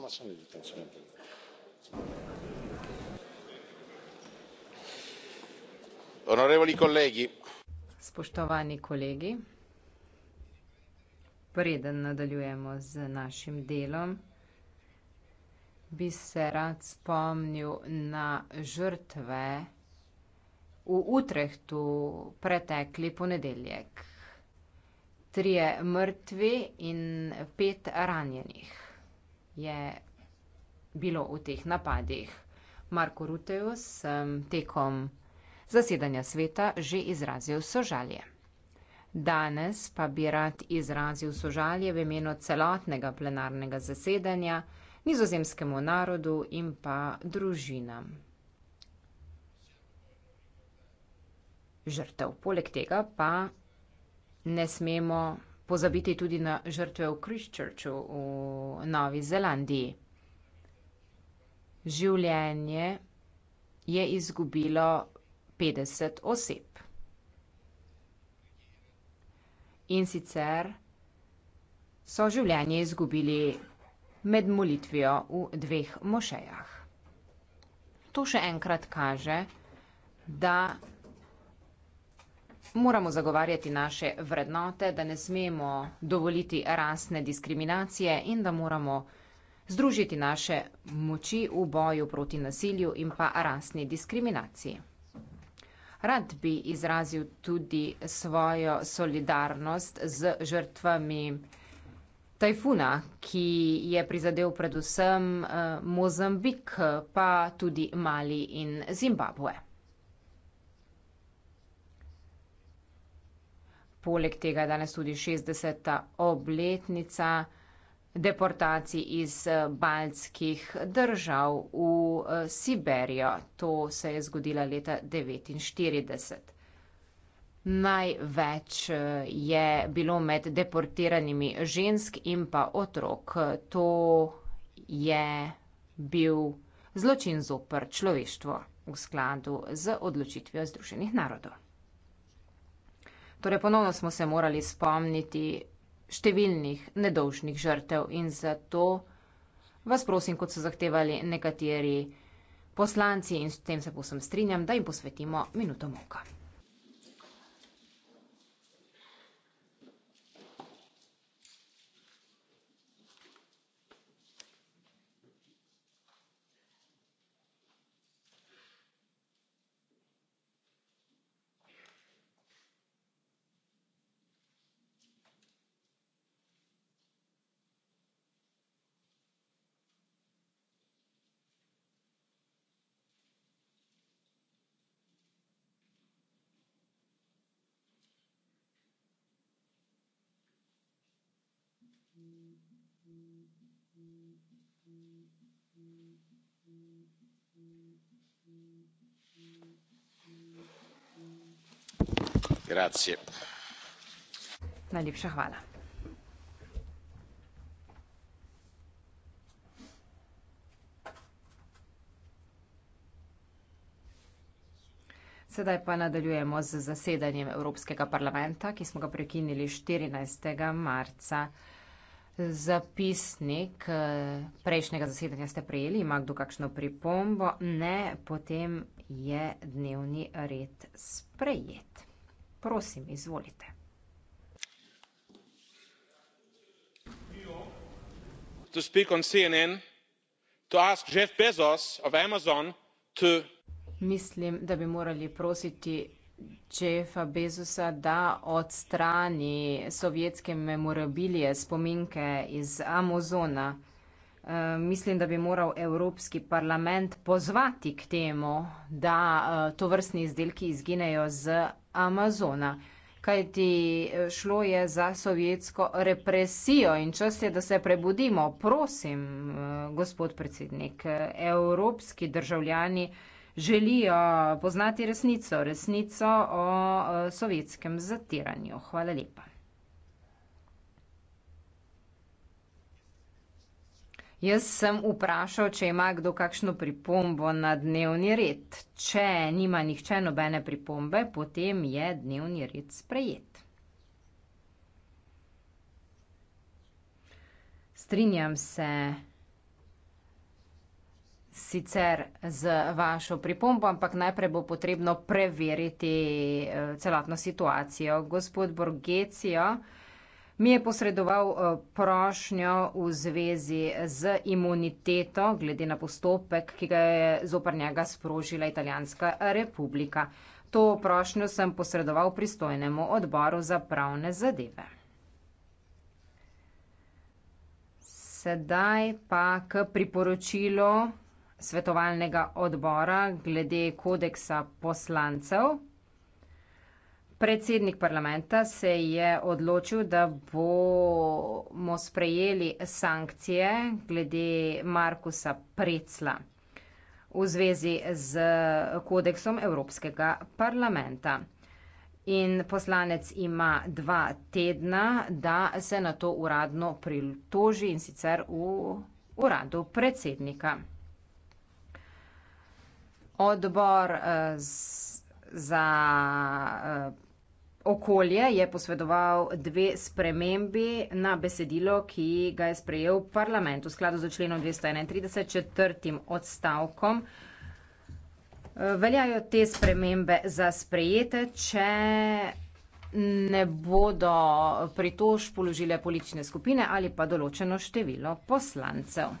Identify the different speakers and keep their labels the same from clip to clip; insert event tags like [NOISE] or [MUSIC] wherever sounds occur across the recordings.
Speaker 1: ma son di detenzione Onorevoli colleghi.
Speaker 2: Spoštovani kolegi, preden nadaljujemo z našim delom, bi se rad spomnil na žrtve v Utrehtu pretekli ponedeljek. Trije mrtvi in pet ranjenih je bilo v teh napadih. Marko Ruteus tekom zasedanja sveta že izrazil sožalje. Danes pa bi rad izrazil sožalje v imenu celotnega plenarnega zasedanja, nizozemskemu narodu in pa družinam. Žrtev. Poleg tega pa ne smemo pozabiti tudi na žrtve v Christchurchu v Novi Zelandiji. Življenje je izgubilo 50 oseb. In sicer so življenje izgubili med molitvijo v dveh mošejah. To še enkrat kaže, da Moramo zagovarjati naše vrednote, da ne smemo dovoliti rasne diskriminacije in da moramo združiti naše moči v boju proti nasilju in pa rasni diskriminaciji. Rad bi izrazil tudi svojo solidarnost z žrtvami tajfuna, ki je prizadel predvsem eh, Mozambik, pa tudi Mali in Zimbabwe. poleg tega danes tudi 60. obletnica deportacij iz eh, baltskih držav v eh, Siberijo. To se je zgodilo leta 1949. Največ eh, je bilo med deportiranimi žensk in pa otrok. To je bil zločin zopr človeštvo v skladu z odločitvijo Združenih narodov. Torej, ponovno smo se morali spomniti številnih nedolžnih žrtev in zato vas prosim, kot so zahtevali nekateri poslanci in s tem se posem strinjam, da jim posvetimo minuto moka. Najlepša hvala. Sedaj pa nadaljujemo z zasedanjem Evropskega parlamenta, ki smo ga prekinili štirinajstega marca. Zapisnik eh, prejšnjega zasedanja ste prejeli, ima kdo kakšno pripombo? Ne, potem je dnevni red sprejet. Prosim, izvolite.
Speaker 3: To speak on CNN, to ask Jeff Bezos of Amazon to...
Speaker 2: Mislim, da bi morali prositi Jeffa Bezosa, da odstrani sovjetske memorabilije, spominke iz Amazona. E, eh, mislim, da bi moral Evropski parlament pozvati k temu, da e, eh, to vrstni izdelki izginejo z Amazona. Kajti eh, šlo je za sovjetsko represijo in čas je, da se prebudimo. Prosim, gospod predsednik, evropski državljani želijo poznati resnico, resnico o sovjetskem zatiranju. Hvala lepa. Jaz sem vprašal, če ima kdo kakšno pripombo na dnevni red. Če nima nihče nobene pripombe, potem je dnevni red sprejet. Strinjam se sicer z vašo pripombo, ampak najprej bo potrebno preveriti eh, celotno situacijo. Gospod Borgecijo mi je posredoval eh, prošnjo v zvezi z imuniteto glede na postopek, ki ga je zopr njega sprožila Italijanska republika. To prošnjo sem posredoval pristojnemu odboru za pravne zadeve. Sedaj pa k priporočilu svetovalnega odbora glede kodeksa poslancev. Predsednik parlamenta se je odločil, da bomo sprejeli sankcije glede Markusa Precla v zvezi z kodeksom Evropskega parlamenta. In poslanec ima dva tedna, da se na to uradno pritoži in sicer v uradu predsednika. Odbor uh, za uh, okolje je posvedoval dve spremembi na besedilo, ki ga je sprejel parlament v skladu z členom 231 četrtim odstavkom. Eh, veljajo te spremembe za sprejete, če ne bodo pritož položile politične skupine ali pa določeno število poslancev.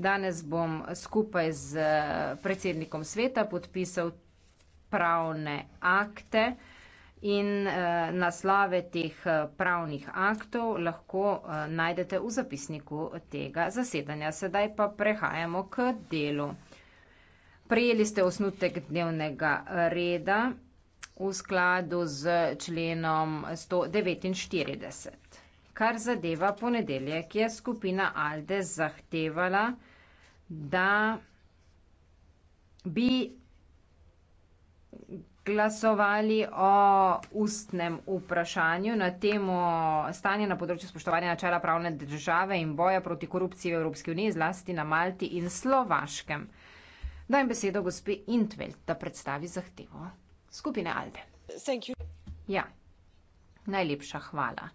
Speaker 2: Danes bom skupaj z eh, predsednikom sveta podpisal pravne akte in eh, naslove teh eh, pravnih aktov lahko najdete v zapisniku tega zasedanja. Sedaj pa prehajamo k delu. Prejeli ste osnutek dnevnega reda v skladu z členom 149. Kar zadeva ponedeljek, je skupina Alde zahtevala, da bi glasovali o ustnem vprašanju na temo stanja na področju spoštovanja načela pravne države in boja proti korupciji v Evropski uniji, zlasti na Malti in Slovaškem. Dajem besedo gospe Intveld, da predstavi zahtevo skupine Alde. Ja, najlepša hvala.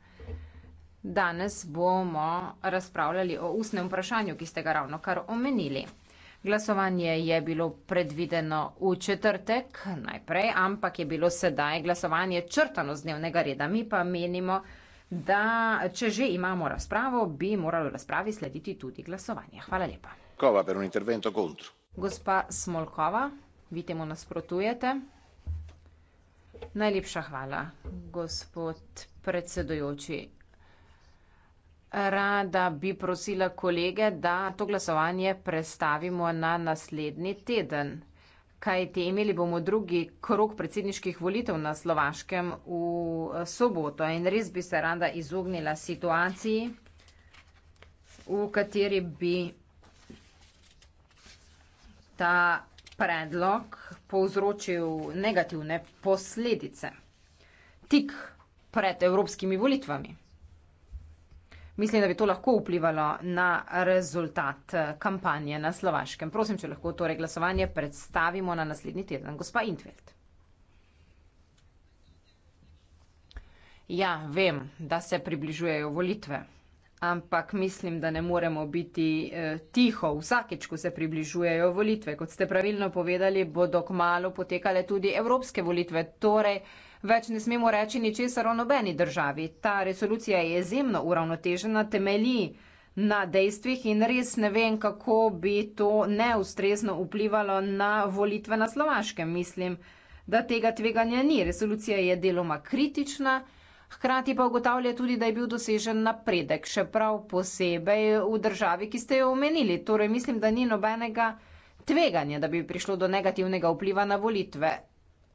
Speaker 2: Danes bomo razpravljali o ustnem vprašanju, ki ste ga ravno kar omenili. Glasovanje je bilo predvideno v četrtek najprej, ampak je bilo sedaj glasovanje črtano z dnevnega reda. Mi pa menimo, da če že imamo razpravo, bi moralo razpravi slediti tudi glasovanje. Hvala lepa.
Speaker 1: Kova per un intervento contro.
Speaker 2: Gospa Smolkova, vi temu nasprotujete. Najlepša hvala, gospod predsedojoči. Rada bi prosila kolege, da to glasovanje prestavimo na naslednji teden. Kajti imeli bomo drugi krok predsedniških volitev na Slovaškem v eh, soboto in res bi se rada izognila situaciji, v kateri bi ta predlog povzročil negativne posledice tik pred evropskimi volitvami. Mislim, da bi to lahko vplivalo na rezultat eh, kampanje na Slovaškem. Prosim, če lahko torej glasovanje predstavimo na naslednji teden. Gospa Intveld. Ja, vem, da se približujejo volitve, ampak mislim, da ne moremo biti eh, tiho. Vsakeč, ko se približujejo volitve, kot ste pravilno povedali, bodo kmalo potekale tudi evropske volitve. Torej, eh, Več ne smemo reči ničesar o nobeni državi. Ta resolucija je izjemno uravnotežena, temelji na dejstvih in res ne vem, kako bi to neustrezno vplivalo na volitve na Slovaškem. Mislim, da tega tveganja ni. Resolucija je deloma kritična. Hkrati pa ugotavlja tudi, da je bil dosežen napredek, še prav posebej v državi, ki ste jo omenili. Torej, mislim, da ni nobenega tveganja, da bi prišlo do negativnega vpliva na volitve.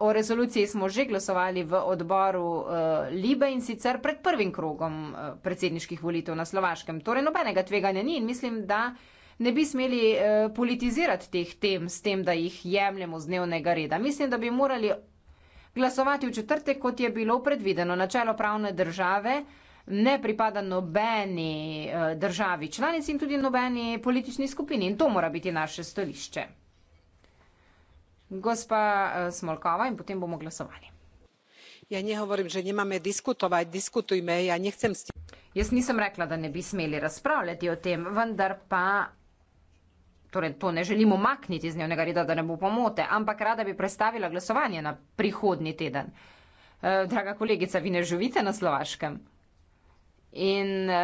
Speaker 2: O resoluciji smo že glasovali v odboru uh, Libe in sicer pred prvim krogom uh, predsedniških volitev na Slovaškem. Torej nobenega tveganja ni in mislim, da ne bi smeli uh, politizirati teh tem s tem, da jih jemljemo z dnevnega reda. Mislim, da bi morali glasovati v četrtek, kot je bilo predvideno. Načelo pravne države ne pripada nobeni uh, državi članici in tudi nobeni politični skupini in to mora biti naše stolišče gospa eh, smolková in potem bomo glasovali ja ne govorim že nemame diskutovat diskutujme ja nechcem s jaz nisem rekla da ne bi smeli razpravljati o tem vendar pa Torej, to ne želimo makniti iz dnevnega reda, da ne bo pomote, ampak rada bi predstavila glasovanje na prihodni teden. E, draga kolegica, vi ne živite na Slovaškem. In e,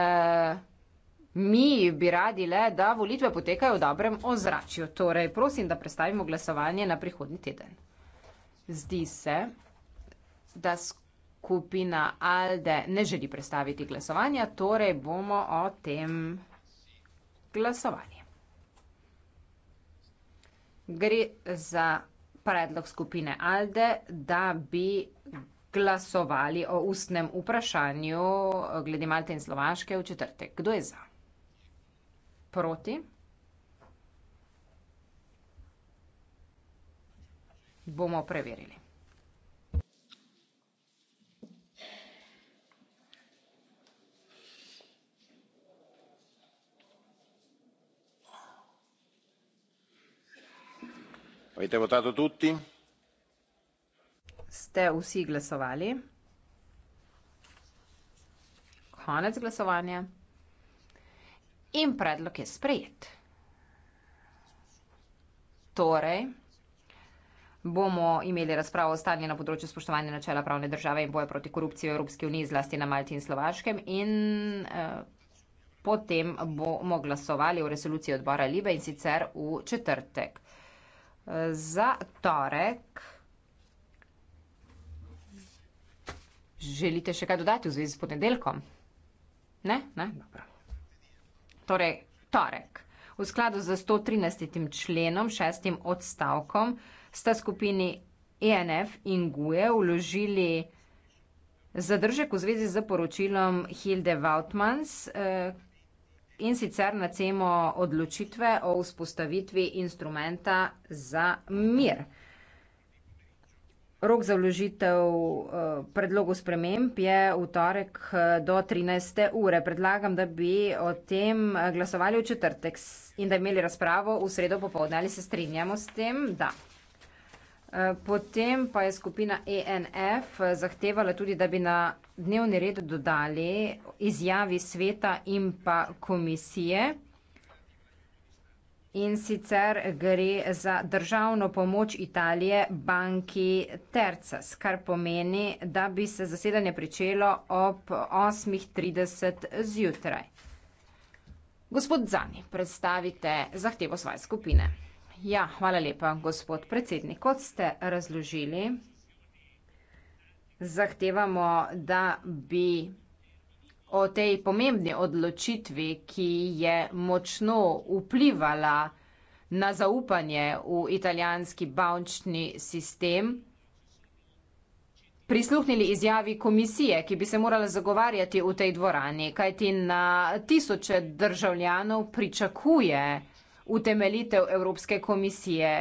Speaker 2: Mi bi radi le, da volitve potekajo v dobrem ozračju. Torej, prosim, da predstavimo glasovanje na prihodni teden. Zdi se, da skupina Alde ne želi predstaviti glasovanja, torej bomo o tem glasovali. Gre za predlog skupine Alde, da bi glasovali o ustnem vprašanju glede Malte in Slovaške v četrtek. Kdo je za? proti. Bomo preverili. Ste vsi glasovali? Konec glasovanja in predlog je sprejet. Torej, bomo imeli razpravo o stanju na področju spoštovanja načela pravne države in boja proti korupciji v Evropski uniji, zlasti na Malti in Slovaškem in eh, potem bomo glasovali o resoluciji odbora Libe in sicer v četrtek. Eh, za torek. Želite še kaj dodati v zvezi s ponedeljkom? Ne? Ne? Dobro torej torek. V skladu z 113. členom, šestim odstavkom, sta skupini ENF in GUE uložili zadržek v zvezi z poročilom Hilde Vautmans eh, in sicer na temo odločitve o vzpostavitvi instrumenta za mir. Rok za vložitev eh, predlogov sprememb je v torek eh, do 13. ure. Predlagam, da bi o tem eh, glasovali v četrtek in da bi imeli razpravo v sredo popovdne. Ali se strinjamo s tem? Da. Potem pa je skupina ENF zahtevala tudi, da bi na dnevni red dodali izjavi sveta in pa komisije in sicer gre za državno pomoč Italije banki Tercas, kar pomeni, da bi se zasedanje pričelo ob 8.30 zjutraj. Gospod Zani, predstavite zahtevo svoje skupine. Ja, hvala lepa, gospod predsednik. Kot ste razložili, zahtevamo, da bi o tej pomembni odločitvi, ki je močno vplivala na zaupanje v italijanski bančni sistem, prisluhnili izjavi komisije, ki bi se morala zagovarjati v tej dvorani, kajti na tisoče državljanov pričakuje utemelitev Evropske komisije.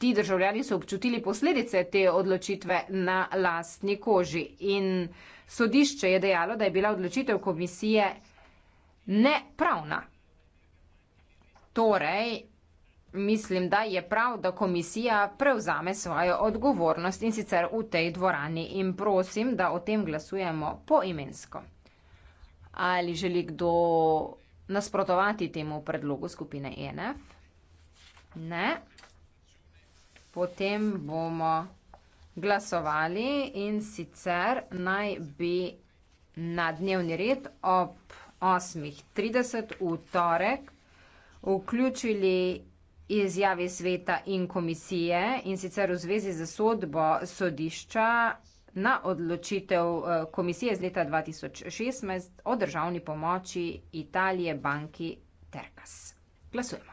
Speaker 2: Ti državljani so občutili posledice te odločitve na lastni koži in Sodišče je dejalo, da je bila odločitev komisije nepravna. Torej, mislim, da je prav, da komisija prevzame svojo odgovornost in sicer v tej dvorani in prosim, da o tem glasujemo poimensko. Ali želi kdo nasprotovati temu predlogu skupine ENF? Ne. Potem bomo glasovali in sicer naj bi na dnevni red ob 8.30 v torek vključili izjave sveta in komisije in sicer v zvezi za sodbo sodišča na odločitev eh, komisije z leta 2016 o državni pomoči Italije banki Terkas. Glasujemo.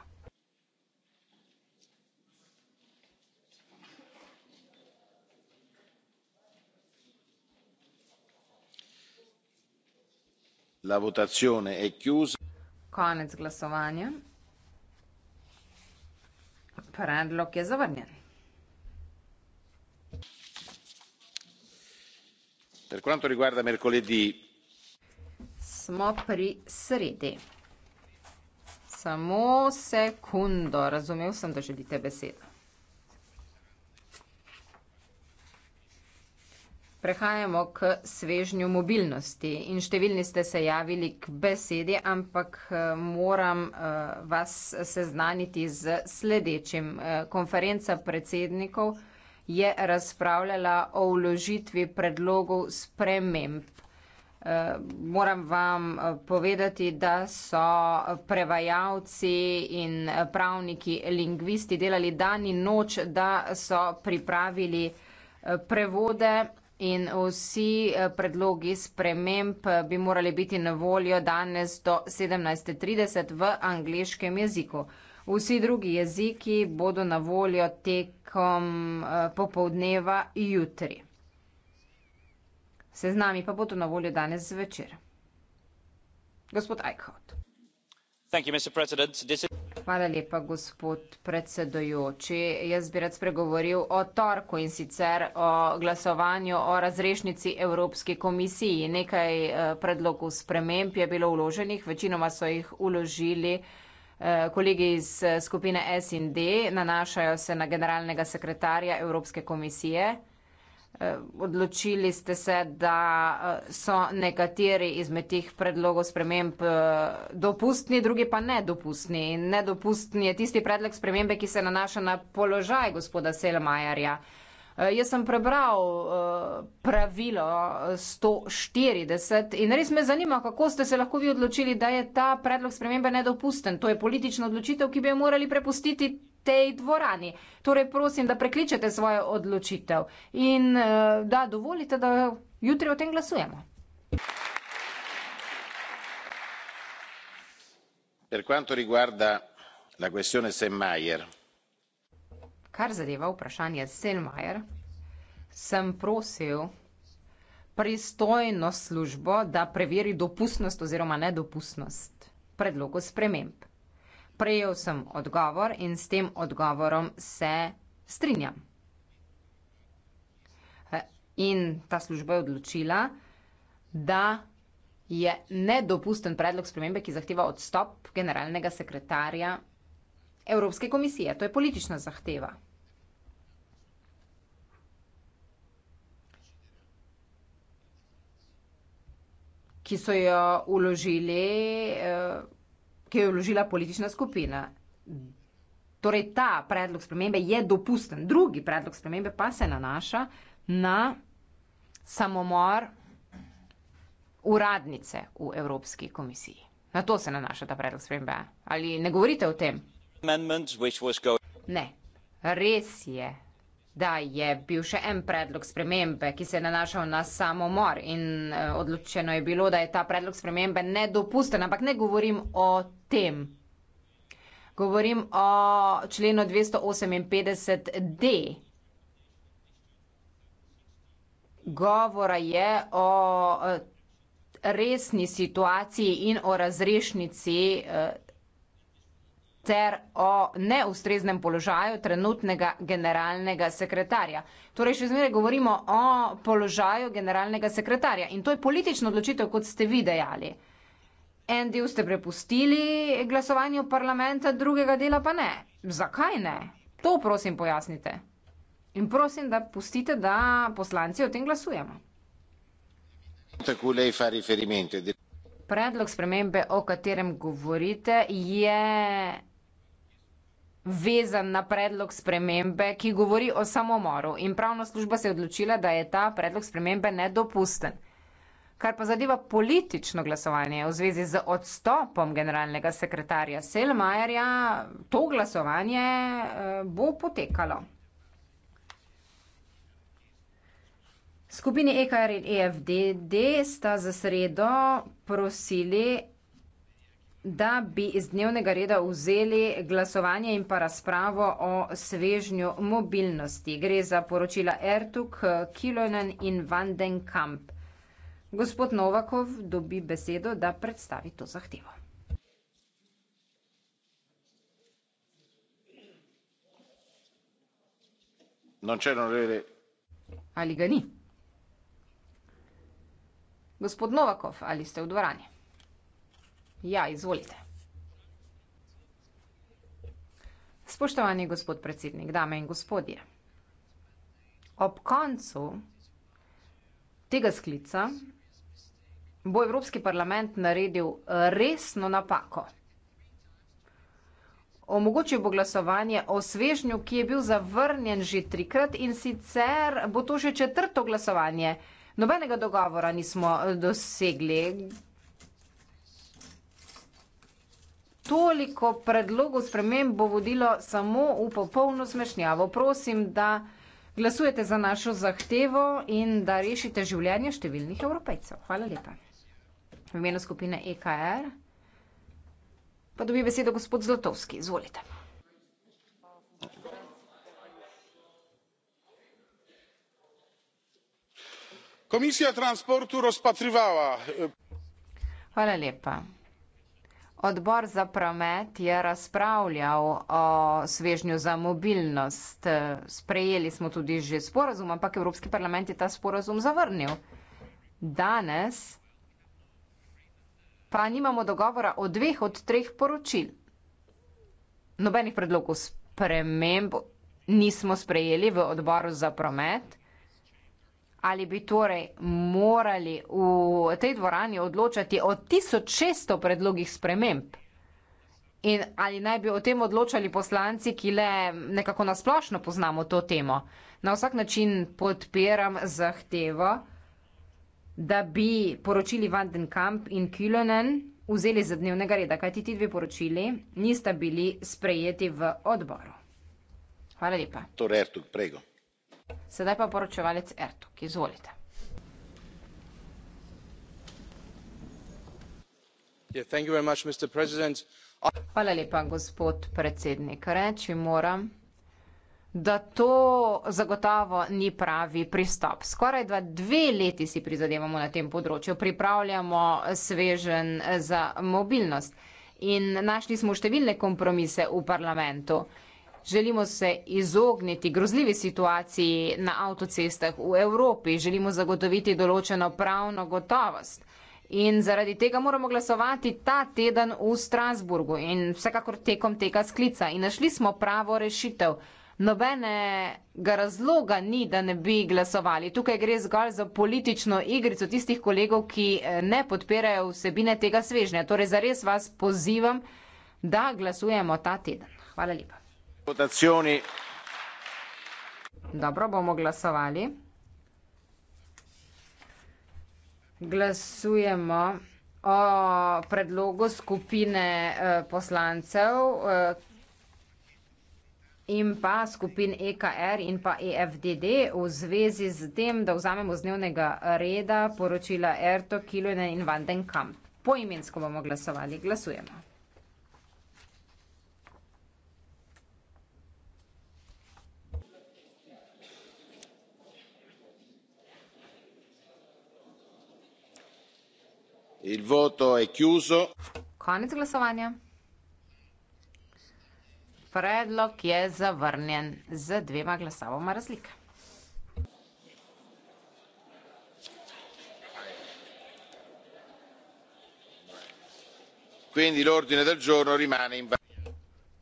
Speaker 1: la votazione è chiusa
Speaker 2: konec glasovanja predlog je zavrnjen
Speaker 1: per quanto riguarda mercoledì
Speaker 2: smo pri sredi samo sekundo razumel sem da želite besedo Prehajamo k svežnju mobilnosti in številni ste se javili k besedi, ampak eh, moram eh, vas seznaniti z sledečim. Eh, konferenca predsednikov je razpravljala o vložitvi predlogov sprememb. Moram vam povedati, da so prevajalci in pravniki, lingvisti delali dan in noč, da so pripravili prevode In vsi eh, predlogi sprememb eh, bi morali biti na voljo danes do 17.30 v angliškem jeziku. Vsi drugi jeziki bodo na voljo tekom eh, popovdneva jutri. Se z nami pa bodo na voljo danes zvečer. Gospod Eichhout.
Speaker 4: Hvala
Speaker 2: lepa, gospod predsedujoči. Jaz bi rad spregovoril o torku in sicer o glasovanju o razrešnici Evropske komisiji. Nekaj eh, predlogov sprememb je bilo uloženih, večinoma so jih uložili eh, kolegi iz eh, skupine SND, nanašajo se na generalnega sekretarja Evropske komisije. Eh, odločili ste se, da eh, so nekateri izmed teh predlogov sprememb eh, dopustni, drugi pa nedopustni. Nedopustni je tisti predlog spremembe, ki se nanaša na položaj gospoda Selmajarja. Jaz sem prebral pravilo 140 in res me zanima, kako ste se lahko vi odločili, da je ta predlog spremembe nedopusten. To je politična odločitev, ki bi jo morali prepustiti tej dvorani. Torej, prosim, da prekličete svojo odločitev in eh, da dovolite, da jutri o tem glasujemo.
Speaker 1: Per quanto riguarda la questione Senmajer.
Speaker 2: Kar zadeva vprašanje Senmajer, sem prosil pristojno službo, da preveri dopustnost oziroma nedopustnost predlogu sprememb prejel sem odgovor in s tem odgovorom se strinjam. In ta služba je odločila, da je nedopusten predlog spremembe, ki zahteva odstop generalnega sekretarja Evropske komisije. To je politična zahteva. ki so jo uložili eh, ki jo je vložila politična skupina. Torej, ta predlog spremembe je dopusten. Drugi predlog spremembe pa se nanaša na samomor uradnice v Evropski komisiji. Na to se nanaša ta predlog spremembe. Ali ne govorite o tem? Ne, res je, da je bil še en predlog spremembe, ki se je nanašal na samomor in eh, odločeno je bilo, da je ta predlog spremembe nedopusten, ampak ne govorim o tem. Govorim o členu 258d. Govora je o eh, resni situaciji in o razrešnici eh, ter o neustreznem položaju trenutnega generalnega sekretarja. Torej, še zmeraj govorimo o položaju generalnega sekretarja in to je politična odločitev, kot ste vi dejali. En del ste prepustili glasovanju parlamenta, drugega dela pa ne. Zakaj ne? To prosim pojasnite. In prosim, da pustite, da poslanci o tem glasujemo. Predlog spremembe, o katerem govorite, je vezan na predlog spremembe, ki govori o samomoru. In pravna služba se je odločila, da je ta predlog spremembe nedopusten. Kar pa zadeva politično glasovanje v zvezi z odstopom generalnega sekretarja Selmajerja, to glasovanje eh, bo potekalo. Skupini EKR in EFDD sta za sredo prosili, da bi iz dnevnega reda vzeli glasovanje in pa razpravo o svežnju mobilnosti. Gre za poročila Ertug, Kilonen in Vandenkamp. Gospod Novakov dobi besedo, da predstavi to zahtevo. Ali ga ni? Gospod Novakov, ali ste v dvorani? Ja, izvolite. Spoštovani gospod predsednik, dame in gospodje, ob koncu tega sklica bo Evropski parlament naredil eh, resno napako. Omogočil bo glasovanje o svežnju, ki je bil zavrnjen že trikrat in sicer bo to že četrto glasovanje. Nobenega dogovora nismo eh, dosegli. Toliko predlogov sprememb bo vodilo samo v popolno smešnjavo. Prosim, da glasujete za našo zahtevo in da rešite življenje številnih evropejcev. Hvala lepa v imenu skupine EKR. Pa dobi besedo gospod Zlatovski, izvolite. Hvala lepa. Odbor za promet je razpravljal o svežnju za mobilnost. Sprejeli smo tudi že sporazum, ampak Evropski parlament je ta sporazum zavrnil. Danes pa nimamo dogovora o dveh od treh poročil. Nobenih predlogov sprememb nismo sprejeli v odboru za promet. Ali bi torej morali v tej dvorani odločati o 1600 predlogih sprememb? In ali naj bi o tem odločali poslanci, ki le nekako nasplošno poznamo to temo? Na vsak način podpiram zahtevo da bi poročili Vandenkamp in Kilonen vzeli za dnevnega reda, kajti ti dve poročili nista bili sprejeti v odboru. Hvala lepa.
Speaker 1: Torej, Ertug, prego.
Speaker 2: Sedaj pa poročevalec Ertug, izvolite. Hvala lepa, gospod predsednik. Reči moram, da to zagotovo ni pravi pristop. Skoraj dva, dve leti si prizadevamo na tem področju, pripravljamo svežen za mobilnost in našli smo številne kompromise v parlamentu. Želimo se izogniti grozljivi situaciji na avtocestah v Evropi, želimo zagotoviti določeno pravno gotovost. In zaradi tega moramo glasovati ta teden v Strasburgu in vsekakor tekom tega sklica. In našli smo pravo rešitev nobenega razloga ni, da ne bi glasovali. Tukaj gre zgolj za politično igrico tistih kolegov, ki eh, ne podpirajo vsebine tega svežnja. Torej, zares vas pozivam, da glasujemo ta teden. Hvala lepa.
Speaker 1: Votacioni.
Speaker 2: Dobro, bomo glasovali. Glasujemo o predlogu skupine eh, poslancev, eh, in pa skupin EKR in pa EFDD v zvezi z tem, da vzamemo z dnevnega reda poročila Erto, Kilojne in Vandenkamp. Poimensko bomo glasovali. Glasujemo.
Speaker 1: Il voto è chiuso.
Speaker 2: Konec glasovanja. Predlog je zavrnjen z dvema glasovoma razlika.
Speaker 1: Quindi l'ordine del giorno rimane in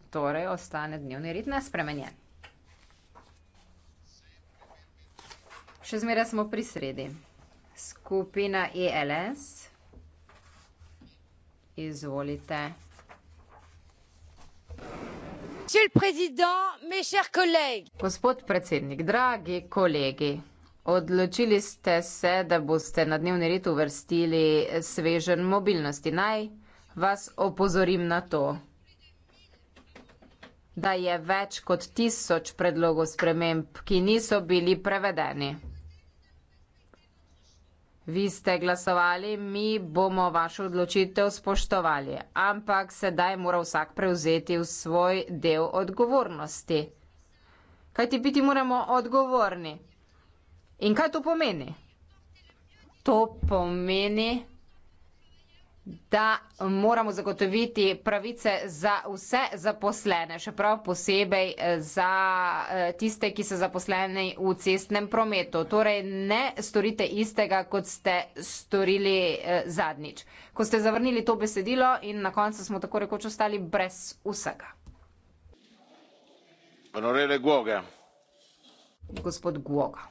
Speaker 2: Torej ostane dnevni red nespremenjen. Še zmeraj smo pri sredi. Skupina ELS. Izvolite gospod predsednik dragi kolegi odločili ste se da boste na dnevni red uvrstili svežen mobilnosti naj vas opozorim na to da je več kot tisoč predlogov sprememb ki niso bili prevedeni vi ste glasovali, mi bomo vašo odločitev spoštovali, ampak sedaj mora vsak prevzeti v svoj del odgovornosti. Kaj ti biti moramo odgovorni? In kaj to pomeni? To pomeni, da moramo zagotoviti pravice za vse zaposlene, še prav posebej eh, za eh, tiste, ki so zaposleni v cestnem prometu. Torej, ne storite istega, kot ste storili eh, zadnjič. Ko ste zavrnili to besedilo in na koncu smo tako rekoč ostali brez vsega.
Speaker 1: Honorele Guoga.
Speaker 2: Gospod Guoga.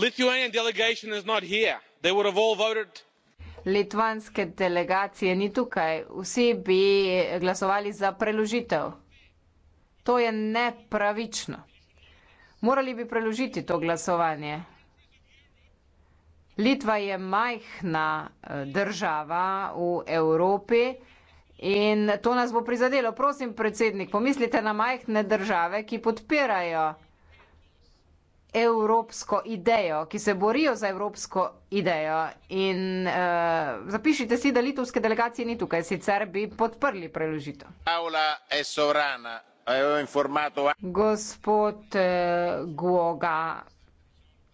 Speaker 3: Lithuanian delegation is not here. They would have all voted
Speaker 2: litvanske delegacije ni tukaj, vsi bi glasovali za preložitev. To je nepravično. Morali bi preložiti to glasovanje. Litva je majhna eh, država v Evropi in to nas bo prizadelo. Prosim, predsednik, pomislite na majhne države, ki podpirajo evropsko idejo, ki se borijo za evropsko idejo. In uh, zapišite si, da litovske delegacije ni tukaj, sicer bi podprli preložitev.
Speaker 1: Aula je sovrana.
Speaker 2: Gospod eh, Goga,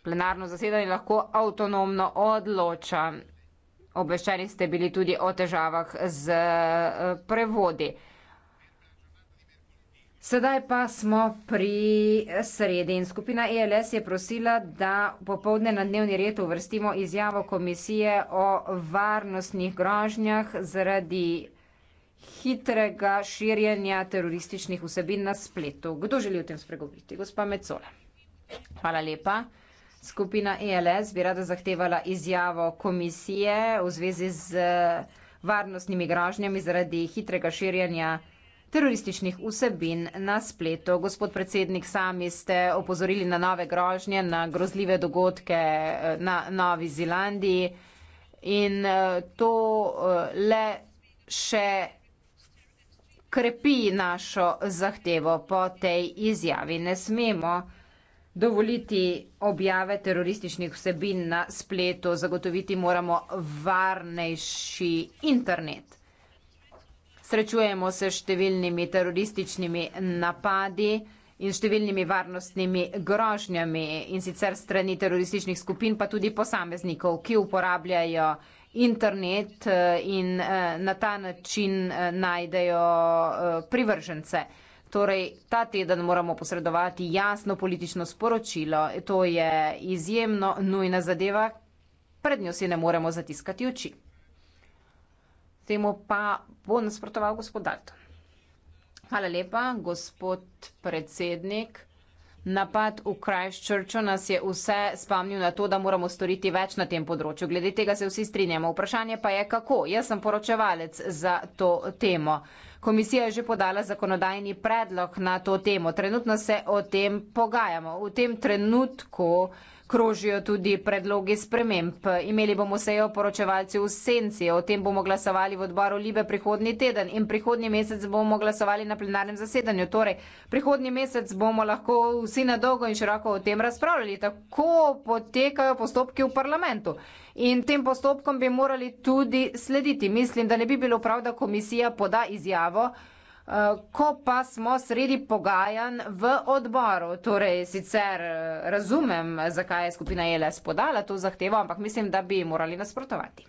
Speaker 2: plenarno zasedanje lahko avtonomno odloča. Obveščeni ste bili tudi o težavah z eh, prevodi. Sedaj pa smo pri sredi in skupina ELS je prosila, da popovdne na dnevni red uvrstimo izjavo komisije o varnostnih grožnjah zaradi hitrega širjenja terorističnih vsebin na spletu. Kdo želi o tem spregovoriti? Gospa Mecola. Hvala lepa. Skupina ELS bi rada zahtevala izjavo komisije v zvezi z varnostnimi grožnjami zaradi hitrega širjenja terorističnih vsebin na spletu terorističnih vsebin na spletu. Gospod predsednik, sami ste opozorili na nove grožnje, na grozljive dogodke eh, na Novi Zelandiji in eh, to eh, le še krepi našo zahtevo po tej izjavi. Ne smemo dovoliti objave terorističnih vsebin na spletu, zagotoviti moramo varnejši internet. Srečujemo se s številnimi terorističnimi napadi in številnimi varnostnimi grožnjami in sicer strani terorističnih skupin, pa tudi posameznikov, ki uporabljajo internet in eh, na ta način eh, najdejo eh, privržence. Torej, ta teden moramo posredovati jasno politično sporočilo. To je izjemno nujna zadeva, pred njo si ne moremo zatiskati oči temu pa bo nasprotoval gospod Dalton. Hvala lepa, gospod predsednik. Napad v Christchurchu nas je vse spomnil na to, da moramo storiti več na tem področju. Glede tega se vsi strinjamo. Vprašanje pa je, kako. Jaz sem poročevalec za to temo. Komisija je že podala zakonodajni predlog na to temo. Trenutno se o tem pogajamo. V tem trenutku krožijo tudi predlogi sprememb. Imeli bomo sejo poročevalci v senci, o tem bomo glasovali v odboru Libe prihodni teden in prihodni mesec bomo glasovali na plenarnem zasedanju. Torej, prihodni mesec bomo lahko vsi na dolgo in široko o tem razpravljali, tako potekajo postopki v parlamentu. In tem postopkom bi morali tudi slediti. Mislim, da ne bi bilo prav, da komisija poda izjavo, Eh, ko pa smo sredi pogajanj v odboru. Torej, sicer eh, razumem, zakaj je skupina ELS podala to zahtevo, ampak mislim, da bi morali nasprotovati.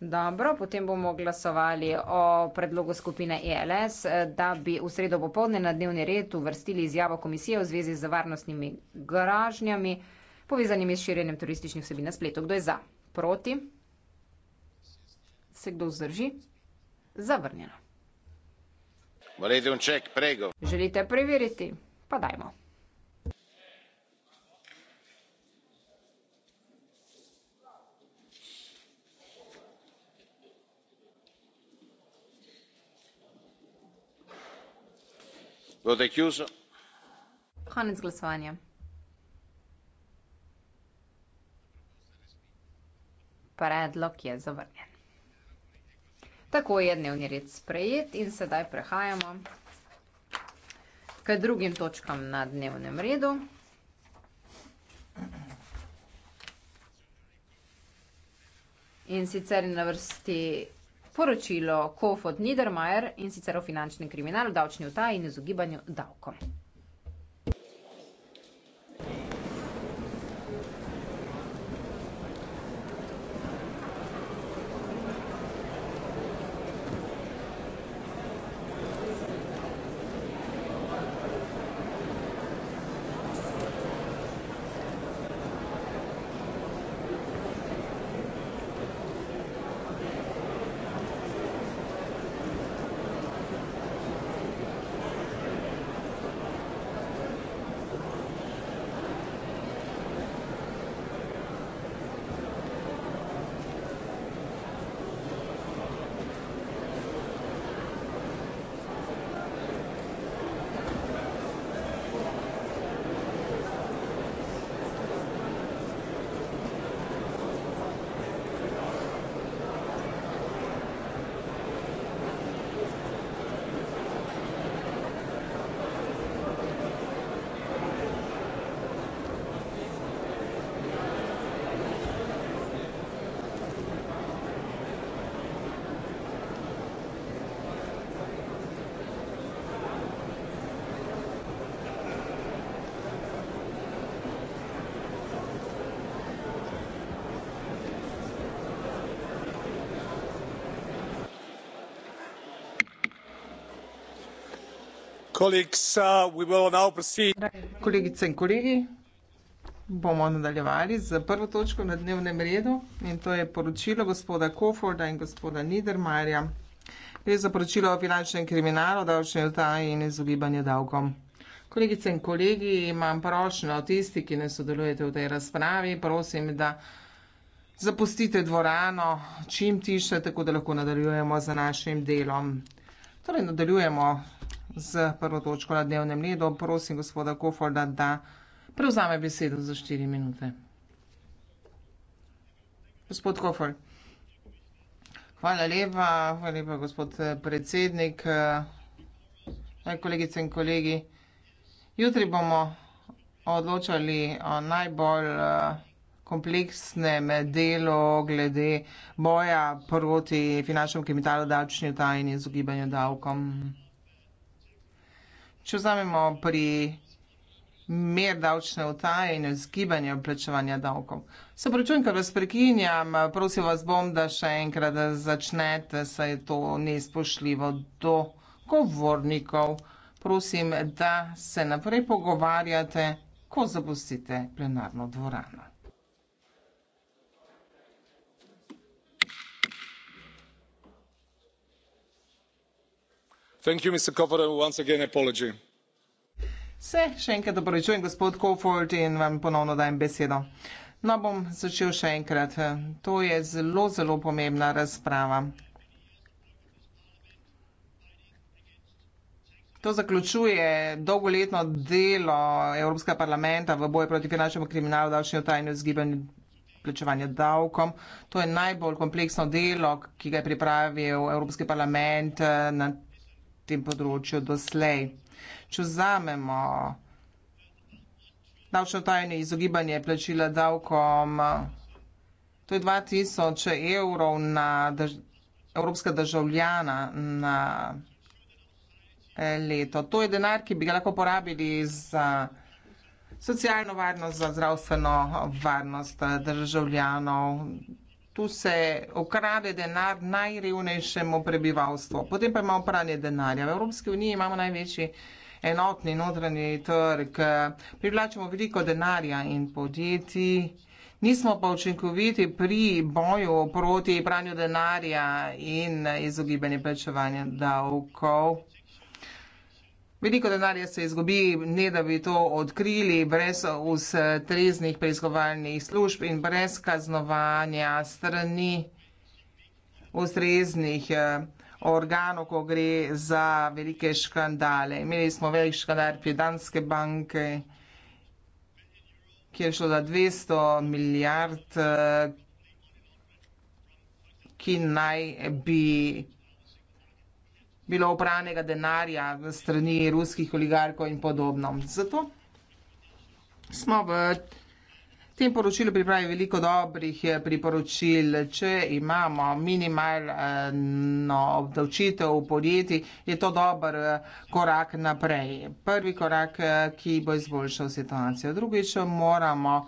Speaker 2: Dobro, potem bomo glasovali o predlogu skupine ELS, eh, da bi v sredo popolne na dnevni red uvrstili izjavo komisije v zvezi z varnostnimi gražnjami, povezanimi s širjenjem turističnih vsebin na spletu. Kdo je za? Proti? Se kdo vzdrži? Zavrnjeno. Želite preveriti? Pa dajmo. Konec glasovanja. Predlog je zavrnjen. Tako je dnevni red sprejet in sedaj prehajamo k drugim točkam na dnevnem redu. In sicer na vrsti poročilo Kofod Niedermayer in sicer o finančnem kriminalu, davčni utaji in izogibanju davkom.
Speaker 3: Uh,
Speaker 5: kolegice in kolegi, bomo nadaljevali z prvo točko na dnevnem redu in to je poročilo gospoda Koforda in gospoda Niedermayerja. Gre za poročilo o finančnem kriminalu, davčni utaji in izogibanju davkom. Kolegice in kolegi, imam prošnjo tisti, ki ne sodelujete v tej razpravi, prosim, da zapustite dvorano čim tiše, tako da lahko nadaljujemo z našim delom. Torej, nadaljujemo z prvo točko na dnevnem redu. Prosim gospoda Koforda, da prevzame besedo za štiri minute. Gospod Kofor. Hvala lepa, hvala lepa gospod eh, predsednik, eh, kolegice in kolegi. Jutri bomo odločali o najbolj eh, kompleksnem delu glede boja proti finančnemu kapitalu, davčni utaji in izogibanju davkom. Če vzamemo pri mer davčne utaje in izgibanja plačevanja davkov. Se pričujem, ker vas prekinjam, prosim vas bom, da še enkrat začnete, saj je to nespošljivo do govornikov. Prosim, da se naprej pogovarjate, ko zapustite plenarno dvorano.
Speaker 3: Se še
Speaker 5: enkrat opravičujem, gospod Cawford, in vam ponovno dajem besedo. No, bom začel še enkrat. To je zelo, zelo pomembna razprava. To zaključuje dolgoletno delo Evropskega parlamenta v boju proti finančnemu kriminalu, davčni otajni vzgibanju plačevanja davkom. To je najbolj kompleksno delo, ki ga je pripravil Evropski parlament na tem področju doslej. Če vzamemo davčno tajno izogibanje plačila davkom, to je 2000 evrov na drž evropska državljana na eh, leto. To je denar, ki bi ga lahko porabili za socialno varnost, za zdravstveno varnost eh, državljanov tu se okrade denar najrevnejšemu prebivalstvu. Potem pa imamo pranje denarja. V Evropski uniji imamo največji enotni notranji trg, privlačimo veliko denarja in podjetij. Nismo pa učinkoviti pri boju proti pranju denarja in izogibanju plačevanja davkov. Veliko denarja se izgubi, ne da bi to odkrili, brez ustreznih preizkovalnih služb in brez kaznovanja strani ustreznih eh, organov, ko gre za velike škandale. Imeli smo velik škandal pri Danske banke, ki je šlo za 200 milijard, eh, ki naj bi odkrili bilo opranega denarja v strani ruskih oligarkov in podobno. Zato smo v tem poročilu pripravili veliko dobrih eh, priporočil. Če imamo minimalno obdavčitev v podjetji, je to dober eh, korak naprej. Prvi korak, eh, ki bo izboljšal situacijo. Drugič, moramo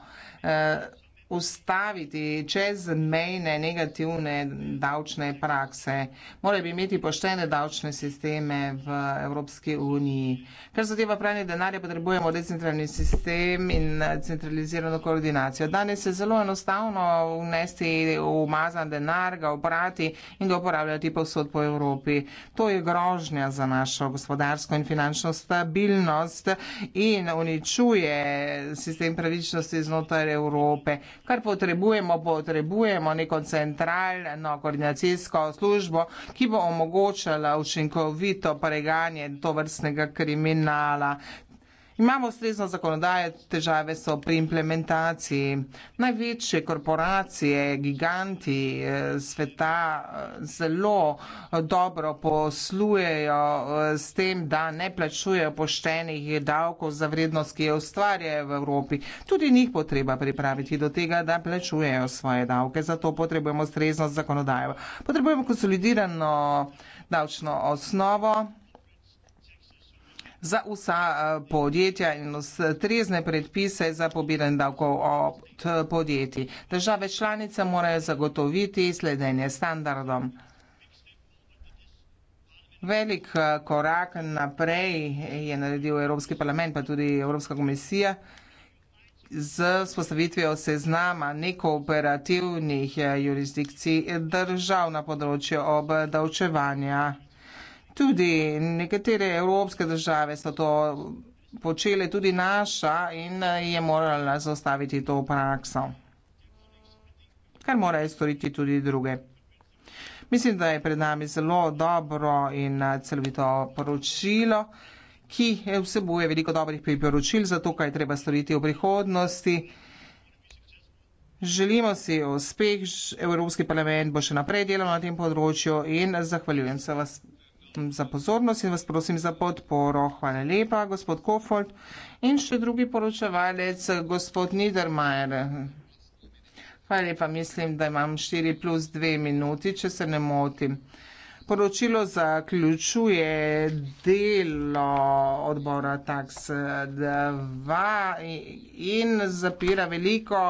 Speaker 5: vsega, ustaviti čezmejne negativne davčne prakse. Morali bi imeti poštene davčne sisteme v Evropski uniji. Kar zadeva pranje denarja, potrebujemo decentralni sistem in centralizirano koordinacijo. Danes je zelo enostavno vnesti umazan denar, ga oprati in ga uporabljati povsod po Evropi. To je grožnja za našo gospodarsko in finančno stabilnost in uničuje sistem pravičnosti znotraj Evrope kar potrebujemo, potrebujemo neko centralno koordinacijsko službo, ki bo omogočala učinkovito preganje tovrstnega kriminala. Imamo ustrezno zakonodaje, težave so pri implementaciji. Največje korporacije, giganti eh, sveta eh, zelo eh, dobro poslujejo s tem, da ne plačujejo poštenih davkov za vrednost, ki jo ustvarjajo v Evropi. Tudi njih bo treba pripraviti do tega, da plačujejo svoje davke. Zato potrebujemo ustrezno zakonodajo. Potrebujemo konsolidirano davčno osnovo za vsa eh, podjetja in ustrezne predpise za pobiranje davkov od podjetij. Države članice morajo zagotoviti sledenje standardom. Velik eh, korak naprej je naredil Evropski parlament, pa tudi Evropska komisija z spostavitvijo seznama nekooperativnih eh, jurisdikcij držav na področju obdavčevanja. Tudi nekatere evropske države so to počele, tudi naša, in eh, je morala zaustaviti to prakso, kar morajo storiti tudi druge. Mislim, da je pred nami zelo dobro in eh, celovito poročilo, ki eh, vsebuje veliko dobrih priporočil za to, kaj treba storiti v prihodnosti. Želimo si uspeh, Evropski parlament bo še naprej delal na tem področju in zahvaljujem se vas za pozornost in vas prosim za podporo. Hvala lepa, gospod Kofold. In še drugi poročevalec, gospod Niedermayer. Hvala lepa, mislim, da imam 4 plus 2 minuti, če se ne motim. Poročilo zaključuje delo odbora Tax 2 in zapira veliko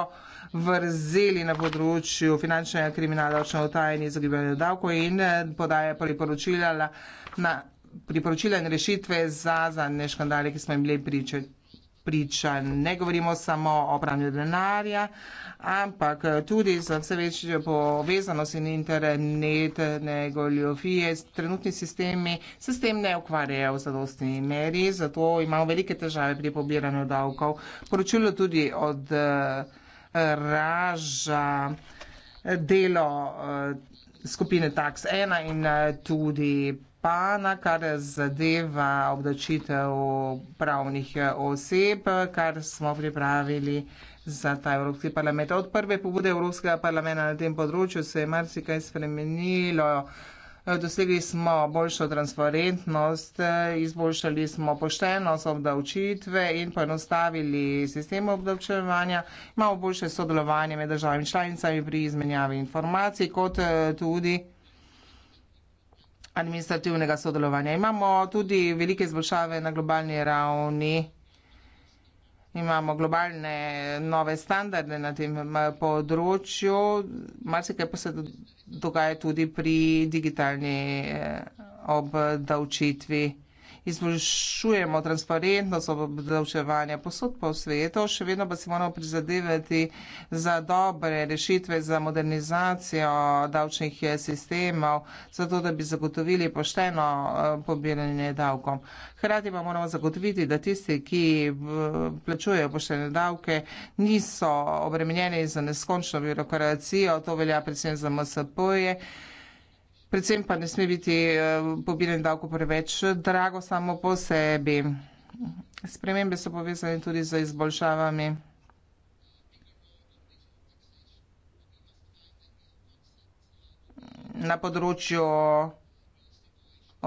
Speaker 5: vrzeli na področju finančnega kriminala, očno otajanje zagibanja davko in eh, podaje priporočila na priporočila in rešitve za zadnje škandale, ki smo imeli priče, priča. Ne govorimo samo o pranju denarja, ampak eh, tudi za vse večjo povezanost in internetne goljofije. Trenutni sistemi se s tem ne ukvarjajo v zadostni meri, zato imamo velike težave pri pobiranju davkov. Poročilo tudi od uh, raža eh, delo eh, skupine TAX1 in eh, tudi pana, kar zadeva obdačitev pravnih oseb, kar smo pripravili za ta Evropski parlament. Od prve pobude Evropskega parlamenta na tem področju se je marsikaj spremenilo. Eh, dosegli smo boljšo transparentnost, eh, izboljšali smo poštenost obdavčitve in poenostavili sistem obdavčevanja. Imamo boljše sodelovanje med državami članicami pri izmenjavi informacij, kot eh, tudi administrativnega sodelovanja. Imamo tudi velike izboljšave na globalni ravni imamo globalne nove standarde na tem področju, marsikaj pa se dogaja tudi pri digitalni eh, obdavčitvi izboljšujemo transparentnost obdavčevanja posod po svetu, še vedno pa si moramo prizadevati za dobre rešitve za modernizacijo davčnih eh, sistemov, zato da bi zagotovili pošteno eh, pobiranje davkom. Hrati pa moramo zagotoviti, da tisti, ki eh, plačujejo poštene davke, niso obremenjeni z neskončno birokracijo, to velja predvsem za MSP-je predvsem pa ne sme biti eh, pobiranje davko preveč eh, drago samo po sebi. Spremembe so povezane tudi z izboljšavami. Na področju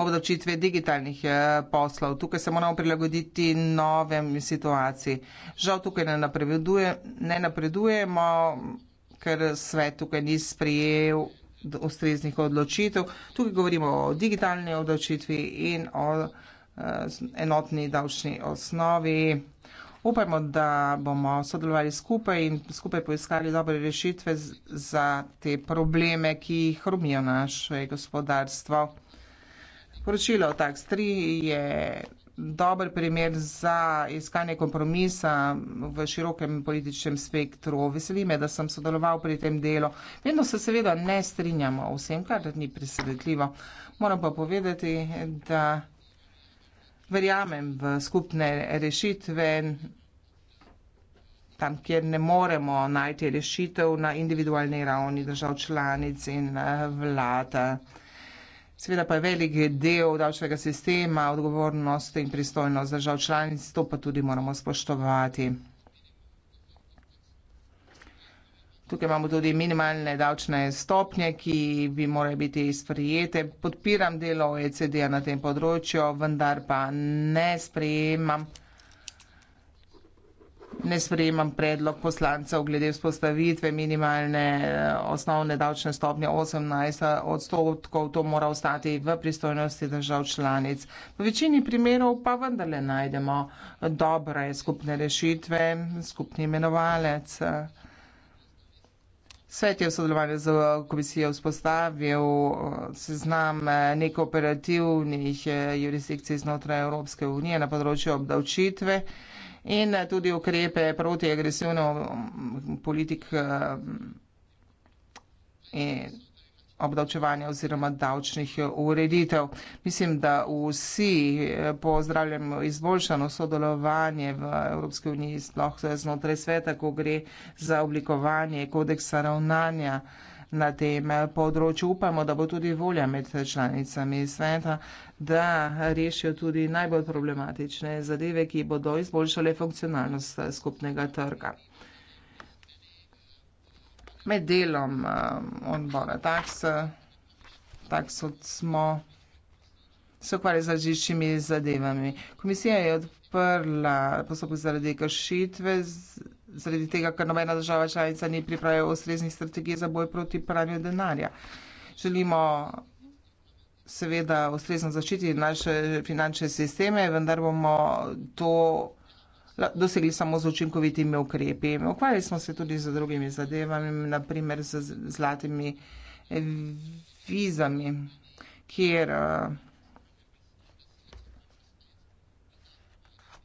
Speaker 5: obdavčitve digitalnih eh, poslov. Tukaj se moramo prilagoditi novem situaciji. Žal tukaj ne, napreduje, ne napredujemo, ker svet tukaj ni sprejel ustreznih odločitev. Tukaj govorimo o digitalni odločitvi in o eh, enotni davčni osnovi. Upajmo, da bomo sodelovali skupaj in skupaj poiskali dobre rešitve za te probleme, ki hrumijo naše gospodarstvo. Poročilo o tax 3 je dober primer za iskanje kompromisa v širokem političnem spektru. Veseli me, da sem sodeloval pri tem delu. Vedno se seveda ne strinjamo o vsem, kar ni presvetljivo. Moram pa povedati, da verjamem v skupne rešitve. Tam, kjer ne moremo najti rešitev na individualni ravni držav članic in eh, vlada. Seveda pa je velik del davčnega sistema, odgovornost in pristojnost držav članic, to pa tudi moramo spoštovati. Tukaj imamo tudi minimalne davčne stopnje, ki bi morali biti sprijete. Podpiram delo OECD-a na tem področju, vendar pa ne sprejemam ne sprejemam predlog poslancev glede vzpostavitve minimalne eh, osnovne davčne stopnje 18 odstotkov. To mora ostati v pristojnosti držav članic. V večini primerov pa vendarle najdemo eh, dobre skupne rešitve, skupni imenovalec. Svet je v sodelovanju z eh, komisijo vzpostavil seznam nekaj operativnih jurisdikcij znotraj Evropske unije na področju obdavčitve in eh, tudi ukrepe proti agresivno mm, politik eh, mm, obdavčevanja oziroma davčnih eh, ureditev. Mislim, da vsi pozdravljamo izboljšano sodelovanje v Evropske unije, sploh znotraj sveta, ko gre za oblikovanje kodeksa ravnanja na tem področju. Upamo, da bo tudi volja med članicami sveta, da rešijo tudi najbolj problematične zadeve, ki bodo izboljšale funkcionalnost skupnega trga. Med delom um, odbora taks, taks od smo se ukvarjali z različnimi zadevami. Komisija je odprla postopek zaradi kršitve. Z, zaradi tega, ker nobena država članica ni pripravila ustreznih strategij za boj proti pranju denarja. Želimo seveda ustrezno zaščiti naše finančne sisteme, vendar bomo to dosegli samo z učinkovitimi ukrepi. Ukvarjali smo se tudi z drugimi zadevami, naprimer z zlatimi eh, vizami, kjer. Uh,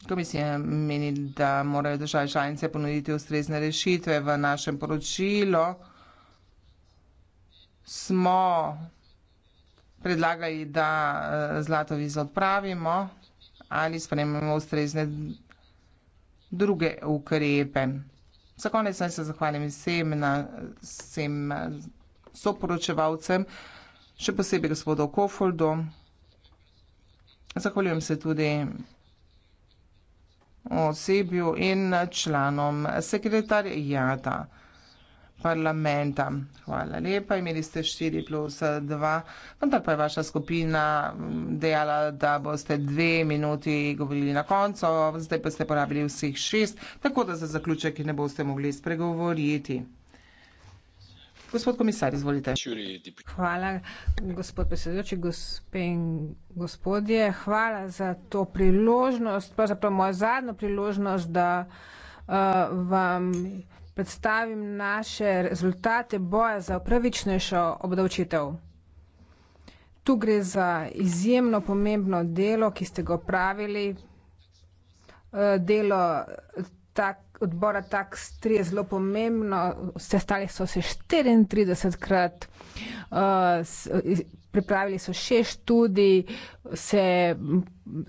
Speaker 5: Komisija meni, da morajo države članice ponuditi ustrezne rešitve. V našem poročilu smo predlagali, da eh, zlato vizo odpravimo ali sprememo ustrezne druge ukrepe. Za konec naj se zahvalim vsem, na, vsem eh, soporočevalcem, še posebej gospodu Kofoldu. Zahvaljujem se tudi osebju in članom sekretarijata parlamenta. Hvala lepa, imeli ste 4 plus 2, vendar pa je vaša skupina mm, dejala, da boste dve minuti govorili na koncu, zdaj pa ste porabili vseh šest, tako da za zaključek ne boste mogli spregovoriti. Gospod komisar, izvolite.
Speaker 6: Hvala, gospod predsedujoči, gospe in gospodje. Hvala za to priložnost, pravzaprav mojo zadnjo priložnost, da uh, vam predstavim naše rezultate boja za pravičnejšo obdavčitev. Tu gre za izjemno pomembno delo, ki ste ga opravili. Uh, delo tak odbora TAX3 je zelo pomembno. Sestali so se 34krat, eh, pripravili so še študij, se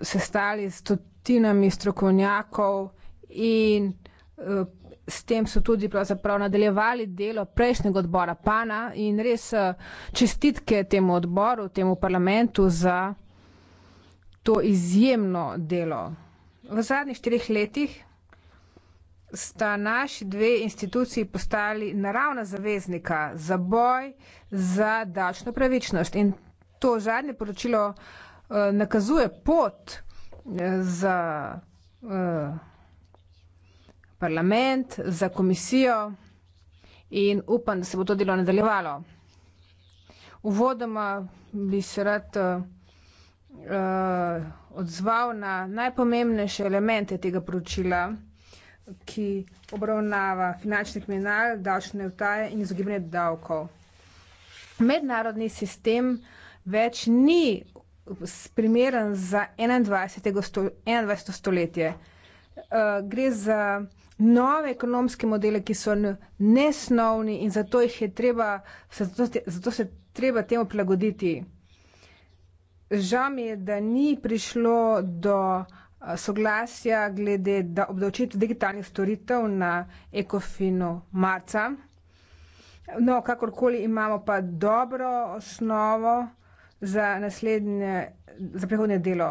Speaker 6: sestali s stotinami strokovnjakov in eh, s tem so tudi pravzaprav nadaljevali delo prejšnjega odbora PANA in res eh, čestitke temu odboru, temu parlamentu za to izjemno delo. V zadnjih štirih letih sta naši dve instituciji postali naravna zaveznika za boj za davčno pravičnost. In to zadnje poročilo eh, nakazuje pot eh, za eh, parlament, za komisijo in upam, da se bo to delo nadaljevalo. Uvodoma bi se rad odzval na najpomembnejše elemente tega poročila ki obravnava finančni kriminal, davčne utaje in izogibanje davkov. Mednarodni sistem več ni primeren za 21. Sto, 21. stoletje. Uh, gre za nove ekonomske modele, ki so nesnovni in zato, jih je treba, zato, zato se treba temu prilagoditi. Žal mi je, da ni prišlo do Eh, soglasja glede obdavčitve digitalnih storitev na ekofinu marca. No, kakorkoli imamo pa dobro osnovo za naslednje, za prihodnje delo.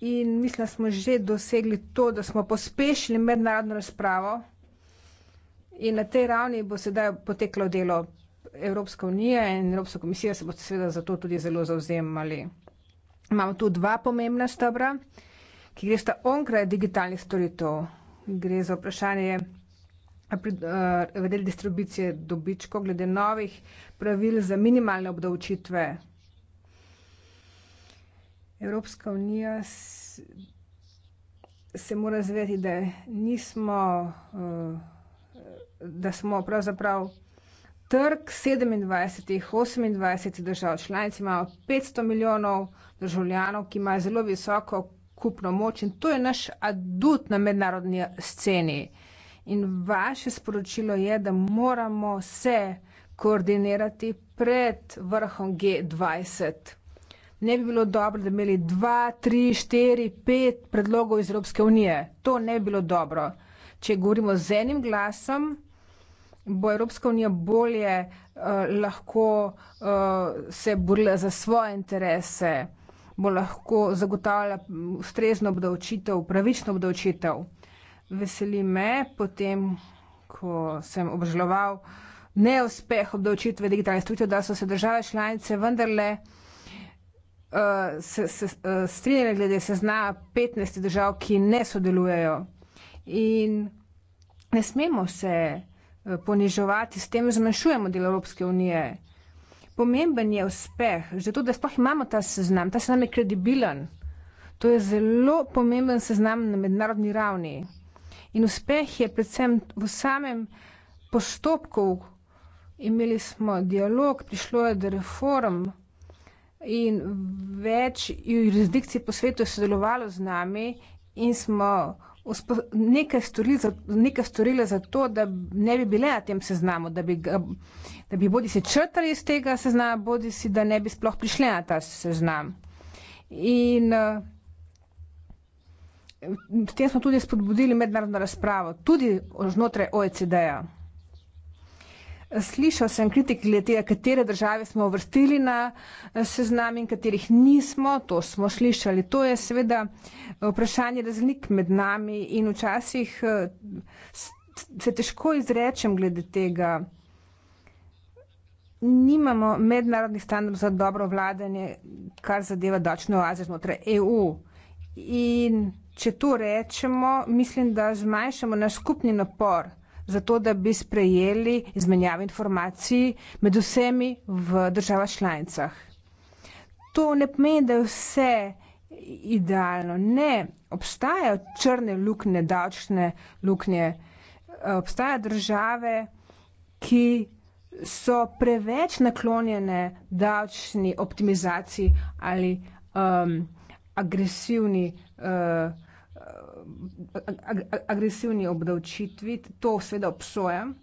Speaker 6: In mislim, da smo že dosegli to, da smo pospešili mednarodno razpravo in na tej ravni bo sedaj poteklo delo Evropska unija in Evropska komisija se bo seveda za to tudi zelo zauzemali imamo tu dva pomembna stebra, ki gre sta onkraj digitalnih storitev. Gre za vprašanje vedel distribucije dobičko glede novih pravil za minimalne obdavčitve. Evropska unija se mora zavedati, da nismo, da smo pravzaprav trg 27, 28 držav članic, imamo 500 milijonov državljanov, ki imajo zelo visoko kupno moč in to je naš adut na mednarodni sceni. In vaše sporočilo je, da moramo se koordinirati pred vrhom G20. Ne bi bilo dobro, da bi imeli 2, 3, 4, 5 predlogov iz Evropske unije. To ne bi bilo dobro. Če govorimo z enim glasom, bo Evropska unija bolje uh, lahko uh, se borila za svoje interese, bo lahko zagotavljala ustrezno obdavčitev, pravično obdavčitev. Veseli me potem, ko sem obžaloval neuspeh obdavčitve digitalne storitev, da so se države članice vendarle uh, se, se, uh, strinjale glede sezna 15 držav, ki ne sodelujejo. In ne smemo se Eh, poniževati, s tem zmanjšujemo del Evropske unije. Pomemben je uspeh, že to, da sploh imamo ta seznam, ta seznam je kredibilen. To je zelo pomemben seznam na mednarodni ravni. In uspeh je predvsem v samem postopku. Imeli smo dialog, prišlo je do reform in več jurisdikcij po svetu je sodelovalo z nami in smo nekaj, stori za, nekaj storile za to, da ne bi bile na tem seznamu, da bi, ga, da bi bodi se črtali iz tega seznama, bodi si, da ne bi sploh prišle na ta seznam. In uh, eh, s tem smo tudi spodbudili mednarodno razpravo, tudi znotraj OECD-ja. Slišal sem kritik glede tega, katere države smo vrstili na eh, seznam in katerih nismo, to smo slišali. To je seveda vprašanje razlik med nami in včasih eh, se težko izrečem glede tega. Nimamo mednarodnih standardov za dobro vladanje, kar zadeva dačne oaze znotraj EU. In če to rečemo, mislim, da zmanjšamo naš skupni napor zato da bi sprejeli izmenjavo informacij med vsemi v državah članicah. To ne pomeni, da je vse idealno. Ne, obstajajo črne luknje, davčne luknje. Obstajajo države, ki so preveč naklonjene davčni optimizaciji ali um, agresivni uh, agresivni obdavčitvi, to seveda obsojam,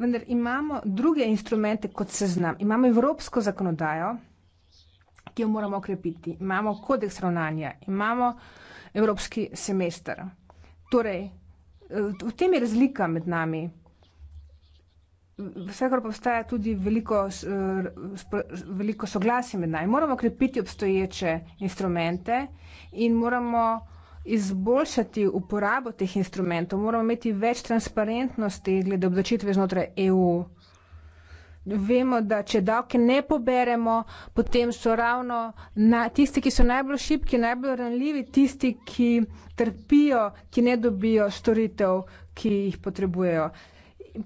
Speaker 6: vendar imamo druge instrumente kot seznam. Imamo evropsko zakonodajo, ki jo moramo okrepiti, imamo kodeks ravnanja, imamo evropski semester. Torej, v tem je razlika med nami. Vsekakor pa obstaja tudi veliko, veliko soglasje med nami. Moramo okrepiti obstoječe instrumente in moramo izboljšati uporabo teh instrumentov, moramo imeti več transparentnosti glede obdačitve znotraj EU. Vemo, da če davke ne poberemo, potem so ravno na, tisti, ki so najbolj šibki, najbolj ranljivi, tisti, ki trpijo, ki ne dobijo storitev, ki jih potrebujejo.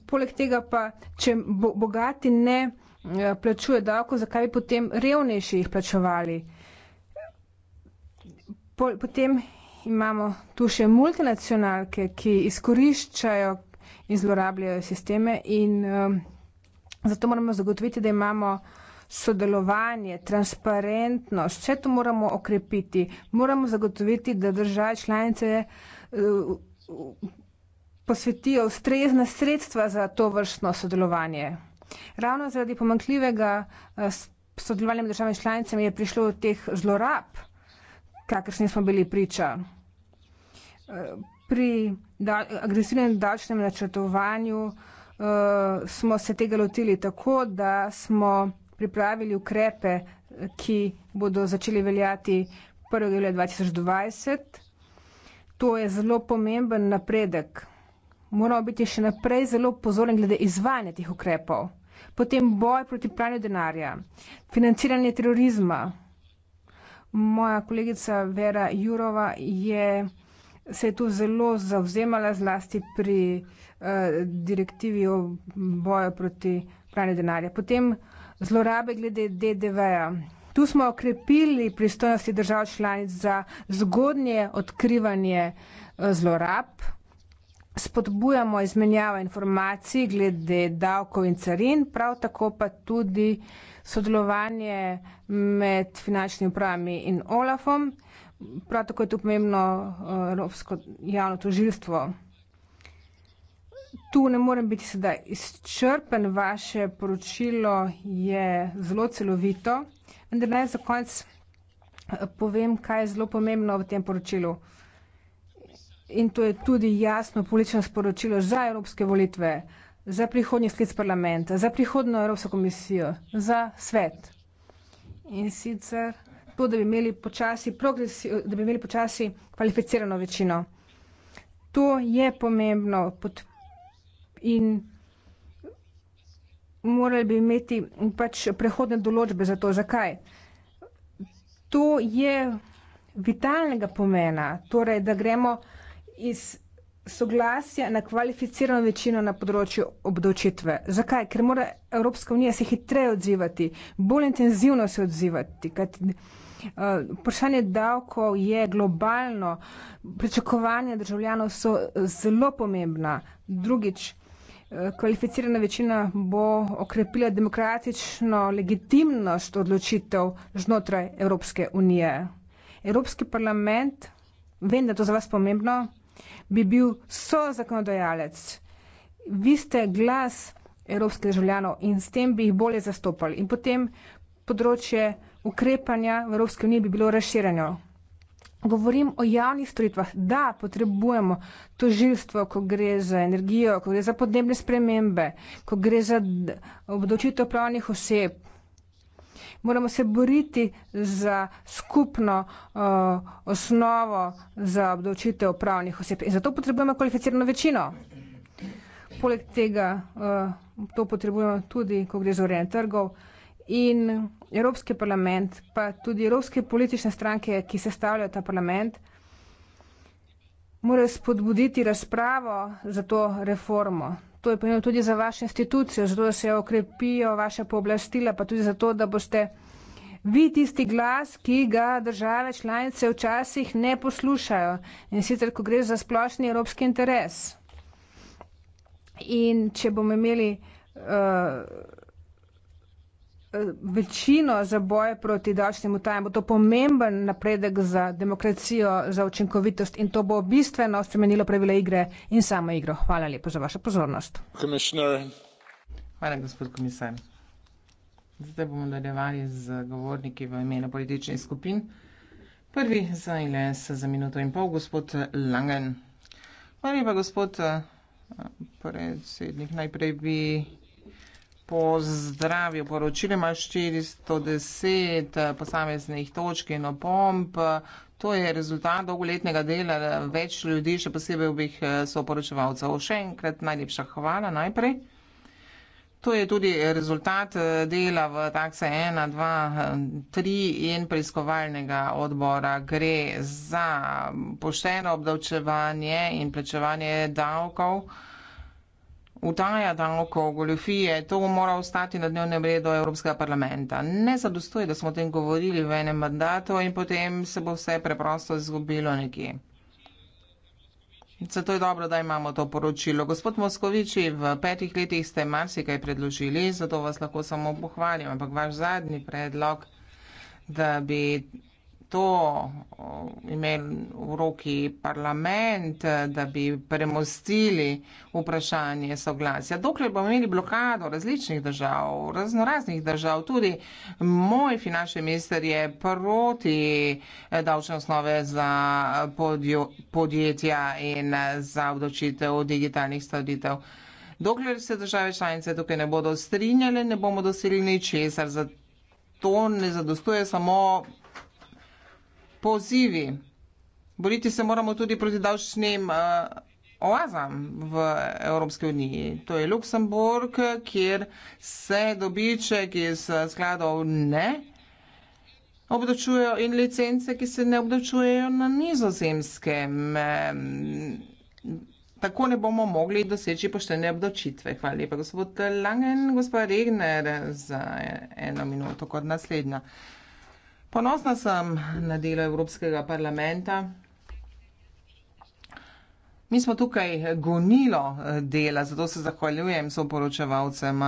Speaker 6: Poleg tega pa, če bo, bogati ne eh, plačuje davko, zakaj bi potem revnejši jih plačevali? Po, potem imamo tu še multinacionalke, ki izkoriščajo in zlorabljajo sisteme in uh, zato moramo zagotoviti, da imamo sodelovanje, transparentnost, vse to moramo okrepiti. Moramo zagotoviti, da države članice uh, posvetijo ustrezna sredstva za to vrstno sodelovanje. Ravno zaradi pomankljivega uh, sodelovanja med državami članicami je prišlo do teh zlorab kakršni smo bili priča. Eh, pri da, agresivnem davčnem načrtovanju uh, smo se tega lotili tako, da smo pripravili ukrepe, ki bodo začeli veljati 1. julija 2020. To je zelo pomemben napredek. Moramo biti še naprej zelo pozorni glede izvajanja teh ukrepov. Potem boj proti pranju denarja, financiranje terorizma. Moja kolegica Vera Jurova je se je tu zelo zavzemala zlasti pri eh, direktivi o boju proti pranju denarja. Potem zlorabe glede DDV-ja. Tu smo okrepili pristojnosti držav članic za zgodnje odkrivanje eh, zlorab spodbujamo izmenjavo informacij glede davkov in carin, prav tako pa tudi sodelovanje med finančnimi upravami in OLAFom. Prav tako je tu pomembno eh, Evropsko javno tožilstvo. Tu ne morem biti sedaj izčrpen, vaše poročilo je zelo celovito, vendar naj za konec eh, povem, kaj je zelo pomembno v tem poročilu in to je tudi jasno politično sporočilo za evropske volitve, za prihodnji sklic parlamenta, za prihodno Evropsko komisijo, za svet. In sicer to, da bi imeli počasi, da bi imeli počasi kvalificirano večino. To je pomembno pod, in morali bi imeti pač prehodne določbe za to. Zakaj? To je vitalnega pomena, torej, da gremo iz soglasja na kvalificirano večino na področju obdočitve. Zakaj? Ker mora Evropska unija se hitreje odzivati, bolj intenzivno se odzivati. Kaj, eh, vprašanje davkov je globalno, pričakovanja državljanov so eh, zelo pomembna. Drugič, eh, kvalificirana večina bo okrepila demokratično legitimnost odločitev znotraj Evropske unije. Evropski parlament, vem, da to za vas pomembno, bi bil so zakonodajalec. Vi ste glas evropskih državljanov in s tem bi jih bolje zastopali. In potem področje ukrepanja v Evropski uniji bi bilo razširjeno. Govorim o javnih storitvah. Da, potrebujemo tožilstvo, ko gre za energijo, ko gre za podnebne spremembe, ko gre za obdočitev pravnih oseb, moramo se boriti za skupno uh, osnovo za obdavčitev pravnih oseb. In zato potrebujemo kvalificirano večino. Poleg tega uh, to potrebujemo tudi, ko gre za urejen trgov. In Evropski parlament, pa tudi evropske politične stranke, ki sestavljajo ta parlament, morajo spodbuditi razpravo za to reformo to je pomembno tudi za vaše institucije, zato da se okrepijo vaše pooblastila, pa tudi zato, da boste vi tisti glas, ki ga države članice včasih ne poslušajo in sicer, ko gre za splošni evropski interes. In če bomo imeli uh, večino za boje proti davčnim utajam, bo to pomemben napredek za demokracijo, za učinkovitost in to bo bistveno spremenilo pravila igre in samo igro. Hvala lepo za vašo pozornost.
Speaker 5: Hvala, gospod komisar. Zdaj bomo nadaljevali z govorniki v imenu političnih skupin. Prvi za ILS za minuto in pol, gospod Langen. Hvala lepa, gospod eh, predsednik. Najprej bi pozdravil. Poročile ima 410 posameznih točk in opomb. To je rezultat dolgoletnega dela eh, več ljudi, še posebej obih eh, soporočevalcev. Še enkrat najlepša hvala najprej. To je tudi rezultat eh, dela v takse 1, 2, 3 in preiskovalnega odbora. Gre za pošteno obdavčevanje in plačevanje davkov utaja davkov, goljofije, to mora ostati na dnevnem redu Evropskega parlamenta. Ne zadostuje, da smo o tem govorili v enem mandatu in potem se bo vse preprosto izgubilo nekje. Zato je dobro, da imamo to poročilo. Gospod Moskoviči, v petih letih ste marsikaj predložili, zato vas lahko samo pohvalim, ampak vaš zadnji predlog, da bi to imeli v roki parlament, da bi premostili vprašanje soglasja. Dokler bomo imeli blokado različnih držav, raznoraznih držav, tudi moj finančni minister je proti eh, davčne osnove za podjo, podjetja in za obdočitev digitalnih storitev. Dokler se države članice tukaj ne bodo strinjale, ne bomo dosili ničesar. To ne zadostuje samo pozivi. Boriti se moramo tudi proti davčnim uh, oazam v Evropski uniji. To je Luksemburg, kjer se dobiček iz eh, skladov ne obdočujejo in licence, ki se ne obdočujejo na nizozemskem. Tako ne bomo mogli doseči poštene obdočitve. Hvala lepa, gospod Langen, gospod Regner, za eno minuto kot naslednja. Ponosna sem na delo Evropskega parlamenta. Mi smo tukaj gonilo eh, dela, zato se zahvaljujem soporočevalcem.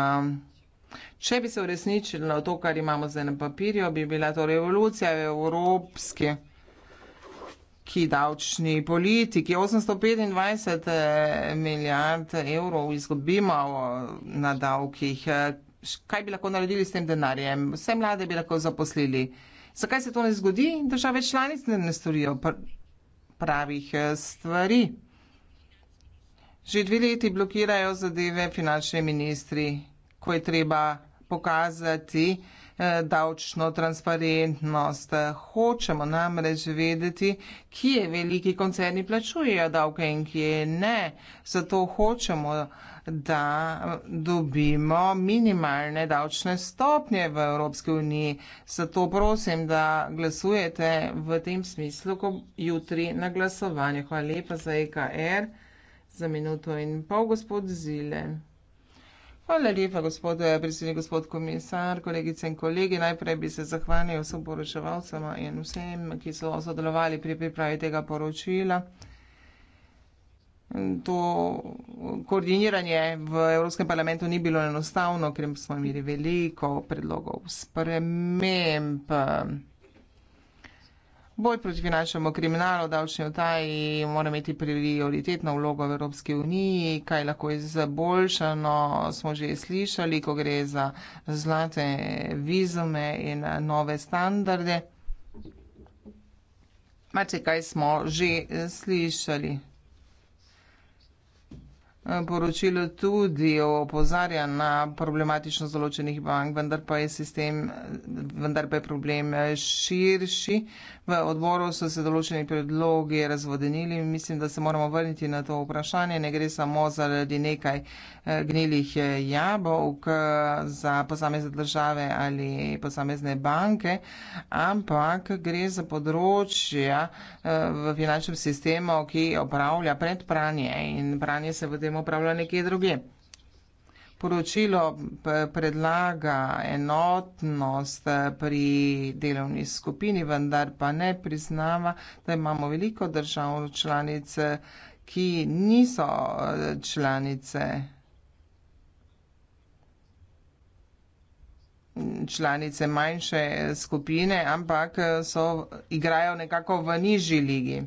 Speaker 5: Če bi se uresničilo to, kar imamo zdaj na papirju, bi bila to revolucija evropske ki davčni politiki 825 eh, milijard evrov izgubimo eh, na davkih. Kaj bi lahko naredili s tem denarjem? Vse mlade bi lahko zaposlili. Zakaj se to ne zgodi in države članice ne, ne storijo pr pravih eh, stvari? Že dve leti blokirajo zadeve finančni ministri, ko je treba pokazati, Eh, davčno transparentnost. Hočemo namreč vedeti, kje veliki koncerni plačujejo davke in kje ne. Zato hočemo, da dobimo minimalne davčne stopnje v Evropski uniji. Zato prosim, da glasujete v tem smislu, ko jutri na glasovanje. Hvala lepa za EKR. Za minuto in pol, gospod Zile. Hvala lepa, gospod eh, predsednik, gospod komisar, kolegice in kolegi. Najprej bi se zahvalil vsem poročevalcem in vsem, ki so sodelovali pri pripravi tega poročila. To koordiniranje v Evropskem parlamentu ni bilo enostavno, ker smo imeli veliko predlogov sprememb. Boj proti finančnemu kriminalu, davčni utaji mora imeti prioritetno vlogo v Evropski uniji, kaj lahko je zboljšano, smo že slišali, ko gre za zlate vizume in nove standarde. Mače, kaj smo že slišali. Poročilo tudi opozarja na problematičnost določenih bank, vendar pa je, sistem, vendar pa je problem širši. V odboru so se določeni predlogi razvodenili in mislim, da se moramo vrniti na to vprašanje. Ne gre samo zaradi nekaj eh, gnilih eh, jabolk eh, za posamezne države ali posamezne banke, ampak gre za področja v finančnem sistemu, ki opravlja predpranje in pranje se potem opravlja nekje drugje. Poročilo predlaga enotnost eh, pri delovni skupini, vendar pa ne priznava, da imamo veliko držav članice, eh, ki niso eh, članice. članice manjše skupine, ampak so, igrajo nekako v nižji ligi.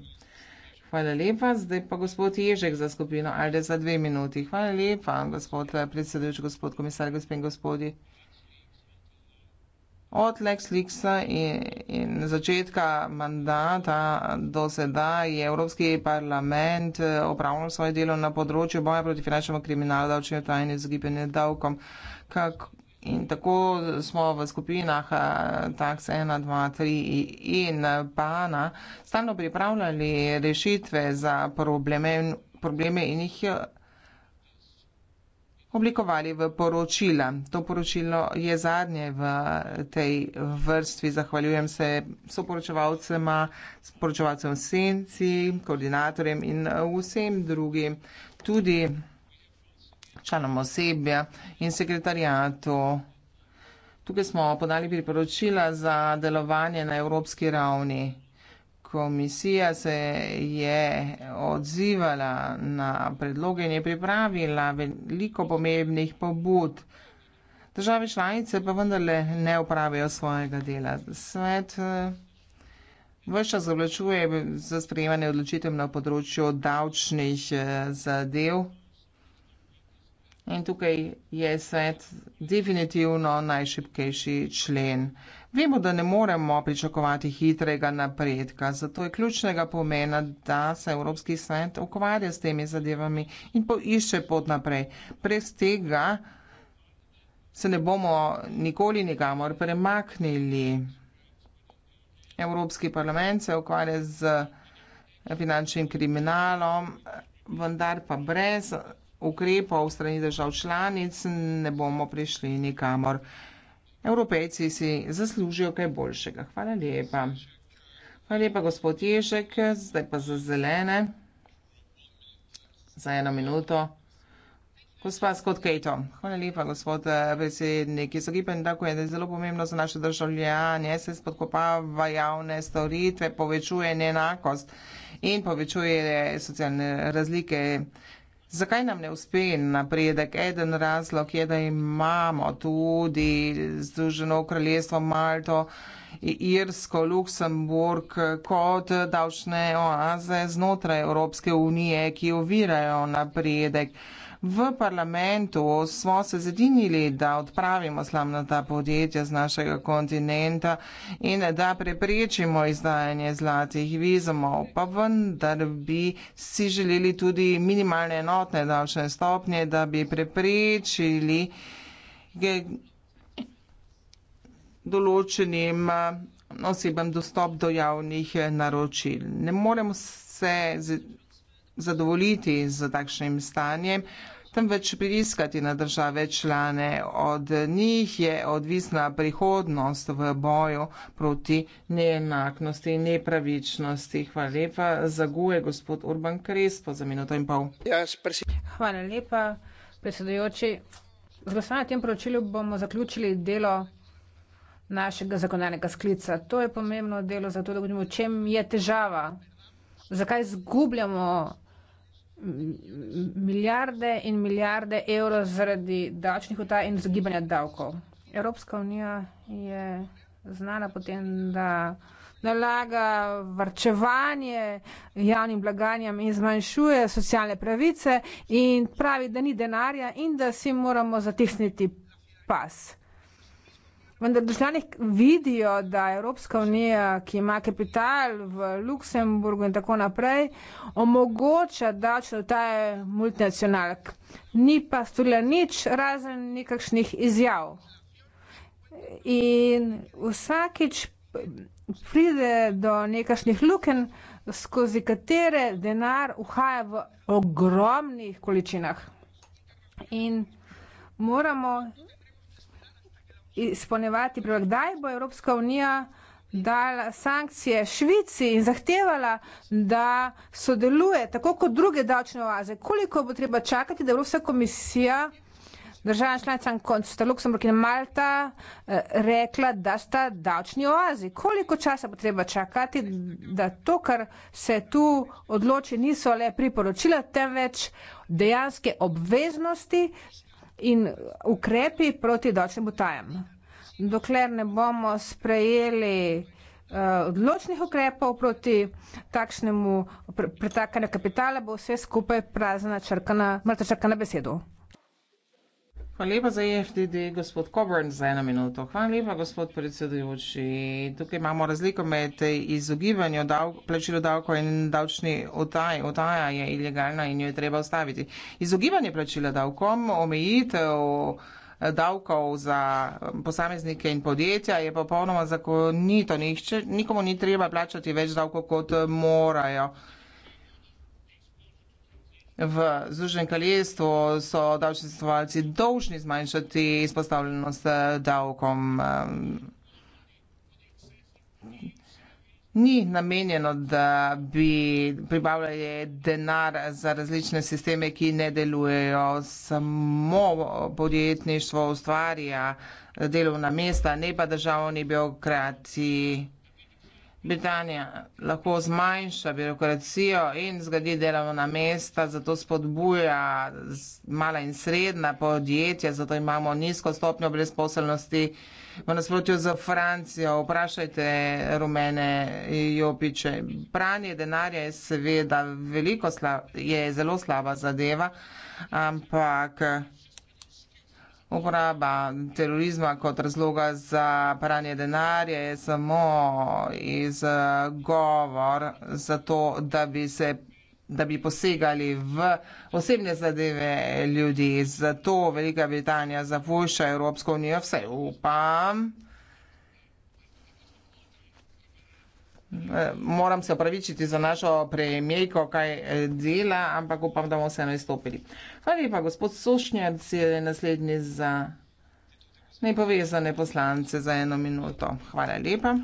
Speaker 5: Hvala lepa. Zdaj pa gospod Ježek za skupino Alde za dve minuti. Hvala lepa, gospod eh, predsedujoči, gospod komisar, gospod in gospodi. Od Lex Lixa in, in začetka mandata do sedaj je Evropski parlament eh, opravljal svoje delo na področju boja proti finančnemu kriminalu, davčnemu tajnemu izogibanju davkom. Kako In tako smo v skupinah eh, TAX 1, 2, 3 in PANA stalno pripravljali rešitve za probleme, probleme in jih eh, oblikovali v poročila. To poročilo je zadnje v tej vrstvi. Zahvaljujem se soporočevalcema, soporočevalcem v senci, koordinatorjem in eh, vsem drugim. Tudi članom osebja in sekretarijatu. Tukaj smo podali priporočila za delovanje na evropski ravni. Komisija se je odzivala na predloge in je pripravila veliko pomembnih pobud. Države članice pa vendarle ne upravijo svojega dela. Svet eh, vrša zavlačuje za sprejemanje odločitev na področju davčnih eh, zadev. In tukaj je svet definitivno najšipkejši člen. Vemo, da ne moremo pričakovati hitrega napredka, zato je ključnega pomena, da se Evropski svet ukvarja s temi zadevami in poišče pot naprej. Prez tega se ne bomo nikoli nikamor premaknili. Evropski parlament se ukvarja z finančnim kriminalom, vendar pa brez ukrepov strani držav članic ne bomo prišli nikamor. Evropejci si zaslužijo kaj boljšega. Hvala lepa. Hvala lepa, gospod Ježek. Zdaj pa za zelene. Za eno minuto. Gospod Scott Cato. Hvala lepa, gospod eh, predsednik. Zagibanje tako je, da je zelo pomembno za naše državljanje. Se spodkopava javne storitve, povečuje neenakost in povečuje socialne razlike. Zakaj nam ne uspe napredek? Eden razlog je, da imamo tudi Združeno kraljestvo Malto, Irsko, Luksemburg kot davčne oaze znotraj Evropske unije, ki ovirajo napredek. V parlamentu smo se zedinili, da odpravimo slamnata podjetja z našega kontinenta in da preprečimo izdajanje zlatih vizumov, pa vendar bi si želeli tudi minimalne enotne davčne stopnje, da bi preprečili določenim osebam dostop do javnih naročil. Ne moremo se zadovoljiti z takšnim stanjem, temveč pritiskati na države člane. Od njih je odvisna prihodnost v boju proti neenaknosti in nepravičnosti. Hvala lepa. Zaguje gospod Urban Krespo za minuto in pol. Hvala lepa, predsedujoči. Z glasovanjem o tem
Speaker 6: poročilu bomo zaključili delo našega zakonodajnega sklica. To je pomembno delo za to, da govorimo, v čem je težava, zakaj zgubljamo milijarde in milijarde evrov zaradi davčnih utaj in zgibanja davkov. Evropska unija je znana potem, da nalaga varčevanje javnim blaganjem in zmanjšuje socialne pravice in pravi, da ni denarja in da si moramo zatisniti pas. Vendar državljani vidijo, da Evropska unija, ki ima kapital v Luksemburgu in tako naprej, omogoča, da če do ta je multinacionalk. Ni pa storila nič, razen nekakšnih izjav. In vsakič pride do nekakšnih luken, skozi katere denar uhaja v ogromnih količinah. In moramo izpolnjevati. Kdaj bo Evropska unija dala sankcije Švici in zahtevala, da sodeluje tako kot druge davčne oaze? Koliko bo treba čakati, da Evropska komisija državam članicam, kot sta Luksemburg in Malta, eh, rekla, da sta davčni oazi. Koliko časa bo treba čakati, da to, kar se tu odloči, niso le priporočila, temveč dejanske obveznosti, in ukrepi proti davčnim utajam. Dokler ne bomo sprejeli eh, odločnih ukrepov proti takšnemu pretakanju kapitala, bo vse skupaj prazna črka na, mrtva črka na besedo.
Speaker 5: Hvala lepa za e FDD, gospod Coburn, za eno minuto. Hvala lepa, gospod predsedujoči. Tukaj imamo razliko med izogibanjem dav, plačilu davkov in davčni otaj. Otaja je ilegalna in jo je treba ustaviti. Izogibanje plačila davkom, omejitev eh, davkov za eh, posameznike in podjetja je popolnoma zakonito. Nikomu ni treba plačati več davkov, kot morajo. V zružen kraljestvu so davčni svetovalci dolžni zmanjšati izpostavljenost eh, davkom. Eh. Ni namenjeno, da bi pribavljali denar za različne sisteme, ki ne delujejo. Samo podjetništvo ustvarja delovna mesta, ne pa državni birokraciji. Britanija lahko zmanjša birokracijo in zgradi delovna mesta, zato spodbuja mala in srednja podjetja, zato imamo nizko stopnjo brezposelnosti. V nasprotju z Francijo, vprašajte rumene jopiče. Pranje denarja je seveda veliko, slab, je zelo slaba zadeva, ampak uporaba terorizma kot razloga za paranje denarja je samo izgovor za to, da bi se da bi posegali v osebne zadeve ljudi. Zato Velika Britanija zapušča Evropsko unijo. Vse upam, Eh, moram se opravičiti za našo premijejko, kaj eh, dela, ampak upam, da bomo se nastopili. Hvala lepa, gospod Sošnjac je naslednji za nepovezane poslance za eno minuto. Hvala lepa.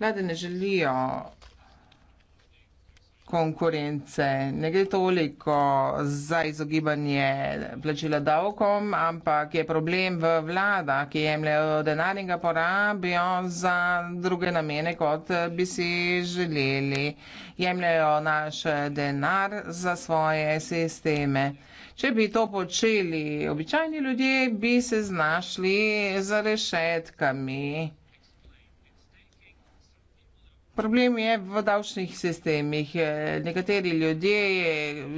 Speaker 5: Vlade ne želijo konkurence. Ne gre toliko za izogibanje plačila davkom, ampak je problem v vlada, ki jemljajo denar in ga porabijo za druge namene, kot bi si želeli. Jemljajo naš denar za svoje sisteme. Če bi to počeli običajni ljudje, bi se znašli za rešetkami. Problem je v davčnih sistemih. E, nekateri ljudje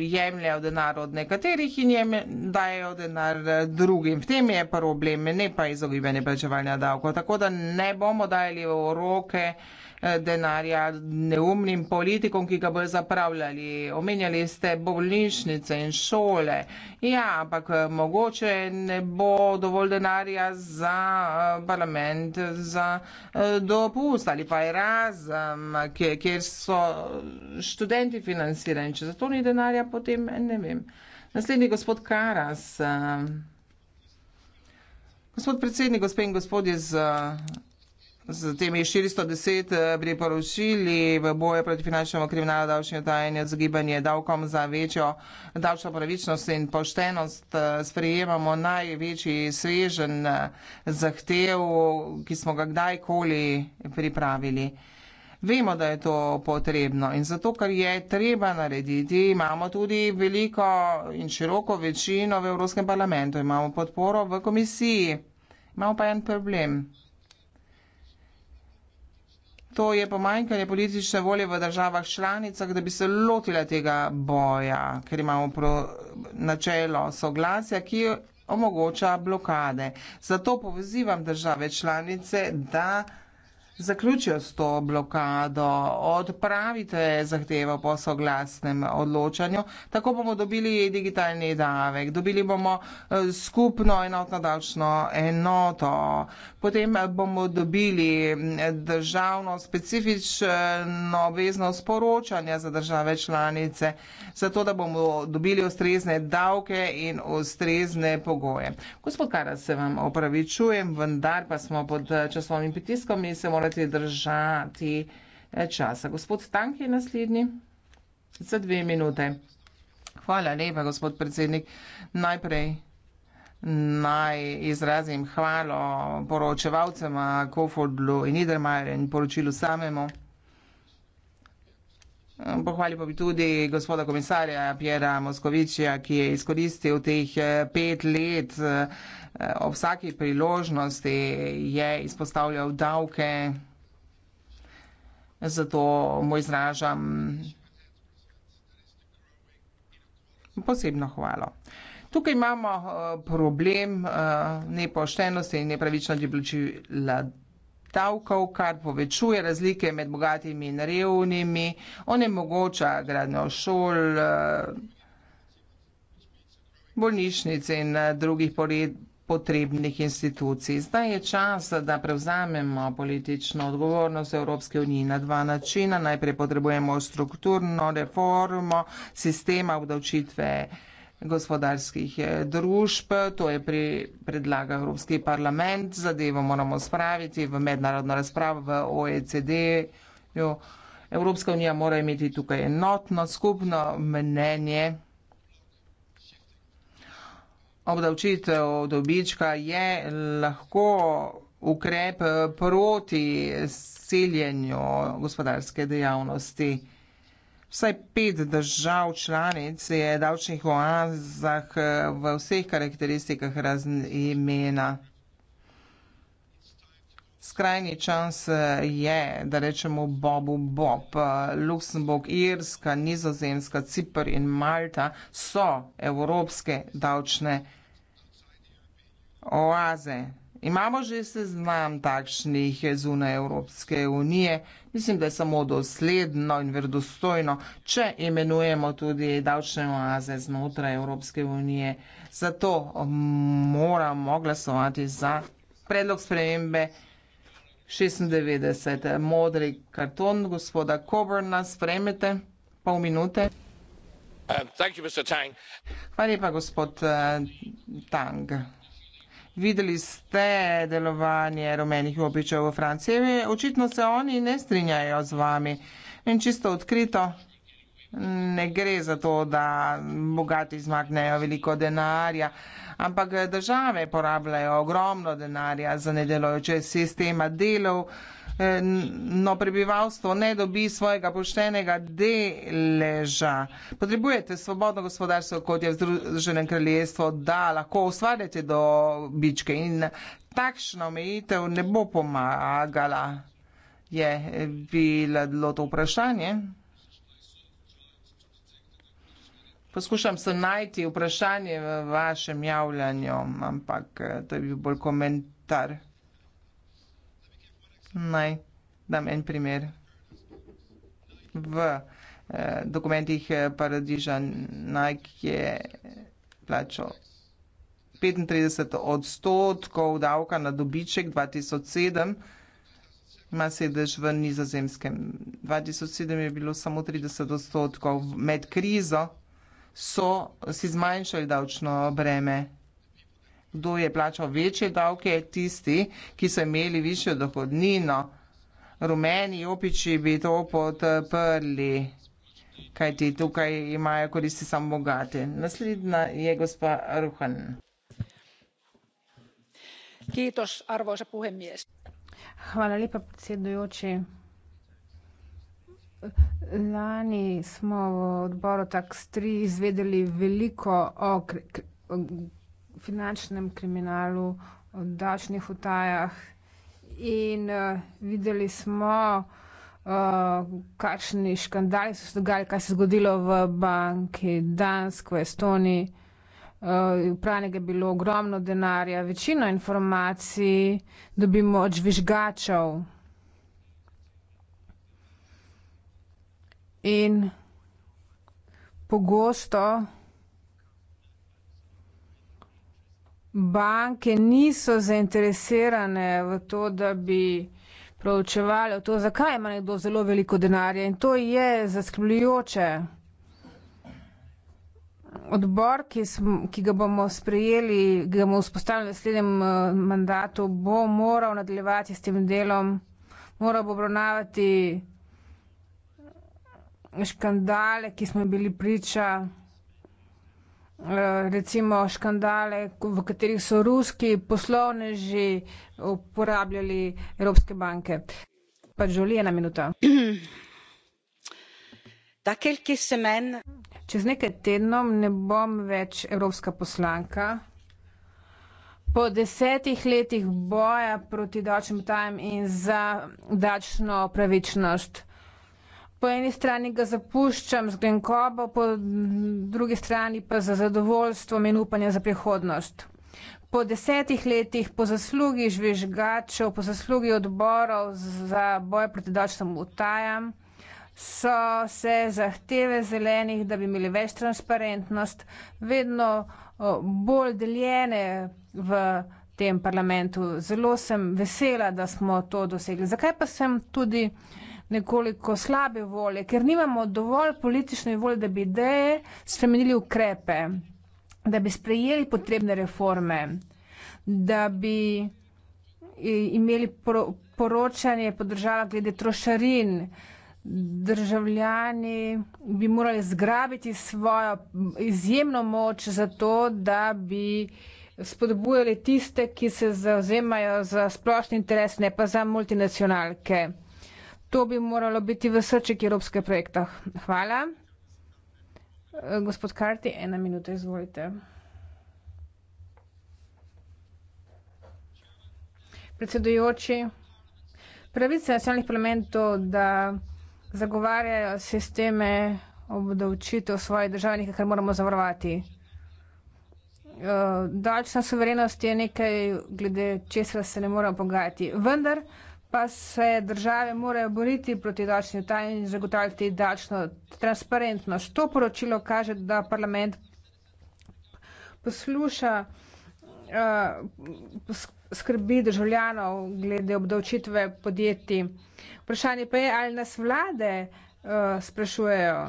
Speaker 5: jemljajo denar od nekaterih in jem, dajo denar drugim. V tem je problem, ne pa izogibanje plačevanja davkov. Tako da ne bomo dajali v roke. Eh, denarja neumnim politikom, ki ga bojo zapravljali. Omenjali ste bolnišnice in šole. Ja, ampak eh, mogoče ne bo dovolj denarja za eh, parlament, za dopust ali pa razem, kjer so študenti financirani. Če zato ni denarja, potem ne vem. Naslednji gospod Karas. Gospod predsednik, gospe in gospodje z Z temi 410 eh, priporočili v boju proti finančnemu kriminalu davčne tajne z gibanje davkom za večjo davčno pravičnost in poštenost eh, sprejemamo največji svežen eh, zahtev, ki smo ga kdajkoli pripravili. Vemo, da je to potrebno in zato, kar je treba narediti, imamo tudi veliko in široko večino v Evropskem parlamentu, imamo podporo v komisiji, imamo pa en problem. To je pomanjkanje politične volje v državah članicah, da bi se lotila tega boja, ker imamo pro, načelo soglasja, ki omogoča blokade. Zato povezivam države članice, da zaključijo s to blokado, odpravite zahtevo po soglasnem odločanju, tako bomo dobili digitalni davek, dobili bomo eh, skupno enotno davčno enoto, potem bomo dobili mm, državno specifično obveznost poročanja za države članice, zato da bomo dobili ustrezne davke in ustrezne pogoje. Gospod Karas, se vam opravičujem, vendar pa smo pod eh, časovnim pritiskom in se moramo morate držati eh, časa. Gospod Tank je naslednji za dve minute. Hvala lepa, gospod predsednik. Najprej naj izrazim hvalo poročevalcema Kofoldlu in Idermajer in poročilu samemu. Pohvalil pa bi tudi gospoda komisarja Pjera Moskovičija, ki je izkoristil teh eh, pet let eh, Eh, ob vsaki priložnosti je izpostavljal davke, zato mu izražam posebno hvalo. Tukaj imamo eh, problem eh, nepoštenosti in nepravično deplačila davkov, kar povečuje razlike med bogatimi in revnimi, onemogoča gradnjo šol, bolnišnice in drugih potrebnih institucij. Zdaj je čas, da prevzamemo politično odgovornost Evropske unije na dva načina. Najprej potrebujemo strukturno reformo sistema obdavčitve gospodarskih eh, družb, to je pri, predlaga Evropski parlament, zadevo moramo spraviti v mednarodno razpravo v OECD. -ju. Evropska unija mora imeti tukaj enotno, skupno mnenje. Obdavčitev dobička je lahko ukrep eh, proti seljenju gospodarske dejavnosti. Vsaj pet držav članic je davčnih oazah eh, v vseh karakteristikah razen imena. Skrajni čas eh, je, da rečemo Bobu Bob. Eh, Luksemburg, Irska, Nizozemska, Cipr in Malta so evropske davčne oaze. Imamo že seznam takšnih zunaj Evropske unije. Mislim, da je samo dosledno in verodostojno, če imenujemo tudi davčne oaze znotraj Evropske unije. Zato moramo glasovati za predlog spremembe. 96. Modri karton, gospoda Coburna, spremete pol minute. Uh, Hvala lepa, gospod uh, Tang. Videli ste delovanje rumenih običev v Franciji. Očitno se oni ne strinjajo z vami. In čisto odkrito, ne gre za to, da bogati zmaknejo veliko denarja, ampak države porabljajo ogromno denarja za nedelojoče sistema delov, no prebivalstvo ne dobi svojega poštenega deleža. Potrebujete svobodno gospodarstvo, kot je v Združenem kraljestvu, da lahko ustvarjate dobičke in takšna omejitev ne bo pomagala, je bilo to vprašanje. Poskušam se najti vprašanje v vašem javljanju, ampak eh, to je bil bolj komentar. Naj dam en primer. V eh, dokumentih eh, Paradiža Nike je plačal 35 odstotkov davka na dobiček 2007. Ima sedež v nizozemskem. 2007 je bilo samo 30 odstotkov. Med krizo so si zmanjšali davčno breme. Kdo je plačal večje davke, tisti, ki so imeli višjo dohodnino. Rumeni opiči bi to potrli, kaj ti tukaj imajo koristi samo bogati. Naslednja je gospa Ruhan.
Speaker 6: Hvala lepa, predsedujoči. Lani smo v odboru Taks 3 izvedeli veliko o, kri o finančnem kriminalu, o dačnih utajah in uh, videli smo, uh, kakšni škandali so se dogajali, kaj se je zgodilo v banki Dansk, v Estoniji. Uh, eh, Pranega je bilo ogromno denarja, večino informacij dobimo od žvižgačev. in pogosto banke niso zainteresirane v to, da bi proučevali to, zakaj ima nekdo zelo veliko denarja in to je zaskrbljujoče. Odbor, ki, smo, ki ga bomo sprejeli, ki ga bomo vzpostavili v naslednjem eh, mandatu, bo moral nadaljevati s tem delom, moral bo obravnavati škandale, ki smo bili priča, eh, recimo škandale, v katerih so ruski poslovneži uporabljali evropske banke. Pa Žolije, ena minuta. [CLEARS THROAT] Čez nekaj tednov ne bom več evropska poslanka. Po desetih letih boja proti davčnim tajem in za davčno pravičnost po eni strani ga zapuščam z grenkobo, po drugi strani pa za zadovoljstvo in upanje za prihodnost. Po desetih letih, po zaslugi žvižgačev, po zaslugi odborov za boj proti davčnim utajam, so se zahteve zelenih, da bi imeli več transparentnost, vedno bolj deljene v tem parlamentu. Zelo sem vesela, da smo to dosegli. Zakaj pa sem tudi nekoliko slabe volje, ker nimamo dovolj politične volje, da bi ideje spremenili ukrepe, da bi sprejeli potrebne reforme, da bi e, imeli poročanje po državah glede trošarin. Državljani bi morali zgrabiti svojo izjemno moč za to, da bi spodbujali tiste, ki se zauzemajo za splošni interes, ne pa za multinacionalke. To bi moralo biti v srček evropskih projektov. Hvala. Eh, gospod Karti, ena minuta, izvolite. Predsedujoči, pravice nacionalnih parlamentov, da zagovarjajo sisteme obdavčitev svojih državljanih, kar moramo zavarovati. Uh, Davčna suverenost je nekaj, glede česar se ne moramo pogajati. Vendar pa se države morajo boriti proti davčnim tajem in zagotavljati davčno transparentnost. To poročilo kaže, da parlament posluša uh, skrbi državljanov glede obdavčitve podjetij. Vprašanje pa je, ali nas vlade uh, sprašujejo.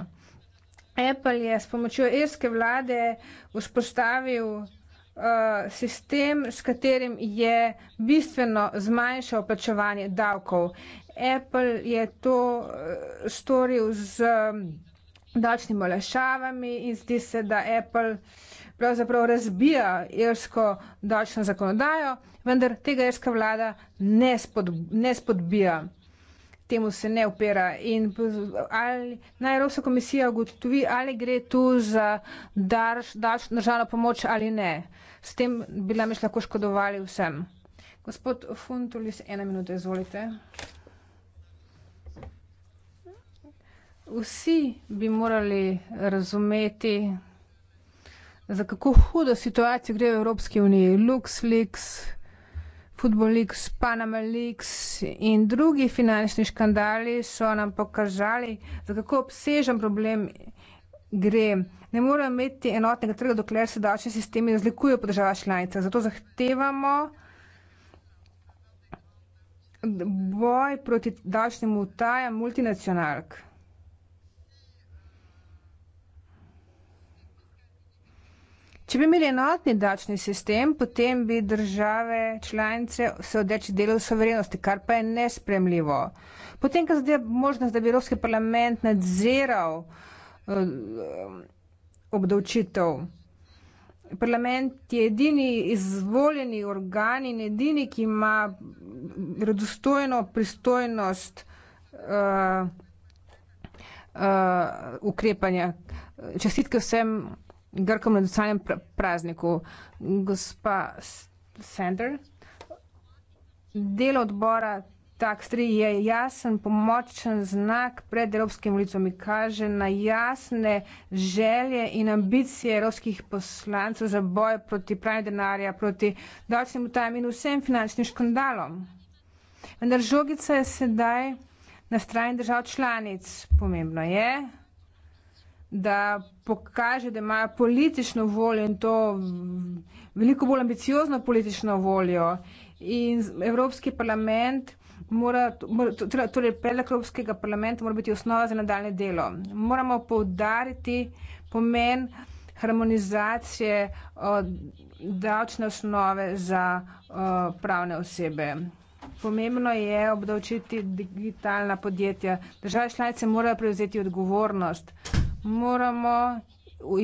Speaker 6: Apple je s pomočjo irske vlade vzpostavil Eh, sistem, s katerim je bistveno zmanjšal plačevanje davkov. Apple je to eh, storil z mm, davčnimi olajšavami in zdi se, da Apple pravzaprav razbija irsko davčno zakonodajo, vendar tega irska vlada ne, spod, ne spodbija. Temu se ne opera in ali, naj Evropska komisija ugotovi, ali gre tu za davčno državno pomoč ali ne. S tem bi namreč lahko škodovali vsem. Gospod Funtulis, ena minuta, izvolite. Vsi bi morali razumeti, za kako hudo situacijo gre v Evropski uniji. LuxLeaks, FootballLeaks, PanamaLeaks in drugi finančni škandali so nam pokazali, za kako obsežen problem gre ne morejo imeti enotnega trga, dokler se davčni sistemi razlikujejo po državah članicah. Zato zahtevamo boj proti davčnim utajam multinacionalk. Če bi imeli enotni davčni sistem, potem bi države članice se odreči delu soverenosti, kar pa je nespremljivo. Potem, kar zadeva možnost, da bi Evropski parlament nadziral uh, obdavčitev. Parlament je edini izvoljeni organ in edini, ki ima redostojno pristojnost uh, uh, ukrepanja. Čestitke vsem Grkom na docajnem pr prazniku. Gospa Sander, del odbora tak strij je jasen pomočen znak pred evropskim ulicom in kaže na jasne želje in ambicije evropskih poslancev za boj proti pranju denarja, proti davčnim utajam in vsem finančnim škandalom. Vendar žogica je sedaj na strani držav članic. Pomembno je, da pokaže, da imajo politično voljo in to veliko bolj ambiciozno politično voljo. In Evropski parlament mora, torej, torej predlog Evropskega parlamenta mora biti osnova za nadaljne delo. Moramo povdariti pomen harmonizacije davčne osnove za o, pravne osebe. Pomembno je obdavčiti digitalna podjetja. Države članice morajo prevzeti odgovornost. Moramo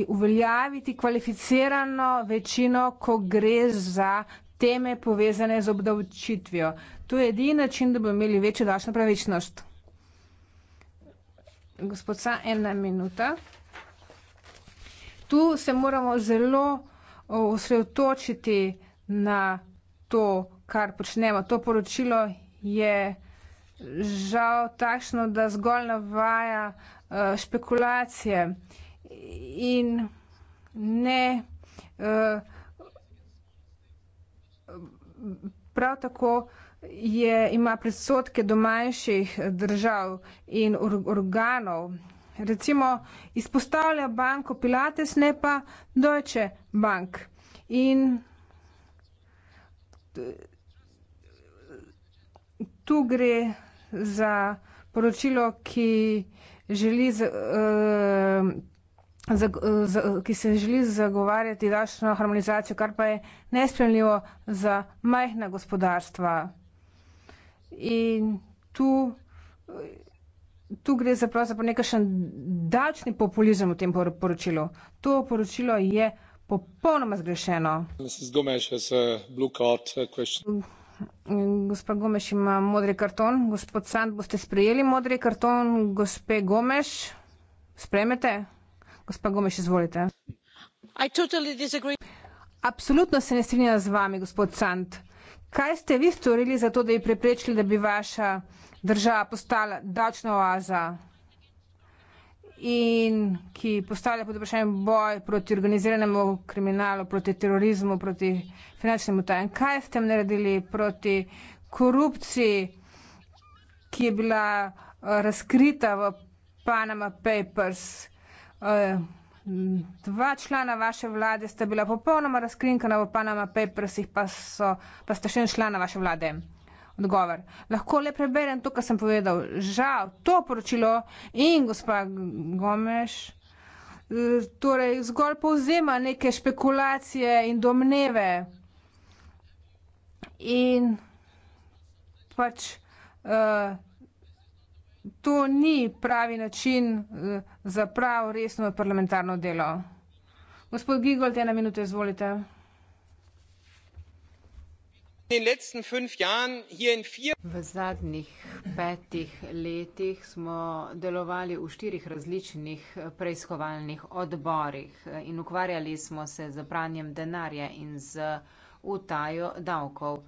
Speaker 6: uveljaviti kvalificirano večino, ko gre za teme povezane z obdavčitvijo. To je edini način, da bomo imeli večjo davčno pravičnost. Gospod Sa, ena minuta. Tu se moramo zelo osredotočiti na to, kar počnemo. To poročilo je žal takšno, da zgolj navaja e, špekulacije in ne uh, prav tako je, ima predsotke do manjših držav in or, organov. Recimo izpostavlja banko Pilates, ne pa Deutsche Bank. In tu gre za poročilo, ki želi z, uh, za, za, ki se želi zagovarjati davčno harmonizacijo, kar pa je nespremljivo za majhna gospodarstva. In tu, tu gre za pravzaprav nekakšen davčni populizem v tem por poročilu. To poročilo je popolnoma zgrešeno. Gospa Gomeš ima modri karton. Gospod Sand, boste sprejeli modri karton? Gospe Gomeš, spremete? gospa gomes izvolite absolutno se ne strinjam z vami gospod sant kaj ste vi storili za to da bi preprečili da bi vaša država postala davčna oaza in ki postavlja pod vprašanje boj proti organiziranemu kriminalu, proti terorizmu, proti finančnemu tajem. Kaj ste naredili proti korupciji, ki je bila eh, razkrita v Panama Papers? Eh, dva člana vaše vlade sta bila popolnoma razkrinkana v Panama Papersih, pa, so, pa sta še en člana vaše vlade. Odgovor. Lahko le preberem to, kar sem povedal. Žal, to poročilo in gospa Gomeš eh, torej zgolj povzema neke špekulacije in domneve. In pač uh, to ni pravi način. Uh, za prav resno parlamentarno delo. Gospod Gigol, te na minuto izvolite.
Speaker 5: V
Speaker 2: zadnjih petih letih smo delovali v štirih različnih preiskovalnih odborih eh, in ukvarjali smo se z pranjem denarja in z utajo davkov.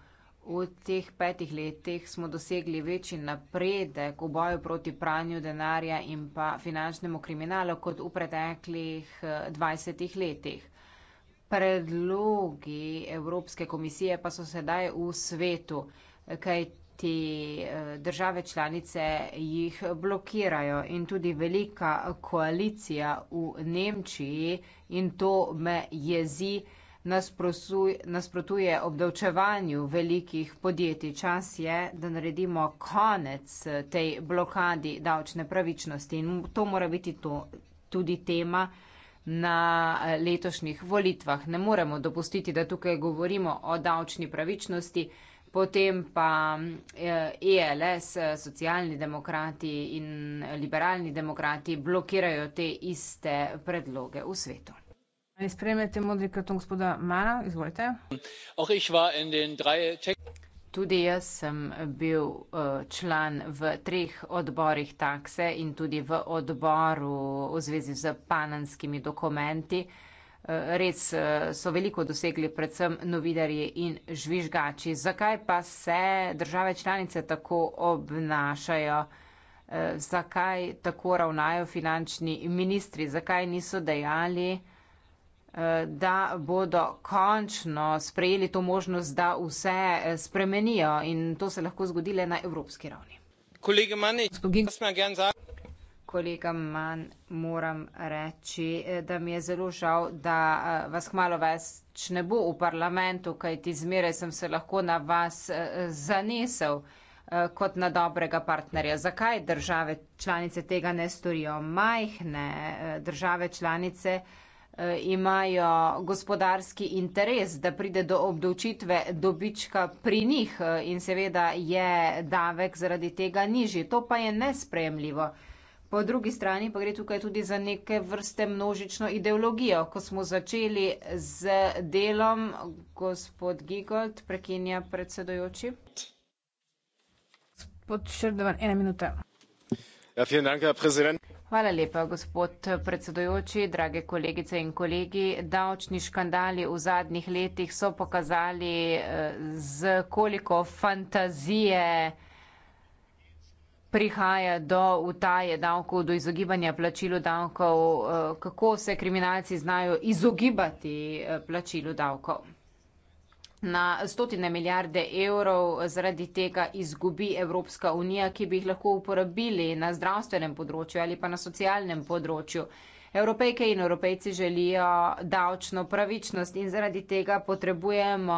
Speaker 2: V teh petih letih smo dosegli večji napredek v boju proti pranju denarja in pa finančnemu kriminalu kot v preteklih 20 eh, letih. Predlogi Evropske komisije pa so sedaj v svetu, kaj ti eh, države članice jih blokirajo in tudi velika koalicija v Nemčiji in to me jezi nasprotuje obdavčevanju velikih podjetij. Čas je, da naredimo konec eh, tej blokadi davčne pravičnosti in to mora biti to, tudi tema na eh, letošnjih volitvah. Ne moremo dopustiti, da tukaj govorimo o davčni pravičnosti, potem pa ELS, eh, e socialni demokrati in liberalni demokrati blokirajo te iste predloge v svetu. Tudi jaz sem bil, eh, član v treh odborih takse in tudi v odboru v zvezi s panamskimi dokumenti. Eh, res, eh, so veliko dosegli predvsem novinarji in žvižgači. Zakaj pa se države članice tako obnašajo? zakaj tako ravnajo finančni ministri? Zakaj niso dejali, da bodo končno sprejeli to možnost, da vse eh, spremenijo in to se lahko zgodi le na evropski ravni.
Speaker 5: Kolega Mani,
Speaker 2: Kolega Man, moram reči, eh, da mi je zelo žal, da eh, vas hmalo več ne bo v parlamentu, kajti zmeraj sem se lahko na vas zanesel kot na dobrega partnerja. Zakaj države članice tega ne storijo? Majhne države članice. Eh, imajo gospodarski interes, da pride do obdavčitve dobička pri njih eh, in seveda je davek zaradi tega nižji. To pa je nespremljivo. Po drugi strani pa gre tukaj tudi za neke vrste množično ideologijo. Ko smo začeli z delom, gospod Gigold prekinja predsedojoči. Gospod Šrdovan, ena minuta.
Speaker 7: Ja, vielen Dank, Herr Präsident.
Speaker 2: Hvala lepa, gospod predsedujoči, drage kolegice in kolegi. Davčni škandali v zadnjih letih so pokazali, eh, z koliko fantazije prihaja do utaje davkov, do izogibanja plačilu davkov, eh, kako se kriminalci znajo izogibati eh, plačilu davkov na stotine milijarde evrov zaradi tega izgubi Evropska unija, ki bi jih lahko uporabili na zdravstvenem področju ali pa na socialnem področju. Evropejke in evropejci želijo davčno pravičnost in zaradi tega potrebujemo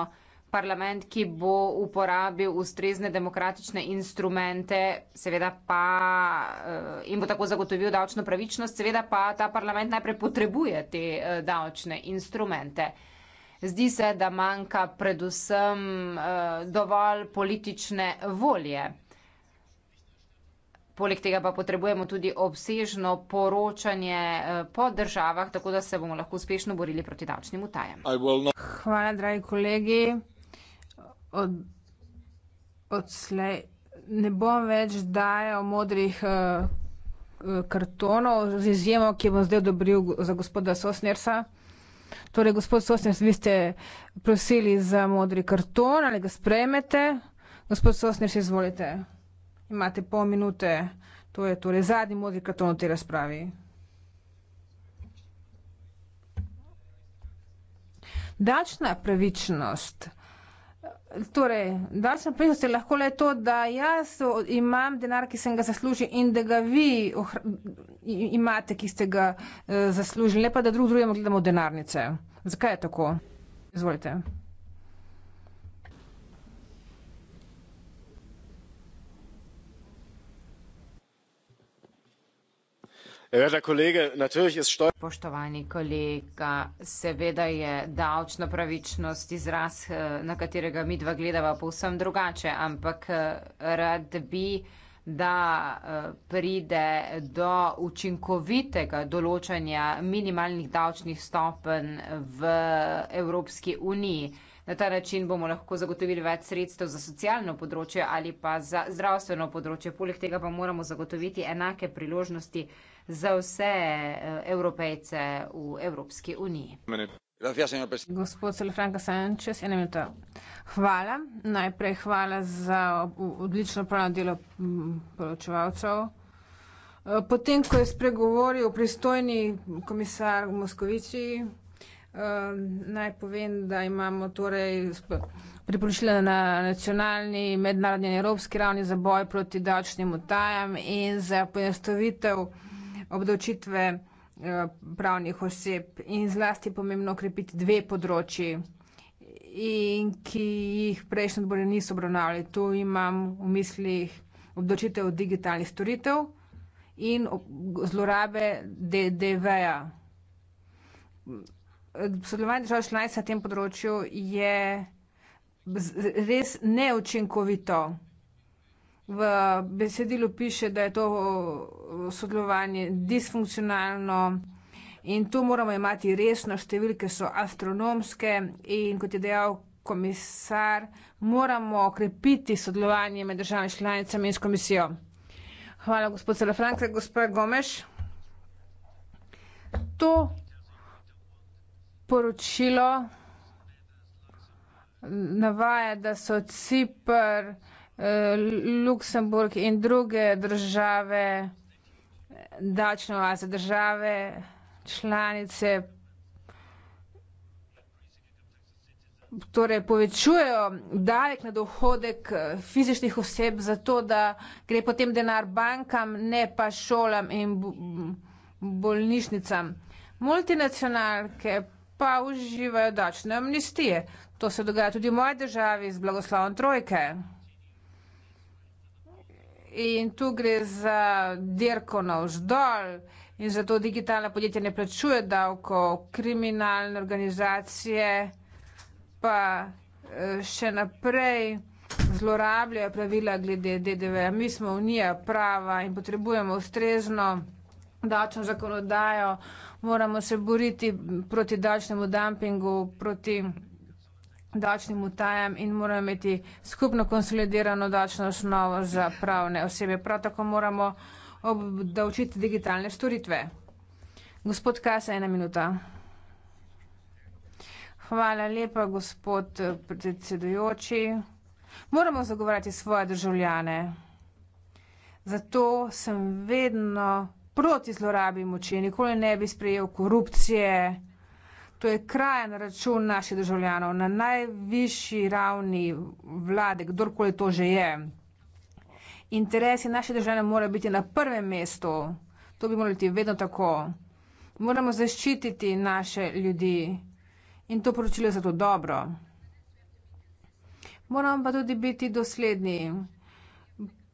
Speaker 2: parlament, ki bo uporabil ustrezne demokratične instrumente, seveda pa eh, in bo tako zagotovil davčno pravičnost, seveda pa ta parlament najprej potrebuje te eh, davčne instrumente. Zdi se, da manjka predvsem eh, dovolj politične volje. Poleg tega pa potrebujemo tudi obsežno poročanje eh, po državah, tako da se bomo lahko uspešno borili proti davčnim utajem. Hvala, dragi
Speaker 6: kolegi. Od, od slej ne bom več dajal modrih eh, kartonov z izjemo, ki bom zdaj odobril za gospoda Sosnersa. Torej, gospod Sosnjev, vi ste prosili za modri karton ali ga sprejmete. Gospod Sosnjev, izvolite. Imate pol minute. To je torej zadnji modri karton v tej razpravi. Dačna pravičnost Torej, da sem prednost je lahko le to, da jaz imam denar, ki sem ga zaslužil in da ga vi imate, ki ste ga uh, zaslužili, ne pa da drug drugemu gledamo denarnice. Zakaj je tako? Izvolite.
Speaker 7: Spoštovani
Speaker 2: kolega, seveda je davčna pravičnost izraz, eh, na katerega mi dva gledava povsem drugače, ampak eh, rad bi, da eh, pride do učinkovitega določanja minimalnih davčnih stopenj v Evropski uniji. Na ta način bomo lahko zagotovili več sredstev za socialno področje ali pa za zdravstveno področje, poleg tega pa moramo zagotoviti enake priložnosti za vse eh,
Speaker 6: evropejce v Evropski uniji. Gospod Salafranka Sančes, ena minuta. Hvala. Najprej hvala za odlično pravno delo poročevalcev. Eh, potem, ko je spregovoril pristojni komisar Moskovici, eh, naj povem, da imamo torej priporočila na nacionalni, mednarodni in evropski ravni za boj proti davčnim utajam in za poenostavitev obdočitve eh, pravnih oseb in zlasti pomembno okrepiti dve področji, in ki jih prejšnji odbori niso obravnavali. Tu imam v mislih obdočitev digitalnih storitev in zlorabe DDV-ja. Sodelovanje držav članic na tem področju je res neučinkovito v besedilu piše, da je to eh, sodelovanje disfunkcionalno in to moramo imati resno, številke so astronomske in kot je dejal komisar, moramo okrepiti sodelovanje med državami članicami in s komisijo. Hvala, gospod Salafrank, gospod Gomeš. To poročilo navaja, da so Cipr, Eh, Luksemburg in druge države, davčne oaze države, članice, torej povečujejo davek na dohodek eh, fizičnih oseb zato, da gre potem denar bankam, ne pa šolam in bolnišnicam. Multinacionalke pa uživajo davčne amnestije. To se dogaja tudi v moji državi z blagoslovom trojke in tu gre za dirko navzdol in zato digitalna podjetja ne plačuje davkov, kriminalne organizacije pa eh, še naprej zlorabljajo pravila glede DDV-ja. Mi smo unija prava in potrebujemo ustrezno davčno zakonodajo, moramo se boriti proti davčnemu dumpingu, proti dačnim utajam in moramo imeti skupno konsolidirano dačno osnovo za pravne osebe. Prav tako moramo obdavčiti digitalne storitve. Gospod Kasa, ena minuta. Hvala lepa, gospod predsedujoči. Moramo zagovarjati svoje državljane. Zato sem vedno proti zlorabi moči. Nikoli ne bi sprejel korupcije. To je kraj na račun naših državljanov, na najvišji ravni vlade, kdorkoli to že je. Interesi naših državljanov morajo biti na prvem mestu. To bi moralo biti vedno tako. Moramo zaščititi naše ljudi in to poročilo je zato dobro. Moramo pa tudi biti dosledni.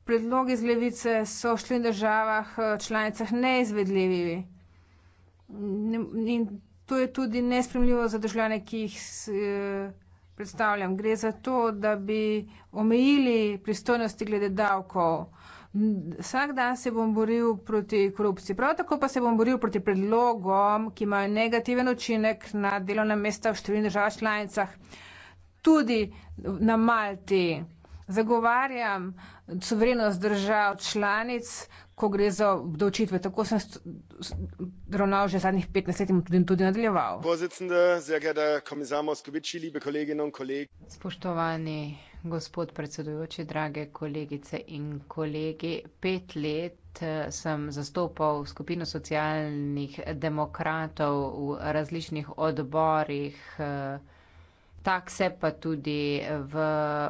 Speaker 6: Predlogi z levice so v štirih državah eh, članicah neizvedljivi. In To je tudi nespremljivo za državljane, ki jih eh, predstavljam. Gre za to, da bi omejili pristojnosti glede davkov. Vsak dan se bom boril proti korupciji. Prav tako pa se bom boril proti predlogom, ki imajo negativen učinek na delovna mesta v številnih državah članicah, tudi na Malti. Zagovarjam suverenost držav članic, ko gre za obdavčitve. Tako sem ravnal že zadnjih 15 let in tudi, tudi nadaljeval.
Speaker 2: Spoštovani gospod predsedujoči, drage kolegice in kolegi, pet let. Eh, sem zastopal skupino socialnih demokratov v različnih odborih eh, takse, pa tudi v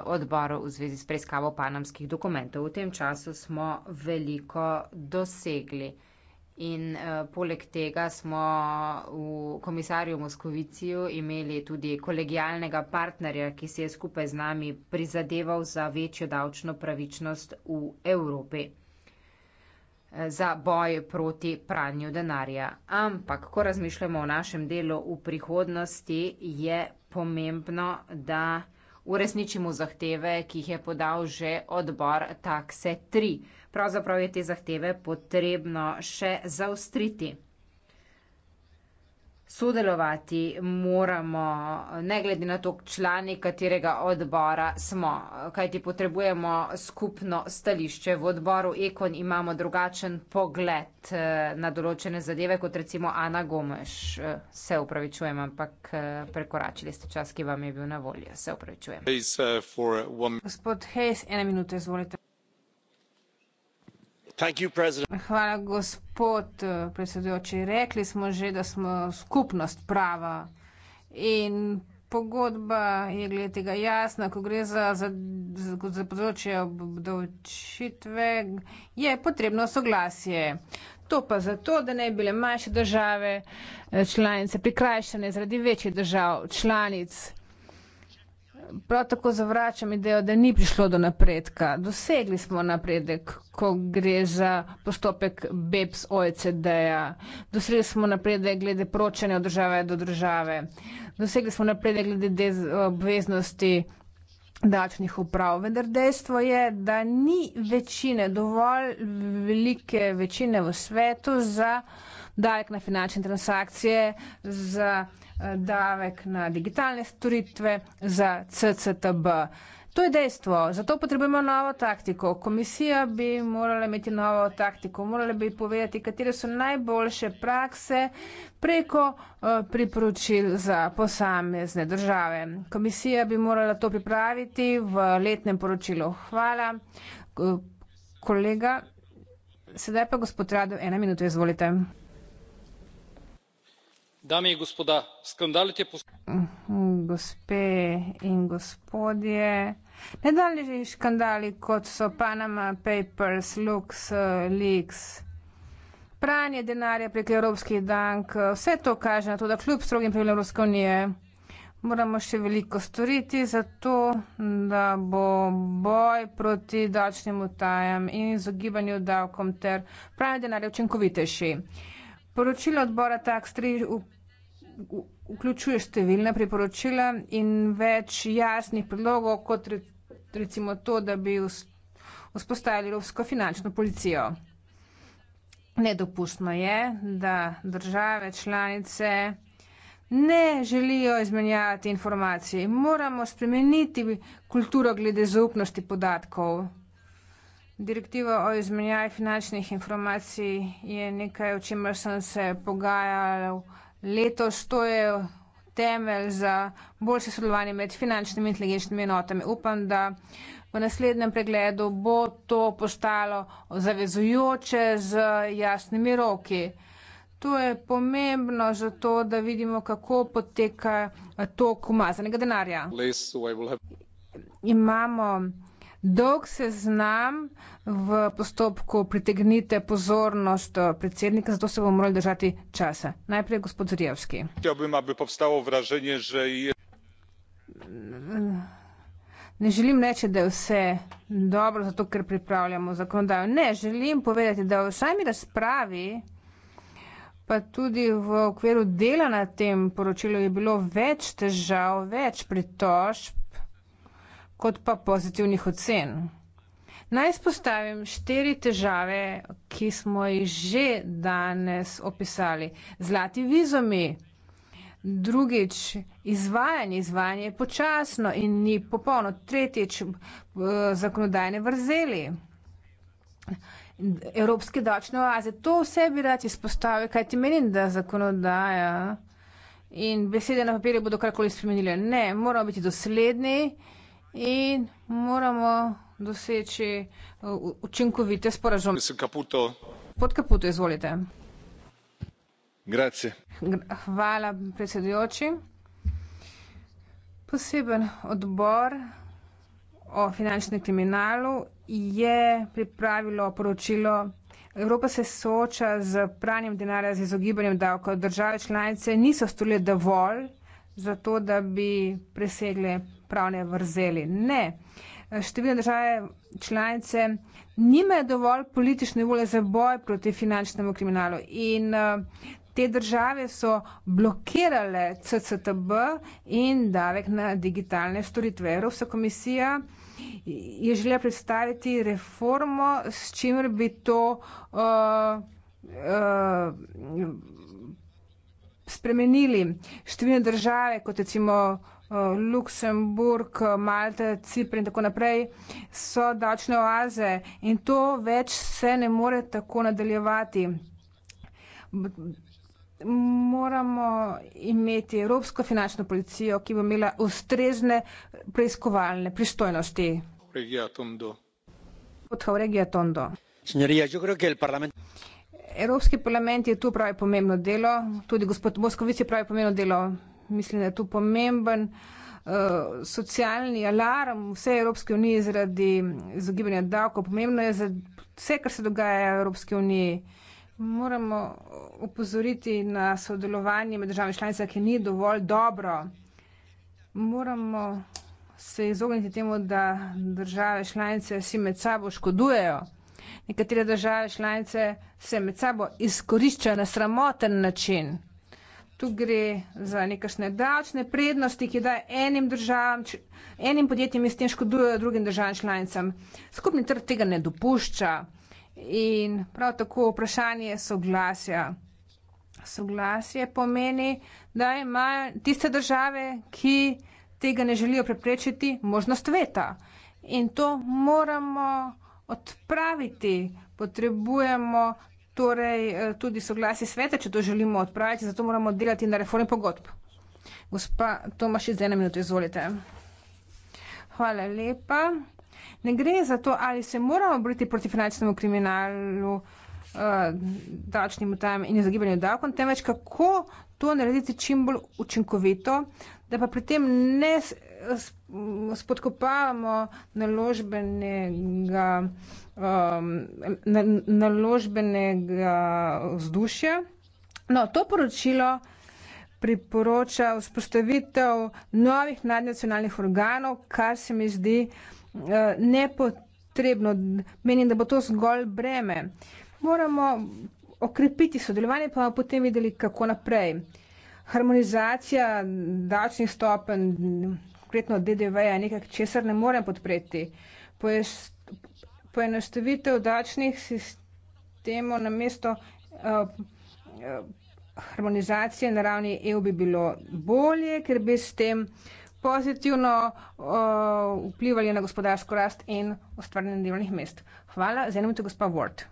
Speaker 2: odboru v zvezi s preiskavo panamskih dokumentov. V tem času smo veliko dosegli. In eh, poleg tega smo v komisarju Moskoviciju imeli tudi kolegijalnega partnerja, ki si je skupaj z nami prizadeval za večjo davčno pravičnost v Evropi, eh, za boj proti pranju denarja. Ampak, ko razmišljamo o našem delu v prihodnosti, je pomembno, da uresničimo zahteve, ki jih je podal že odbor takse 3. Pravzaprav je te zahteve potrebno še zaustriti sodelovati moramo, ne glede na to, člani katerega odbora smo, kajti potrebujemo skupno stališče. V odboru Ekon imamo drugačen pogled eh, na določene zadeve, kot recimo Ana Gomeš. Eh, se upravičujem, ampak eh, prekoračili ste čas, ki vam je bil na
Speaker 6: voljo. Se upravičujem. Gospod Hayes, ena minuta, izvolite. Hvala, gospod eh, predsedujoči. Rekli smo že, da smo skupnost prava in pogodba je glede tega jasna, ko gre za, za, za področje obdavčitve, je potrebno soglasje. To pa zato, da ne bi bile manjše države eh, članice prikrajšane zaradi večjih držav članic prav tako zavračam idejo, da ni prišlo do napredka. Dosegli smo napredek, ko gre za postopek BEPS OECD-ja. Dosegli smo napredek glede pročanja od države do države. Dosegli smo napredek glede obveznosti dačnih uprav. Vendar dejstvo je, da ni večine, dovolj velike večine v svetu za dajk na finančne transakcije, za Eh, davek na digitalne storitve za CCTB. To je dejstvo. Zato potrebujemo novo taktiko. Komisija bi morala imeti novo taktiko. Morala bi povedati, katere so najboljše prakse preko eh, priporočil za posamezne države. Komisija bi morala to pripraviti v letnem poročilu. Hvala, kolega. Sedaj pa gospod Rado, ena minuta, izvolite
Speaker 3: dame in gospoda, skandal je postal.
Speaker 6: Mhm, gospe in gospodje, nedaljši škandali kot so Panama Papers, Lux, eh, Leaks, pranje denarja prek Evropskih bank, eh, vse to kaže na to, da kljub strogim pravilom Evropske unije moramo še veliko storiti za to, da bo boj proti davčnim utajam in izogibanju davkom ter pranje denarja učinkovitejši. Poročilo odbora tak stri vključuje številna priporočila in več jasnih predlogov, kot recimo to, da bi vzpostavili rusko finančno policijo. Nedopustno je, da države članice ne želijo izmenjati informacij. Moramo spremeniti kulturo glede zaupnosti podatkov. Direktiva o izmenjavi finančnih informacij je nekaj, o čemer sem se pogajal letos. To je temelj za boljše sodelovanje med finančnimi in inteligenčnimi enotami. Upam, da v naslednjem pregledu bo to postalo zavezujoče z jasnimi roki. To je pomembno zato, da vidimo, kako poteka tok umazanega denarja. Imamo dolg seznam v postopku pritegnite pozornost eh, predsednika, zato se bomo morali držati časa. Najprej gospod Zrijevski.
Speaker 3: Htio bi, aby povstalo vraženje, že je...
Speaker 6: Ne želim reči, da je vse dobro, zato ker pripravljamo zakonodajo. Ne, želim povedati, da v sami razpravi, pa tudi v okviru dela na tem poročilu, je bilo več težav, več pritožb, kot pa pozitivnih ocen. Naj spostavim štiri težave, ki smo jih že danes opisali. Zlati vizomi. Drugič, izvajanje. Izvajanje je počasno in ni popolno. Tretjič, eh, zakonodajne vrzeli. Evropske davčne oaze. To vse bi rad izpostavil, kaj ti menim, da zakonodaja in besede na papirju bodo karkoli spremenile. Ne, moramo biti dosledni in moramo doseči eh, učinkovite sporazume. Pod kaputo, izvolite. Grazie. Hvala, predsedujoči. Poseben odbor o finančnem kriminalu je pripravilo poročilo Evropa se sooča z pranjem denarja z izogibanjem davkov. Države članice niso storile dovolj za to, da bi presegle pravne vrzeli. Ne. Številne države članice nimajo dovolj politične vole za boj proti finančnemu kriminalu in eh, te države so blokirale CCTB in davek na digitalne storitve. Evropska komisija je želela predstaviti reformo, s čimer bi to uh, uh, spremenili. Številne države, kot recimo Luksemburg, Malta, Cipr in tako naprej, so davčne oaze in to več se ne more tako nadaljevati. Moramo imeti evropsko finančno policijo, ki bo imela ustrezne preiskovalne pristojnosti. Evropski parlament je tu pravi pomembno delo, tudi gospod Moskovic je pravi pomembno delo mislim, da je tu pomemben uh, socialni alarm vse Evropske unije zaradi izogibanja davko. Pomembno je za vse, kar se dogaja v Evropske uniji. Moramo upozoriti na sodelovanje med državami članicami, ki ni dovolj dobro. Moramo se izogniti temu, da države članice si med sabo škodujejo. Nekatere države članice se med sabo izkoriščajo na sramoten način tu gre za nekašne davčne prednosti, ki daje enim državam, enim podjetjem in s tem škodujejo drugim državam članicam. Skupni trg tega ne dopušča in prav tako vprašanje soglasja. Soglasje pomeni, da imajo tiste države, ki tega ne želijo preprečiti, možnost veta. In to moramo odpraviti. Potrebujemo torej eh, tudi soglasje sveta, če to želimo odpraviti, zato moramo delati na reformi pogodb. Gospa Tomaš, iz ene minute, izvolite. Hvala lepa. Ne gre za to, ali se moramo boriti proti finančnemu kriminalu, uh, davčnim utajam in izogibanju davkom, temveč kako to narediti čim bolj učinkovito, da pa pri tem ne spodkopavamo naložbenega, um, na, naložbenega vzdušja. No, to poročilo priporoča vzpostavitev novih nadnacionalnih organov, kar se mi zdi uh, nepotrebno. Menim, da bo to zgolj breme. Moramo okrepiti sodelovanje, pa bomo potem videli, kako naprej. Harmonizacija davčnih stopenj konkretno DDV-ja, nekaj, česar ne morem podpreti. Poenostavitev davčnih sistemov na mesto eh, eh, harmonizacije na ravni EU bi bilo bolje, ker bi s tem pozitivno eh, vplivali na gospodarsko rast in ustvarjanje delovnih mest. Hvala, zdaj nam je tu gospa Ward.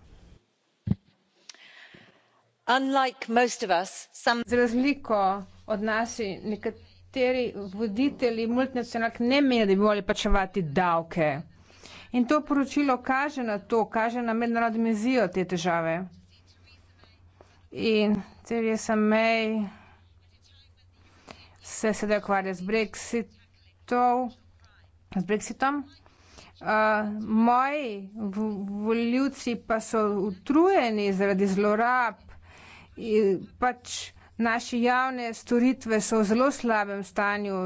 Speaker 6: Za razliko od nas in nekaterih, nekateri voditelji multinacionalk ne menijo, da bi morali plačevati davke. In to poročilo kaže na to, kaže na mednarodno dimenzijo te težave. In Theresa May se sedaj ukvarja z, Brexitov, z Brexitom. Uh, moji voljivci pa so utrujeni zaradi zlorab. In pač Naše javne storitve so v zelo slabem stanju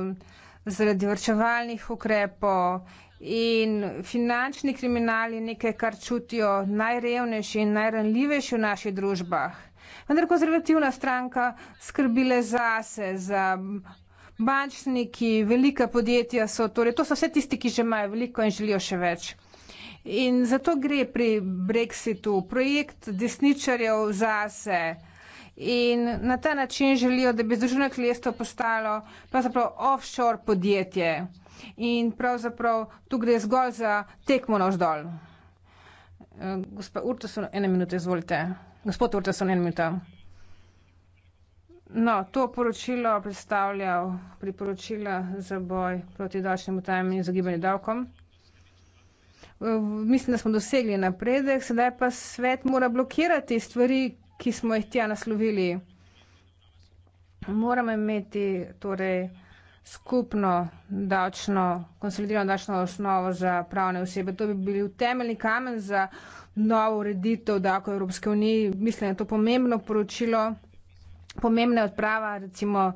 Speaker 6: zaradi vrčevalnih ukrepov in finančni kriminal je nekaj, kar čutijo najrevnejši in najranljivejši v naših družbah. Vendar konzervativna stranka skrbile zase, za bančniki, velika podjetja so, torej to so vse tisti, ki že imajo veliko in želijo še več. In zato gre pri Brexitu projekt desničarjev zase in na ta način želijo, da bi združeno kraljestvo postalo pravzaprav offshore podjetje. In pravzaprav tu gre zgolj za tekmo navzdol. Eh, gospa Urtasun, ena minuta, izvolite. Gospod Urtasun, ena minuta. No, to poročilo predstavlja priporočila za boj proti davčnim utajam in zagibanju davkom. Eh, mislim, da smo dosegli napredek, sedaj pa svet mora blokirati stvari, ki smo jih tja naslovili. Moramo imeti torej skupno davčno, konsolidirano davčno osnovo za pravne osebe. To bi bil temeljni kamen za novo ureditev davkov Evropske unije. Mislim, da je to pomembno poročilo, pomembna je odprava recimo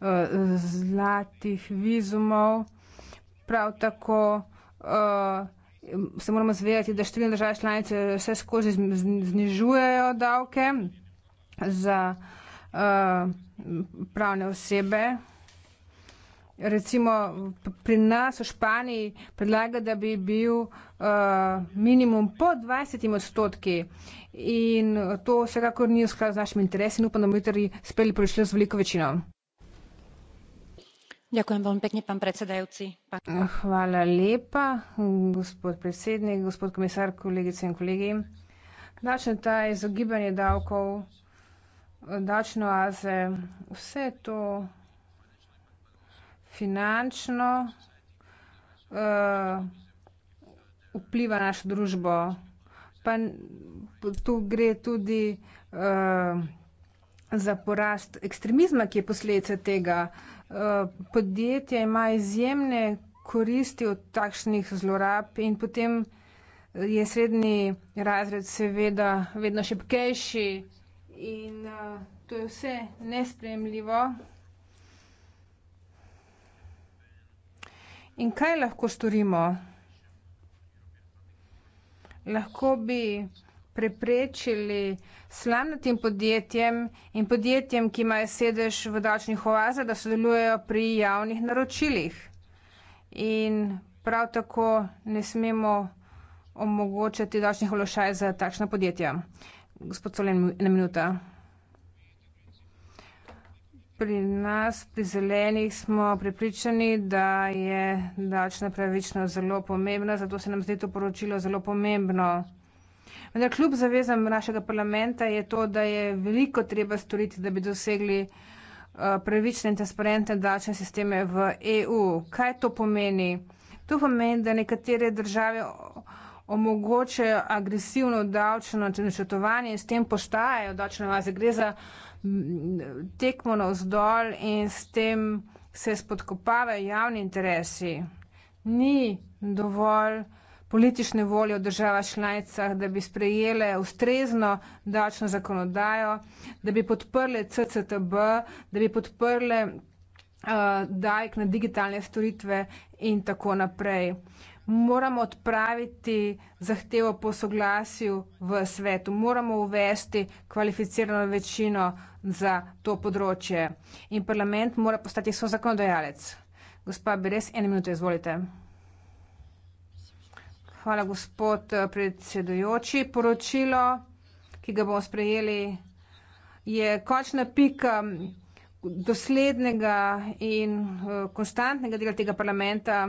Speaker 6: eh, zlatih vizumov, prav tako uh, se moramo zavedati, da številne države članice vse skozi znižujejo davke za uh, pravne osebe. Recimo pri nas v Španiji predlaga, da bi bil uh, minimum po 20 odstotki in to vsekakor ni v skladu z našimi interesi in upam, da bomo jutri speli prišli z veliko večino.
Speaker 4: Ďakujem veľmi pekne, pán predsedajúci.
Speaker 6: Pán... Eh, hvala lepa, gospod predsednik, gospod komisár, kolegice in kolegi. Dačno ta izogibanje davkov, dačno aze, vse to finančno uh, vpliva našo družbo. Pa tu gre tudi uh, za porast ekstremizma, ki je posledica tega. Eh, podjetja ima izjemne koristi od takšnih zlorab in potem eh, je srednji razred seveda vedno šepkejši in eh, to je vse nespremljivo. In kaj lahko storimo? Lahko bi preprečili slamnatim podjetjem in podjetjem, ki imajo sedež v davčnih oazah, da sodelujejo pri javnih naročilih. In prav tako ne smemo omogočati davčnih ološaj za takšna podjetja. Gospod Solen, na minuta. Pri nas, pri zelenih, smo prepričani, da je davčna pravičnost zelo pomembna, zato se nam zdi to poročilo zelo pomembno. Vendar kljub zavezam našega parlamenta je to, da je veliko treba storiti, da bi dosegli eh, pravične in transparentne davčne sisteme v EU. Kaj to pomeni? To pomeni, da nekatere države omogočajo agresivno davčno načrtovanje in s tem postajajo davčne vaze. Gre za tekmo na vzdolj in s tem se spodkopavajo javni interesi. Ni dovolj politične volje v državah članicah, da bi sprejele ustrezno davčno zakonodajo, da bi podprle CCTB, da bi podprle uh, eh, dajk na digitalne storitve in tako naprej. Moramo odpraviti zahtevo po soglasju v svetu, moramo uvesti kvalificirano večino za to področje in parlament mora postati so zakonodajalec. Gospa Beres, eno minuto izvolite. Hvala, gospod eh, predsedujoči. Poročilo, ki ga bomo sprejeli, je končna pika doslednega in eh, konstantnega dela tega parlamenta,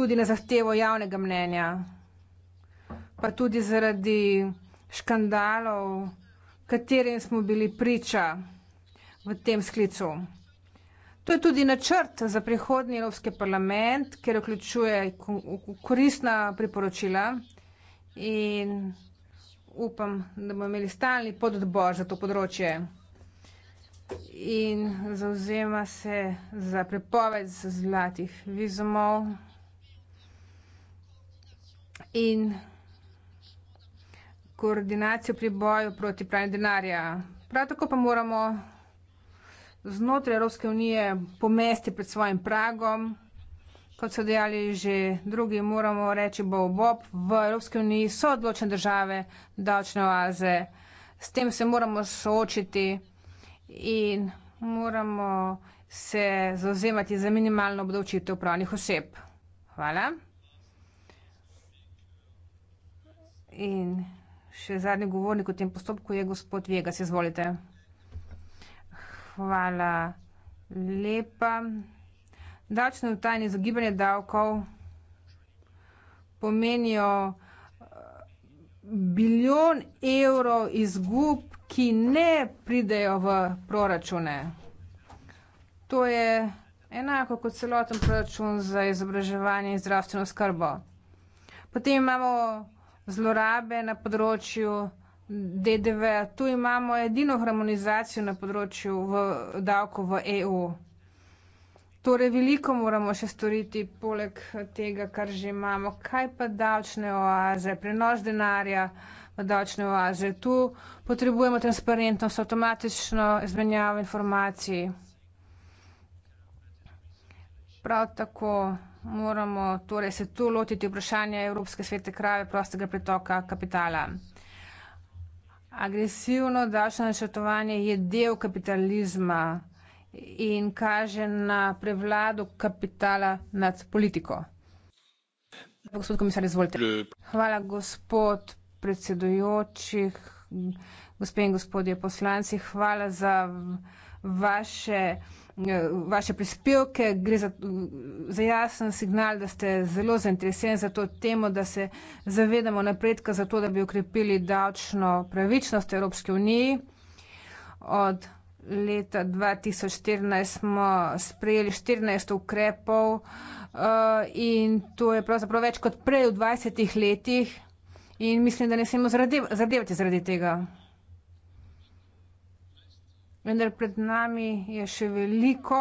Speaker 6: tudi na zahtevo javnega mnenja, pa tudi zaradi škandalov, katerim smo bili priča v tem sklicu. To je tudi načrt za prihodnji Evropski parlament, ker vključuje koristna priporočila in upam, da bomo imeli stalni pododbor za to področje in zauzema se za prepoved zlatih vizumov in koordinacijo pri boju proti pranju denarja. Prav tako pa moramo znotraj Evropske unije pomesti pred svojim pragom. Kot so dejali že drugi, moramo reči bo ob ob. V Evropske uniji so odločne države, davčne oaze. S tem se moramo soočiti in moramo se zauzemati za minimalno obdavčitev pravnih oseb. Hvala. In še zadnji govornik v tem postopku je gospod Vegas. Izvolite hvala lepa. Davčne utajne za gibanje davkov pomenijo eh, bilijon evrov izgub, ki ne pridejo v proračune. To je enako kot celoten proračun za izobraževanje in zdravstveno skrbo. Potem imamo zlorabe na področju DDV, tu imamo edino harmonizacijo na področju davkov v EU. Torej, veliko moramo še storiti, poleg tega, kar že imamo. Kaj pa davčne oaze, prenos denarja v davčne oaze? Tu potrebujemo transparentnost, avtomatično izmenjavo informacij. Prav tako moramo torej, se tu lotiti vprašanja Evropske svete krave prostega pretoka kapitala agresivno davčno načrtovanje je del kapitalizma in kaže na prevlado kapitala nad politiko. Gospod komisar, izvolite. Hvala, gospod predsedujoči, gospe in gospodje poslanci, hvala za vaše Eh, vaše prispevke, gre za, za jasen signal, da ste zelo zainteresirani za to temo, da se zavedamo napredka za to, da bi ukrepili davčno pravičnost Evropske unije. Od leta 2014 smo sprejeli 14 ukrepov uh, in to je pravzaprav več kot prej v 20 letih in mislim, da ne smemo zadevati zaradi tega vendar pred nami je še veliko.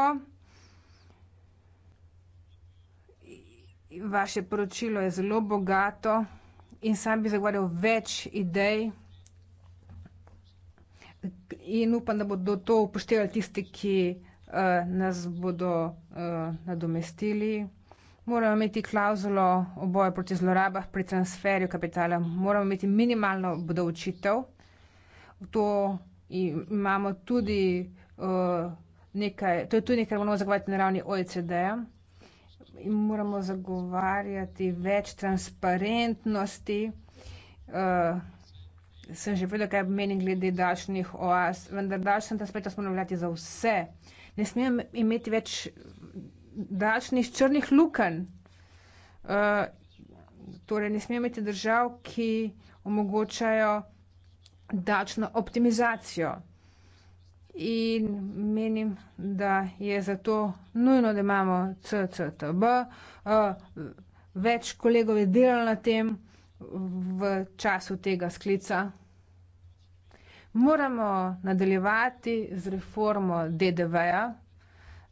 Speaker 6: Vaše poročilo je zelo bogato in sam bi zagovarjal več idej. In upam, da bodo to upoštevali tisti, ki uh, nas bodo uh, nadomestili. Moramo imeti klauzulo o boju proti zlorabah pri transferju kapitala. Moramo imeti minimalno bodočitev. To in imamo tudi uh, nekaj, to je tudi nekaj, kar moramo zagovarjati na ravni OECD-ja. In moramo zagovarjati več transparentnosti. Uh, sem že povedal, kaj menim glede dašnih oaz, vendar dašnja transparentnost moramo gledati za vse. Ne smemo imeti več dašnih črnih lukenj. Uh, torej, ne smemo imeti držav, ki omogočajo dačno optimizacijo. In menim, da je zato nujno, da imamo CCTB. Eh, več kolegov je delalo na tem v času tega sklica. Moramo nadaljevati z reformo DDV-ja,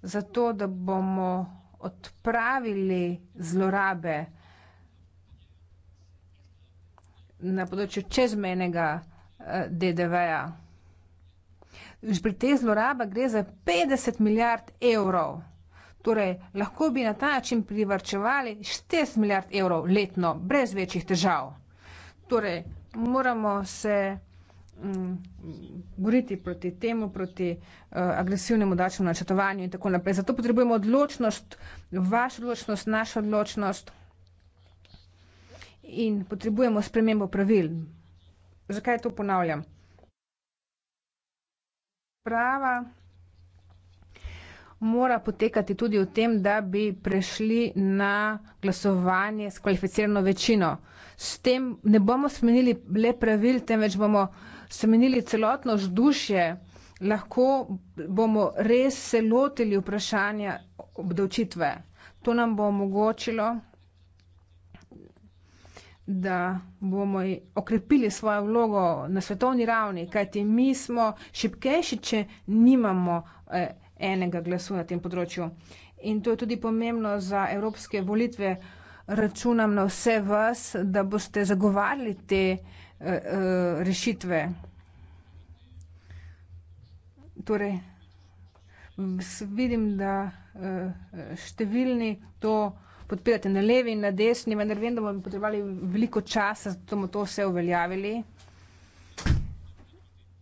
Speaker 6: zato da bomo odpravili zlorabe na področju čezmenega. DDV-ja. Pri tej zlorabi gre za 50 milijard evrov. Torej, lahko bi na ta način privrčevali 40 milijard evrov letno, brez večjih težav. Torej, moramo se mm, boriti proti temu, proti uh, agresivnemu davčnemu načrtovanju in tako naprej. Zato potrebujemo odločnost, vašo odločnost, našo odločnost in potrebujemo spremembo pravil zakaj to ponavljam? Prava mora potekati tudi v tem, da bi prešli na glasovanje s kvalificirano večino. S tem ne bomo spremenili le pravil, temveč bomo spremenili celotno vzdušje. Lahko bomo res se lotili vprašanja obdavčitve. To nam bo omogočilo, da bomo okrepili svojo vlogo na svetovni ravni, kajti mi smo šipkejši, če nimamo e, enega glasu na tem področju. In to je tudi pomembno za evropske volitve. Računam na vse vas, da boste zagovarjali te e, e, rešitve. Torej, vidim, da številni to podpirate na levi in na desni, vendar vem, da bomo potrebovali veliko časa, da bomo to vse uveljavili.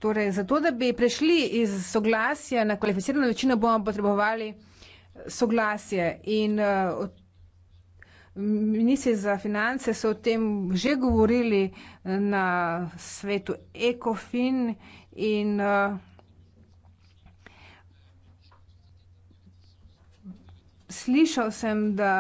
Speaker 6: Torej, zato, da bi prešli iz soglasja na kvalificirano večino, bomo potrebovali eh, soglasje. In uh, ministri za finance so o tem že govorili eh, na svetu ECOFIN in uh, slišal sem, da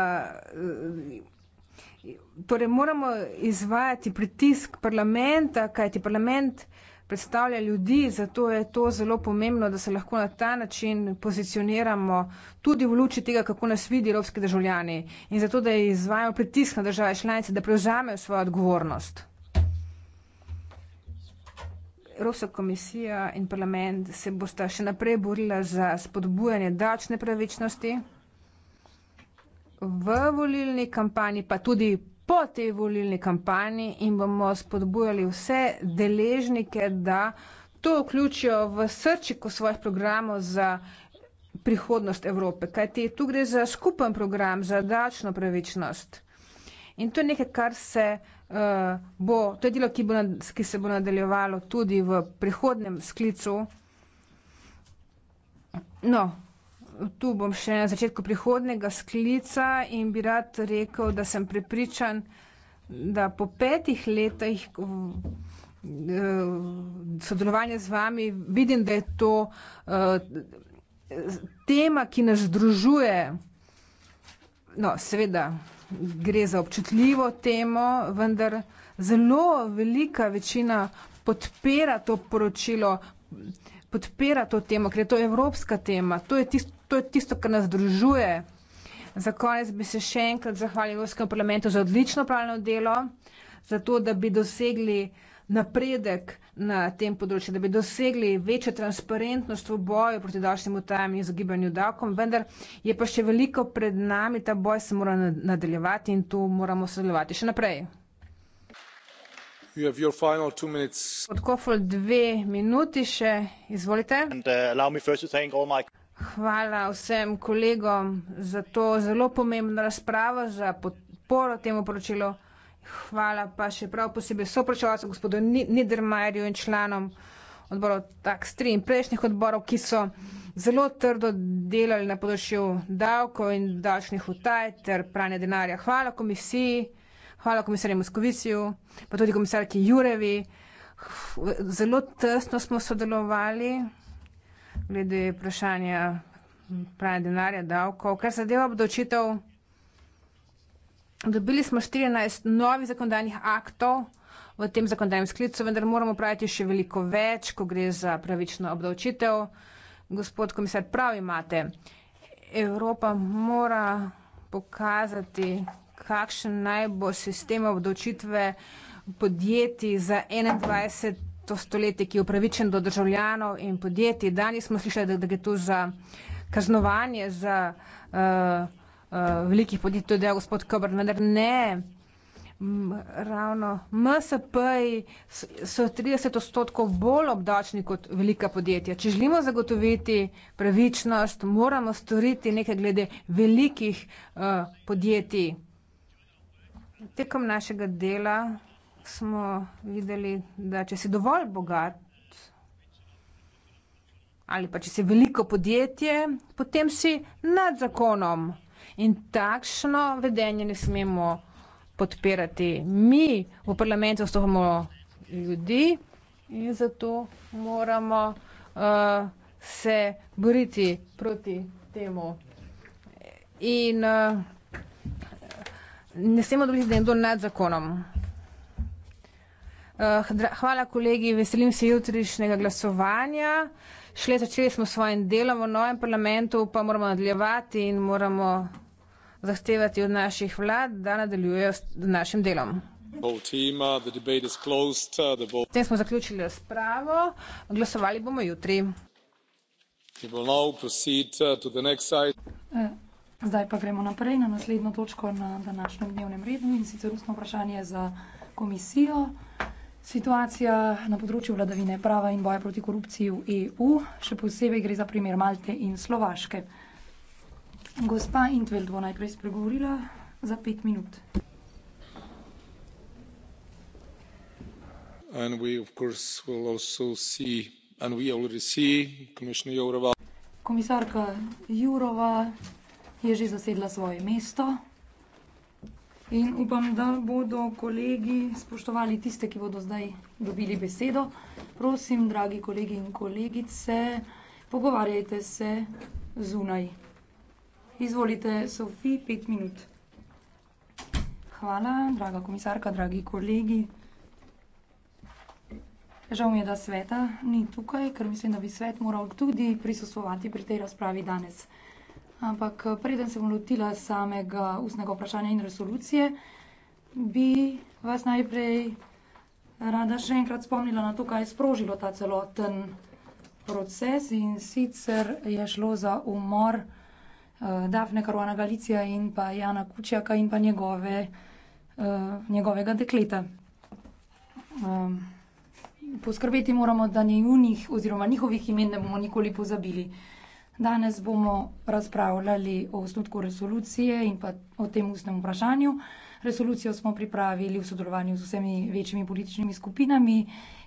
Speaker 6: eh, torej moramo izvajati pritisk parlamenta, kajti parlament predstavlja ljudi, zato je to zelo pomembno, da se lahko na ta način pozicioniramo tudi v luči tega, kako nas vidi evropski državljani in zato, da izvajamo pritisk na države članice, da prevzamejo svojo odgovornost. Evropska komisija in parlament se bosta še naprej borila za spodbujanje davčne pravičnosti v volilni kampanji, pa tudi po tej volilni kampanji in bomo spodbujali vse deležnike, da to vključijo v srčiko svojih programov za prihodnost Evrope. Kajti tu gre za skupen program, za dačno pravičnost. In to je nekaj, kar se uh, bo, to je delo, ki, bo, ki se bo nadaljevalo tudi v prihodnem sklicu. No, tu bom še na začetku prihodnega sklica in bi rad rekel, da sem prepričan, da po petih letih eh, sodelovanja z vami vidim, da je to eh, tema, ki nas združuje. No, seveda gre za občutljivo temo, vendar zelo velika večina podpira to poročilo, podpira to temo, ker je to evropska tema. To je tisto, to je tisto, kar nas združuje. Za konec bi se še enkrat zahvalil Evropskemu parlamentu za odlično pravno delo, za to, da bi dosegli napredek na tem področju, da bi dosegli večjo transparentnost v boju proti davčnim utajam in izogibanju davkom, vendar je pa še veliko pred nami, ta boj se mora nadaljevati in tu moramo sodelovati še naprej.
Speaker 3: You have your final two minutes.
Speaker 6: Podkofol dve minuti še, izvolite.
Speaker 3: And, uh, allow
Speaker 7: me first to thank all my...
Speaker 6: Hvala vsem kolegom za to zelo pomembno razpravo, za podporo temu poročilu. Hvala pa še prav posebej soprašalcem gospodu Niedermayerju in članom odborov TAX3 in prejšnjih odborov, ki so zelo trdo delali na področju davkov in davčnih utaj ter pranja denarja. Hvala komisiji, hvala komisarju Moskovicju, pa tudi komisarki Jurevi. Zelo tesno smo sodelovali glede vprašanja pravi denarja, davkov. Kar zadeva obdočitev, dobili smo 14 novih zakonodajnih aktov v tem zakonodajnem sklicu, vendar moramo praviti še veliko več, ko gre za pravično obdočitev. Gospod komisar, prav imate. Evropa mora pokazati, kakšen naj bo sistem obdočitve podjetij za 21 to stoletje, ki je upravičen do državljanov in podjetij. Danes smo slišali, da, da gre tu za kaznovanje za uh, uh, velikih podjetij, to je dejal gospod Kobr, vendar ne. Ravno MSP so 30 odstotkov bolj obdačni kot velika podjetja. Če želimo zagotoviti pravičnost, moramo storiti nekaj glede velikih uh, podjetij. Tekom našega dela smo videli, da če si dovolj bogat ali pa če si veliko podjetje, potem si nad zakonom in takšno vedenje ne smemo podpirati. Mi v parlamentu vstopamo ljudi in zato moramo uh, se boriti proti temu. In uh, ne smemo dobiti, da je nekdo nad zakonom. Eh, hvala kolegi, veselim se jutrišnjega glasovanja. Šle začeli smo s svojim delom v novem parlamentu, pa moramo nadaljevati in moramo zahtevati od naših vlad, da nadaljujejo s našim delom.
Speaker 3: Potem uh, uh,
Speaker 6: smo zaključili razpravo, glasovali bomo jutri. Uh,
Speaker 3: eh,
Speaker 4: zdaj pa gremo naprej na naslednjo točko na današnjem dnevnem redu in sicer ustno vprašanje za komisijo. Situacija na področju vladavine prava in boja proti korupciji v EU, še posebej gre za primer Malte in Slovaške. Gospa Intveld bo najprej spregovorila za pet minut. Komisarka Jourová je že zasedla svoje mesto. In upam, da bodo kolegi spoštovali tiste, ki bodo zdaj dobili besedo. Prosim, dragi kolegi in kolegice, pogovarjajte se zunaj. Izvolite, Sofi, pet minut. Hvala, draga komisarka, dragi kolegi. Žal mi je, da sveta ni tukaj, ker mislim, da bi svet moral tudi prisustovati pri tej razpravi danes. Ampak eh, preden se bom lotila samega ustnega vprašanja in resolucije, bi vas najprej rada še enkrat spomnila na to, kaj je sprožilo ta celoten proces in sicer je šlo za umor eh, Dafne Karuana Galicija in pa Jana Kučjaka in pa njegove, eh, njegovega dekleta. Ehm, poskrbeti moramo, da njunih oziroma njihovih imen ne bomo nikoli pozabili. Danes bomo razpravljali o osnutku resolucije in pa o tem ustnem vprašanju. Resolucijo smo pripravili v sodelovanju z vsemi večjimi političnimi skupinami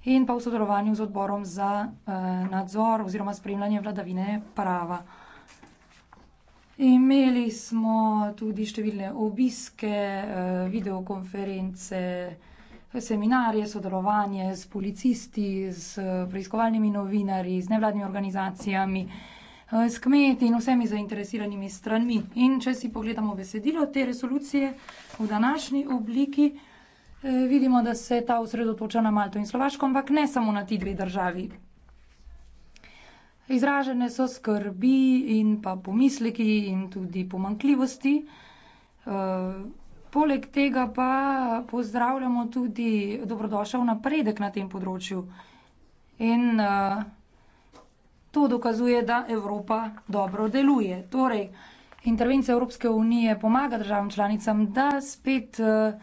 Speaker 4: in pa v sodelovanju z odborom za eh, nadzor oziroma spremljanje vladavine prava. Imeli smo tudi številne obiske, eh, videokonference, seminarje, sodelovanje s policisti, s preiskovalnimi novinarji, z nevladnimi organizacijami. Eh, Eh, s kmeti in vsemi zainteresiranimi stranmi. In če si pogledamo besedilo te resolucije v današnji obliki, eh, vidimo, da se ta osredotoča na Malto in Slovaško, ampak ne samo na ti dve državi. Izražene so skrbi in pa pomisleki in tudi pomankljivosti. Eh, poleg tega pa pozdravljamo tudi dobrodošel napredek na tem področju. In uh, To dokazuje, da Evropa dobro deluje. Torej, intervencija Evropske unije pomaga državam članicam, da spet eh,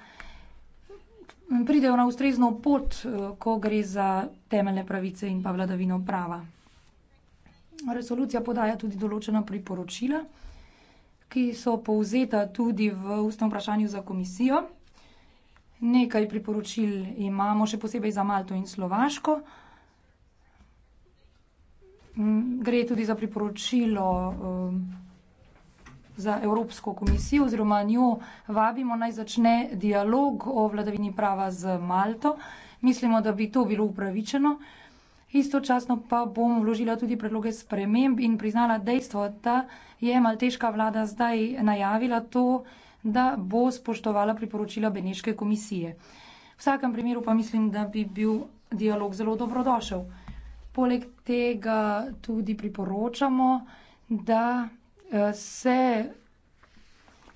Speaker 4: pridejo na ustrezno pot, eh, ko gre za temeljne pravice in pa vladavino prava. Resolucija podaja tudi določena priporočila, ki so povzeta tudi v ustnem vprašanju za komisijo. Nekaj priporočil imamo, še posebej za Malto in Slovaško. Mm, gre tudi za priporočilo um, za Evropsko komisijo oziroma njo vabimo naj začne dialog o vladavini prava z Malto. Mislimo, da bi to bilo upravičeno. Istočasno pa bom vložila tudi predloge sprememb in priznala dejstvo, da je malteška vlada zdaj najavila to, da bo spoštovala priporočila Beneške komisije. V vsakem primeru pa mislim, da bi bil dialog zelo dobrodošel. Poleg tega tudi priporočamo, da eh, se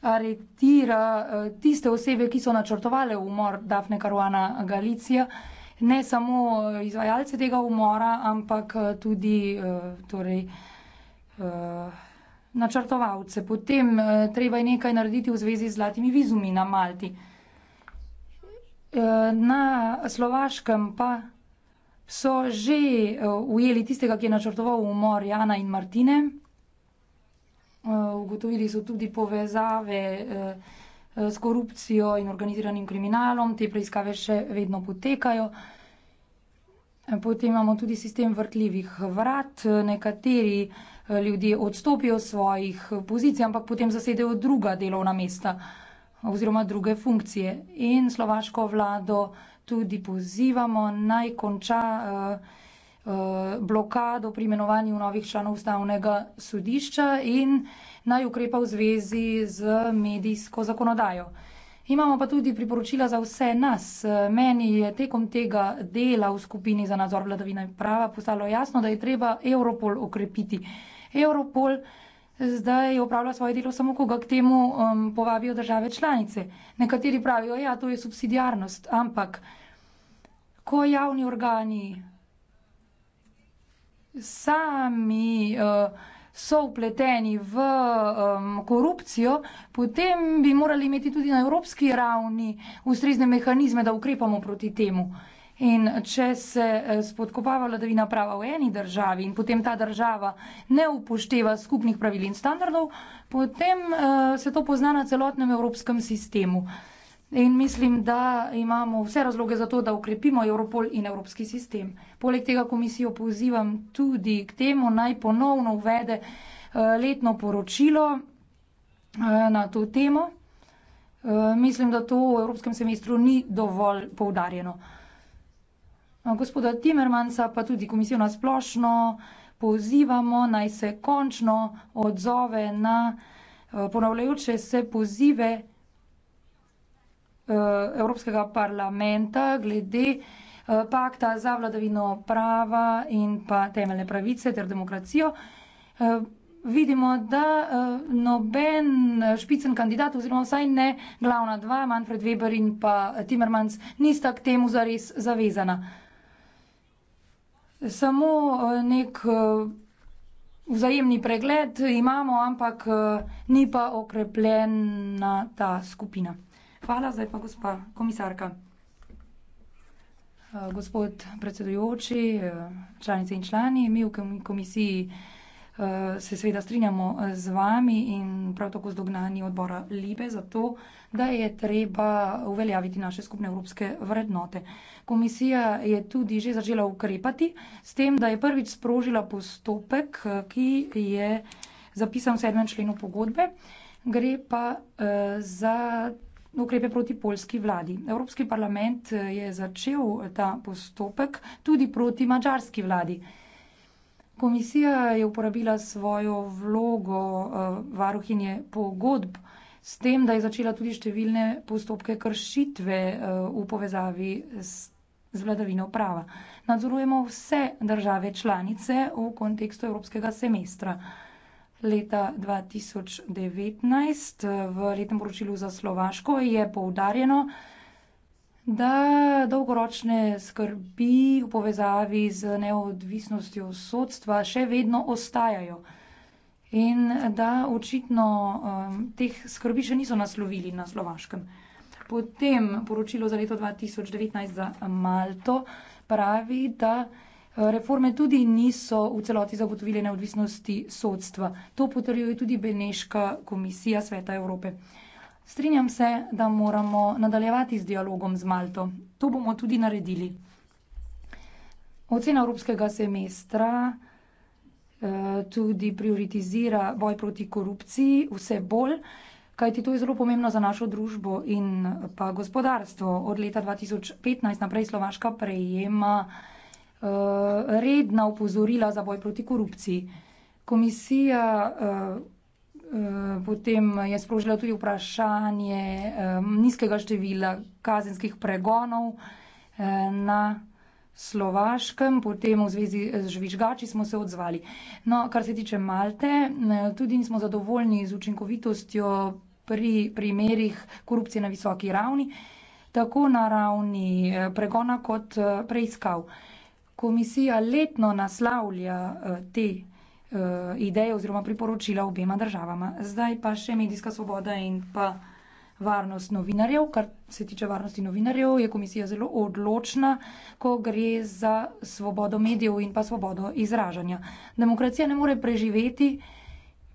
Speaker 4: aretira eh, tiste osebe, ki so načrtovale umor Dafne Karuana Galicija, ne samo eh, izvajalce tega umora, ampak tudi torej, načrtovalce. Potem treba je nekaj narediti v zvezi z zlatimi vizumi na Malti. Na Slovaškem pa so že eh, ujeli tistega, ki je načrtoval umor Jana in Martine. Eh, ugotovili so tudi povezave eh, s korupcijo in organiziranim kriminalom, te preiskave še vedno potekajo. Potem imamo tudi sistem vrtljivih vrat. Nekateri ljudje odstopijo svojih pozicij, ampak potem zasedejo druga delovna mesta oziroma druge funkcije. In slovaško vlado tudi pozivamo naj konča eh, eh, blokado pri imenovanju novih članov ustavnega sodišča in naj ukrepa v zvezi z medijsko zakonodajo. Imamo pa tudi priporočila za vse nas. Meni je tekom tega dela v skupini za nadzor vladavine prava postalo jasno, da je treba Europol okrepiti. Europol zdaj opravlja svoje delo samo, ko ga k temu, povabijo države članice. Nekateri pravijo: "Ja, to je subsidiarnost." Ampak ko javni organi sami eh, so vpleteni v korupcijo, potem bi morali imeti tudi na evropski ravni ustrezne mehanizme, da ukrepamo proti temu. In če se eh, spodkopava vladavina prava v eni državi in potem ta država ne upošteva skupnih pravil in standardov, potem eh, se to pozna na celotnem evropskem sistemu. In mislim, da imamo vse razloge za to, da ukrepimo Europol in evropski sistem. Poleg tega komisijo pozivam tudi k temu, naj ponovno uvede eh, letno poročilo eh, na to temo. Eh, mislim, da to v evropskem semestru ni dovolj poudarjeno. Gospoda Timmermansa pa tudi komisijo na splošno pozivamo, naj se končno odzove na ponavljajoče se pozive Eh, Evropskega parlamenta glede eh, pakta za vladavino prava in pa temeljne pravice ter demokracijo. Eh, vidimo, da noben špicen kandidat oziroma vsaj ne glavna dva, Manfred Weber in pa Timmermans, nista k temu zares zavezana. Samo nek vzajemni pregled imamo, ampak ni pa okrepljena ta skupina. Hvala, zdaj pa gospa komisarka.
Speaker 7: Eh,
Speaker 4: gospod predsedujoči, eh, članice in člani, mi v komisiji eh, se seveda strinjamo z vami in prav tako z dognani odbora Libe za to, da je treba uveljaviti naše skupne evropske vrednote. Komisija je tudi že začela ukrepati s tem, da je prvič sprožila postopek, ki je zapisan v sedmem členu pogodbe. Gre pa za ukrepe proti polski vladi. Evropski parlament eh, je začel eh, ta postopek tudi proti mačarski vladi. Komisija je uporabila svojo vlogo eh, varuhinje pogodb s tem, da je začela tudi številne postopke kršitve v povezavi s, z vladavino prava. Nadzorujemo vse države članice v kontekstu evropskega semestra leta dva tisoč devetnajst v letnem poročilu za Slovaško je poudarjeno, da dolgoročne skrbi v povezavi z neodvisnostjo sodstva še vedno ostajajo. In da očitno, um, teh skrbi še niso naslovili na Slovaškem. Potem poročilo za leto dva tisoč devetnajst za Malto pravi, da reforme tudi niso v celoti zagotovile neodvisnosti sodstva. To potrjuje tudi Beneška komisija Sveta Evrope. Strinjam se, da moramo nadaljevati z dialogom z Malto. To bomo tudi naredili. Ocena evropskega semestra eh, tudi prioritizira boj proti korupciji vse bolj, kajti to je zelo pomembno za našo družbo in pa gospodarstvo. Od leta 2015 naprej Slovaška prejema Eh, redna upozorila za boj proti korupciji. Komisija eh, eh, potem je sprožila tudi vprašanje nizkega števila kazenskih pregonov na Slovaškem, potem v zvezi z žvižgači smo se odzvali. No, kar se tiče Malte, tudi nismo zadovoljni z učinkovitostjo pri primerih korupcije na visoki ravni, tako na ravni pregona kot preiskav komisija letno naslavlja eh, te eh, ideje oziroma priporočila obema državama. Zdaj pa še medijska svoboda in pa varnost novinarjev. Kar se tiče varnosti novinarjev, je komisija zelo odločna, ko gre za svobodo medijev in pa svobodo izražanja. Demokracija ne more preživeti,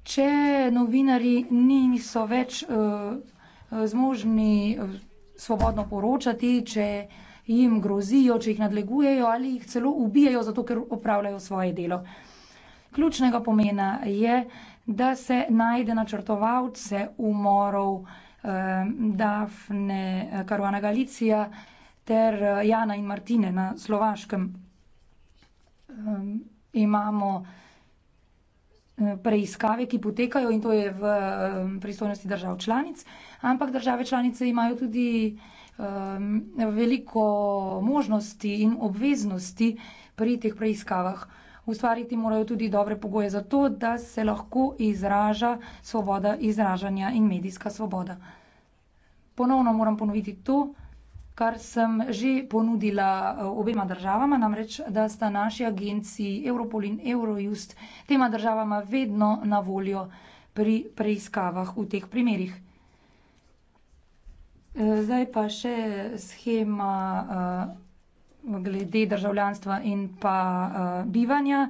Speaker 4: če novinari niso več uh, zmožni uh, svobodno poročati, če uh, jim grozijo, če jih nadlegujejo ali jih celo ubijajo, zato ker opravljajo svoje delo. Ključnega pomena je, da se najde načrtovalce umorov eh, Dafne Karuana eh, Galicija ter eh, Jana in Martine na Slovaškem. Eh, imamo preiskave, ki potekajo in to je v eh, pristojnosti držav članic, ampak države članice imajo tudi eh, um, veliko možnosti in obveznosti pri teh preiskavah. Ustvariti morajo tudi dobre pogoje za to, da se lahko izraža svoboda izražanja in medijska svoboda. Ponovno moram ponoviti to, kar sem že ponudila uh, obema državama, namreč, da sta naši agenciji Europol in Eurojust tema državama vedno na voljo pri preiskavah v teh primerih. Eh, zdaj pa še schema eh, glede državljanstva in pa eh, bivanja.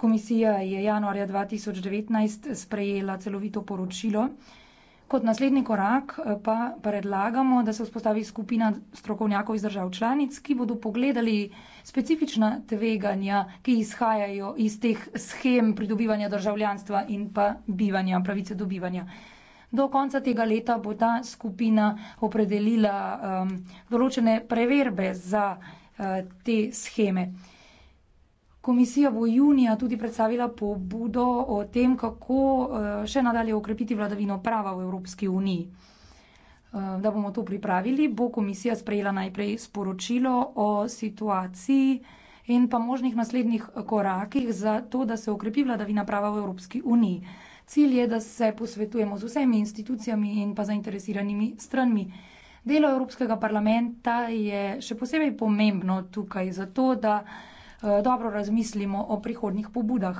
Speaker 4: Komisija je januarja 2019 sprejela celovito poročilo. Kot naslednji korak pa predlagamo, da se vzpostavi skupina strokovnjakov iz držav članic, ki bodo pogledali specifična tveganja, ki izhajajo iz teh schem pridobivanja državljanstva in pa bivanja, pravice dobivanja. Do konca tega leta bo ta skupina opredelila um, določene preverbe za uh, te scheme. Komisija bo junija tudi predstavila pobudo o tem, kako uh, še nadalje okrepiti vladavino prava v Evropski uniji. Uh, da bomo to pripravili, bo komisija sprejela najprej sporočilo o situaciji in pa možnih naslednjih korakih za to, da se okrepi vladavina prava v Evropski uniji. Uh, Cilj je, da se posvetujemo z vsemi institucijami in pa zainteresiranimi stranmi. Delo Evropskega parlamenta je še posebej pomembno tukaj zato, da eh, dobro razmislimo o prihodnih pobudah.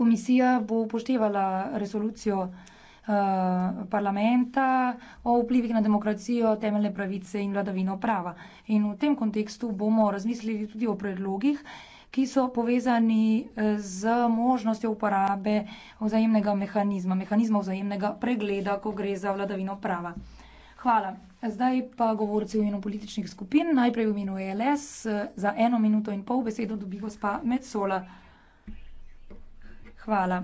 Speaker 4: Komisija bo upoštevala resolucijo eh, parlamenta o vplivih na demokracijo, temeljne pravice in vladavino prava. In v tem kontekstu bomo razmislili tudi o predlogih, ki so povezani eh, z možnostjo uporabe vzajemnega mehanizma, mehanizma vzajemnega pregleda, ko gre za vladavino prava. Hvala. Zdaj pa govorci v imenu političnih skupin. Najprej v imenu ELS eh, za eno minuto in pol besedo dobi gospa Metsola. Hvala.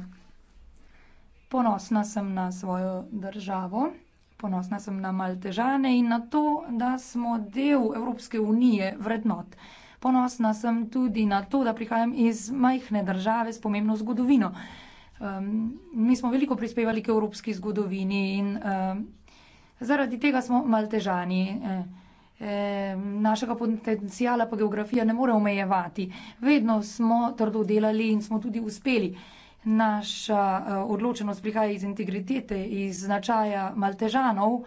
Speaker 4: Ponosna sem na svojo državo, ponosna sem na Maltežane in na to, da smo del Evropske unije vrednot. Ponosna sem tudi na to, da prihajam iz majhne države s pomembno zgodovino. Um, mi smo veliko prispevali k evropski zgodovini in um, zaradi tega smo maltežani. E, e, našega potencijala pa geografija ne more omejevati. Vedno smo trdo delali in smo tudi uspeli. Naša uh, odločenost prihaja iz integritete, iz značaja maltežanov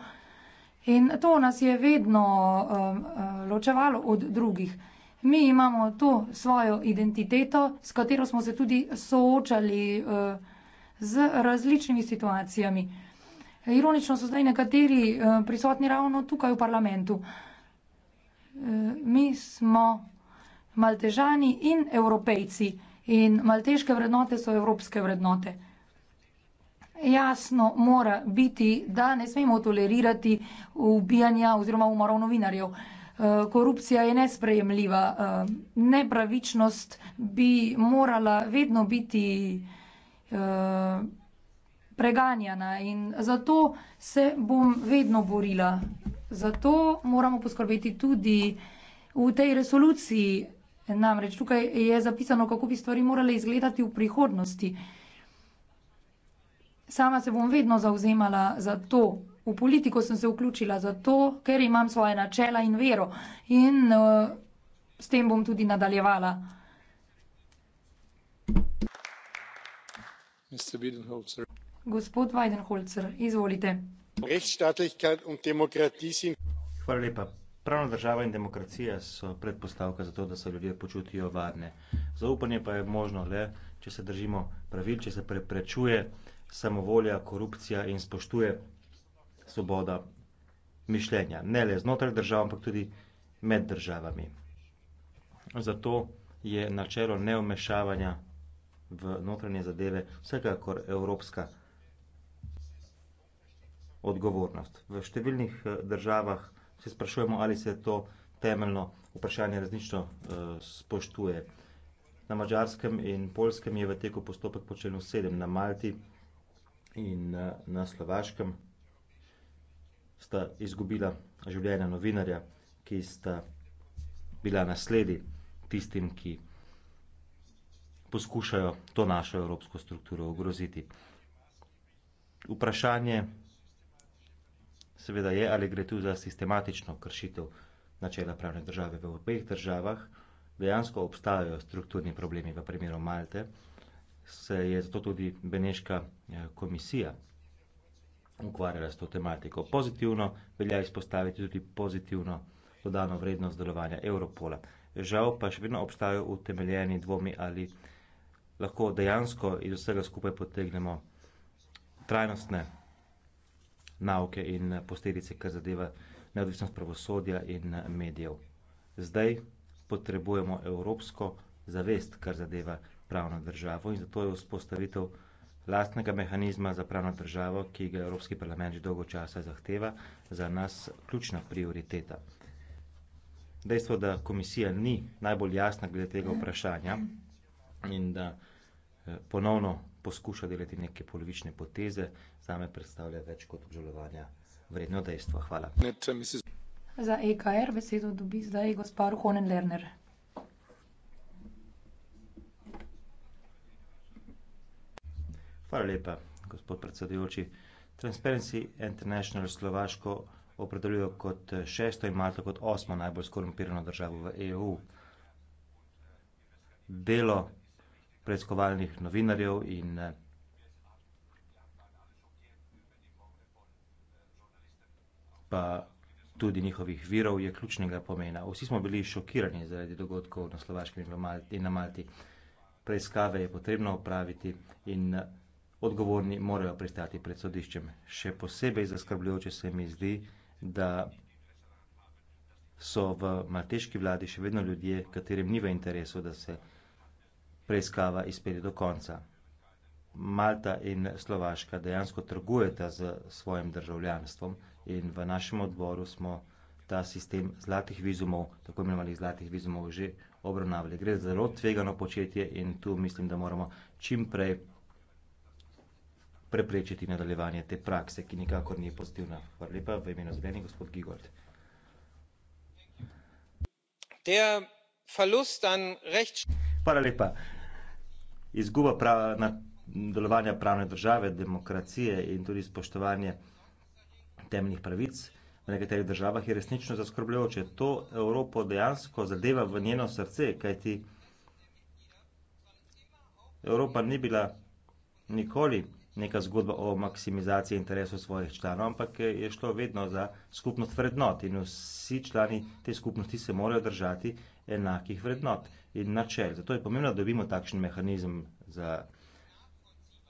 Speaker 4: in to nas je vedno uh, uh, ločevalo od drugih. Mi imamo to svojo identiteto, s katero smo se tudi soočali eh, z različnimi situacijami. Ironično so zdaj nekateri eh, prisotni ravno tukaj v parlamentu. Eh, mi smo maltežani in evropejci in malteške vrednote so evropske vrednote. Jasno mora biti, da ne smemo tolerirati ubijanja oziroma umorov novinarjev korupcija je nesprejemljiva. Eh, nepravičnost bi morala vedno biti eh, preganjana in zato se bom vedno borila. Zato moramo poskrbeti tudi v tej resoluciji, namreč tukaj je zapisano, kako bi stvari morale izgledati v prihodnosti. Sama se bom vedno zauzemala za to, V politiko sem se vključila zato, ker imam svoje načela in vero in uh, s tem bom tudi nadaljevala. Gospod Weidenholzer, izvolite.
Speaker 8: Hvala lepa. Pravna država in demokracija so predpostavka za to, da se ljudje počutijo varne. Zaupanje pa je možno le, če se držimo pravil, če se preprečuje samovolja, korupcija in spoštuje svoboda mišljenja. Ne le znotraj držav, ampak tudi med državami. Zato je načelo neomešavanja v notranje zadeve vsekakor evropska odgovornost. V številnih eh, državah se sprašujemo, ali se to temeljno vprašanje različno uh, eh, spoštuje. Na Mačarskem in Polskem je v teku postopek počelno sedem, na Malti in uh, na Slovaškem sta izgubila življenja novinarja, ki sta bila nasledi tistim, ki poskušajo to našo evropsko strukturo ogroziti. Vprašanje seveda je, ali gre tu za sistematično kršitev načela pravne države v obeh državah. Dejansko obstajajo strukturni problemi v primeru Malte, se je zato tudi Beneška eh, komisija ukvarjala s to tematiko. Pozitivno velja izpostaviti tudi pozitivno dodano vrednost delovanja Europola. Žal pa še vedno obstajajo utemeljeni dvomi, ali lahko dejansko iz vsega skupaj potegnemo trajnostne nauke in posledice, kar zadeva neodvisnost pravosodja in medijev. Zdaj potrebujemo evropsko zavest, kar zadeva pravno državo in zato je vzpostavitev lastnega mehanizma za pravno državo, ki ga Evropski parlament že dolgo časa zahteva, za nas ključna prioriteta. Dejstvo, da komisija ni najbolj jasna glede tega vprašanja in da eh, ponovno poskuša delati neke polovične poteze, zame predstavlja več kot obžalovanja vredno dejstvo. Hvala.
Speaker 4: Za EKR besedo dobi zdaj gospod Honen Lerner.
Speaker 8: Hvala lepa, gospod predsedujoči. Transparency International Slovaško opredeljuje kot šesto in Malta kot osmo najbolj skorumpirano državo v EU. Delo preiskovalnih novinarjev in pa tudi njihovih virov je ključnega pomena. Vsi smo bili šokirani zaradi dogodkov na Slovaškem in na Malti. Preiskave je potrebno opraviti in odgovorni morajo pristati pred sodiščem. Še posebej zaskrbljujoče se mi zdi, da so v malteški vladi še vedno ljudje, katerim ni v interesu, da se preiskava izpelje do konca. Malta in Slovaška dejansko trgujeta z svojim državljanstvom in v našem odboru smo ta sistem zlatih vizumov, tako imenovanih zlatih vizumov, že obravnavali. Gre za zelo tvegano početje in tu mislim, da moramo čim prej preprečiti nadaljevanje te prakse, ki nikakor ni pozitivna. Hvala lepa, v imenu zelenih, gospod Gigold. Hvala lepa. Izguba prava na delovanja pravne države, demokracije in tudi spoštovanje temeljnih pravic v nekaterih državah je resnično zaskrbljujoče. To Evropo dejansko zadeva v njeno srce, kajti Evropa ni bila nikoli neka zgodba o maksimizaciji interesov svojih članov, ampak je šlo vedno za skupnost vrednot in vsi člani te skupnosti se morajo držati enakih vrednot in načel. Zato je pomembno, da dobimo takšen mehanizem za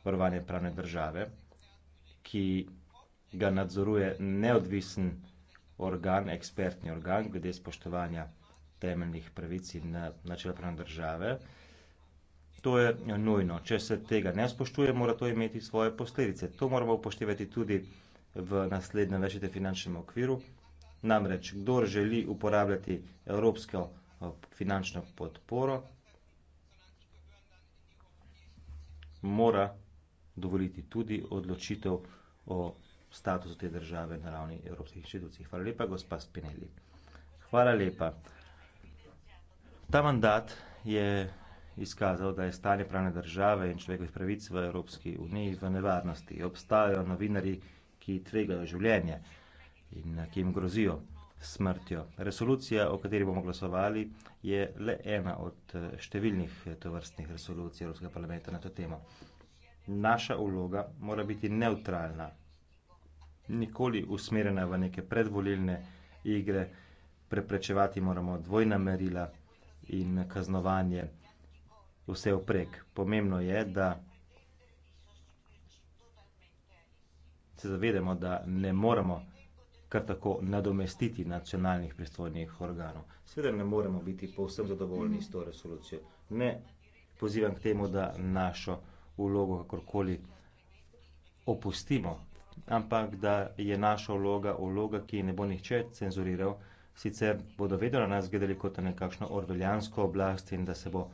Speaker 8: varovanje pravne države, ki ga nadzoruje neodvisen organ, ekspertni organ, glede spoštovanja temeljnih pravic in eh, načel pravne države. To je nujno. Če se tega ne spoštuje, mora to imeti svoje posledice. To moramo upoštevati tudi v naslednjem večjem finančnem okviru. Namreč, kdo želi uporabljati evropsko eh, finančno podporo, mora dovoliti tudi odločitev o statusu te države na ravni evropskih inštitucij. Hvala lepa, gospa Spinelli. Hvala lepa. Ta mandat je izkazal, da je stanje pravne države in človekovih pravic v Evropski uniji v nevarnosti. Obstajajo novinari, ki tvegajo življenje in ki jim grozijo smrtjo. Resolucija, o kateri bomo glasovali, je le ena od številnih tovrstnih resolucij Evropskega parlamenta na to temo. Naša vloga mora biti neutralna, nikoli usmerjena v neke predvolilne igre, preprečevati moramo dvojna merila in kaznovanje vse vprek. Pomembno je, da se zavedemo, da ne moremo kar tako nadomestiti nacionalnih pristojnih organov. Sveda ne moremo biti povsem zadovoljni s to resolucijo. Ne pozivam k temu, da našo vlogo kakorkoli opustimo, ampak da je naša vloga vloga, ki ne bo nihče cenzuriral, sicer bodo vedno na nas gledali kot nekakšno orveljansko oblast in da se bo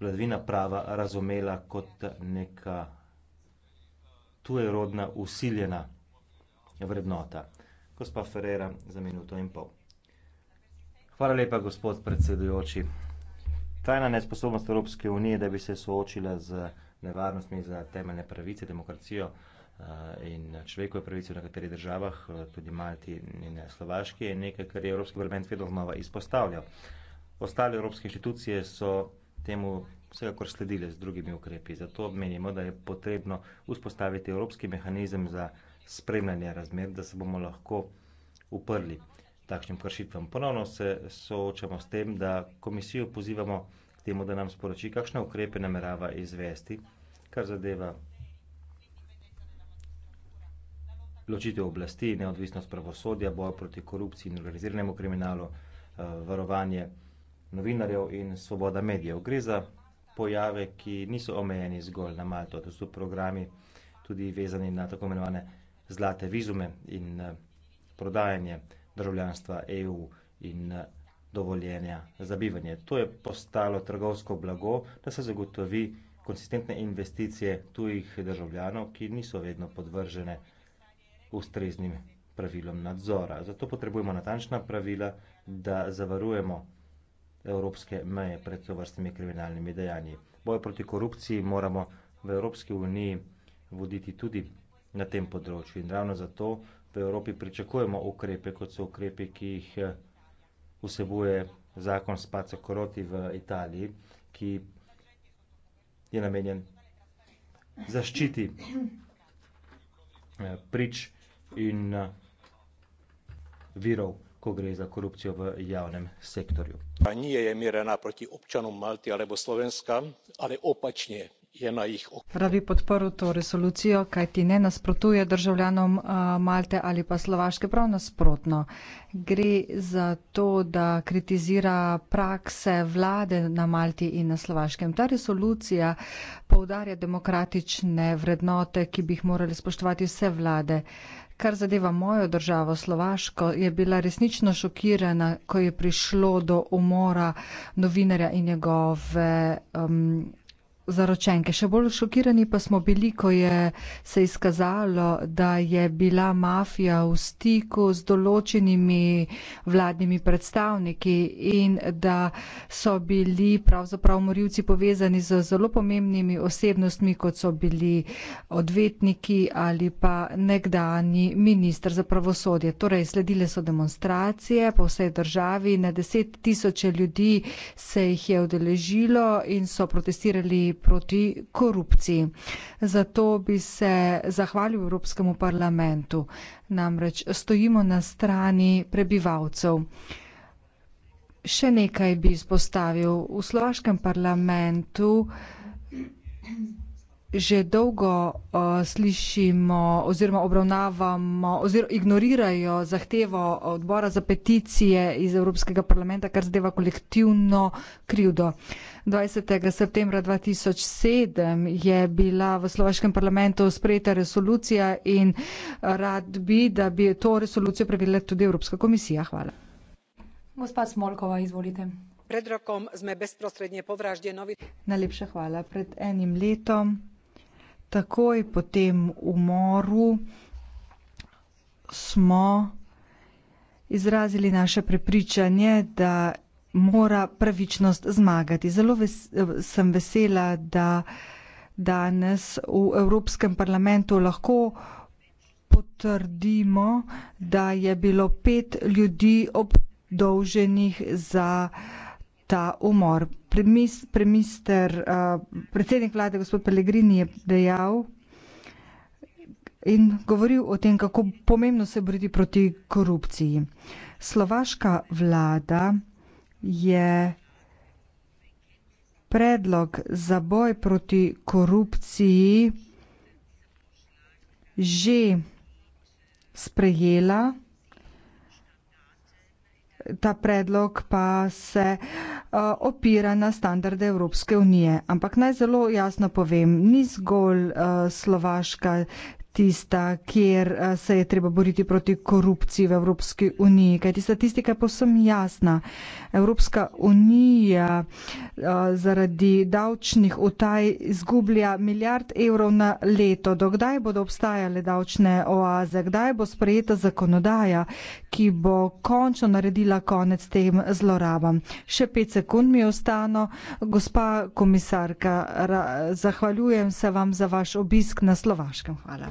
Speaker 8: vladavina prava razumela kot neka tujerodna usiljena vrednota. Gospa Ferreira, za minuto in pol. Hvala lepa, gospod predsedujoči. Trajna nesposobnost Evropske unije, da bi se soočila z nevarnostmi za temeljne pravice, demokracijo eh, in človekove pravice v nekaterih državah, eh, tudi Malti in eh, Slovaški, je nekaj, kar je Evropski parlament vedno znova izpostavljal. Ostale evropske inštitucije so temu vsekakor sledile z drugimi ukrepi. Zato menimo, da je potrebno vzpostaviti evropski mehanizem za spremljanje razmer, da se bomo lahko uprli takšnim kršitvam. Ponovno se soočamo s tem, da komisijo pozivamo k temu, da nam sporoči, kakšne ukrepe namerava izvesti, kar zadeva ločitev oblasti, neodvisnost pravosodja, boj proti korupciji in organiziranemu kriminalu, eh, varovanje. Uh, novinarjev in svoboda medijev. Gre za pojave, ki niso omejeni zgolj na Malto, to so programi tudi vezani na tako imenovane zlate vizume in eh, prodajanje državljanstva EU in eh, dovoljenja za bivanje. To je postalo trgovsko blago, da se zagotovi konsistentne investicije tujih državljanov, ki niso vedno podvržene ustreznim pravilom nadzora. Zato potrebujemo natančna pravila, da zavarujemo evropske meje pred tovrstnimi kriminalnimi dejanji. Boj proti korupciji moramo v Evropski uniji voditi tudi na tem področju in ravno zato v Evropi pričakujemo ukrepe, kot so ukrepe, ki jih eh, vsebuje zakon Spaco Koroti v Italiji, ki je namenjen zaščiti eh, prič in eh, virov ko gre za korupcijo v javnem sektorju.
Speaker 7: ni je mirena proti občanom Malti alebo Slovenska, ale opačne je na jih ok.
Speaker 9: Rad bi podporil to resolucijo, kaj ti ne nasprotuje državljanom eh, Malte ali pa Slovaške, prav nasprotno. Gre za to, da kritizira prakse vlade na Malti in na Slovaškem. Ta resolucija poudarja demokratične vrednote, ki bi jih morali spoštovati vse vlade. Kar zadeva mojo državo, Slovaško, je bila resnično šokirana, ko je prišlo do umora novinarja in njegove um, zaročenke. Še bolj šokirani pa smo bili, ko je se izkazalo, da je bila mafija v stiku z določenimi vladnimi predstavniki in da so bili pravzaprav morilci povezani z zelo pomembnimi osebnostmi, kot so bili odvetniki ali pa nekdani minister za pravosodje. Torej, sledile so demonstracije po vsej državi, na deset tisoče ljudi se jih je odeležilo in so protestirali proti korupciji. Zato bi se zahvalil Evropskemu parlamentu. Namreč stojimo na strani prebivalcev. Še nekaj bi izpostavil. V slovaškem parlamentu že dolgo uh, slišimo oziroma obravnavamo oziroma ignorirajo zahtevo odbora za peticije iz Evropskega parlamenta, kar zadeva kolektivno krivdo. Uh, 20. septembra 2007 je bila v slovaškem parlamentu sprejeta resolucija in rad bi, da bi to resolucijo preverila tudi Evropska komisija. Hvala.
Speaker 4: Gospa Smolkova, izvolite. Pred rokom sme bezprostredne povraždje novi...
Speaker 9: Najlepša hvala. Pred enim letom, takoj po tem umoru, smo izrazili naše prepričanje, da mora pravičnost zmagati. Zelo ves, eh, sem vesela, da danes v Evropskem parlamentu lahko potrdimo, da je bilo pet ljudi obdolženih za ta umor. Premister, eh, predsednik vlade, gospod Pellegrini je dejal in govoril o tem, kako pomembno se boriti proti korupciji. Slovaška vlada je predlog za boj proti korupciji že sprejela. Ta predlog pa se, opira na standarde Evropske unije. Ampak naj zelo jasno povem, ni zgolj, Slovaška tista, kjer eh, se je treba boriti proti korupciji v Evropski uniji. Kaj ti statistika je posem jasna. Evropska unija eh, zaradi davčnih utaj izgublja milijard evrov na leto. Dokdaj bodo obstajale davčne oaze? Kdaj bo sprejeta zakonodaja, ki bo končno naredila konec tem zlorabam? Še pet sekund mi ostano. Gospa komisarka, zahvaljujem se vam za vaš obisk na Slovaškem.
Speaker 4: Hvala.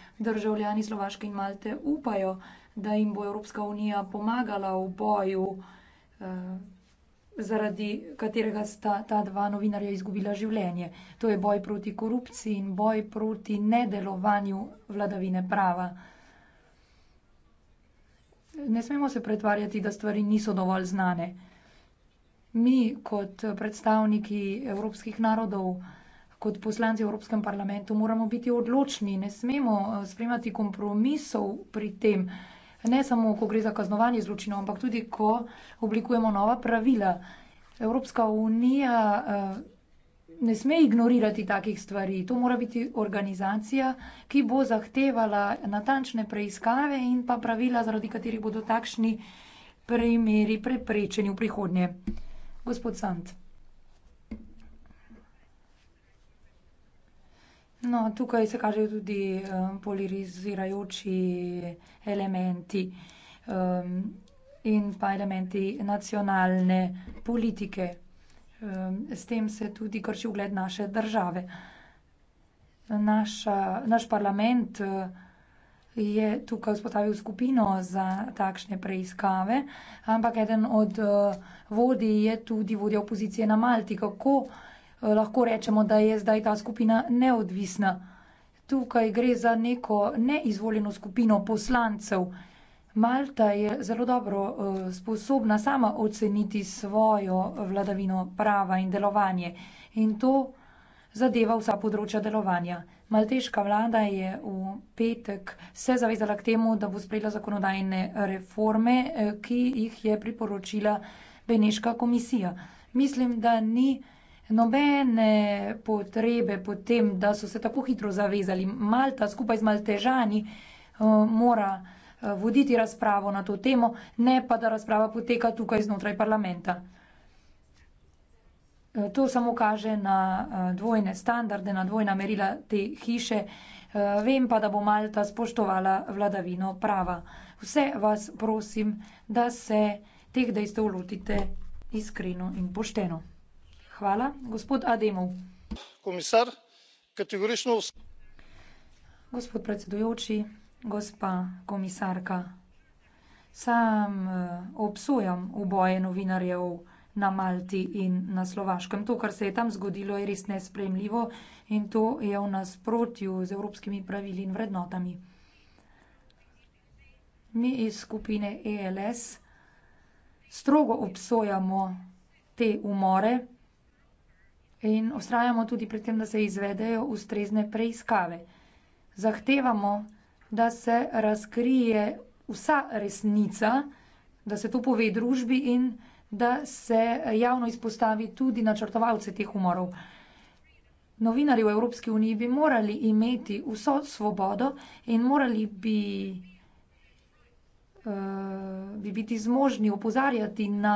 Speaker 4: državljani Slovaške in Malte upajo, da jim bo Evropska unija pomagala v boju, eh, zaradi katerega sta ta dva novinarja izgubila življenje. To je boj proti korupciji in boj proti nedelovanju vladavine prava. Ne smemo se pretvarjati, da stvari niso dovolj znane. Mi kot predstavniki evropskih narodov, kot poslanci v Evropskem parlamentu moramo biti odločni, ne smemo eh, sprejemati kompromisov pri tem, ne samo, ko gre za kaznovanje zločinov, ampak tudi, ko oblikujemo nova pravila. Evropska unija eh, ne sme ignorirati takih stvari. To mora biti organizacija, ki bo zahtevala natančne preiskave in pa pravila, zaradi katerih bodo takšni primeri preprečeni v prihodnje. Gospod Sant. No, tukaj se kažejo tudi um, polarizirajoči elementi um, in pa elementi nacionalne politike. Um, s tem se tudi krši ugled naše države. Naša, naš parlament je tukaj vzpostavil skupino za takšne preiskave, ampak eden od uh, vodij je tudi vodja opozicije na Malti. Kako? lahko rečemo, da je zdaj ta skupina neodvisna. Tukaj gre za neko neizvoljeno skupino poslancev. Malta je zelo dobro eh, sposobna sama oceniti svojo vladavino prava in delovanje in to zadeva vsa področja delovanja. Malteška vlada je v petek se zavezala k temu, da bo sprejela zakonodajne reforme, eh, ki jih je priporočila Beneška komisija. Mislim, da ni nobene potrebe po tem, da so se tako hitro zavezali. Malta skupaj z Maltežani eh, mora eh, voditi razpravo na to temo, ne pa da razprava poteka tukaj znotraj parlamenta. Eh, to samo kaže na dvojne standarde, na dvojna merila te hiše. Vem pa, da bo Malta spoštovala vladavino prava. Vse vas prosim, da se teh dejstev lotite iskreno in pošteno. Hvala. Gospod Ademov.
Speaker 3: Komisar, kategorično.
Speaker 4: Gospod predsedujoči, gospa komisarka, sam eh, obsojam oboje novinarjev na Malti in na Slovaškem. To, kar se je tam zgodilo, je res nespremljivo in to je v nasprotju z evropskimi pravili in vrednotami. Mi iz skupine ELS strogo obsojamo te umore in ustrajamo tudi pri tem, da se izvedejo ustrezne preiskave. Zahtevamo, da se razkrije vsa resnica, da se to pove družbi in da se javno izpostavi tudi načrtovalce teh umorov. Novinari v Evropski uniji bi morali imeti vso svobodo in morali bi, uh, bi biti zmožni opozarjati na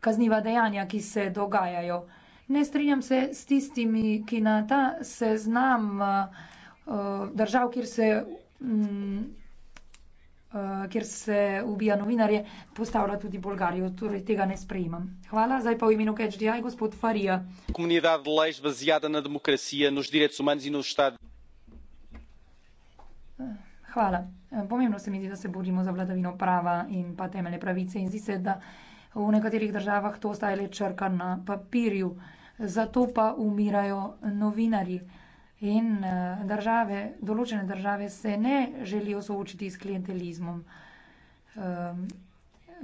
Speaker 4: kazniva dejanja, ki se dogajajo. Ne strinjam se s tistimi, ki na ta seznam eh, držav, kjer se, mm, eh, kjer se ubija novinarje, postavlja tudi Bolgarijo. Torej tega ne sprejemam. Hvala. Zdaj pa v imenu KHDI gospod Farija.
Speaker 10: Komunidad lež bazijada na demokracije, nož direc humanzi, e nož štad.
Speaker 4: Eh, hvala. Pomembno se mi zdi, da se borimo za vladavino prava in pa temeljne pravice. In zdi se, da v nekaterih državah to zdaj le črka na papirju. Zato pa umirajo novinari in eh, države, določene države se ne želijo soočiti s klientelizmom. Um,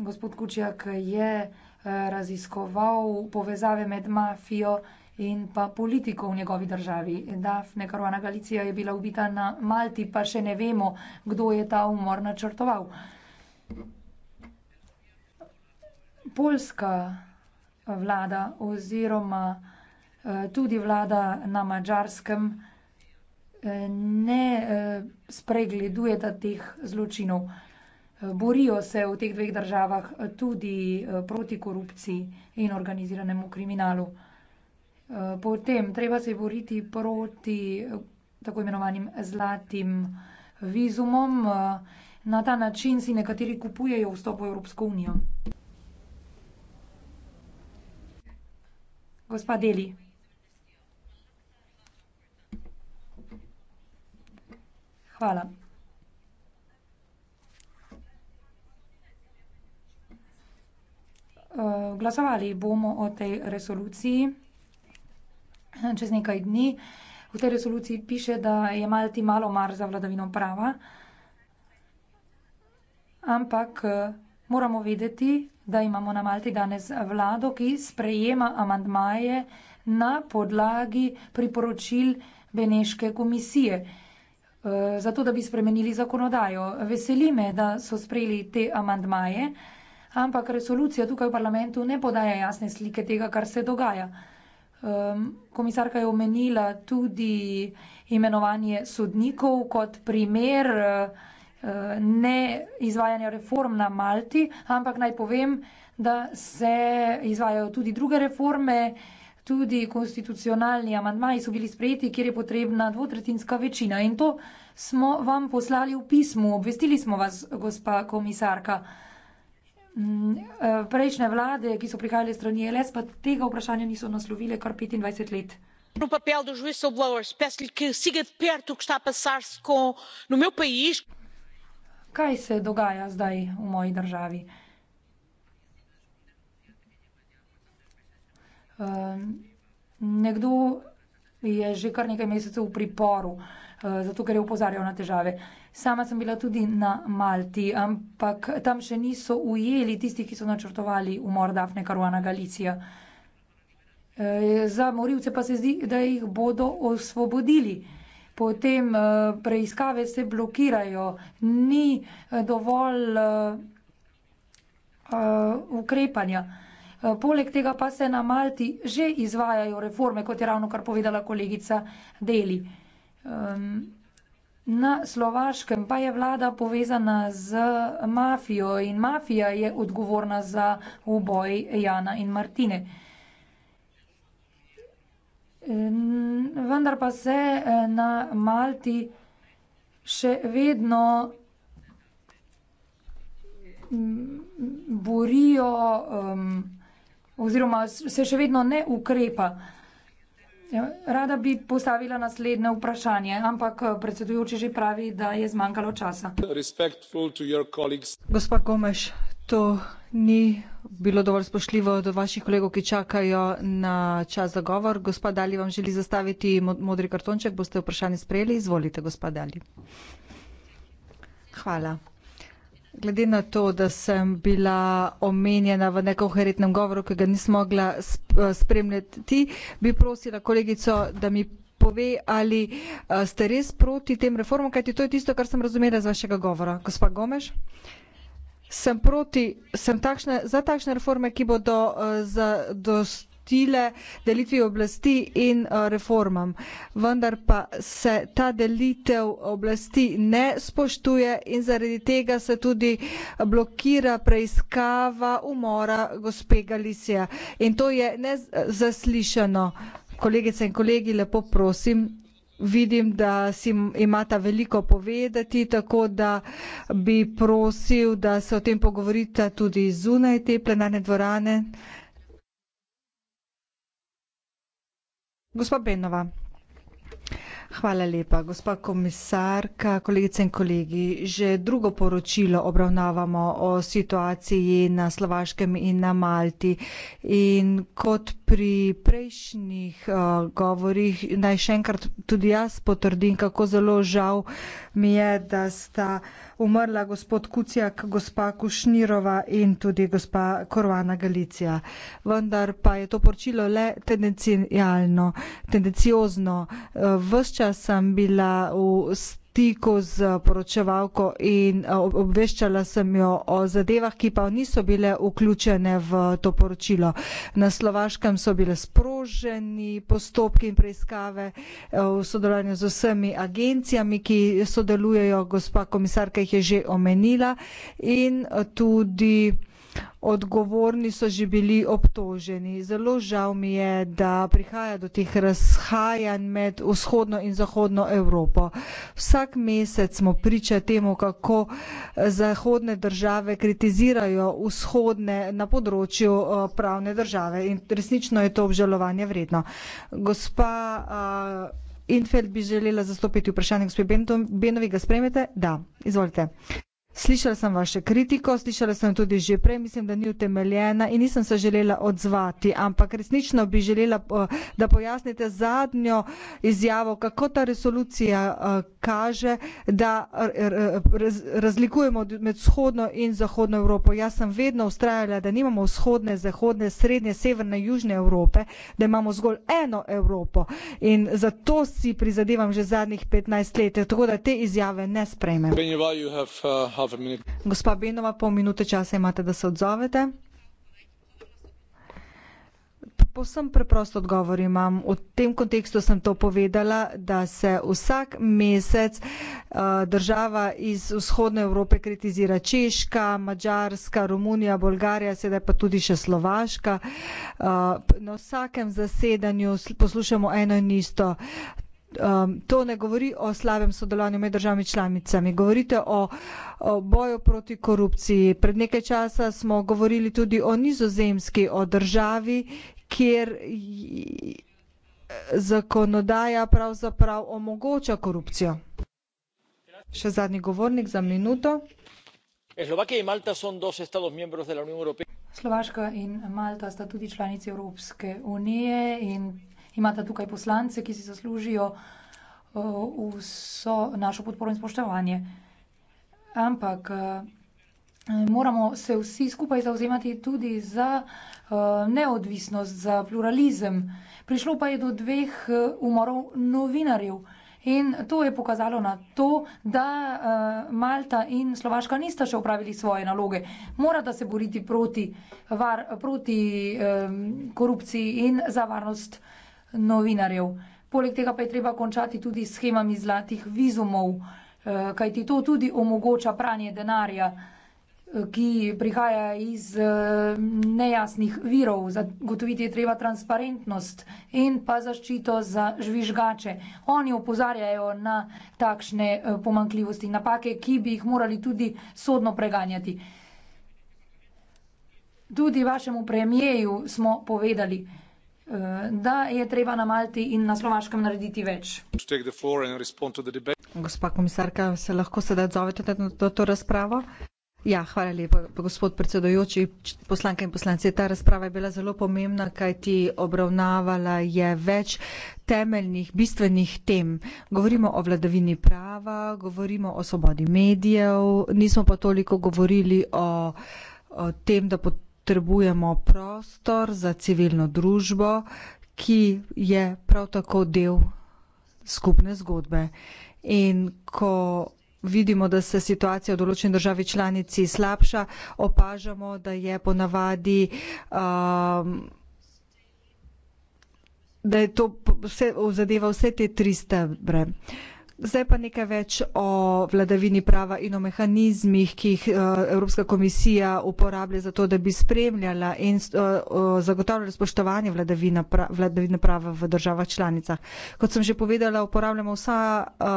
Speaker 4: gospod Kučjak je eh, raziskoval povezave med mafijo in pa politiko v njegovi državi. Dafne Karuana Galicija je bila ubita na Malti, pa še ne vemo, kdo je ta umor načrtoval polska vlada oziroma eh, tudi vlada na Mačarskem eh, ne eh, spregledujeta teh zločinov. Borijo se v teh dveh državah tudi proti korupciji in organiziranemu kriminalu. Potem treba se boriti proti tako imenovanim zlatim vizumom. Na ta način si nekateri kupujejo vstop v Evropsko unijo. Gospa Deli. Hvala. Eh, glasovali bomo o tej resoluciji čez nekaj dni. V tej resoluciji piše, da je Malti malo mar za vladavino prava, ampak eh, moramo vedeti, da imamo na Malti danes vlado, ki sprejema amandmaje na podlagi priporočil Beneške komisije, eh, zato da bi spremenili zakonodajo. Veseli me, da so sprejeli te amandmaje, ampak resolucija tukaj v parlamentu ne podaja jasne slike tega, kar se dogaja. Ehm, komisarka je omenila tudi imenovanje sodnikov kot primer, eh, ne izvajanja reform na Malti, ampak naj povem, da se izvajajo tudi druge reforme, tudi konstitucionalni amantmaji so bili sprejeti, kjer je potrebna dvotretinska večina. In to smo vam poslali v pismu, obvestili smo vas, gospa komisarka. Mm, prejšnje vlade, ki so prihajale strani LS, pa tega vprašanja niso naslovile kar 25 let. No papel dos whistleblowers, peço-lhe que siga de perto o que está a passar-se no meu país kaj se dogaja zdaj v moji državi. Ehm, nekdo je že kar nekaj mesecev v priporu, eh, zato ker je opozarjal na težave. Sama sem bila tudi na Malti, ampak tam še niso ujeli tisti, ki so načrtovali umor Dafne Karuana Galicija. Eh, za morilce pa se zdi, da jih bodo osvobodili potem eh, preiskave se blokirajo, ni eh, dovolj eh, ukrepanja. Poleg tega pa se na Malti že izvajajo reforme, kot je ravno kar povedala kolegica Deli. Ehm, na Slovaškem pa je vlada povezana z mafijo in mafija je odgovorna za uboj Jana in Martine vendar pa se eh, na Malti še vedno mm, borijo oziroma se še vedno ne ukrepa. Ja, rada bi postavila naslednje vprašanje, ampak eh, predsedujoči že pravi, da je zmanjkalo časa.
Speaker 9: Gospa Gomeš, to ni bilo dovolj spoštljivo do vaših kolegov, ki čakajo na čas za govor. Gospod Dali vam želi zastaviti modri kartonček, boste vprašanje sprejeli. Izvolite, gospod Dali. Hvala. Glede na to, da sem bila omenjena v nekoherentnem govoru, ki ga nisem mogla spremljati, bi prosila kolegico, da mi pove, ali ste res proti tem reformam, kajti to je tisto, kar sem razumela iz vašega govora. Gospod Gomeš? Uh, sem proti sem takšne, za takšne reforme, ki bodo uh, zadostile delitvi oblasti in uh, reformam. Vendar pa se ta delitev oblasti ne spoštuje in zaradi tega se tudi blokira preiskava umora gospe Galicija. In to je nezaslišano. Kolegice in kolegi, lepo prosim, vidim, da si imata veliko povedati, tako da bi prosil, da se o tem pogovorita tudi zunaj te plenarne dvorane. Gospa Benova. Hvala lepa. Gospa komisarka, kolegice in kolegi, že drugo poročilo obravnavamo o situaciji na Slovaškem in na Malti. In kot pri prejšnjih uh, govorih, naj še enkrat tudi jaz potrdim, kako zelo žal mi je, da sta umrla gospod Kucijak, gospa Kušnirova in tudi gospa Korvana Galicija. Vendar pa je to poročilo le tendencijalno, tendenciozno. Uh, sodišča sem bila v stiku z poročevalko in eh, obveščala sem jo o zadevah, ki pa niso bile vključene v to poročilo. Na Slovaškem so bile sproženi postopki in preiskave eh, v sodelovanju z vsemi agencijami, ki sodelujejo, gospa komisarka jih je že omenila, in eh, tudi odgovorni so že bili obtoženi. Zelo žal mi je, da prihaja do teh razhajanj med vzhodno in zahodno Evropo. Vsak mesec smo priča temu, kako eh, zahodne države kritizirajo vzhodne na področju eh, pravne države in resnično je to obžalovanje vredno. Gospa eh, Infeld bi želela zastopiti vprašanje gospe Benovi, ga spremete? Da, izvolite. Slišala sem vaše kritiko, slišala sem tudi že prej, mislim, da ni utemeljena in nisem se želela odzvati, ampak resnično bi želela, eh, da pojasnite zadnjo izjavo, kako ta resolucija eh, kaže, da eh, razlikujemo med vzhodno in zahodno Evropo. Jaz sem vedno ustrajala, da nimamo vzhodne, zahodne, srednje, severne, južne Evrope, da imamo zgolj eno Evropo in zato si prizadevam že zadnjih 15 let, tako da te izjave ne sprejmem. Gospa Benova, pol minute časa imate, da se odzovete. Povsem preprosto odgovor imam. V tem kontekstu sem to povedala, da se vsak mesec eh, država iz vzhodne Evrope kritizira Češka, Mačarska, Romunija, Bolgarija, sedaj pa tudi še Slovaška. Eh, na vsakem zasedanju poslušamo eno in isto um, to ne govori o slabem sodelovanju med državami članicami, govorite o, o boju proti korupciji. Pred nekaj časa smo govorili tudi o nizozemski, o državi, kjer zakonodaja pravzaprav omogoča korupcijo. Še zadnji govornik za minuto.
Speaker 4: Slovaška in Malta sta tudi članici Evropske unije in imata tukaj poslance, ki si zaslužijo uh, vso našo podporo in spoštovanje. Ampak uh, moramo se vsi skupaj zauzemati tudi za uh, neodvisnost, za pluralizem. Prišlo pa je do dveh uh, umorov novinarjev. In to je pokazalo na to, da uh, Malta in Slovaška nista še upravili svoje naloge. Mora da se boriti proti, var, proti um, korupciji in za varnost uh, novinarjev. Poleg tega pa je treba končati tudi s schemami zlatih vizumov, eh, kajti to tudi omogoča pranje denarja, eh, ki prihaja iz eh, nejasnih virov. Zagotoviti je treba transparentnost in pa zaščito za žvižgače. Oni opozarjajo na takšne pomankljivosti in napake, ki bi jih morali tudi sodno preganjati. Tudi vašemu premijeju smo povedali, da je to, da je treba na Malti in na Slovaškem narediti več.
Speaker 9: Gospa komisarka, se lahko sedaj odzovete na to, to, to razpravo? Ja, hvala lepa, gospod predsedojoči, poslanke in poslanci. Ta razprava je bila zelo pomembna, kaj ti obravnavala je več temeljnih, bistvenih tem. Govorimo o vladavini prava, govorimo o svobodi medijev, nismo pa toliko govorili o, o tem, da potrebujemo potrebujemo prostor za civilno družbo, ki je prav tako del skupne zgodbe. In ko vidimo, da se situacija v določeni državi članici slabša, opažamo, da je ponavadi um, da je to vse, zadeva vse te tri stebre. Uh, Zdaj pa nekaj več o vladavini prava in o mehanizmih, ki jih eh, Evropska komisija uporablja za to, da bi spremljala in eh, eh, zagotavljala spoštovanje vladavine prava v državah članicah. Kot sem že povedala, uporabljamo vsa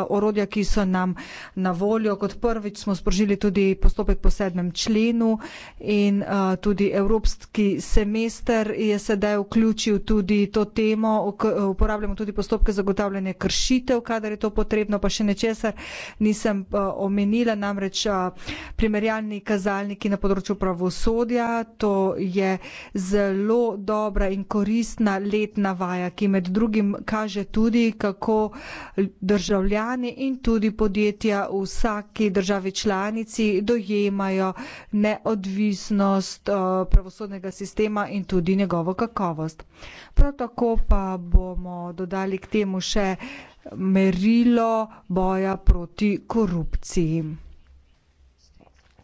Speaker 9: orodja, ki so nam na voljo. Kot prvič smo sprožili tudi postopek po sedmem členu in tudi Evropski semester je sedaj vključil tudi to temo. Uporabljamo tudi postopke zagotavljanja kršitev, kadar je to potrebno očitno pa še nečesar nisem eh, omenila, namreč eh, primerjalni kazalniki na področju pravosodja, to je zelo dobra in koristna letna vaja, ki med drugim kaže tudi, kako državljani in tudi podjetja v vsaki državi članici dojemajo neodvisnost eh, pravosodnega sistema in tudi njegovo kakovost. Prav tako pa bomo dodali k temu še merilo boja proti korupciji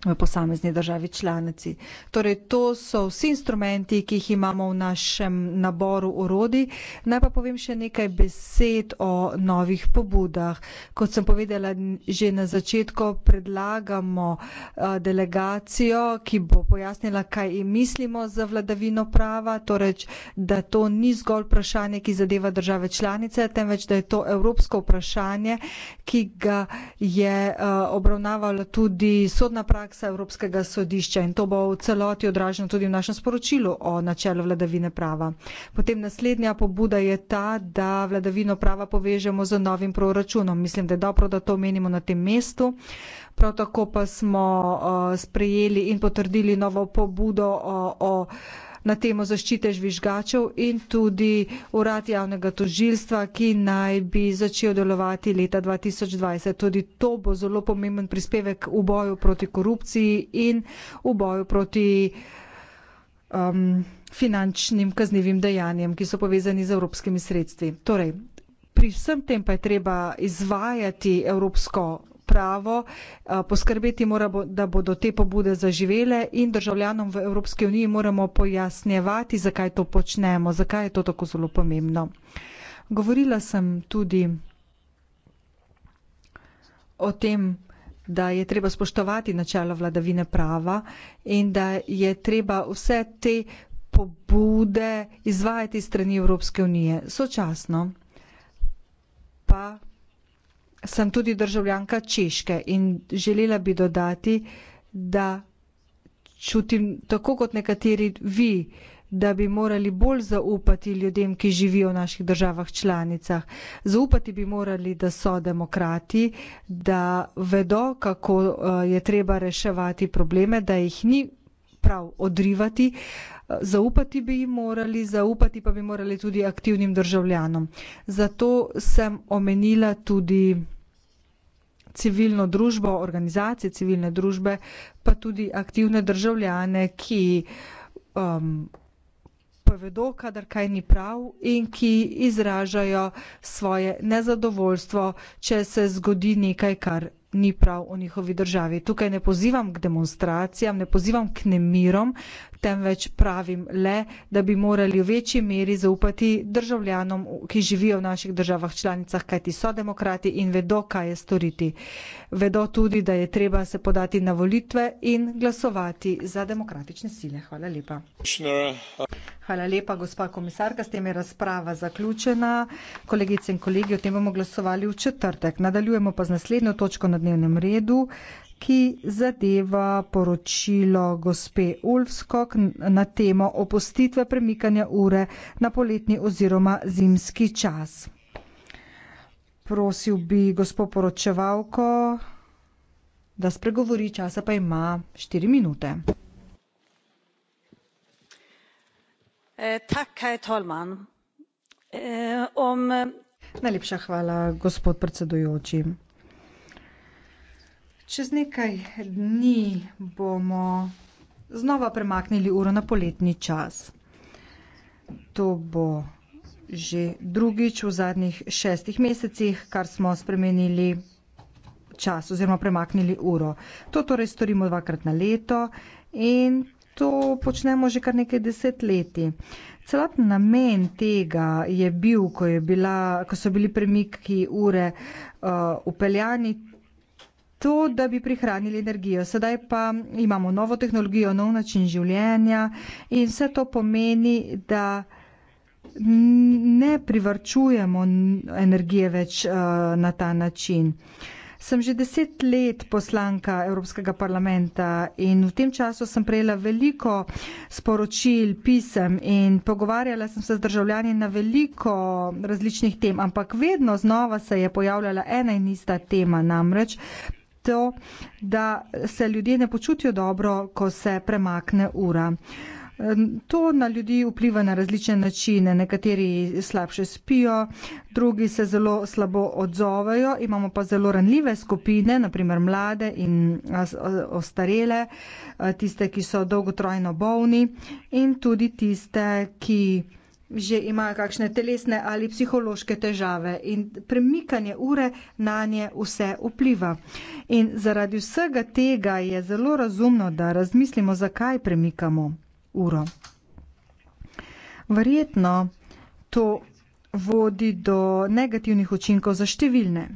Speaker 9: v posamezni državi članici. Torej, to so vsi instrumenti, ki jih imamo v našem naboru orodij. Naj pa povem še nekaj besed o novih pobudah. Kot sem povedala že na začetku, predlagamo eh, delegacijo, ki bo pojasnila, kaj mislimo za vladavino prava, torej, da to ni zgolj vprašanje, ki zadeva države članice, temveč, da je to evropsko vprašanje, ki ga je eh, obravnavala tudi sodna praksa, praksa Evropskega sodišča in to bo v celoti odraženo tudi v našem sporočilu o načelu vladavine prava. Potem naslednja pobuda je ta, da vladavino prava povežemo z novim proračunom. Mislim, da je dobro, da to menimo na tem mestu. Prav tako pa smo uh, sprejeli in potrdili novo pobudo uh, o na temo zaščite žvižgačev in tudi urad javnega tožilstva, ki naj bi začel delovati leta 2020. Tudi to bo zelo pomemben prispevek v boju proti korupciji in v boju proti um, finančnim kaznivim dejanjem, ki so povezani z evropskimi sredstvi. Torej, pri vsem tem pa je treba izvajati evropsko pravo, eh, poskrbeti mora, da bodo te pobude zaživele in državljanom v Evropski uniji moramo pojasnjevati, zakaj to počnemo, zakaj je to tako zelo pomembno. Govorila sem tudi o tem, da je treba spoštovati načelo vladavine prava in da je treba vse te pobude izvajati strani Evropske unije. Sočasno pa sem tudi državljanka Češke in želela bi dodati, da čutim tako kot nekateri vi, da bi morali bolj zaupati ljudem, ki živijo v naših državah članicah. Zaupati bi morali, da so demokrati, da vedo, kako eh, je treba reševati probleme, da jih ni prav odrivati. Uh, Zaupati bi jim morali, zaupati pa bi morali tudi aktivnim državljanom. Zato sem omenila tudi civilno družbo, organizacije civilne družbe, pa tudi aktivne državljane, ki um, povedo, kadar kaj ni prav in ki izražajo svoje nezadovoljstvo, če se zgodi nekaj, kar ni prav v njihovi državi. Tukaj ne pozivam k demonstracijam, ne pozivam k nemirom, temveč pravim le, da bi morali v večji meri zaupati državljanom, ki živijo v naših državah članicah, kajti so demokrati in vedo, kaj je storiti. Vedo tudi, da je treba se podati na volitve in glasovati za demokratične sile. Hvala lepa. Hvala lepa, gospa komisarka. S tem je razprava zaključena. Kolegice in kolegi, o tem bomo glasovali v četrtek. Nadaljujemo pa z naslednjo točko na dnevnem redu ki zadeva poročilo gospe Ulfskog na temo opustitve premikanja ure na poletni oziroma zimski čas. Prosil bi gospod poročevalko, da spregovori, časa pa ima 4 minute.
Speaker 11: Eh, tak, Tolman. Eh, eh,
Speaker 9: Najlepša hvala, gospod predsedujoči. Čez nekaj dni bomo znova premaknili uro na poletni čas. To bo že drugič v zadnjih šestih mesecih, kar smo spremenili čas oziroma premaknili uro. To torej storimo dvakrat na leto in to počnemo že kar nekaj desetletij. Celoten namen tega je bil, ko, je bila, ko so bili premiki ure uh, upeljani to, da bi prihranili energijo. Sedaj pa imamo novo tehnologijo, nov način življenja in vse to pomeni, da ne privrčujemo energije več uh, na ta način. Sem že deset let poslanka Evropskega parlamenta in v tem času sem prejela veliko sporočil, pisem in pogovarjala sem se z državljani na veliko različnih tem, ampak vedno znova se je pojavljala ena in ista tema, namreč to, da se ljudje ne počutijo dobro, ko se premakne ura. To na ljudi vpliva na različne načine. Nekateri slabše spijo, drugi se zelo slabo odzovejo, imamo pa zelo ranljive skupine, naprimer mlade in ostarele, tiste, ki so dolgotrajno bolni in tudi tiste, ki že imajo kakšne telesne ali psihološke težave in premikanje ure na nje vse vpliva. In zaradi vsega tega je zelo razumno, da razmislimo, zakaj premikamo uro. Verjetno to vodi do negativnih učinkov za številne.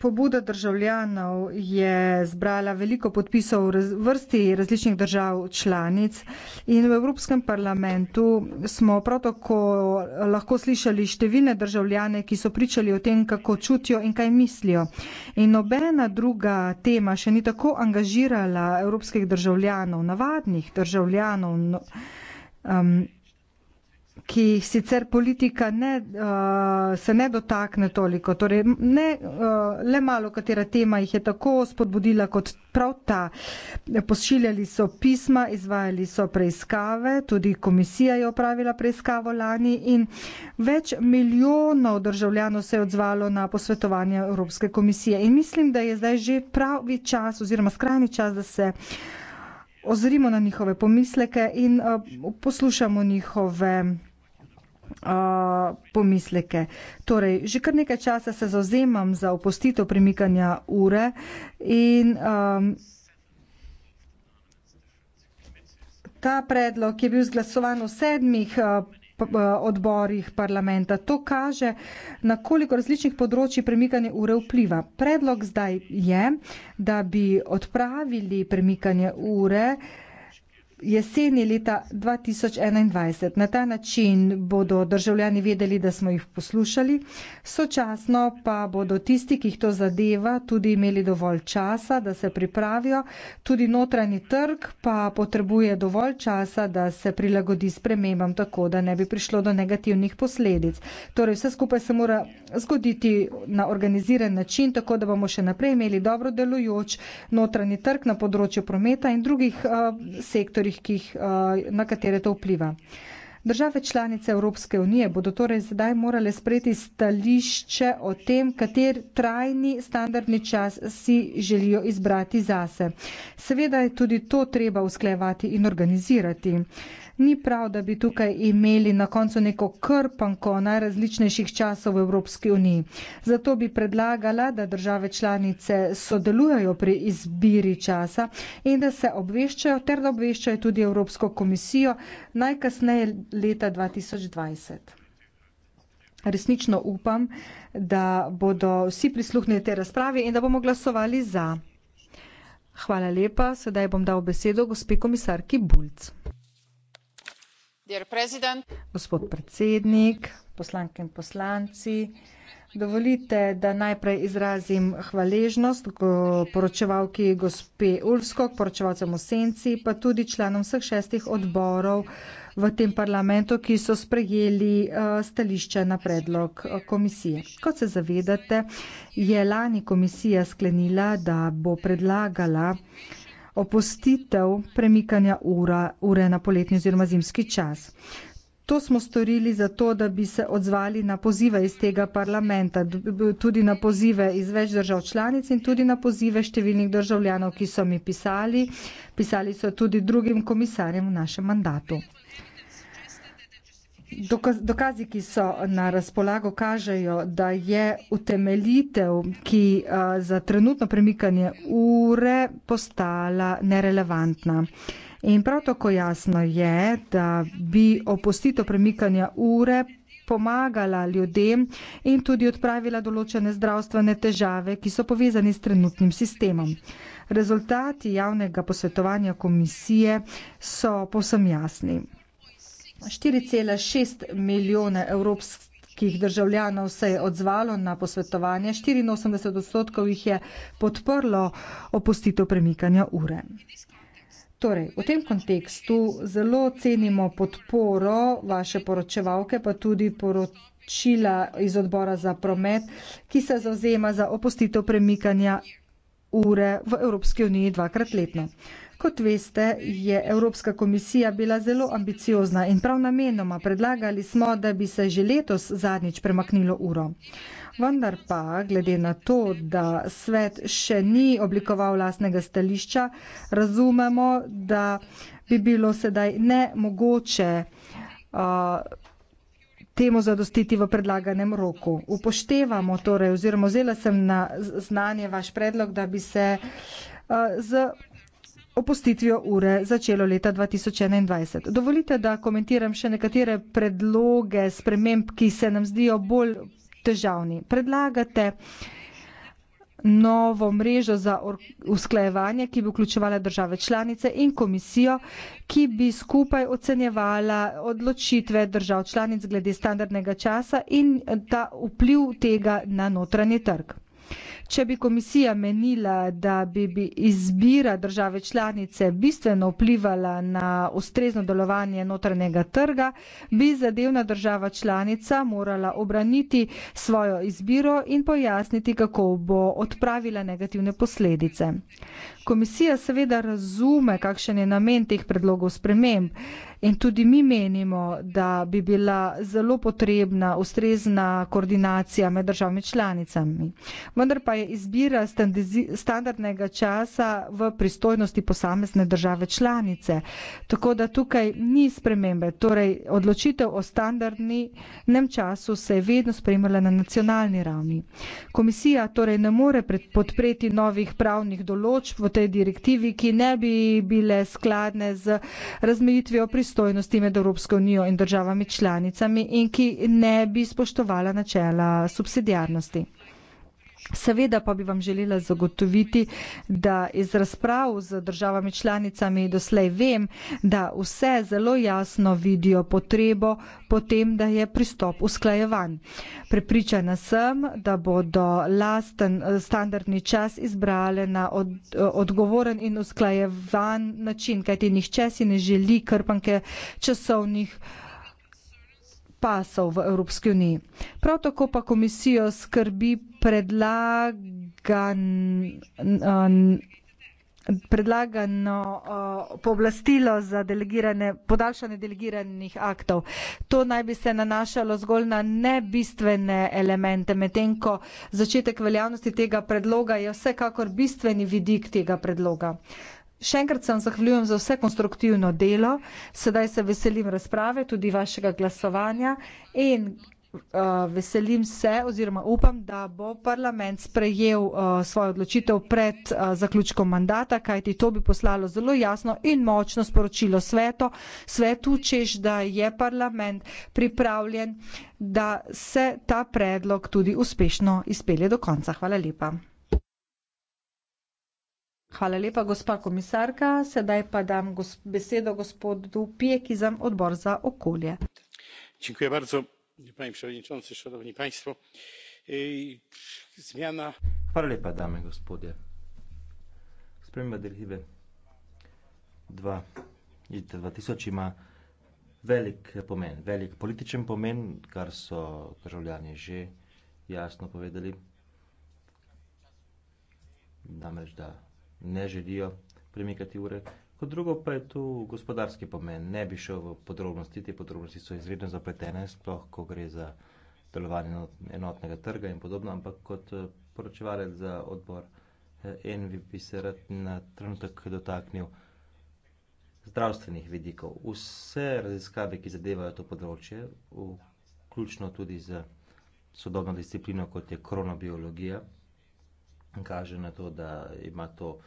Speaker 9: pobuda državljanov je zbrala veliko podpisov v vrsti različnih držav članic in v Evropskem parlamentu smo prav tako lahko slišali številne državljane, ki so pričali o tem, kako čutijo in kaj mislijo. In nobena druga tema še ni tako angažirala evropskih državljanov, navadnih državljanov. No, um, ki jih sicer politika ne, uh, se ne dotakne toliko. Torej, ne, uh, le malo katera tema jih je tako spodbudila kot prav ta. Pošiljali so pisma, izvajali so preiskave, tudi komisija je opravila preiskavo lani in več milijonov državljanov se je odzvalo na posvetovanje Evropske komisije. In mislim, da je zdaj že pravi čas oziroma skrajni čas, da se. Ozrimo na njihove pomisleke in uh, poslušamo njihove Eh, pomisleke. Torej, že kar nekaj časa se zauzemam za opustitev premikanja ure in um, ta predlog je bil zglasovan v sedmih eh, eh, odborih parlamenta. To kaže, na koliko različnih področji premikanje ure vpliva. Predlog zdaj je, da bi odpravili premikanje ure uh, jeseni leta 2021. Na ta način bodo državljani vedeli, da smo jih poslušali, sočasno pa bodo tisti, ki jih to zadeva, tudi imeli dovolj časa, da se pripravijo. Tudi notranji trg pa potrebuje dovolj časa, da se prilagodi spremembam, tako da ne bi prišlo do negativnih posledic. Torej, vse skupaj se mora zgoditi na organiziran način, tako da bomo še naprej imeli dobro delujoč notranji trg na področju prometa in drugih uh, sektorjih dogovorih, ki jih, eh, na katere to vpliva. Države članice Evropske unije bodo torej zdaj morale sprejeti stališče o tem, kater trajni standardni čas si želijo izbrati zase. Seveda je tudi to treba usklejevati in organizirati. Ni prav, da bi tukaj imeli na koncu neko krpanko najrazličnejših časov v Evropski uniji. Zato bi predlagala, da države članice sodelujajo pri izbiri časa in da se obveščajo ter da obveščajo tudi Evropsko komisijo najkasneje leta 2020. Resnično upam, da bodo vsi prisluhnili te razpravi in da bomo glasovali za. Hvala lepa. Sedaj bom dal besedo gospe komisarki Bulc. Gospod predsednik, poslanke in poslanci, dovolite, da najprej izrazim hvaležnost poročevalki gospe Ulfskog, poročevalcem v senci, pa tudi članom vseh šestih odborov v tem parlamentu, ki so sprejeli eh, stališče na predlog eh, komisije. Kot se zavedate, je lani komisija sklenila, da bo predlagala opustitev premikanja ura, ure na poletni oziroma zimski čas. To smo storili zato, da bi se odzvali na pozive iz tega parlamenta, tudi na pozive iz več držav članic in tudi na pozive številnih državljanov, ki so mi pisali. Pisali so tudi drugim komisarjem v našem mandatu. Dokazi, ki so na razpolago, kažejo, da je utemeljitev, ki eh, za trenutno premikanje ure postala nerelevantna. In prav tako jasno je, da bi opustitev premikanja ure pomagala ljudem in tudi odpravila določene zdravstvene težave, ki so povezani s trenutnim sistemom. Rezultati javnega posvetovanja komisije so povsem jasni. 4,6 milijona evropskih ki jih državljanov se je odzvalo na posvetovanje. 84 odstotkov jih je podprlo opustitev premikanja ure. Torej, v tem kontekstu zelo cenimo podporo vaše poročevalke, pa tudi poročila iz odbora za promet, ki se zauzema za opustitev premikanja ure v Evropski uniji dvakrat letno. Kot veste, je Evropska komisija bila zelo ambiciozna in prav namenoma predlagali smo, da bi se že letos zadnjič premaknilo uro. Vendar pa, glede na to, da svet še ni oblikoval lastnega stališča, razumemo, da bi bilo sedaj ne mogoče uh, temu zadostiti v predlaganem roku. Upoštevamo torej, oziroma vzela sem na znanje vaš predlog, da bi se uh, z opustitvijo ure začelo leta 2021. Dovolite, da komentiram še nekatere predloge sprememb, ki se nam zdijo bolj težavni. Predlagate novo mrežo za usklajevanje, ki bi vključevala države članice in komisijo, ki bi skupaj ocenjevala odločitve držav članic glede standardnega časa in ta vpliv tega na notranji trg. Če bi komisija menila, da bi, bi izbira države članice bistveno vplivala na ustrezno delovanje notranjega trga, bi zadevna država članica morala obraniti svojo izbiro in pojasniti, kako bo odpravila negativne posledice. Komisija seveda razume, kakšen je namen teh predlogov sprememb in tudi mi menimo, da bi bila zelo potrebna ustrezna koordinacija med državami članicami. Vendar pa je izbira standardnega časa v pristojnosti posamezne države članice. Tako da tukaj ni spremembe. Torej, odločitev o standardnem času se je vedno spremljala na nacionalni ravni. Komisija torej ne more podpreti novih pravnih določb v tej direktivi, ki ne bi bile skladne z razmejitvijo pristojnosti med Evropsko unijo in državami članicami in ki ne bi spoštovala načela subsidijarnosti. Seveda pa bi vam želela zagotoviti, da iz razprav z državami članicami doslej vem, da vse zelo jasno vidijo potrebo potem, da je pristop usklajevan. Pripričana sem, da bodo lasten standardni čas izbrale na od, odgovoren in usklajevan način, kajti nihče si ne želi krpanke časovnih pasov v Evropski uniji. Prav tako pa komisijo skrbi predlagan. Predlagano uh, pooblastilo za delegirane, podaljšanje delegiranih aktov. To naj bi se nanašalo zgolj na nebistvene elemente, medtem ko začetek veljavnosti tega predloga je vsekakor bistveni vidik tega predloga. Uh, Še enkrat se vam zahvaljujem za vse konstruktivno delo. Sedaj se veselim razprave, tudi vašega glasovanja in uh, veselim se oziroma upam, da bo parlament sprejel uh, svojo odločitev pred uh, zaključkom mandata, kajti to bi poslalo zelo jasno in močno sporočilo svetu, svetu češ, da je parlament pripravljen, da se ta predlog tudi uspešno izpelje do konca. Hvala lepa. Hvala lepa, gospa komisarka. Sedaj pa dam gos besedo gospodu Pieki za odbor za okolje.
Speaker 7: Dziękuję bardzo, panie przewodniczący, szanowni państwo. Zmiana. Hvala lepa, dame
Speaker 8: in gospodje. Sprememba direktive 2 iz 2000 ima velik pomen, velik političen pomen, kar so državljani že jasno povedali. Namreč, da ne želijo premikati ure. Kot drugo pa je tu gospodarski pomen. Ne bi šel v podrobnosti, te podrobnosti so izredno zapletene, sploh ko gre za delovanje enotnega trga in podobno, ampak kot eh, poročevalec za odbor Envi eh, bi se rad na trenutek dotaknil zdravstvenih vidikov. Vse raziskave, ki zadevajo to področje, vključno tudi z sodobno disciplino, kot je kronobiologija, kaže na to, da ima to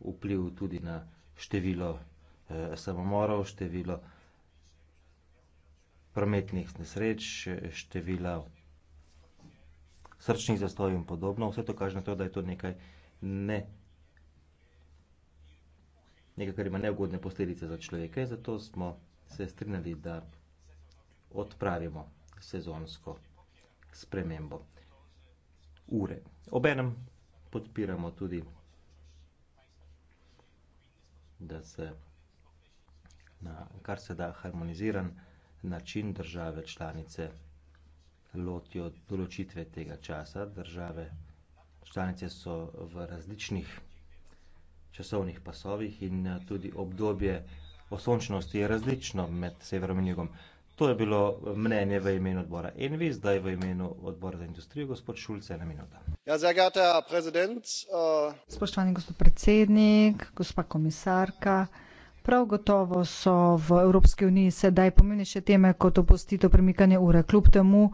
Speaker 8: vpliv tudi na število eh, samomorov, število prometnih nesreč, števila srčnih zastoj in podobno. Vse to kaže na to, da je to nekaj ne nekaj, kar ima neugodne posledice za človeka in zato smo se strinjali, da odpravimo sezonsko spremembo ure. Obenem podpiramo tudi, da se na kar se da harmoniziran način države članice lotijo določitve tega časa. Države članice so v različnih časovnih pasovih in tudi obdobje osončnosti je različno med severom in jugom. To je bilo mnenje v imenu odbora Envi, zdaj v imenu odbora za industrijo, gospod Šulc, ena minuta.
Speaker 7: Ja, zagata, uh... Äh,
Speaker 9: Spoštovani gospod predsednik, gospa komisarka. Prav gotovo so v Evropski uniji sedaj pomenjše teme kot opustitev premikanja ure. Kljub temu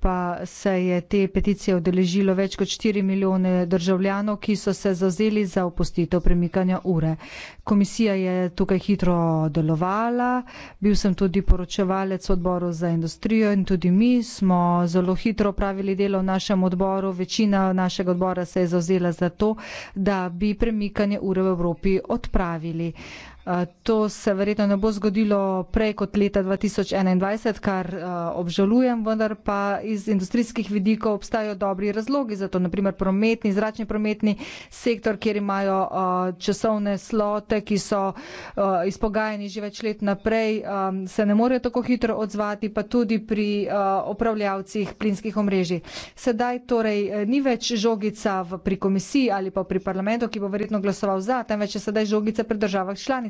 Speaker 9: pa se je te peticije odeležilo več kot 4 milijone državljanov, ki so se zazeli za opustitev premikanja ure. Komisija je tukaj hitro delovala, bil sem tudi poročevalec odboru za industrijo in tudi mi smo zelo hitro pravili delo v našem odboru. Večina našega odbora se je zazela za to, da bi premikanje ure v Evropi odpravili. Uh, Eh, to se verjetno ne bo zgodilo prej kot leta 2021, kar eh, obžalujem, vendar pa iz industrijskih vidikov obstajajo dobri razlogi za to. Naprimer, prometni, zračni prometni sektor, kjer imajo eh, časovne slote, ki so izpogajani že več let naprej, se ne morejo tako hitro odzvati, pa tudi pri upravljavcih plinskih omrežij. Sedaj torej ni več žogica pri komisiji ali pa pri parlamentu, ki bo verjetno glasoval za, temveč je sedaj žogica pri državah članic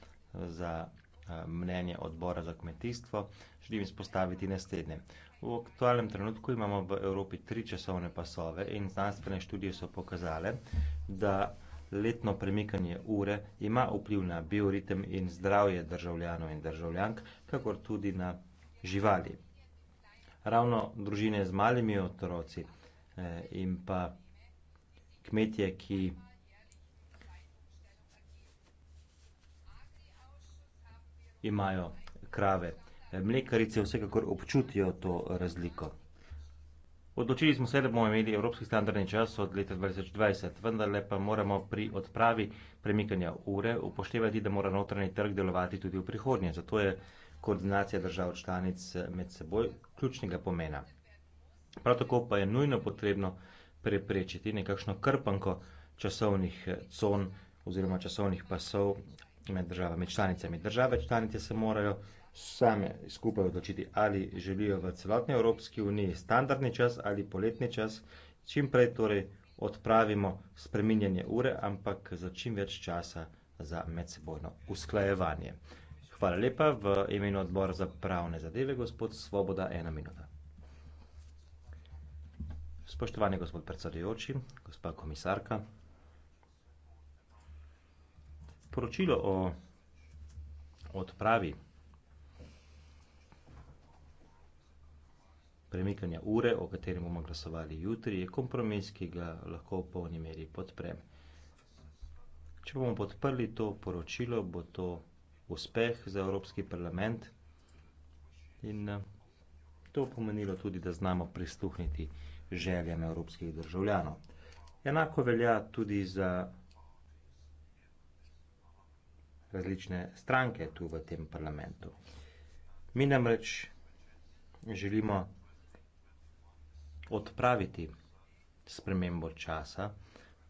Speaker 8: za eh, mnenje odbora za kmetijstvo, želim izpostaviti naslednje. V aktualnem trenutku imamo v Evropi tri časovne pasove in znanstvene študije so pokazale, da letno premikanje ure ima vpliv na bioritem in zdravje državljanov in državljank, kakor tudi na živali. Ravno družine z malimi otroci eh, in pa kmetje, ki imajo krave. Eh, mlekarice vsekakor občutijo to razliko. Odločili smo se, da bomo imeli evropski standardni čas od leta 2020, vendar le pa moramo pri odpravi premikanja ure upoštevati, da mora notranji trg delovati tudi v prihodnje. Zato je koordinacija držav članic eh, med seboj ključnega pomena. Prav tako pa je nujno potrebno preprečiti nekakšno krpanko časovnih eh, con oziroma časovnih pasov med državami članicami. Države članice se morajo same skupaj odločiti, ali želijo v celotni Evropski uniji standardni čas ali poletni čas, čim prej torej odpravimo spreminjanje ure, ampak za čim več časa za medsebojno usklajevanje. Hvala lepa v imenu odbora za pravne zadeve, gospod Svoboda, ena minuta. Spoštovani gospod predsedujoči, gospa komisarka sporočilo o odpravi premikanja ure, o katerem bomo glasovali jutri, je kompromis, ki ga lahko v polni meri podprem. Če bomo podprli to poročilo, bo to uspeh za Evropski parlament in eh, to pomenilo tudi, da znamo prisluhniti željem evropskih državljanov. Enako velja tudi za različne stranke tu v tem parlamentu. Mi namreč želimo odpraviti spremembo časa,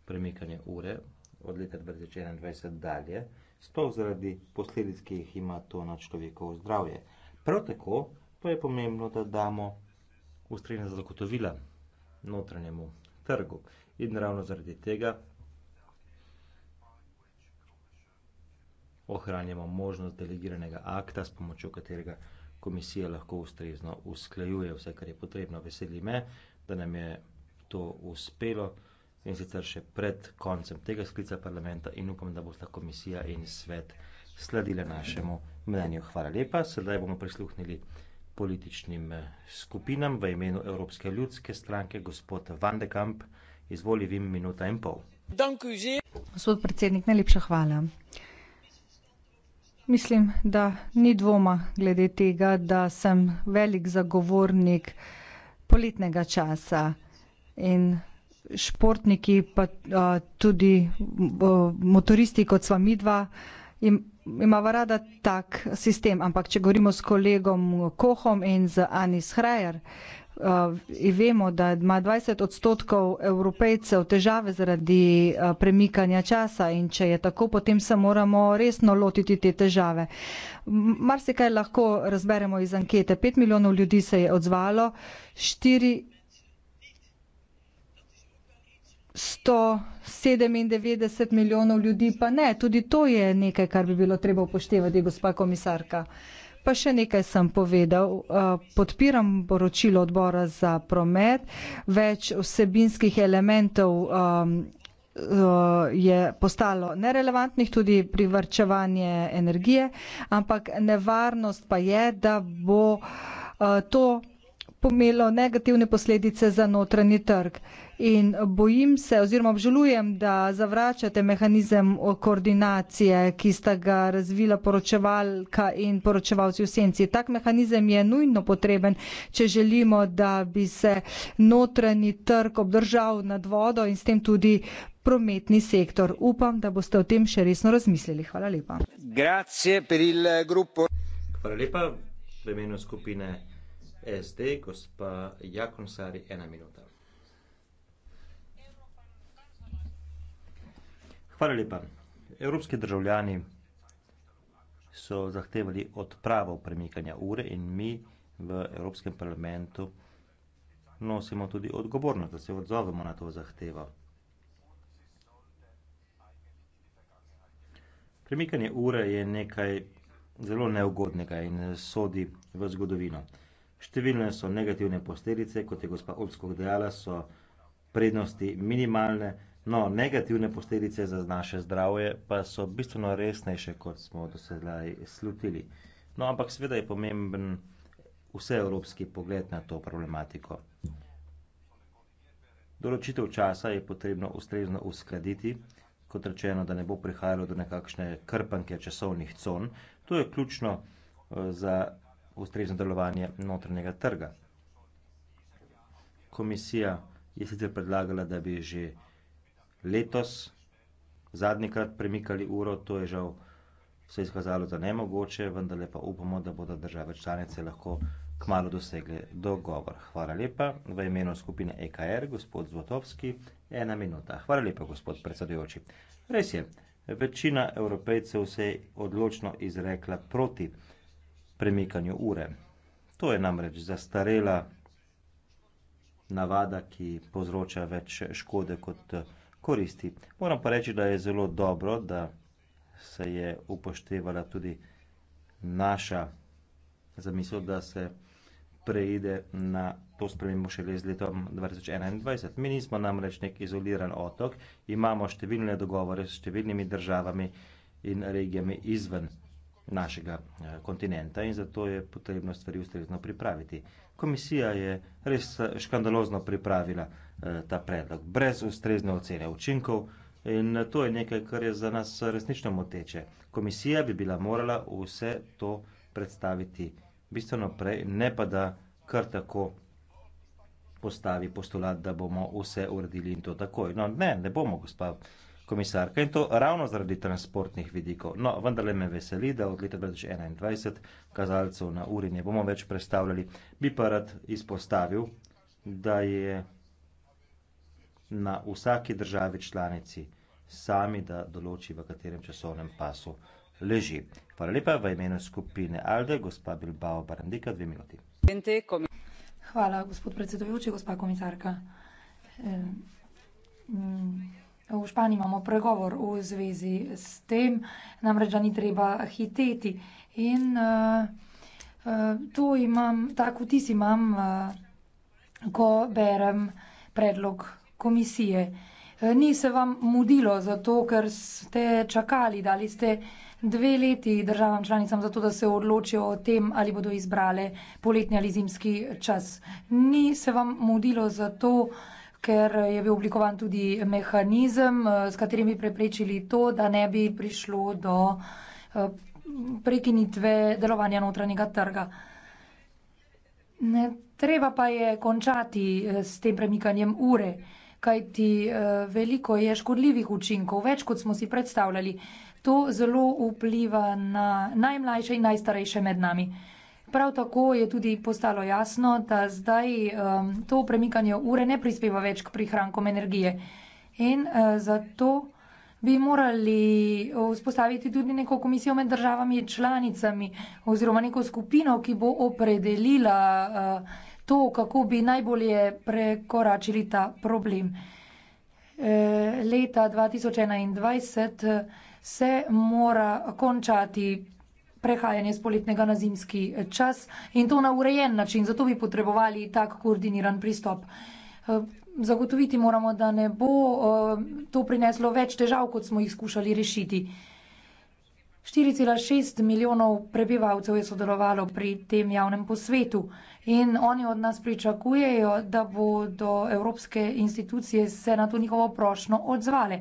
Speaker 8: premikanje ure od leta 2021 dalje, sploh zaradi posledic, ki jih ima to na človekovo zdravje. Prav tako pa je pomembno, da damo ustrezna zagotovila notranjemu trgu. In ravno zaradi tega ohranjamo možnost delegiranega akta, s pomočjo katerega komisija lahko ustrezno usklajuje vse, kar je potrebno. Veseli me, da nam je to uspelo in sicer še pred koncem tega sklica parlamenta in upam, da bosta komisija in svet sledila našemu mnenju. Hvala lepa. Sedaj bomo prisluhnili političnim eh, skupinam v imenu Evropske ljudske stranke, gospod Vandekamp. Izvoli vim minuta in pol. Gospod
Speaker 9: predsednik, najlepša hvala. Mislim, da ni dvoma glede tega, da sem velik zagovornik poletnega časa in športniki, pa a, tudi a, motoristi, kot sva midva, imava rada tak sistem. Ampak, če govorimo s kolegom Kohom in z Anis Hrajer, uh, vemo, da ima 20 odstotkov evropejcev težave zaradi uh, premikanja časa in če je tako, potem se moramo resno lotiti te težave. Mar se kaj lahko razberemo iz ankete. 5 milijonov ljudi se je odzvalo, 497 milijonov ljudi pa ne. Tudi to je nekaj, kar bi bilo treba upoštevati, gospa komisarka. Uh, Pa še nekaj sem povedal. Eh, podpiram poročilo odbora za promet. Več vsebinskih elementov ehm, eh, je postalo nerelevantnih, tudi pri vrčevanje energije, ampak nevarnost pa je, da bo eh, to pomelo negativne posledice za notranji trg in bojim se oziroma obžalujem, da zavračate mehanizem koordinacije, ki sta ga razvila poročevalka in poročevalci v senci. Tak mehanizem je nujno potreben, če želimo, da bi se notranji trg obdržal nad vodo in s tem tudi prometni sektor. Upam, da boste o tem še resno razmislili. Hvala lepa.
Speaker 8: Hvala lepa. V imenu skupine SD, gospa Jakonsari, ena minuta. Hvala lepa. Evropski državljani so zahtevali odpravo premikanja ure in mi v Evropskem parlamentu nosimo tudi odgovornost, da se odzovemo na to zahtevo. Premikanje ure je nekaj zelo neugodnega in sodi v zgodovino. Številne so negativne posledice, kot je gospa Olskog dejala, so prednosti minimalne, No, negativne posledice za naše zdravje pa so bistveno resnejše, kot smo do sedaj slutili. No, ampak seveda je pomemben vseevropski pogled na to problematiko. Določitev časa je potrebno ustrezno uskladiti, kot rečeno, da ne bo prihajalo do nekakšne krpanke časovnih con. To je ključno eh, za ustrezno delovanje notranjega trga. Komisija je sicer predlagala, da bi že letos zadnji krat premikali uro, to je žal se izkazalo za nemogoče, vendar pa upamo, da bodo države članice lahko kmalo dosegle dogovor. Hvala lepa v imenu skupine EKR, gospod Zvotovski, ena minuta. Hvala lepa, gospod predsedujoči. Res je, večina evropejcev se je odločno izrekla proti premikanju ure. To je namreč zastarela navada, ki povzroča več škode kot koristi. Moram pa reči, da je zelo dobro, da se je upoštevala tudi naša zamisel, da se preide na to spremembo šele z letom 2021. Mi nismo namreč nek izoliran otok, imamo številne dogovore s številnimi državami in regijami izven našega eh, kontinenta in zato je potrebno stvari ustrezno pripraviti. Komisija je res eh, škandalozno pripravila eh, ta predlog, brez ustrezne ocene učinkov in to je nekaj, kar je za nas resnično moteče. Komisija bi bila morala vse to predstaviti bistveno prej, ne pa da kar tako postavi postulat, da bomo vse uredili in to takoj. No, ne, ne bomo, gospod komisarka in to ravno zaradi transportnih vidikov. No, vendarle me veseli, da od leta 2021 kazalcev na uri ne bomo več predstavljali. Bi pa rad izpostavil, da je na vsaki državi članici sami, da določi, v katerem časovnem pasu leži. Hvala lepa v imenu skupine Alde, gospa Bilbao Barandika, dve minuti.
Speaker 4: Hvala, gospod predsedujoči, gospa komisarka. Um, um. V Španiji imamo pregovor v zvezi s tem, namreč, da ni treba hiteti. In uh, uh, to imam, tako vtis imam, uh, ko berem predlog komisije. Uh, ni se vam mudilo zato, ker ste čakali, dali ste dve leti državam članicam zato, da se odločijo o tem, ali bodo izbrale poletni ali zimski čas. Ni se vam mudilo zato, ker je bil oblikovan tudi mehanizem, eh, s katerim bi preprečili to, da ne bi prišlo do eh, prekinitve delovanja notranjega trga. Ne, treba pa je končati eh, s tem premikanjem ure, kajti veliko je škodljivih učinkov, več kot smo si predstavljali. To zelo vpliva na najmlajše in najstarejše med nami. Prav tako je tudi postalo jasno, da zdaj um, to premikanje ure ne prispeva več k prihrankom energije. In uh, zato bi morali uh, vzpostaviti tudi neko komisijo med državami in članicami oziroma neko skupino, ki bo opredelila uh, to, kako bi najbolje prekoračili ta problem. E, leta 2021 uh, se mora končati prehajanje z poletnega na zimski čas in to na urejen način, zato bi potrebovali tak koordiniran pristop. Eh, zagotoviti moramo, da ne bo eh, to prineslo več težav, kot smo jih skušali rešiti. 4,6 milijonov prebivalcev je sodelovalo pri tem javnem posvetu in oni od nas pričakujejo, da bodo evropske institucije se na to njihovo prošno odzvale,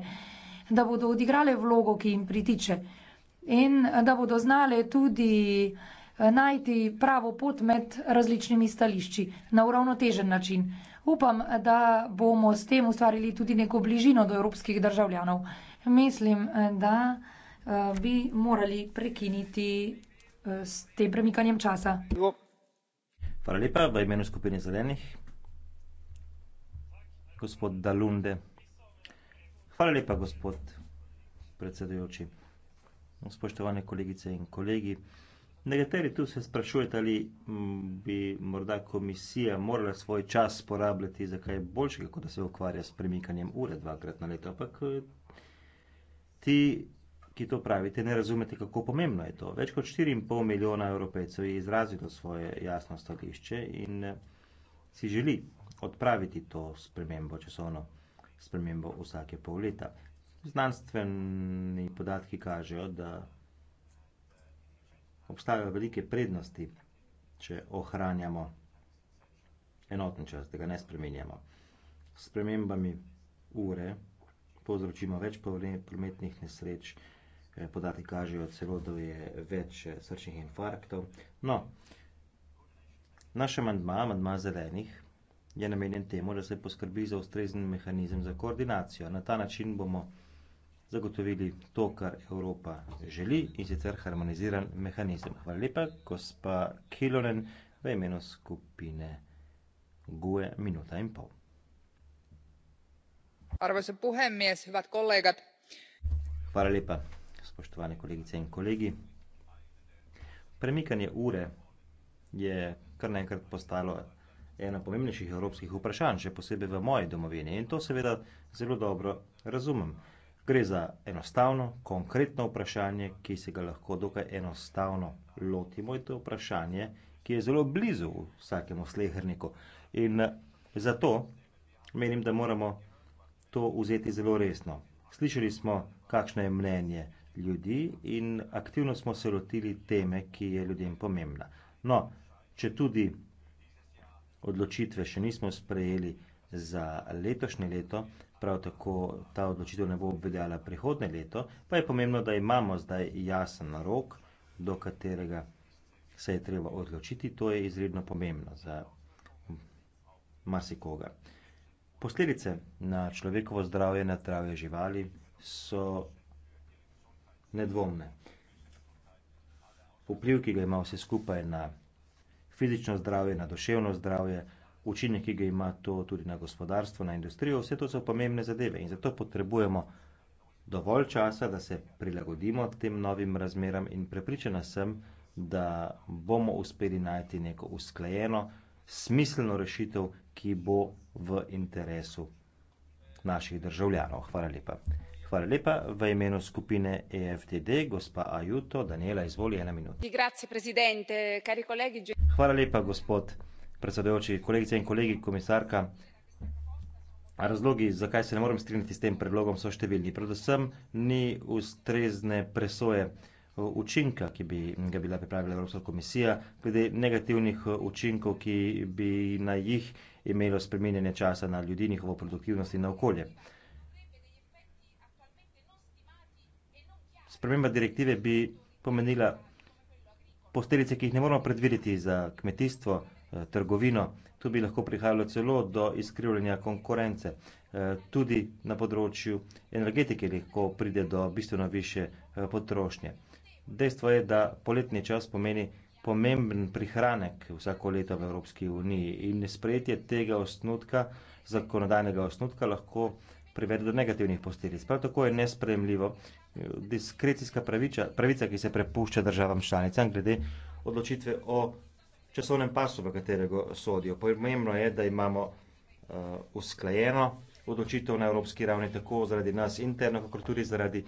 Speaker 4: da bodo odigrale vlogo, ki jim pritiče in da bodo znale tudi eh, najti pravo pot med različnimi stališči na uravnotežen način. Upam, da bomo s tem ustvarili tudi neko bližino do evropskih državljanov. Mislim, eh, da eh, bi morali prekiniti s tem premikanjem časa.
Speaker 8: Hvala lepa v imenu skupine zelenih. Gospod Dalunde. Hvala lepa, gospod predsedujoči spoštovane kolegice in kolegi. Nekateri tu se sprašujete, ali bi morda komisija morala svoj čas porabljati za kaj boljšega, kot da se ukvarja s premikanjem ure dvakrat na leto. Ampak ti, ki to pravite, ne razumete, kako pomembno je to. Več kot 4,5 milijona evropejcev je izrazilo svoje jasno stališče in si želi odpraviti to spremembo, časovno spremembo vsake pol leta. Znanstveni podatki kažejo, da obstajajo velike prednosti, če ohranjamo enoten čas, da ga ne spremenjamo. S premembami ure povzročimo več prometnih nesreč, eh, podatki kažejo celo, da je več eh, srčnih infarktov. No, naš amandma, amandma zelenih, je namenjen temu, da se poskrbi za ustrezen mehanizem za koordinacijo. Na ta način bomo vsega, zagotovili to, kar Evropa želi in sicer harmoniziran mehanizem. Hvala lepa, gospa Kilonen, v imenu skupine GUE minuta in pol.
Speaker 6: Arvoisa puhemies, hyvät kollegat.
Speaker 8: Hvala lepa, spoštovane kolegice in kolegi. Premikanje ure je kar naenkrat postalo ena pomembnejših evropskih vprašanj, še posebej v moji domovini in to seveda zelo dobro razumem. Gre za enostavno, konkretno vprašanje, ki se ga lahko dokaj enostavno lotimo. To je vprašanje, ki je zelo blizu vsakemu slehrniku. In zato menim, da moramo to vzeti zelo resno. Slišali smo, kakšno je mnenje ljudi, in aktivno smo se lotili teme, ki je ljudem pomembna. No, če tudi odločitve še nismo sprejeli za letošnje leto, prav tako ta odločitev ne bo obveljala prihodne leto, pa je pomembno, da imamo zdaj jasen rok, do katerega se je treba odločiti. To je izredno pomembno za marsikoga. Posledice na človekovo zdravje, na zdravje živali so nedvomne. Vpliv, ki ga ima vse skupaj na fizično zdravje, na duševno zdravje, učinek, ki ga ima to tudi na gospodarstvo, na industrijo, vse to so pomembne zadeve in zato potrebujemo dovolj časa, da se prilagodimo tem novim razmeram in prepričana sem, da bomo uspeli najti neko usklajeno, smiselno rešitev, ki bo v interesu naših državljanov. Hvala lepa. Hvala lepa v imenu skupine EFTD, gospa Ajuto, Daniela, izvoli ena minuta. Hvala lepa, gospod predsedujoči, kolegice in kolegi, komisarka. Razlogi, zakaj se ne morem strinjati s tem predlogom, so številni. Predvsem ni ustrezne presoje uh, učinka, ki bi ga bila pripravila Evropska komisija, glede negativnih uh, učinkov, ki bi na jih imelo spreminjanje časa na ljudi, njihovo produktivnost in na okolje. Sprememba direktive bi pomenila posledice, ki jih ne moramo predvideti za kmetijstvo, Eh, trgovino. Tu bi lahko prihajalo celo do izkrivljanja konkurence. Eh, tudi na področju energetike lahko pride do bistveno više eh, potrošnje. Dejstvo je, da poletni čas pomeni pomemben prihranek vsako leto v Evropski uniji in nesprejetje tega osnutka, zakonodajnega osnutka, lahko privede do negativnih posledic. Prav tako je nespremljivo diskrecijska pravica, pravica, ki se prepušča državam članicam glede odločitve o časovnem pasu, v katerega sodijo. Pomembno je, da imamo uh, usklajeno odločitev na evropski ravni, tako zaradi nas interno, kako tudi zaradi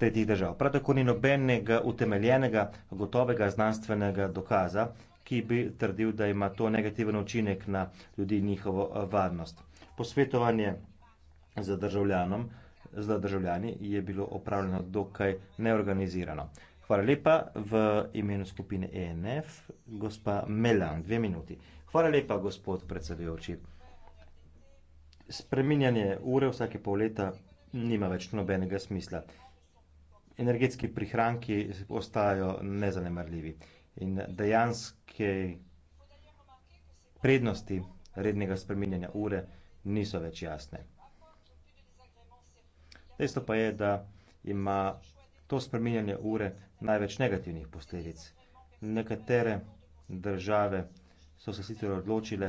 Speaker 8: tretjih držav. Prav tako ni nobenega utemeljenega, gotovega znanstvenega dokaza, ki bi trdil, da ima to negativen učinek na ljudi in njihovo eh, varnost. Posvetovanje za državljanom. Za državljani je bilo opravljeno dokaj neorganizirano. Hvala lepa v imenu skupine ENF, gospa Melan, dve minuti. Hvala lepa, gospod predsedujoči. Spreminjanje ure vsake pol leta nima več nobenega smisla. Energetski prihranki ostajajo nezanemarljivi in dejanske prednosti rednega spreminjanja ure niso več jasne. Dejstvo pa je, da ima to spreminjanje ure največ negativnih posledic. Nekatere države so se sicer odločile,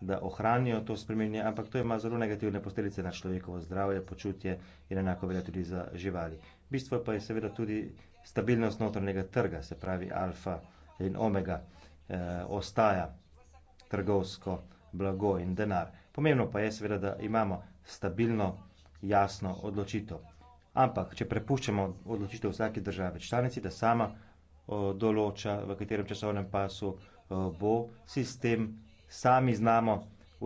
Speaker 8: da ohranijo to spreminjanje, ampak to ima zelo negativne posledice na človekovo zdravje, počutje in enako velja tudi za živali. Bistvo pa je seveda tudi stabilnost notranjega trga, se pravi alfa in omega, e, ostaja trgovsko blago in denar. Pomembno pa je seveda, da imamo stabilno, jasno odločitev. Ampak, če prepuščamo odločitev vsake države članici, da sama eh, določa, v katerem časovnem pasu eh, bo sistem, sami znamo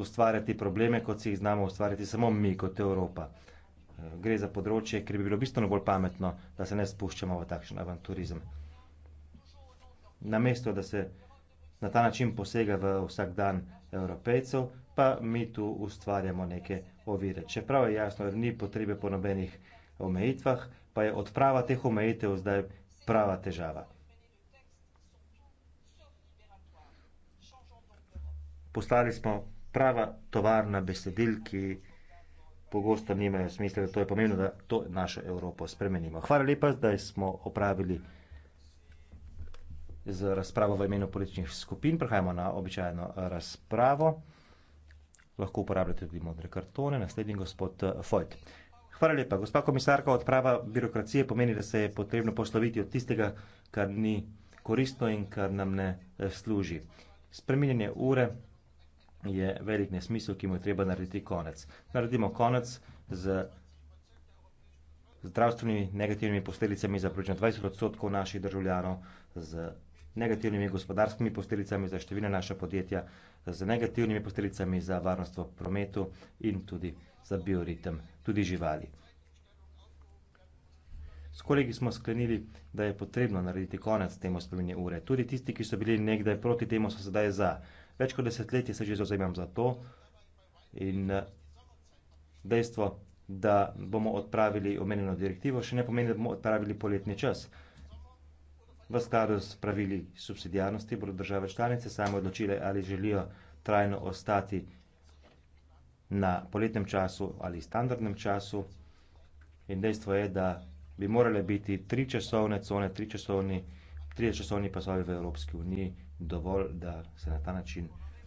Speaker 8: ustvarjati probleme, kot si jih znamo ustvarjati samo mi kot Evropa. Eh, gre za področje, kjer bi bilo bistveno bolj pametno, da se ne spuščamo v takšen avanturizem. Namesto, da se na ta način posega v vsak dan evropejcev, pa mi tu ustvarjamo neke ovire. Čeprav je jasno, da ni potrebe po nobenih omejitvah, pa je odprava teh omejitev zdaj prava težava. Postali smo prava tovarna besedil, ki pogosto nimajo smisla, zato je pomembno, da to našo Evropo spremenimo. Hvala lepa, da smo opravili z razpravo v imenu političnih skupin. Prehajamo na običajno razpravo. Lahko uporabljate tudi modre kartone. Naslednji gospod Fojt. Hvala lepa. Gospa komisarka, odprava birokracije pomeni, da se je potrebno posloviti od tistega, kar ni koristno in kar nam ne eh, služi. Spreminjanje ure je velik nesmisel, ki mu je treba narediti konec. Naredimo konec z zdravstvenimi negativnimi posledicami za približno 20 odstotkov naših državljanov, z negativnimi gospodarskimi posledicami za številne naše podjetja, z negativnimi posledicami za varnost v prometu in tudi za bioritem, tudi živali. S kolegi smo sklenili, da je potrebno narediti konec temu spremenje ure. Tudi tisti, ki so bili nekdaj proti temu, so sedaj za. Več kot desetletje se že zauzemam za to in dejstvo, da bomo odpravili omenjeno direktivo, še ne pomeni, da bomo odpravili poletni čas. V skladu s pravili subsidijarnosti bodo države članice same odločile, ali želijo trajno ostati na poletnem času ali standardnem času. In dejstvo je, da bi morale biti tri časovne cone, tri časovni, tri časovni pasovi v Evropski uniji dovolj, da se na ta način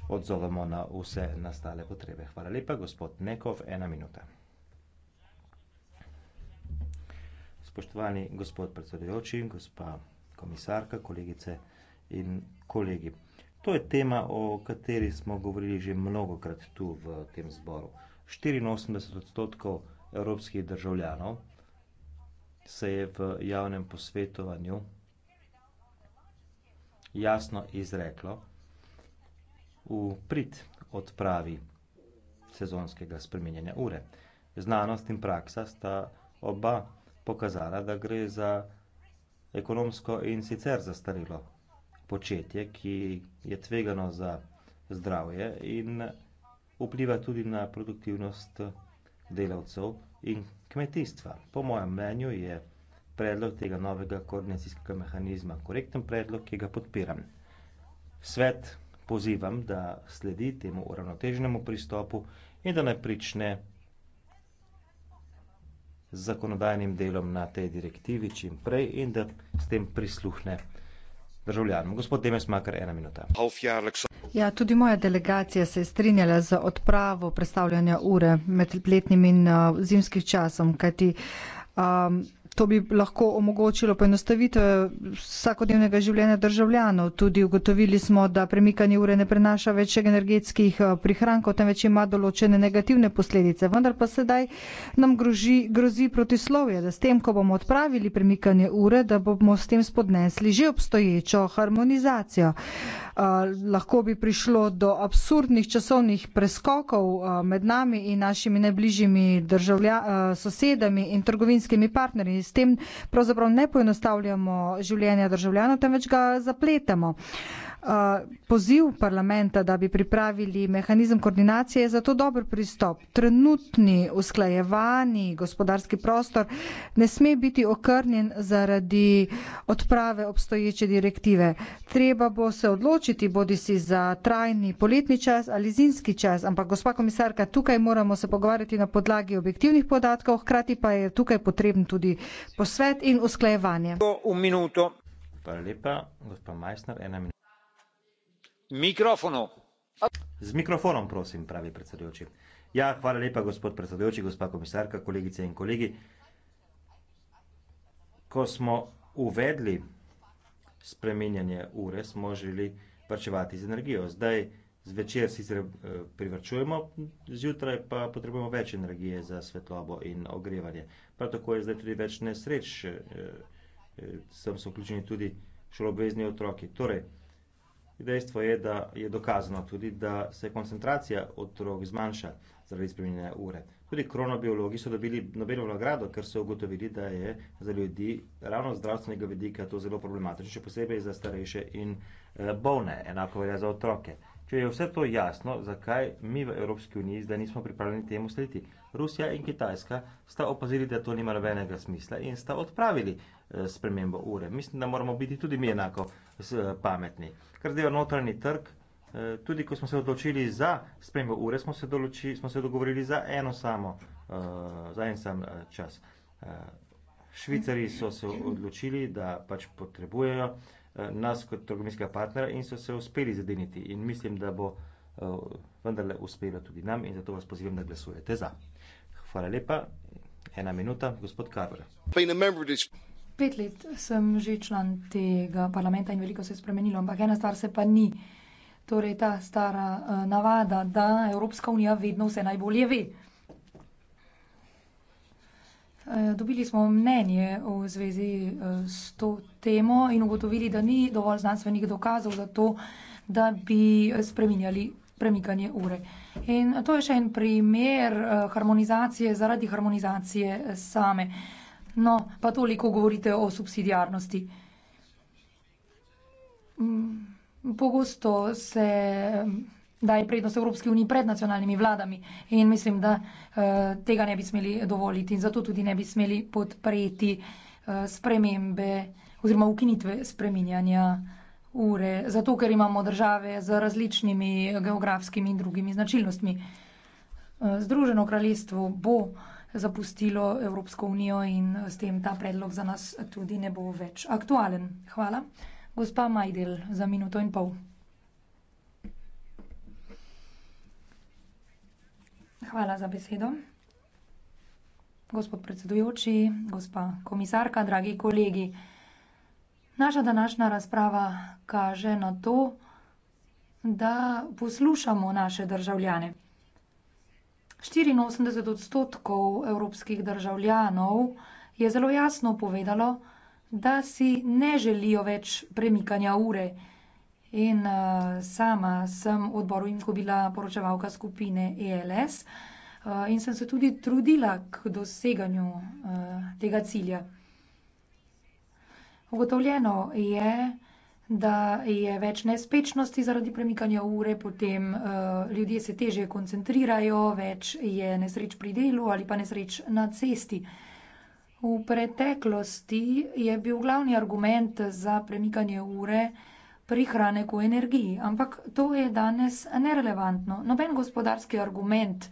Speaker 8: odzovemo na vse nastale potrebe. Hvala lepa, gospod Nekov, ena minuta. Spoštovani gospod predsedujoči, gospa komisarka, kolegice in kolegi. To je tema, o kateri smo govorili že mnogo krat tu v tem zboru. 84 odstotkov evropskih državljanov se je v javnem posvetovanju jasno izreklo v prid odpravi sezonskega spremenjanja ure. Znanost in praksa sta oba pokazala, da gre za ekonomsko in sicer zastarilo početje, ki je tvegano za zdravje in vpliva tudi na produktivnost delavcev in kmetijstva. Po mojem mnenju je predlog tega novega koordinacijskega mehanizma korekten predlog, ki ga podpiram. Svet pozivam, da sledi temu uravnoteženemu pristopu in da naj prične z zakonodajnim delom na tej direktivi čim prej in da s tem prisluhne državljanom. Gospod Demes Makar, ena minuta.
Speaker 9: Ja, tudi moja delegacija se je strinjala za odpravo predstavljanja ure med letnim in uh, zimskim časom, kajti um, to bi lahko omogočilo poenostavitev vsakodnevnega življenja državljanov. Tudi ugotovili smo, da premikanje ure ne prenaša več energetskih eh, prihrankov, temveč ima določene negativne posledice. Vendar pa sedaj nam groži, grozi protislovje, da s tem, ko bomo odpravili premikanje ure, da bomo s tem spodnesli že obstoječo harmonizacijo. Uh, lahko bi prišlo do absurdnih časovnih preskokov uh, med nami in našimi najbližjimi državlja, uh, sosedami in trgovinskimi partnerji s tem pravzaprav ne poenostavljamo življenja državljanov, temveč ga zapletamo poziv parlamenta, da bi pripravili mehanizem koordinacije, je zato dober pristop. Trenutni usklajevani gospodarski prostor ne sme biti okrnjen zaradi odprave obstoječe direktive. Treba bo se odločiti, bodi si za trajni poletni čas ali zimski čas, ampak gospa komisarka, tukaj moramo se pogovarjati na podlagi objektivnih podatkov, hkrati pa je tukaj potreben tudi posvet in usklajevanje.
Speaker 8: Hvala lepa, gospod Majsner, ena minuta. Mikrofonov. Z mikrofonom, prosim, pravi predsedujoči. Ja, hvala lepa, gospod predsedujoči, gospa komisarka, kolegice in kolegi. Ko smo uvedli spreminjanje ure, smo želi vrčevati z energijo. Zdaj zvečer sicer eh, privrčujemo, zjutraj pa potrebujemo več energije za svetlobo in ogrevanje. Prav tako je zdaj tudi več nesreč, eh, eh, sem so vključeni tudi šoloobvezni otroki. Torej, Dejstvo je, da je dokazano tudi, da se koncentracija otrok zmanjša zaradi spremenjene ure. Tudi kronobiologi so dobili Nobelovo nagrado, ker so ugotovili, da je za ljudi ravno z zdravstvenega vidika to zelo problematično, še posebej za starejše in eh, bolne, enako velja za otroke. Če je vse to jasno, zakaj mi v Evropski uniji zdaj nismo pripravljeni temu slediti? Rusija in Kitajska sta opazili, da to nima nobenega smisla in sta odpravili eh, spremembo ure. Mislim, da moramo biti tudi mi enako eh, pametni. Ker zdaj je notranji trg, eh, tudi ko smo se odločili za spremembo ure, smo se, določi, smo se dogovorili za eno samo, eh, za en sam eh, čas. Eh, Švicari so se odločili, da pač potrebujejo eh, Eh, nas kot trgovinskega partnera in so se uspeli zadeniti. In mislim, da bo eh, vendarle uspelo tudi nam in zato vas pozivam, da glasujete za. Hvala lepa. Ena minuta, gospod Karver.
Speaker 4: Pet let sem že član tega parlamenta in veliko se je spremenilo, ampak ena stvar se pa ni. Torej ta stara eh, navada, da Evropska unija vedno vse najbolje ve. Eh, dobili smo mnenje v zvezi, eh, s to temo in ugotovili, da ni dovolj znanstvenih dokazov za to, da bi spreminjali premikanje ure. In to je še en primer, eh, harmonizacije zaradi harmonizacije same. No, pa toliko govorite o subsidiarnosti. Mm, pogosto se, daje prednost Evropski uniji pred nacionalnimi vladami in mislim, da eh, tega ne bi smeli dovoliti in zato tudi ne bi smeli podpreti eh, spremembe oziroma ukinitve spreminjanja ure, zato ker imamo države z različnimi geografskimi in drugimi značilnostmi. Eh, Združeno kraljestvo bo zapustilo Evropsko unijo in s tem ta predlog za nas tudi ne bo več aktualen. Hvala. Gospa Majdel, za minuto in pol. Hvala za besedo. Gospod predsedujoči, gospa komisarka, dragi kolegi. Naša današnja razprava kaže na to, da poslušamo naše državljane. 84 odstotkov evropskih državljanov je zelo jasno povedalo, da si ne želijo več premikanja ure in, eh, sama sem v odboru IMCO bila poročevalka skupine ELS, eh, in sem se tudi trudila k doseganju, eh, tega cilja. Ugotovljeno je, da je več nespečnosti zaradi premikanja ure, potem, ljudje se težje koncentrirajo, več je nesreč pri delu ali pa nesreč na cesti. V preteklosti je bil glavni argument za premikanje ure, prihranek v energiji. Ampak to je danes nerelevantno. Noben gospodarski argument,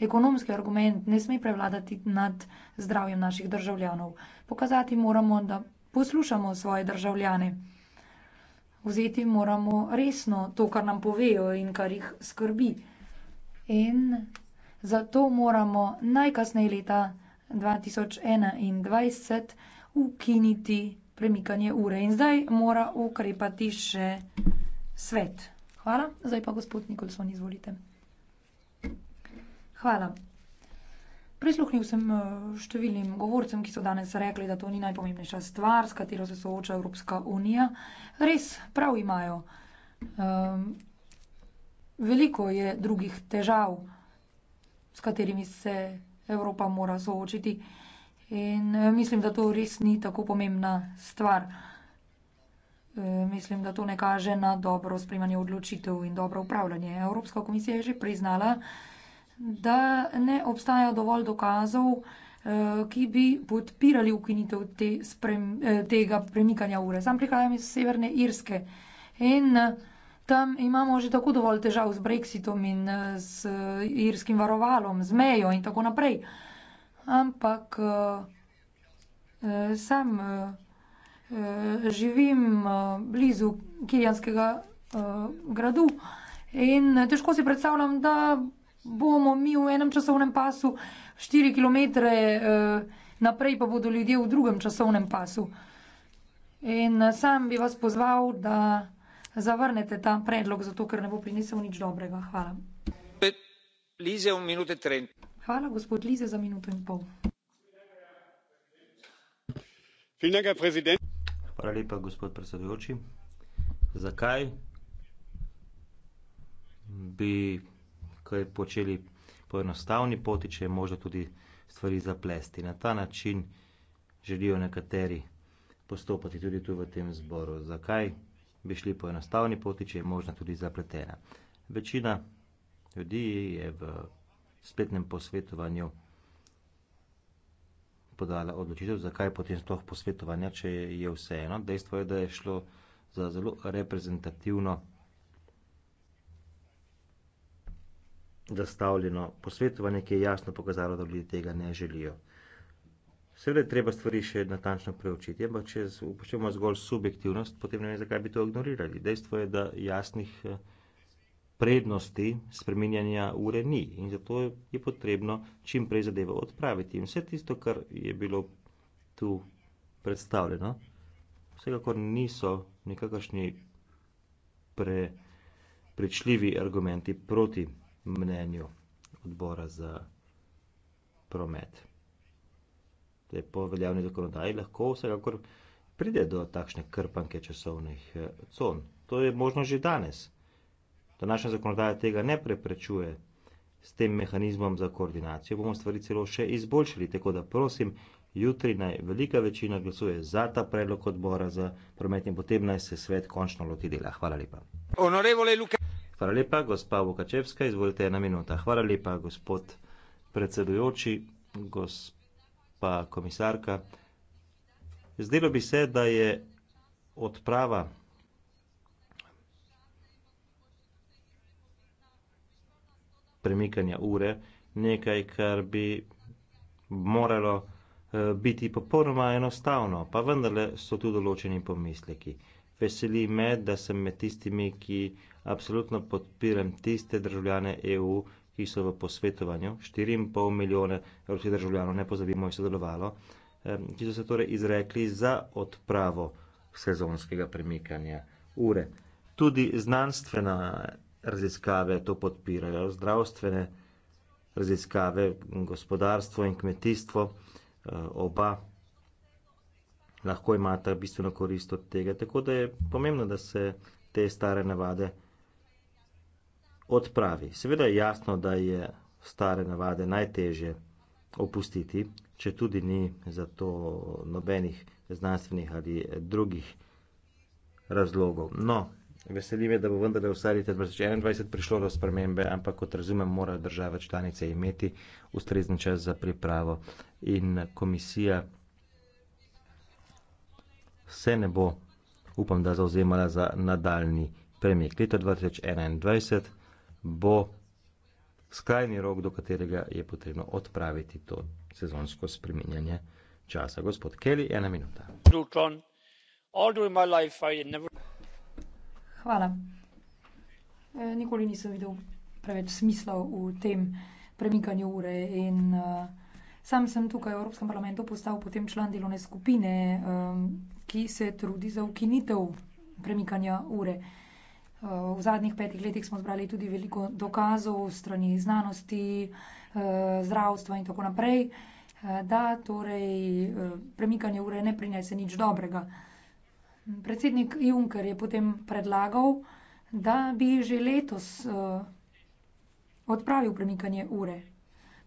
Speaker 4: ekonomski argument ne sme prevladati nad zdravjem naših državljanov. Pokazati moramo, da poslušamo svoje državljane. Vzeti moramo resno to, kar nam povejo in kar jih skrbi. In zato moramo najkasneje leta 2021 ukiniti premikanje ure. In zdaj mora ukrepati še svet. Hvala. Zdaj pa gospod Nikolson, izvolite. Hvala. Prisluhnil sem eh, številnim govorcem, ki so danes rekli, da to ni najpomembnejša stvar, s katero se sooča Evropska unija. Res prav imajo. Um, veliko je drugih težav, s katerimi se Evropa mora soočiti. Uh, In eh, mislim, da to res ni tako pomembna stvar. Eh, mislim, da to ne kaže na dobro sprejmanje odločitev in dobro upravljanje. Evropska komisija je že priznala, da ne obstaja dovolj dokazov, eh, ki bi podpirali ukinitev te sprem, tega premikanja ure. Sam prihajam iz Severne Irske in tam imamo že tako dovolj težav z Brexitom in s irskim varovalom, z mejo in tako naprej ampak eh, eh, sem eh, živim blizu Kirjanskega gradu in težko si predstavljam, da bomo mi v enem časovnem pasu štiri kilometre naprej pa bodo ljudje v drugem časovnem pasu. In sam bi vas pozval, da zavrnete ta predlog, zato ker ne bo prinesel nič dobrega. Hvala. Hvala, gospod Liese, za minuto in pol.
Speaker 8: Hvala lepa, gospod predsedujoči. Zakaj bi kaj počeli po enostavni poti, če je možno tudi stvari zaplesti? Na ta način želijo nekateri postopati tudi tu v tem zboru. Zakaj bi šli po enostavni poti, če je možno tudi zapletena? Večina ljudi je v spletnem posvetovanju podala odločitev, zakaj potem sploh posvetovanja, če je vseeno. Dejstvo je, da je šlo za zelo reprezentativno zastavljeno posvetovanje, ki je jasno pokazalo, da ljudje tega ne želijo. Seveda je treba stvari še natančno preučiti, ampak če upoštevamo zgolj subjektivnost, potem ne vem, zakaj bi to ignorirali. Dejstvo je, da jasnih eh, prednosti spreminjanja ure ni in zato je potrebno čim prej zadevo odpraviti. In vse tisto, kar je bilo tu predstavljeno, vsekakor niso nekakšni pre, prečljivi argumenti proti mnenju odbora za promet. Zdaj, po veljavni zakonodaji lahko vsekakor pride do takšne krpanke časovnih eh, con. To je možno že danes. Današnja zakonodaja tega ne preprečuje. S tem mehanizmom za koordinacijo bomo stvari celo še izboljšali. Tako da prosim, jutri naj velika večina glasuje za ta predlog odbora za promet in potem naj se svet končno loti dela. Hvala lepa. Hvala lepa, gospa Vukačevska, izvolite ena minuta. Hvala lepa, gospod predsedujoči, gospa komisarka. Zdelo bi se, da je odprava premikanja ure, nekaj, kar bi moralo eh, biti popolnoma enostavno, pa vendarle so tu določeni pomisleki. Veseli me, da sem med tistimi, ki absolutno podpiram tiste državljane EU, ki so v posvetovanju, 4,5 milijone evropskih državljanov, ne pozabimo, je sodelovalo, eh, ki so se torej izrekli za odpravo sezonskega premikanja ure. Tudi znanstvena raziskave to podpirajo, zdravstvene raziskave, gospodarstvo in kmetijstvo, eh, oba lahko imata bistveno korist od tega. Tako da je pomembno, da se te stare navade odpravi. Seveda je jasno, da je stare navade najteže opustiti, če tudi ni za to nobenih znanstvenih ali drugih razlogov. No, Veseli me, da bo vendarle vsaj leta 2021 prišlo do spremembe, ampak kot razumem, morajo države članice imeti ustrezen čas za pripravo in komisija se ne bo, upam, da zauzemala za nadaljni premik. Leto 2021 bo skrajni rok, do katerega je potrebno odpraviti to sezonsko spreminjanje časa. Gospod Kelly, ena minuta.
Speaker 3: All through my life I never...
Speaker 4: Hvala. E, nikoli nisem videl preveč smisla v tem premikanju ure in e, sam sem tukaj v Evropskem parlamentu postal potem član delovne skupine, e, ki se trudi za ukinitev premikanja ure. V zadnjih petih letih smo zbrali tudi veliko dokazov strani znanosti, zdravstva in tako naprej, da torej premikanje ure ne prinese nič dobrega. Predsednik Juncker je potem predlagal, da bi že letos uh, odpravil premikanje ure.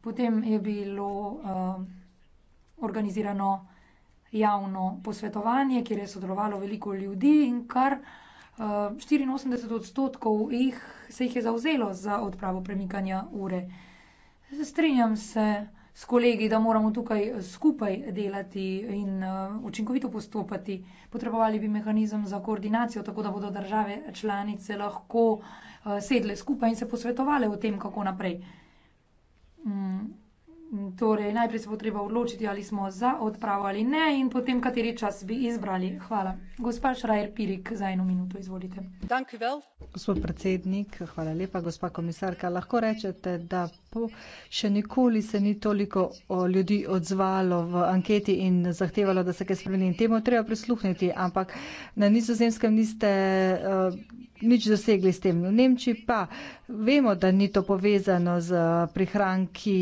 Speaker 4: Potem je bilo uh, organizirano javno posvetovanje, kjer je sodelovalo veliko ljudi in kar uh, eh, 84 odstotkov jih, se jih je zauzelo za odpravo premikanja ure. Strenjam se s kolegi, da moramo tukaj eh, skupaj delati in eh, učinkovito postopati. Potrebovali bi mehanizem za koordinacijo, tako da bodo države članice lahko eh, sedle skupaj in se posvetovali o tem, kako naprej. Mm, torej, najprej se bo treba odločiti, ali smo za odpravo ali ne, in potem kateri čas bi izbrali. Hvala. Gospa Šrajer Pirik, za eno minuto, izvolite.
Speaker 9: Gospod predsednik, hvala lepa. Gospa komisarka, lahko rečete, da Še nikoli se ni toliko ljudi odzvalo v anketi in zahtevalo, da se kaj spremeni. In temu treba prisluhniti, ampak na nizozemskem niste uh, nič dosegli s tem. V Nemčiji pa vemo, da ni to povezano z prihranki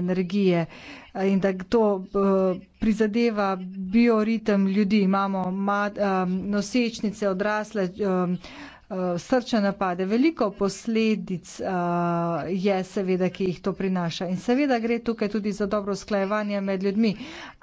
Speaker 9: energije eh, in da to uh, prizadeva bioritem ljudi. Imamo ma, um, eh, nosečnice, odrasle. Um, uh, srčne napade. Veliko posledic uh, je seveda, ki jih to prinaša. In seveda gre tukaj tudi za dobro sklajevanje med ljudmi,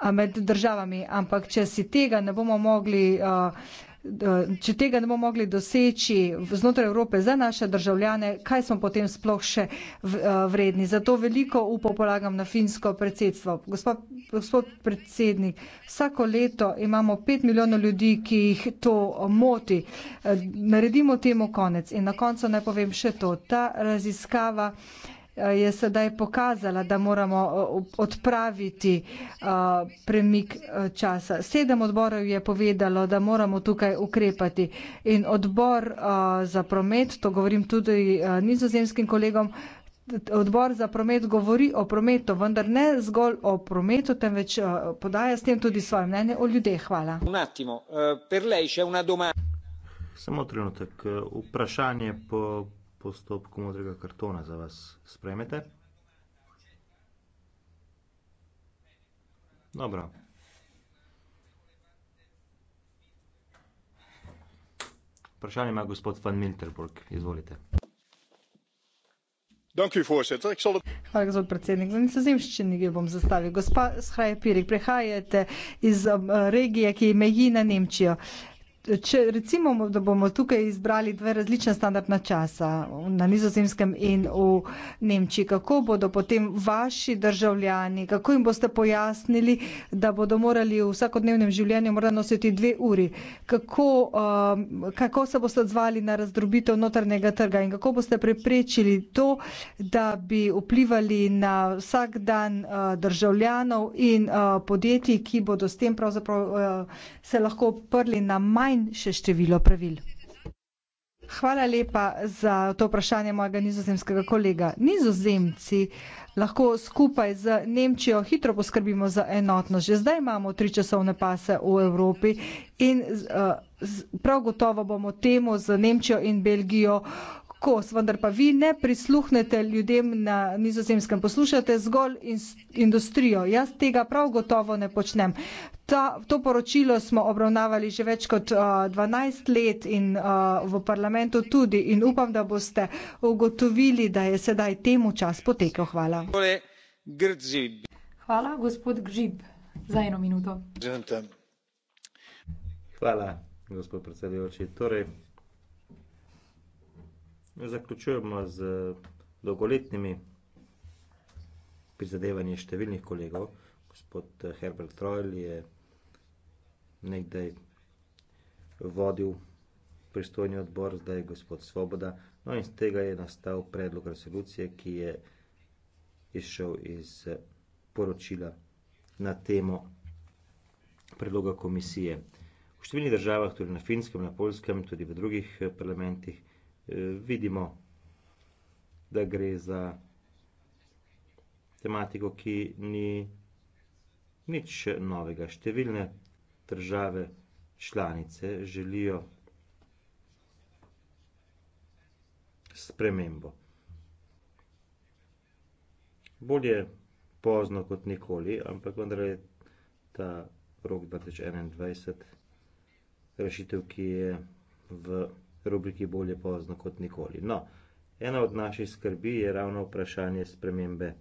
Speaker 9: uh, med državami. Ampak če si tega ne bomo mogli. Uh, Eh, če tega ne bomo mogli doseči znotraj Evrope za naše državljane, kaj smo potem sploh še eh, vredni. Zato veliko upo polagam na finsko predsedstvo. Gospod, gospod predsednik, vsako leto imamo pet milijonov ljudi, ki jih to moti. Eh, naredimo temu konec. In na koncu naj povem še to. Ta raziskava Eh, je sedaj pokazala, da moramo eh, odpraviti eh, premik časa. Sedem odborov je povedalo, da moramo tukaj ukrepati in odbor za promet, to govorim tudi nizozemskim kolegom, Odbor za promet govori o prometu, vendar ne zgolj o prometu, temveč podaja s tem tudi svoje mnenje o ljudeh. Hvala.
Speaker 8: Samo trenutek. Vprašanje po postopku modrega kartona za vas spremete. Dobro. Vprašanje ima gospod van Milterburg. Izvolite.
Speaker 9: Hvala, gospod predsednik. Na nizozemščini ga bom zastavil. Gospa Schreier-Pirik, prihajate iz um, regije, ki meji na Nemčijo. Uh, če recimo, da bomo tukaj izbrali dve različna standardna časa na nizozemskem in v Nemčiji, kako bodo potem vaši državljani, kako jim boste pojasnili, da bodo morali v vsakodnevnem življenju morda nositi dve uri, kako, um, kako se boste odzvali na razdrobitev notrnega trga in kako boste preprečili to, da bi vplivali na vsak dan uh, državljanov in uh, podjetij, ki bodo s tem pravzaprav uh, se lahko oprli na manj in še število pravil. Hvala lepa za to vprašanje mojega nizozemskega kolega. Nizozemci lahko skupaj z Nemčijo hitro poskrbimo za enotnost. Že zdaj imamo tri časovne pase v Evropi in uh, prav gotovo bomo temu z Nemčijo in Belgijo uh, kos, vendar pa vi ne prisluhnete ljudem na nizozemskem, poslušate zgolj industrijo. Jaz tega prav gotovo ne počnem. Ta, to poročilo smo obravnavali že več kot uh, eh, 12 let in uh, v parlamentu tudi in upam, da boste ugotovili, da je sedaj temu čas potekel. Hvala. Hvala,
Speaker 4: gospod Gžib, za eno minuto.
Speaker 7: Hvala,
Speaker 8: gospod predsedujoči. Torej, Zaključujemo z dolgoletnimi prizadevanji številnih kolegov. Gospod eh, Herbert Trojl je nekdaj vodil pristojni odbor, zdaj je gospod Svoboda. No in z tega je nastal predlog resolucije, ki je izšel iz eh, poročila na temo predloga komisije. V številnih državah, tudi na Finskem, na Polskem, tudi v drugih eh, parlamentih, Eh, vidimo, da gre za tematiko, ki ni nič novega. Številne države članice želijo spremembo. Bolje pozno kot nikoli, ampak vendar je ta rok 2021 rešitev, ki je v rubriki Bolje pozno kot nikoli. No, ena od naših skrbi je ravno vprašanje spremembe.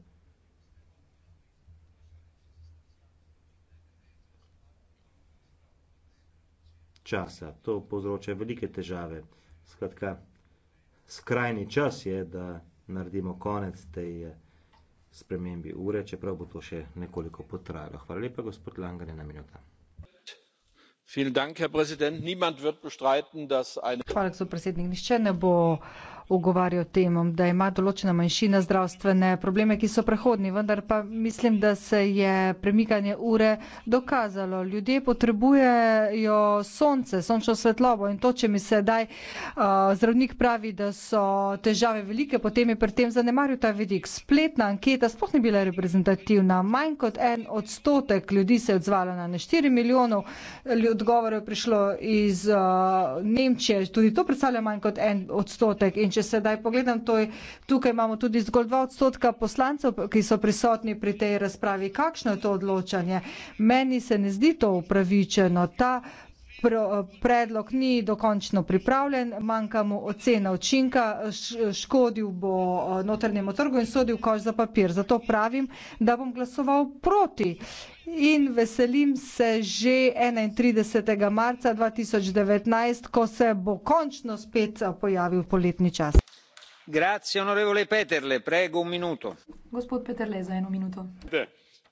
Speaker 8: Časa. To povzroča velike težave. Skratka, skrajni čas je, da naredimo konec tej eh, spremembi ure, čeprav bo to še nekoliko potrajalo. Hvala lepa, gospod Langer, na minuto
Speaker 3: herr präsident! niemand wird bestreiten
Speaker 8: dass eine
Speaker 9: ugovarjal temom, da ima določena manjšina zdravstvene probleme, ki so prehodni, vendar pa mislim, da se je premikanje ure dokazalo. Ljudje potrebujejo sonce, sončno svetlobo in to, če mi sedaj zdravnik pravi, da so težave velike, potem je pri tem zanemaril ta vidik. Spletna anketa sploh ni bila reprezentativna. Manj kot en odstotek ljudi se je odzvalo na ne 4 milijonov odgovorov prišlo iz Nemčije. Tudi to predstavlja manj kot en odstotek. In če če sedaj pogledam, je, tukaj imamo tudi zgolj dva odstotka poslancev, ki so prisotni pri tej razpravi. Kakšno je to odločanje? Meni se ne zdi to upravičeno. Ta Eh, predlog ni dokončno pripravljen, manjka mu ocena učinka, škodil bo eh, notrnemu trgu in sodil koš za papir. Zato pravim, da bom glasoval proti. In veselim se že 31. marca
Speaker 1: 2019,
Speaker 9: ko se bo končno spet eh, pojavil poletni čas.
Speaker 1: Grazie,
Speaker 3: onorevole Peterle, prego un minuto.
Speaker 4: Gospod Peterle, za eno minuto.
Speaker 3: De.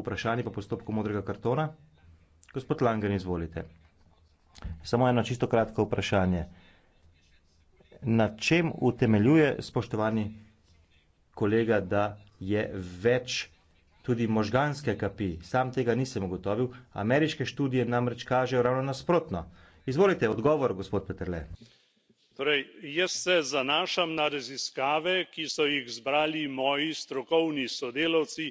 Speaker 8: vprašanji po postopku modrega kartona. Gospod Langen, izvolite. Samo eno čisto kratko vprašanje. Na čem utemeljuje, spoštovani kolega, da je več tudi možganske kapi? Sam tega nisem ugotovil. Ameriške študije namreč kažejo ravno nasprotno. Izvolite, odgovor, gospod Peterle.
Speaker 3: Torej, jaz se zanašam na raziskave, ki so jih zbrali moji strokovni sodelavci,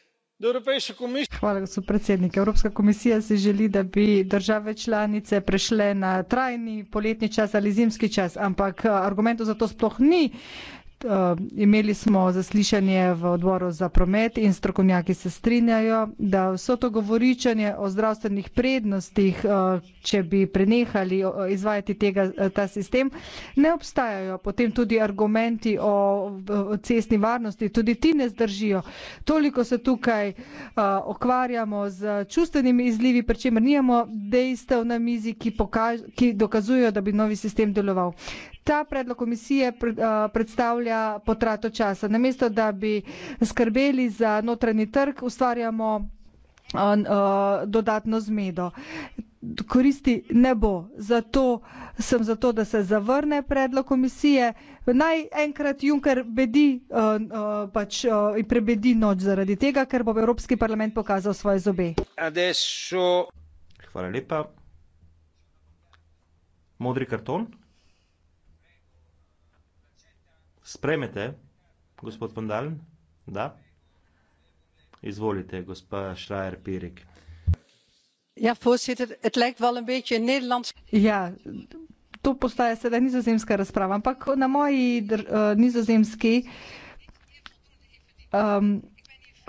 Speaker 3: Hvala,
Speaker 9: gospod predsednik. Evropska komisija si želi, da bi države članice prešle na trajni poletni čas ali zimski čas, ampak eh, argumentov za to sploh ni. Eh, imeli smo zaslišanje v odboru za promet in strokovnjaki se strinjajo, da vso to govoričanje o zdravstvenih prednostih, eh, če bi prenehali eh, izvajati tega, ta sistem, ne obstajajo. Potem tudi argumenti o cestni varnosti, tudi ti ne zdržijo. Toliko se tukaj okvarjamo z čustvenimi izlivi, pri čemer nimamo dejstev na mizi, ki, pokaž, ki dokazujo, da bi novi sistem deloval. Ta predlog komisije eh, predstavlja potrato časa. Namesto, da bi skrbeli za notranji trg, ustvarjamo eh, eh, dodatno zmedo. Koristi ne bo. Zato sem zato, da se zavrne predlog komisije. Naj enkrat Juncker bedi pač in prebedi noč zaradi tega, ker bo Evropski parlament pokazal svoje
Speaker 5: zobe.
Speaker 8: Hvala lepa. Modri karton. Spremete, gospod Van Dalen? Da? Izvolite, gospa Schreier Pirik.
Speaker 9: Ja, voorzitter, het lijkt wel een beetje Nederlands. Ja, to postaje sedaj nizozemska razprava, ampak na moji uh, nizozemski um,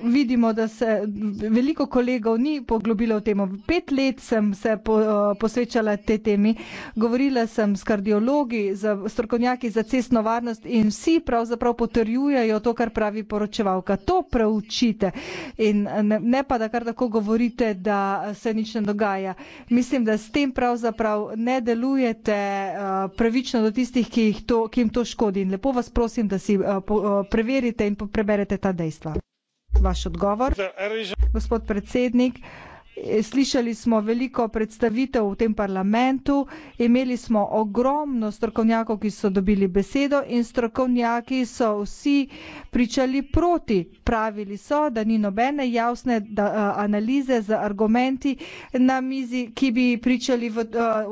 Speaker 9: vidimo, da se veliko kolegov ni poglobilo v temo. Pet let sem se po, eh, posvečala te temi. Govorila sem s kardiologi, z strokovnjaki za cestno varnost in vsi pravzaprav potrjujejo to, kar pravi poročevalka. To preučite in ne, ne pa, da kar tako govorite, da se nič ne dogaja. Mislim, da s tem pravzaprav ne delujete eh, pravično do tistih, ki, to, ki jim to škodi. In lepo vas prosim, da si eh, preverite in preberete ta dejstva vaš odgovor. Gospod predsednik, Slišali smo veliko predstavitev v tem parlamentu, imeli smo ogromno strokovnjakov, ki so dobili besedo in strokovnjaki so vsi pričali proti. Pravili so, da ni nobene jasne da, analize z argumenti na mizi, ki bi pričali v,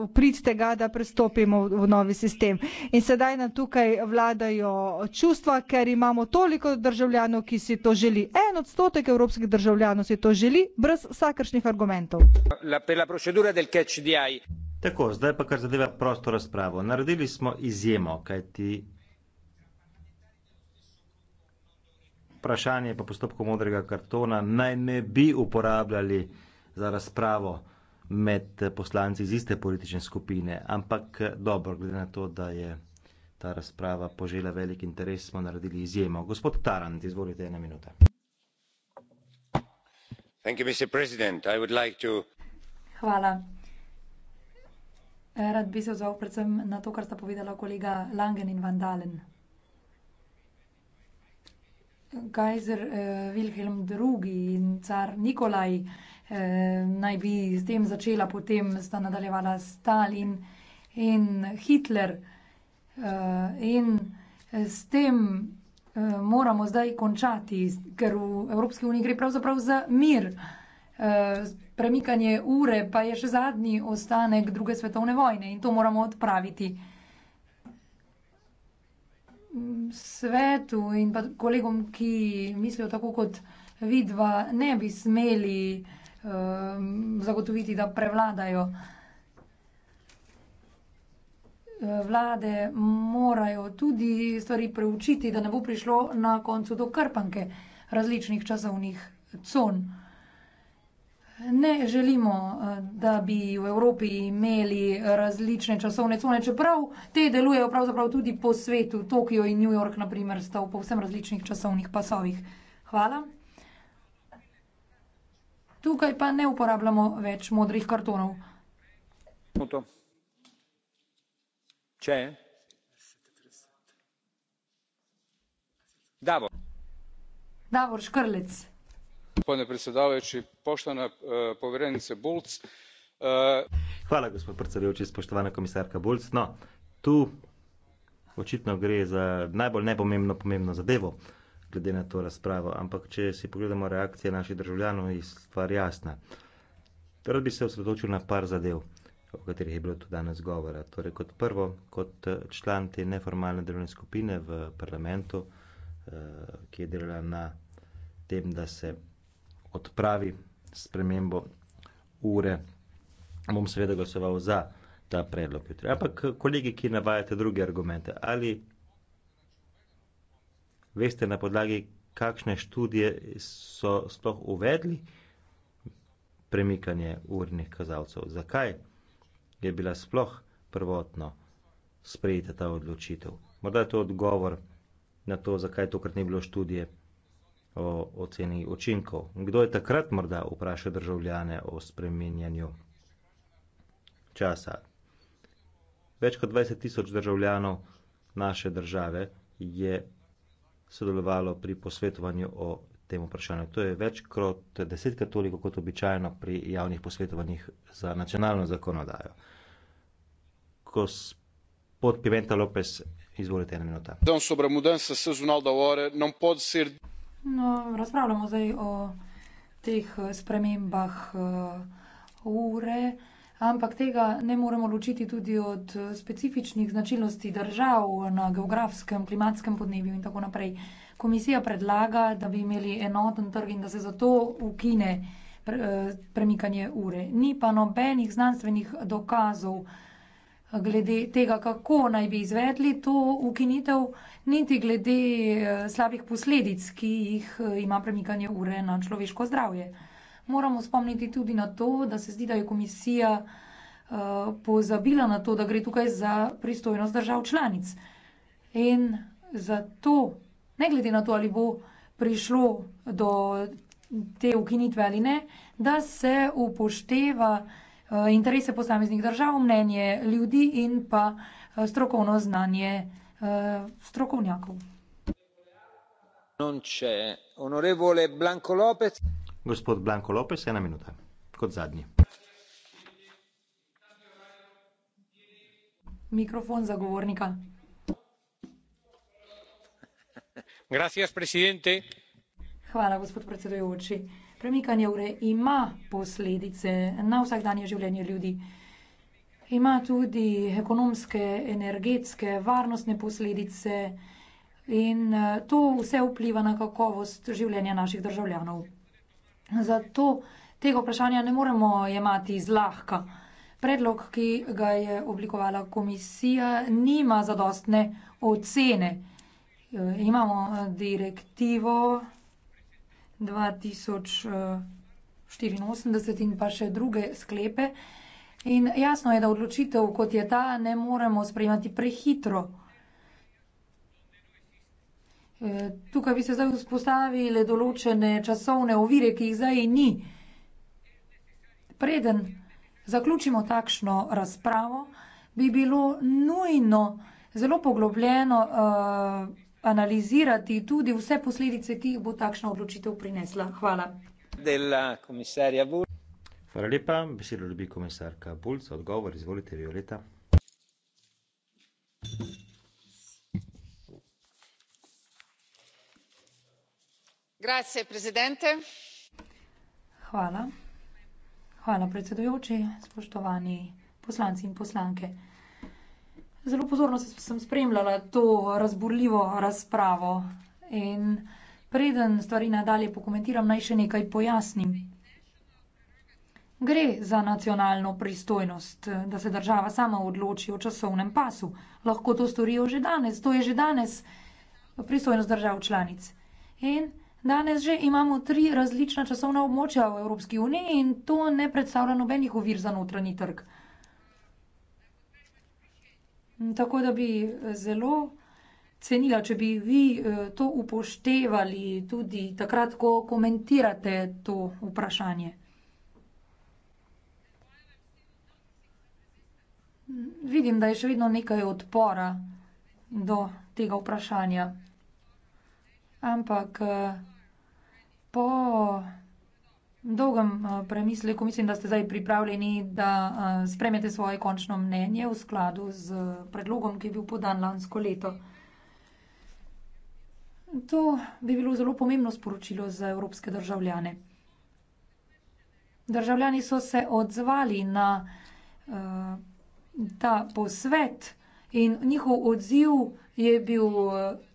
Speaker 9: v prid tega, da prestopimo v, v novi sistem. In sedaj nam tukaj vladajo čustva, ker imamo toliko državljanov, ki si to želi. En odstotek evropskih državljanov si to želi, brez vsakršnih argumentov argumentov.
Speaker 8: Tako, zdaj pa kar zadeva prosto razpravo. Naredili smo izjemo, kaj ti vprašanje pa postopko modrega kartona naj ne bi uporabljali za razpravo med poslanci iz iste politične skupine. Ampak dobro, glede na to, da je ta razprava požela velik interes, smo naredili izjemo. Gospod Tarant, izvolite ena minuta
Speaker 7: mr
Speaker 1: president i would like to.
Speaker 4: Hvala. Rad bi se odzval predvsem na to, kar sta povedala kolega Langen in Vandalen. Kajzer eh, Wilhelm II in car Nikolaj eh, naj bi s tem začela, potem sta nadaljevala Stalin in Hitler eh, in s tem Eh, moramo zdaj končati, ker v Evropski uniji gre pravzaprav za mir. Eh, premikanje ure pa je še zadnji ostanek druge svetovne vojne in to moramo odpraviti. Svetu in pa kolegom, ki mislijo tako kot vidva, ne bi smeli um, zagotoviti, da prevladajo vlade morajo tudi stvari preučiti, da ne bo prišlo na koncu do krpanke različnih časovnih con. Ne želimo, eh, da bi v Evropi imeli različne časovne cone, čeprav te delujejo pravzaprav tudi po svetu. Tokio in New York, naprimer, sta v povsem različnih časovnih pasovih. Hvala. Tukaj pa ne uporabljamo več modrih kartonov. Hvala
Speaker 3: če gospodine predsedujoči poštovana eh, povjerenice bulc eh,
Speaker 8: hvala gospod predsedujoči spoštovana komisarka bulc no tu očitno gre za najbolj nepomembno pomembno zadevo glede na to razpravo ampak če si pogledamo reakcije naših državljanov je stvar jasna rad bi se osredotočil na par zadev o katerih je bilo tudi danes govora. Torej, kot prvo, kot eh, član te neformalne delovne skupine v parlamentu, eh, ki je delala na tem, da se odpravi spremembo ure, bom seveda glasoval za ta predlog. Ampak, eh, kolegi, ki navajate druge argumente, ali veste na podlagi, kakšne študije so sploh uvedli premikanje urnih kazalcev? Zakaj? je bila sploh prvotno sprejeta ta odločitev. Morda je to odgovor na to, zakaj tokrat ni bilo študije o oceni učinkov. Kdo je takrat morda vprašal državljane o spremenjanju časa? Več kot 20 tisoč državljanov naše države je sodelovalo pri posvetovanju o tem vprašanju. To je večkrat desetkrat toliko kot običajno pri javnih posvetovanjih za nacionalno zakonodajo. Gospod Pimenta Lopes, izvolite ena minuta.
Speaker 1: Danes obramudan se se
Speaker 3: zunal da vore, nam pod sir.
Speaker 4: No, razpravljamo zdaj o teh spremembah uh, ure, ampak tega ne moremo ločiti tudi od specifičnih značilnosti držav na geografskem, klimatskem podnebju in tako naprej. Uh, Komisija predlaga, da bi imeli enoten trg in da se zato ukine eh, premikanje ure. Ni pa nobenih znanstvenih dokazov eh, glede tega, kako naj bi izvedli to ukinitev, niti glede eh, slabih posledic, ki jih ima premikanje ure na človeško zdravje. Moramo spomniti tudi na to, da se zdi, da je komisija pozabila na to, da gre tukaj za pristojnost držav članic. In zato ne glede na to, ali bo prišlo do te ukinitve ali ne, da se upošteva eh, interese posameznih držav, mnenje ljudi in pa eh, strokovno znanje eh, strokovnjakov.
Speaker 8: Gospod Blanko Lopez, ena minuta, kot zadnji.
Speaker 4: Mikrofon zagovornika.
Speaker 7: Hvala,
Speaker 4: gospod predsedujoči. Premikanje ure ima posledice na vsakdanje življenje ljudi. Ima tudi ekonomske, energetske, varnostne posledice in to vse vpliva na kakovost življenja naših državljanov. Zato tega vprašanja ne moremo jemati zlahka. Predlog, ki ga je oblikovala komisija, nima zadostne ocene. Eh, imamo eh, direktivo 2084 eh, in pa še druge sklepe. In jasno je, da odločitev, kot je ta, ne moremo sprejemati prehitro. Tukaj bi se zdaj vzpostavile določene časovne ovire, ki jih zdaj ni. Preden zaključimo takšno razpravo, bi bilo nujno, zelo poglobljeno. Uh, analizirati tudi vse posledice, ki jih bo takšna odločitev prinesla. Hvala.
Speaker 8: Hvala lepa. Besedo dobi komisarka Bulc. Odgovor, izvolite, Violeta.
Speaker 6: Grazie, presidente.
Speaker 4: Hvala. Hvala, predsedujoči, spoštovani poslanci in poslanke. Zelo pozorno sem spremljala to razburljivo razpravo in preden stvari nadalje pokomentiram, naj še nekaj pojasnim. Gre za nacionalno pristojnost, da se država sama odloči o časovnem pasu. Lahko to storijo že danes, to je že danes pristojnost držav članic. In danes že imamo tri različna časovna območja v Evropski uniji in to ne predstavlja nobenih ovir za notranji trg. Mm, tako da bi eh, zelo cenila, če bi vi eh, to upoštevali tudi takrat, ko komentirate to vprašanje. Mm, vidim, da je še vedno nekaj odpora do tega vprašanja. Ampak eh, po dolgem eh, premisleku mislim, da ste zdaj pripravljeni, da eh, spremete svoje končno mnenje v skladu z eh, predlogom, ki je bil podan lansko leto. To bi bilo zelo pomembno sporočilo za evropske državljane. Državljani so se odzvali na uh, ta posvet in njihov odziv je bil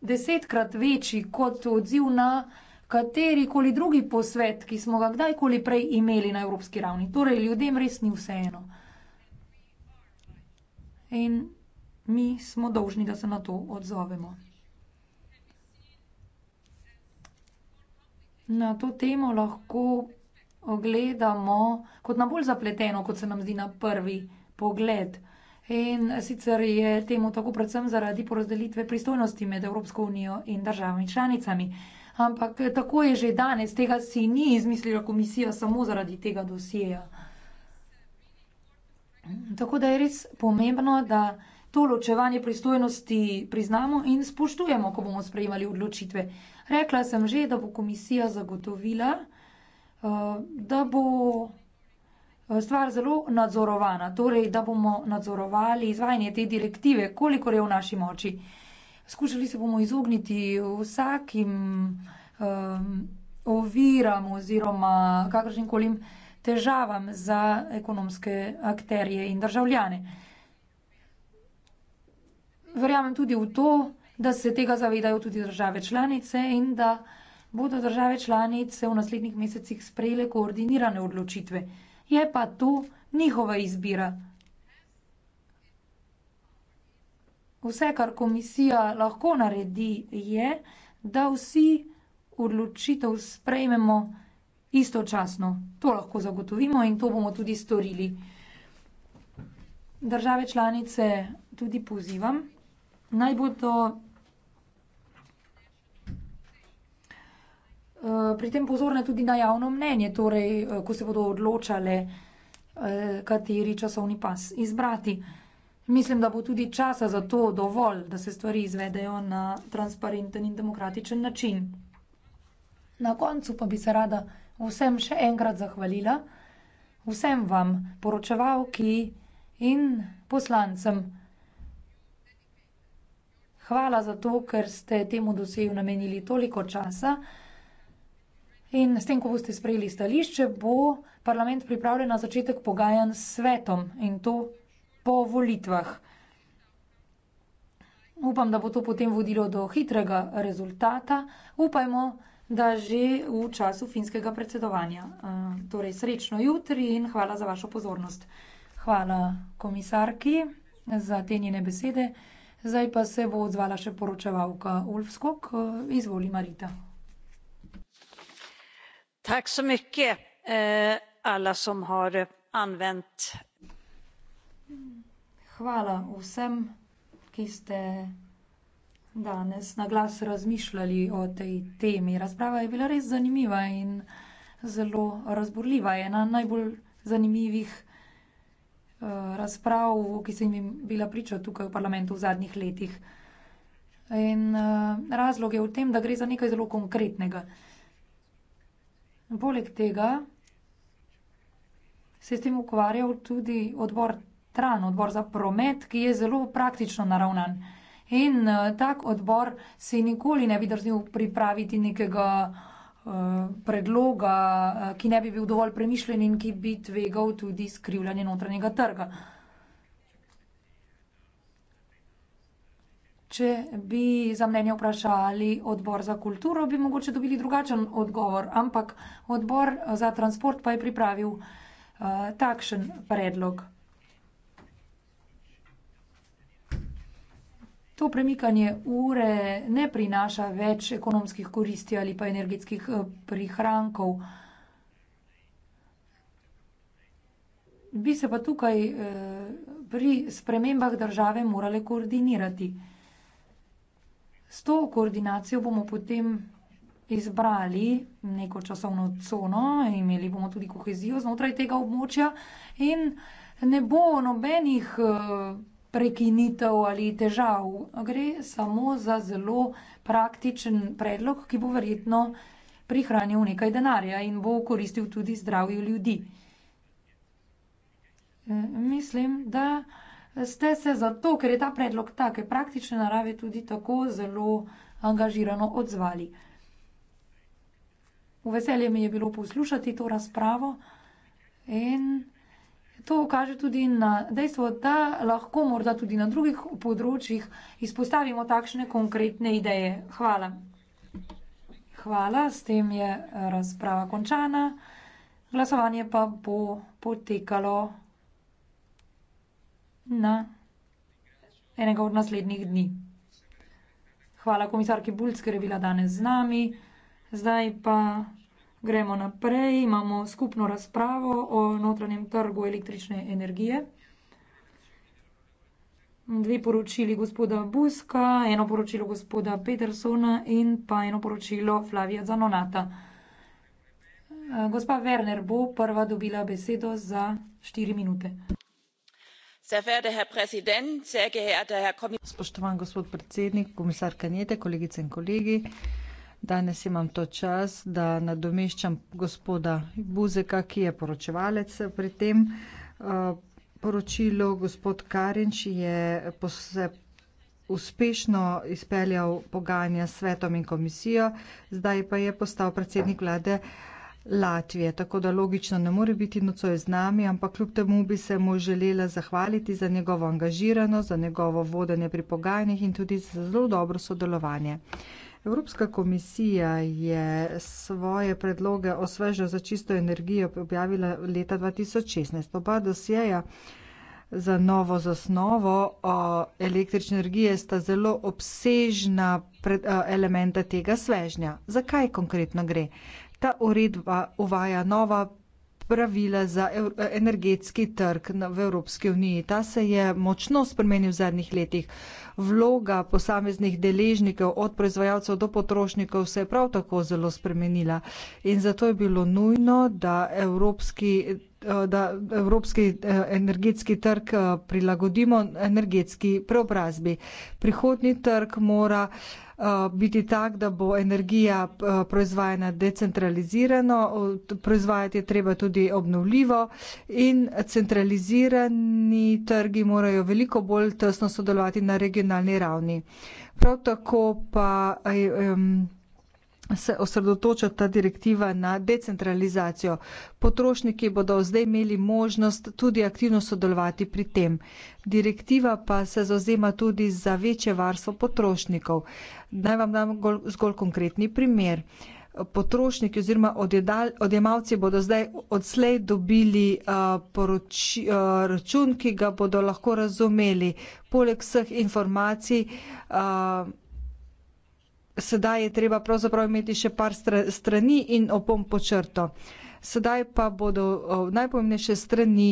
Speaker 4: desetkrat večji kot odziv na uh, kateri koli drugi posvet, ki smo ga kdajkoli prej imeli na evropski ravni. Torej, ljudem res ni vseeno. In mi smo dolžni, da se na to odzovemo. Na to temo lahko ogledamo kot na bolj zapleteno, kot se nam zdi na prvi pogled. In sicer je temu tako predvsem zaradi porazdelitve pristojnosti med Evropsko unijo in državami članicami ampak eh, tako je že danes, tega si ni izmislila komisija samo zaradi tega dosjeja. Tako da je res pomembno, da to ločevanje pristojnosti priznamo in spoštujemo, ko bomo sprejemali odločitve. Rekla sem že, da bo komisija zagotovila, eh, da bo eh, stvar zelo nadzorovana, torej da bomo nadzorovali izvajanje te direktive, kolikor je v naši moči skušali se bomo izogniti vsakim um, oviram oziroma kakršnim kolim težavam za ekonomske akterje in državljane. Verjamem tudi v to, da se tega zavedajo tudi države članice in da bodo države članice v naslednjih mesecih sprejele koordinirane odločitve. Je pa to njihova izbira. Vse, kar komisija lahko naredi, je, da vsi odločitev sprejmemo istočasno. To lahko zagotovimo in to bomo tudi storili. Države članice tudi pozivam, naj bodo eh, pri tem pozorne tudi na javno mnenje, torej eh, ko se bodo odločale, eh, kateri časovni pas izbrati. Mislim, da bo tudi časa za to dovolj, da se stvari izvedejo na transparenten in demokratičen način. Na koncu pa bi se rada vsem še enkrat zahvalila, vsem vam, poročevalki in poslancem. Hvala za to, ker ste temu doseju namenili toliko časa. In s tem, ko boste sprejeli stališče, bo parlament pripravljen na začetek pogajanj s svetom in to po volitvah. Upam, da bo to potem vodilo do hitrega rezultata. Upajmo, da že v času finskega predsedovanja. Torej, srečno jutri in hvala za vašo pozornost. Hvala komisarki za te njene besede. Zdaj pa se bo odzvala še poročevalka Ulf Skok. Izvoli, Marita. Tak so mihke, eh, alla som har eh, anvent Hvala vsem, ki ste danes na glas razmišljali o tej temi. Razprava je bila res zanimiva in zelo razburljiva. Je ena najbolj zanimivih eh, razprav, ki sem jim bila priča tukaj v parlamentu v zadnjih letih. In eh, razlog je v tem, da gre za nekaj zelo konkretnega. Poleg tega se je s tem ukvarjal tudi odbor Tran, odbor za promet, ki je zelo praktično naravnan. In uh, tak odbor si nikoli ne bi drznil pripraviti nekega uh, predloga, uh, ki ne bi bil dovolj premišljen in ki bi tvegal tudi skrivljanje notranjega trga. Če bi za mnenje vprašali odbor za kulturo, bi mogoče dobili drugačen odgovor, ampak odbor za transport pa je pripravil uh, takšen predlog. to premikanje ure ne prinaša več ekonomskih koristi ali pa energetskih eh, prihrankov. Bi se pa tukaj eh, pri spremembah države morale koordinirati. S to koordinacijo bomo potem izbrali neko časovno cono, imeli bomo tudi kohezijo znotraj tega območja in ne bo nobenih eh, prekinitev ali težav. Gre samo za zelo praktičen predlog, ki bo verjetno prihranil nekaj denarja in bo koristil tudi zdravju ljudi. E, mislim, da ste se zato, ker je ta predlog take praktične narave, tudi tako zelo angažirano odzvali. V veselje mi je bilo poslušati to razpravo in To kaže tudi na dejstvo, da lahko morda tudi na drugih področjih izpostavimo takšne konkretne ideje. Hvala. Hvala, s tem je eh, razprava končana. Glasovanje pa bo potekalo na enega od naslednjih dni. Hvala komisarki Bulc, ker je bila danes z nami. Zdaj pa gremo naprej, imamo skupno razpravo o notranjem trgu električne energije. Dve poročili gospoda Buska, eno poročilo gospoda Petersona in pa eno poročilo Flavija Zanonata. Gospa Werner bo prva dobila besedo za štiri minute. Spoštovan gospod predsednik,
Speaker 9: komisar Kanjete, kolegice in kolegi. Danes imam to čas, da nadomeščam gospoda Buzeka, ki je poročevalec pri tem eh, poročilu. Gospod Karinč je se uspešno izpeljal pogajanja s svetom in komisijo, zdaj pa je postal predsednik vlade. Latvije, tako da logično ne more biti nocoj z nami, ampak kljub temu bi se mu želela zahvaliti za njegovo angažiranost, za njegovo vodenje pri pogajanjih in tudi za zelo dobro sodelovanje. Evropska komisija je svoje predloge o svežo za čisto energijo objavila leta 2016. Oba dosjeja za novo zasnovo električne energije sta zelo obsežna pred, o, eh, elementa tega svežnja. Zakaj konkretno gre? Ta uredba uvaja nova pravila za energetski trg v Evropski uniji. Ta se je močno spremenil v zadnjih letih. Vloga posameznih deležnikov, od proizvajalcev do potrošnikov, se je prav tako zelo spremenila. In zato je bilo nujno, da Evropski Eh, da evropski eh, energetski trg eh, prilagodimo energetski preobrazbi. Prihodni trg mora biti tak, da bo energija proizvajena decentralizirano, proizvajati je treba tudi obnovljivo in centralizirani trgi morajo veliko bolj tesno sodelovati na regionalni ravni. Prav tako pa. Um, se osredotoča ta direktiva na decentralizacijo. Potrošniki bodo zdaj imeli možnost tudi aktivno sodelovati pri tem. Direktiva pa se zauzema tudi za večje varstvo potrošnikov. Naj vam dam zgolj konkretni primer. Potrošniki oziroma odjemalci bodo zdaj odslej dobili uh, poroči, uh, račun, ki ga bodo lahko razumeli. Poleg vseh informacij uh, sedaj je treba pravzaprav imeti še par strani in opom po črto. Sedaj pa bodo najpomembnejše strani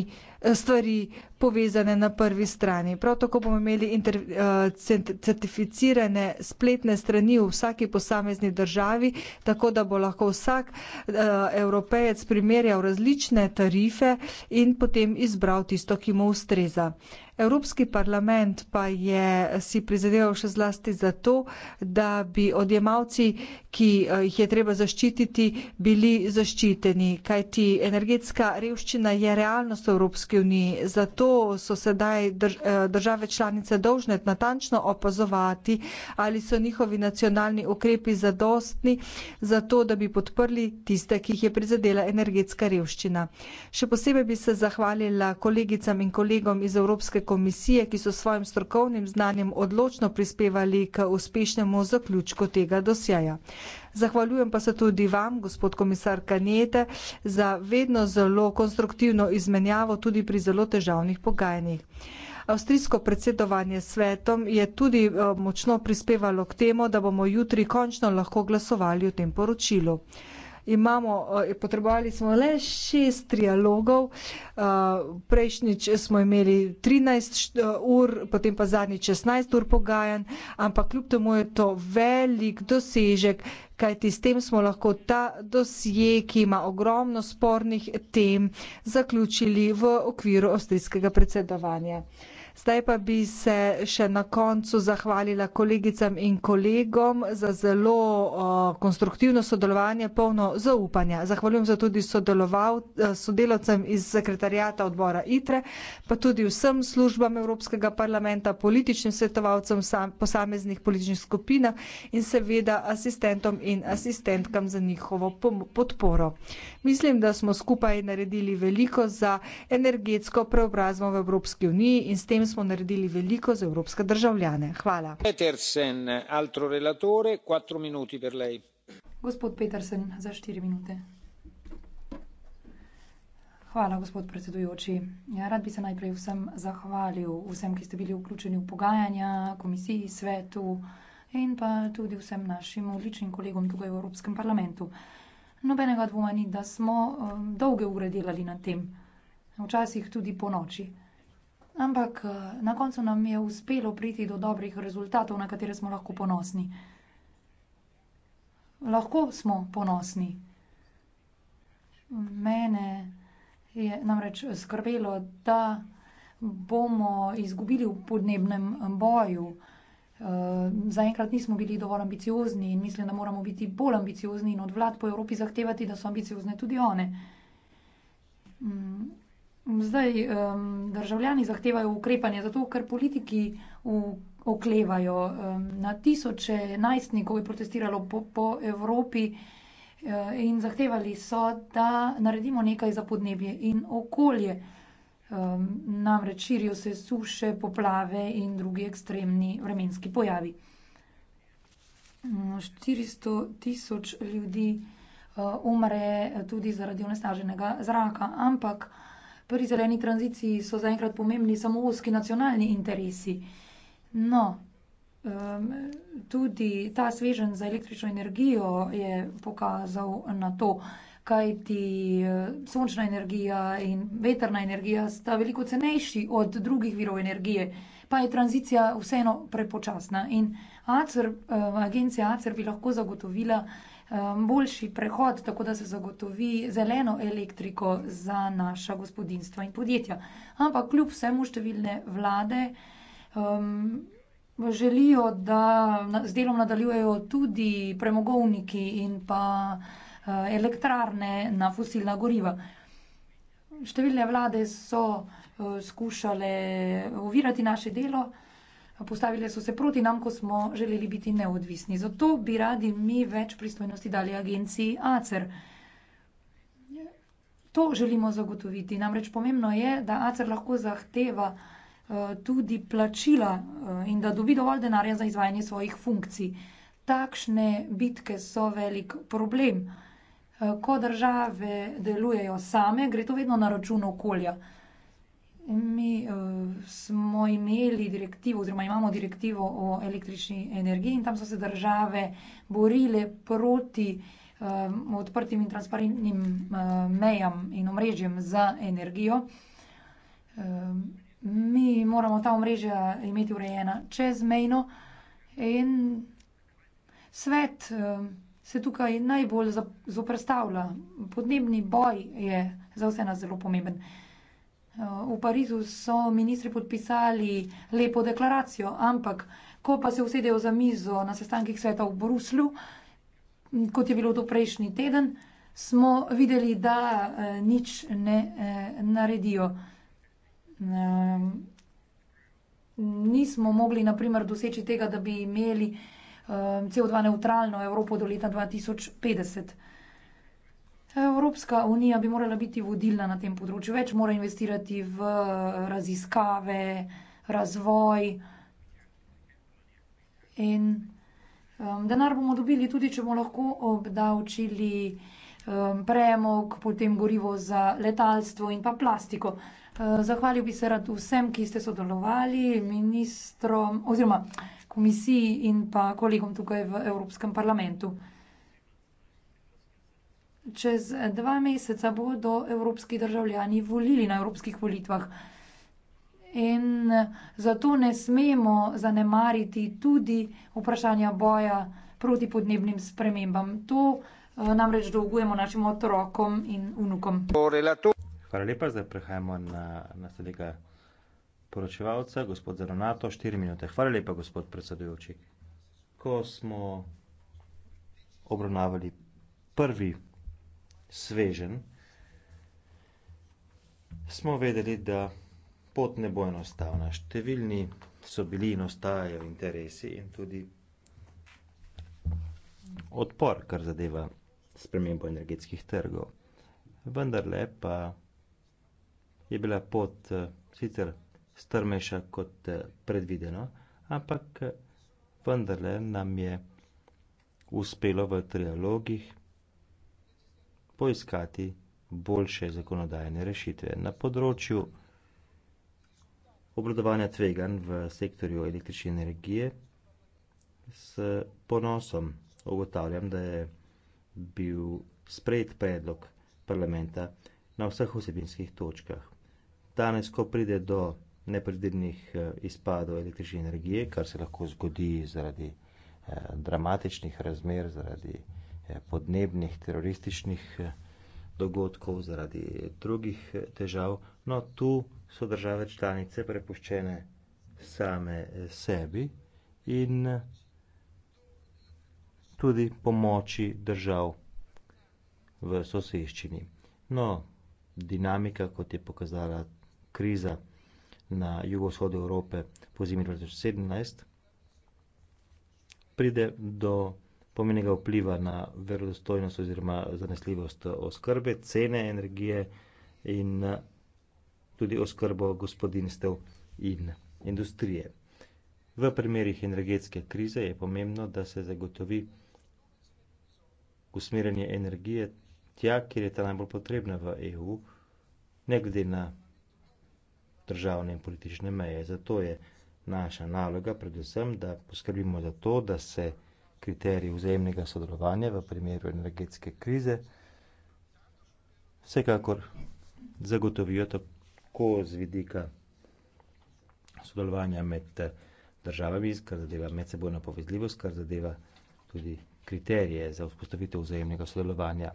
Speaker 9: stvari povezane na prvi strani. Prav tako bomo imeli inter, uh, certificirane spletne strani v vsaki posamezni državi, tako da bo lahko vsak uh, evropejec primerjal različne tarife in potem izbral tisto, ki mu ustreza. Evropski parlament pa je si prizadeval še zlasti za to, da bi odjemalci, ki eh, jih je treba zaščititi, bili zaščiteni, kajti energetska revščina je realnost Evropske Evropski uniji. Zato so sedaj eh, države članice dolžne natančno opazovati, ali so njihovi nacionalni ukrepi zadostni za to, da bi podprli tiste, ki jih je prizadela energetska revščina. Še posebej bi se zahvalila kolegicam in kolegom iz Evropske komisije, ki so svojim strokovnim znanjem odločno prispevali k uspešnemu zaključku tega dosjaja. Zahvaljujem pa se tudi vam, gospod komisar Kanete, za vedno zelo konstruktivno izmenjavo tudi pri zelo težavnih pogajanjih. Avstrijsko predsedovanje svetom je tudi eh, močno prispevalo k temu, da bomo jutri končno lahko glasovali o tem poročilu. Imamo, eh, potrebovali smo le šest trialogov, eh, prejšnjič smo imeli 13 ur, potem pa zadnjič 16 ur pogajanj, ampak kljub temu je to velik dosežek, kajti s tem smo lahko ta dosje, ki ima ogromno spornih tem, zaključili v okviru avstrijskega predsedovanja. Zdaj pa bi se še na koncu zahvalila kolegicam in kolegom za zelo uh, konstruktivno sodelovanje, polno zaupanja. Zahvaljujem se tudi e, sodelavcem iz sekretarijata odbora ITRE, pa tudi vsem službam Evropskega parlamenta, političnim svetovalcem posameznih političnih skupin in seveda asistentom in asistentkam za njihovo podporo. Mislim, da smo skupaj naredili veliko za energetsko preobrazbo v Evropski uniji in s tem tem smo naredili veliko za evropske državljane. Hvala.
Speaker 1: Petersen, altro relatore, quattro minuti per lei.
Speaker 4: Gospod Petersen, za štiri minute. Hvala, gospod predsedujoči. Ja, rad bi se najprej vsem zahvalil, vsem, ki ste bili vključeni v pogajanja, komisiji, svetu in pa tudi vsem našim odličnim kolegom tukaj v Evropskem parlamentu. Nobenega dvoma ni, da smo eh, dolge ure delali na tem, včasih tudi po noči. Ampak eh, na koncu nam je uspelo priti do dobrih rezultatov, na katere smo lahko ponosni. Lahko smo ponosni. Mene je namreč skrbelo, da bomo izgubili v podnebnem eh, boju. Eh, zaenkrat nismo bili dovolj ambiciozni in mislim, da moramo biti bolj ambiciozni in od vlad po Evropi zahtevati, da so ambiciozne tudi one. Mm, Zdaj, um, državljani zahtevajo ukrepanje, zato ker politiki v, oklevajo. Um, na tisoče najstnikov je protestiralo po, po Evropi um, in zahtevali so, da naredimo nekaj za podnebje in okolje. Um, namreč širijo se suše, poplave in drugi ekstremni vremenski pojavi. Um, mm, 400 tisoč ljudi uh, umre tudi zaradi onesnaženega zraka, ampak pri zeleni tranziciji so zaenkrat pomembni samo uski nacionalni interesi. No, um, tudi ta svežen za električno energijo je pokazal na to, kaj ti eh, sončna energija in veterna energija sta veliko cenejši od drugih virov energije, pa je tranzicija vseeno prepočasna in ACR, agencija ACER bi lahko zagotovila, Um, boljši prehod, tako da se zagotovi zeleno elektriko za naša gospodinstva in podjetja. Ampak kljub vsemu številne vlade um, želijo, da z delom nadaljujejo tudi premogovniki in pa uh, elektrarne na fosilna goriva. Številne vlade so uh, skušale ovirati naše delo postavile so se proti nam, ko smo želeli biti neodvisni. Zato bi radi mi več pristojnosti dali agenciji ACER. To želimo zagotoviti. Namreč pomembno je, da ACER lahko zahteva uh, tudi plačila uh, in da dobi dovolj denarja za izvajanje svojih funkcij. Takšne bitke so velik problem. Uh, ko države delujejo same, gre to vedno na račun okolja. Uh, Mi eh, smo imeli direktivo, oziroma imamo direktivo o električni energiji in tam so se države borile proti eh, odprtim in transparentnim eh, mejam in omrežjem za energijo. Mi moramo ta omrežja imeti urejena čezmejno in svet se tukaj najbolj zoperstavlja. Podnebni boj je za vse nas zelo pomemben. Eh, v Parizu so ministri podpisali lepo deklaracijo, ampak ko pa se usedejo za mizo na sestankih sveta v Bruslju, kot je bilo to prejšnji teden, smo videli, da eh, nič ne eh, naredijo. Eh, nismo mogli, naprimer, doseči tega, da bi imeli eh, CO2 neutralno Evropo do leta 2050. Evropska unija bi morala biti vodilna na tem področju, več mora investirati v eh, raziskave, razvoj. In um, denar bomo dobili tudi, če bomo lahko obdavčili um, premog, potem gorivo za letalstvo in pa plastiko. Uh, zahvalil bi se rad vsem, ki ste sodelovali, ministrom oziroma komisiji in pa kolegom tukaj v Evropskem parlamentu čez eh, dva meseca bodo evropski državljani volili na evropskih volitvah. In eh, zato ne smemo zanemariti tudi vprašanja boja proti podnebnim spremembam. To eh, namreč dolgujemo našim otrokom in unukom.
Speaker 8: Hvala lepa, zdaj prehajamo na naslednjega poročevalca, gospod Zeronato, štiri minute. Hvala lepa, gospod predsedujoči. Ko smo obravnavali prvi svežen, smo vedeli, da pot ne bo enostavna. Številni so bili in ostajajo interesi in tudi odpor, kar zadeva spremembo energetskih trgov. Vendar le pa je bila pot eh, sicer strmejša kot eh, predvideno, ampak eh, vendarle nam je uspelo v trialogih poiskati boljše zakonodajne rešitve na področju obladovanja tveganj v sektorju električne energije. S ponosom ugotavljam, da je bil sprejet predlog parlamenta na vseh osebinskih točkah. Danes, ko pride do nepredvidnih eh, izpadov električne energije, kar se lahko zgodi zaradi eh, dramatičnih razmer, zaradi eh, Eh, podnebnih, terorističnih eh, dogodkov, zaradi drugih eh, težav. No, tu so države članice prepuščene same sebi in tudi pomoči držav v soseščini. No, dinamika, kot je pokazala kriza na jugovzhodu Evrope po zimi 2017, pride do pomenega vpliva na verodostojnost oziroma zanesljivost oskrbe, cene energije in eh, tudi oskrbo gospodinstev in industrije. V primerih energetske krize je pomembno, da se zagotovi usmerjanje energije tja, kjer je ta najbolj potrebna v EU, ne glede na državne in politične meje. Zato je naša naloga predvsem, da poskrbimo za to, da se kriterij vzajemnega sodelovanja v primeru energetske krize, vsekakor zagotovijo tako z vidika sodelovanja med eh, državami, kar zadeva medsebojno povezljivost, kar zadeva tudi kriterije za vzpostavitev vzajemnega sodelovanja.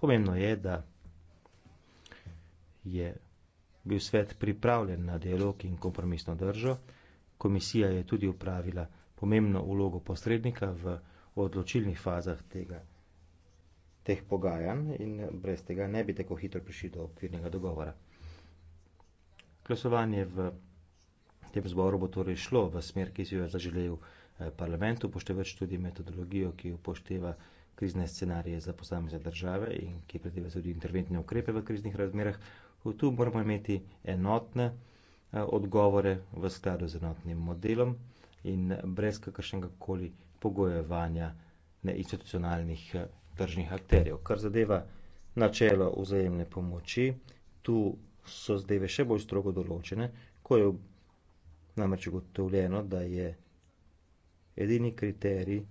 Speaker 8: Pomembno je, da je bil svet pripravljen na dialog in kompromisno držo. Komisija je tudi upravila pomembno ulogo posrednika v odločilnih fazah tega, teh pogajanj in brez tega ne bi tako hitro prišli do okvirnega dogovora. Glasovanje v tem zboru bo torej šlo v smer, ki si jo je zaželel eh, parlament, upoštevač tudi metodologijo, ki upošteva krizne scenarije za posamezne države in ki predvideva tudi interventne ukrepe v kriznih razmerah. Tu moramo imeti enotne. Eh, odgovore v skladu z enotnim modelom in brez kakršnega koli pogojevanja neinstitucionalnih eh, tržnih akterjev. Kar zadeva načelo vzajemne pomoči, tu so zadeve še bolj strogo določene, ko je namreč ugotovljeno, da je edini kriterij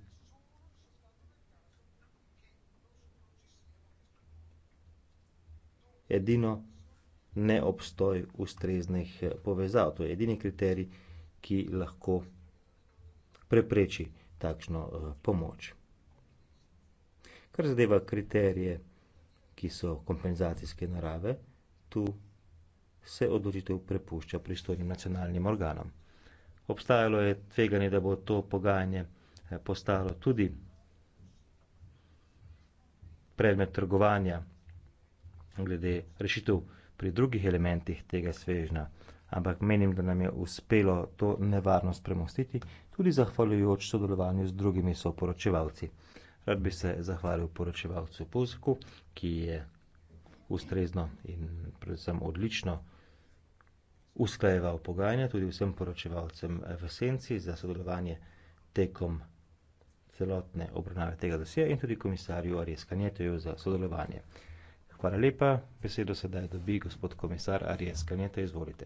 Speaker 8: edino ne obstoj ustreznih eh, povezav. To je edini kriterij, ki lahko prepreči takšno eh, pomoč. Kar zadeva kriterije, ki so kompenzacijske narave, tu se odločitev prepušča pristojnim nacionalnim organom. Obstajalo je tveganje, da bo to pogajanje eh, postalo tudi predmet trgovanja glede rešitev pri drugih elementih tega svežnja, ampak menim, da nam je uspelo to nevarnost premostiti tudi zahvaljujoč sodelovanju z drugimi soporočevalci. Rad bi se zahvalil poročevalcu Pozku, ki je ustrezno in predvsem odlično usklajeval pogajanja, tudi vsem poročevalcem v Senci za sodelovanje tekom celotne obravnave tega dosija in tudi komisarju Arjeskanjetoju za sodelovanje. Hvala lepa. Besedo sedaj dobi gospod komisar Arijes Kaneta, izvolite.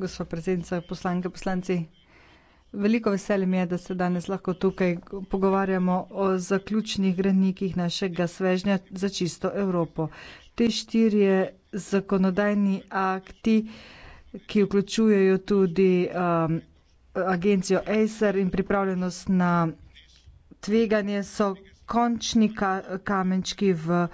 Speaker 9: Gospa predsednica, poslanke, poslanci. Veliko veselje mi je, da se danes lahko tukaj pogovarjamo o zaključnih granikih našega svežnja za čisto Evropo. Te štirje zakonodajni akti, ki vključujejo tudi um, agencijo Acer in pripravljenost na tveganje so končni ka kamenčki v uh,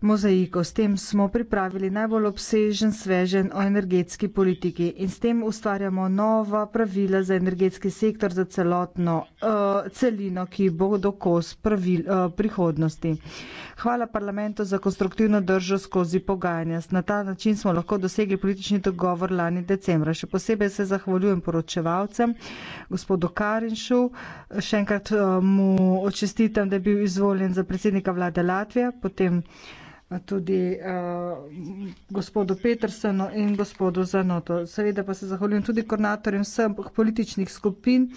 Speaker 9: mozaiko. S tem smo pripravili najbolj obsežen svežen o energetski politiki in s tem ustvarjamo nova pravila za energetski sektor za celotno uh, celino, ki bo do kos pravil, uh, prihodnosti. Hvala parlamentu za konstruktivno držo skozi pogajanja. Na ta način smo lahko dosegli politični dogovor lani decembra. Še posebej se zahvaljujem poročevalcem, gospodu Karinšu, še enkrat uh, mu očestitam, da je bil izvoljen za predsednika vlade Latvije, potem uh, tudi uh, gospodu Petersenu in gospodu Zanoto. Seveda pa se zahvaljujem tudi koordinatorjem vseh političnih skupin,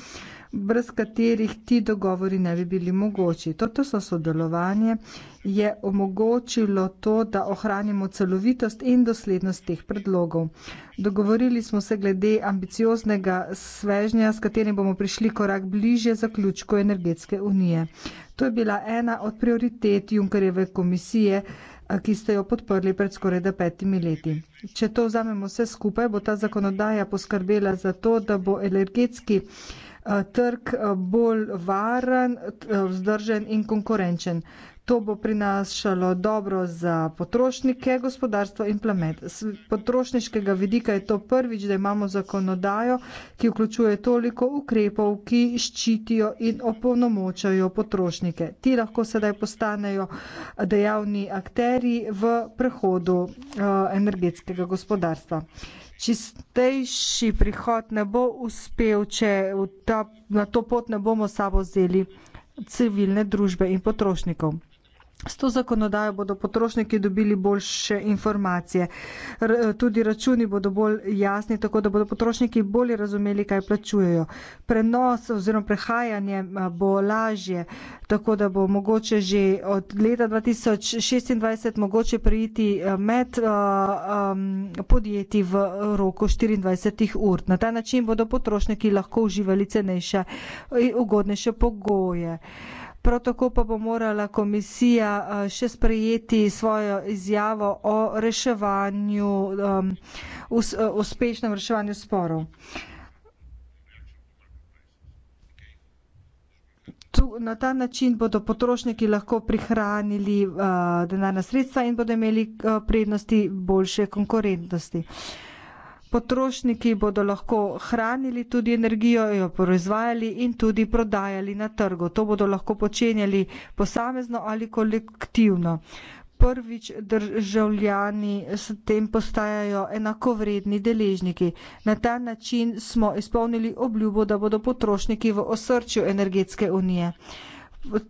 Speaker 9: brez katerih ti dogovori ne bi bili mogoči. Toto so sodelovanje je omogočilo to, da ohranimo celovitost in doslednost teh predlogov. Dogovorili smo se glede ambicioznega svežnja, s katerim bomo prišli korak bliže zaključku energetske unije. To je bila ena od prioritet Junkerjeve komisije, ki ste jo podprli pred skoraj da petimi leti. Če to vzamemo vse skupaj, bo ta zakonodaja poskrbela za to, da bo energetski trg bolj varen, vzdržen in konkurenčen. To bo prinašalo dobro za potrošnike, gospodarstvo in planet. Z potrošniškega vidika je to prvič, da imamo zakonodajo, ki vključuje toliko ukrepov, ki ščitijo in opolnomočajo potrošnike. Ti lahko sedaj postanejo dejavni akteri v prehodu eh, energetskega gospodarstva. Čistejši prihod ne bo uspel, če ta, na to pot ne bomo sabo vzeli civilne družbe in potrošnikov. S to zakonodajo bodo potrošniki dobili boljše informacije. R eh, tudi računi bodo bolj jasni, tako da bodo potrošniki bolje razumeli, kaj plačujejo. Prenos oziroma prehajanje eh, bo lažje, tako da bo mogoče že od leta 2026 mogoče prijeti eh, med uh, um, podjetji v roku 24 ur. Na ta način bodo potrošniki lahko uživali cenejše in ugodnejše pogoje. Uh, prav tako pa bo morala komisija še sprejeti svojo izjavo o reševanju, um, uspešnem reševanju sporov. Tu, na ta način bodo potrošniki lahko prihranili uh, denarna sredstva in bodo imeli uh, prednosti boljše konkurentnosti. Uh, Potrošniki bodo lahko hranili tudi energijo, jo proizvajali in tudi prodajali na trgu. To bodo lahko počenjali posamezno ali kolektivno. Prvič državljani s tem postajajo enakovredni deležniki. Na ta način smo izpolnili obljubo, da bodo potrošniki v osrčju energetske unije.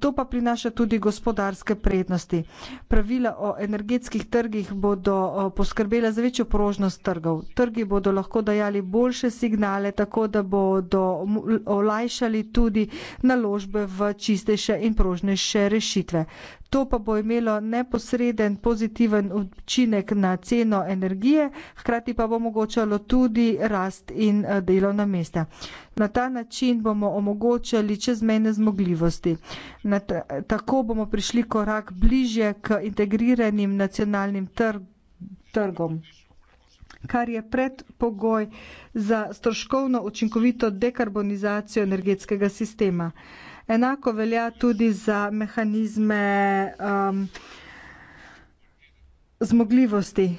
Speaker 9: To pa prinaša tudi gospodarske prednosti. Pravila o energetskih trgih bodo poskrbela za večjo prožnost trgov. Trgi bodo lahko dajali boljše signale, tako da bodo olajšali tudi naložbe v čistejše in prožnejše rešitve. To pa bo imelo neposreden pozitiven učinek na ceno energije, hkrati pa bo omogočalo tudi rast in eh, delovna mesta. Na ta način bomo omogočali čezmejne zmogljivosti. Ta, tako bomo prišli korak bližje k integriranim nacionalnim trg, trgom kar je predpogoj za stroškovno učinkovito dekarbonizacijo energetskega sistema. Enako velja tudi za mehanizme um, zmogljivosti.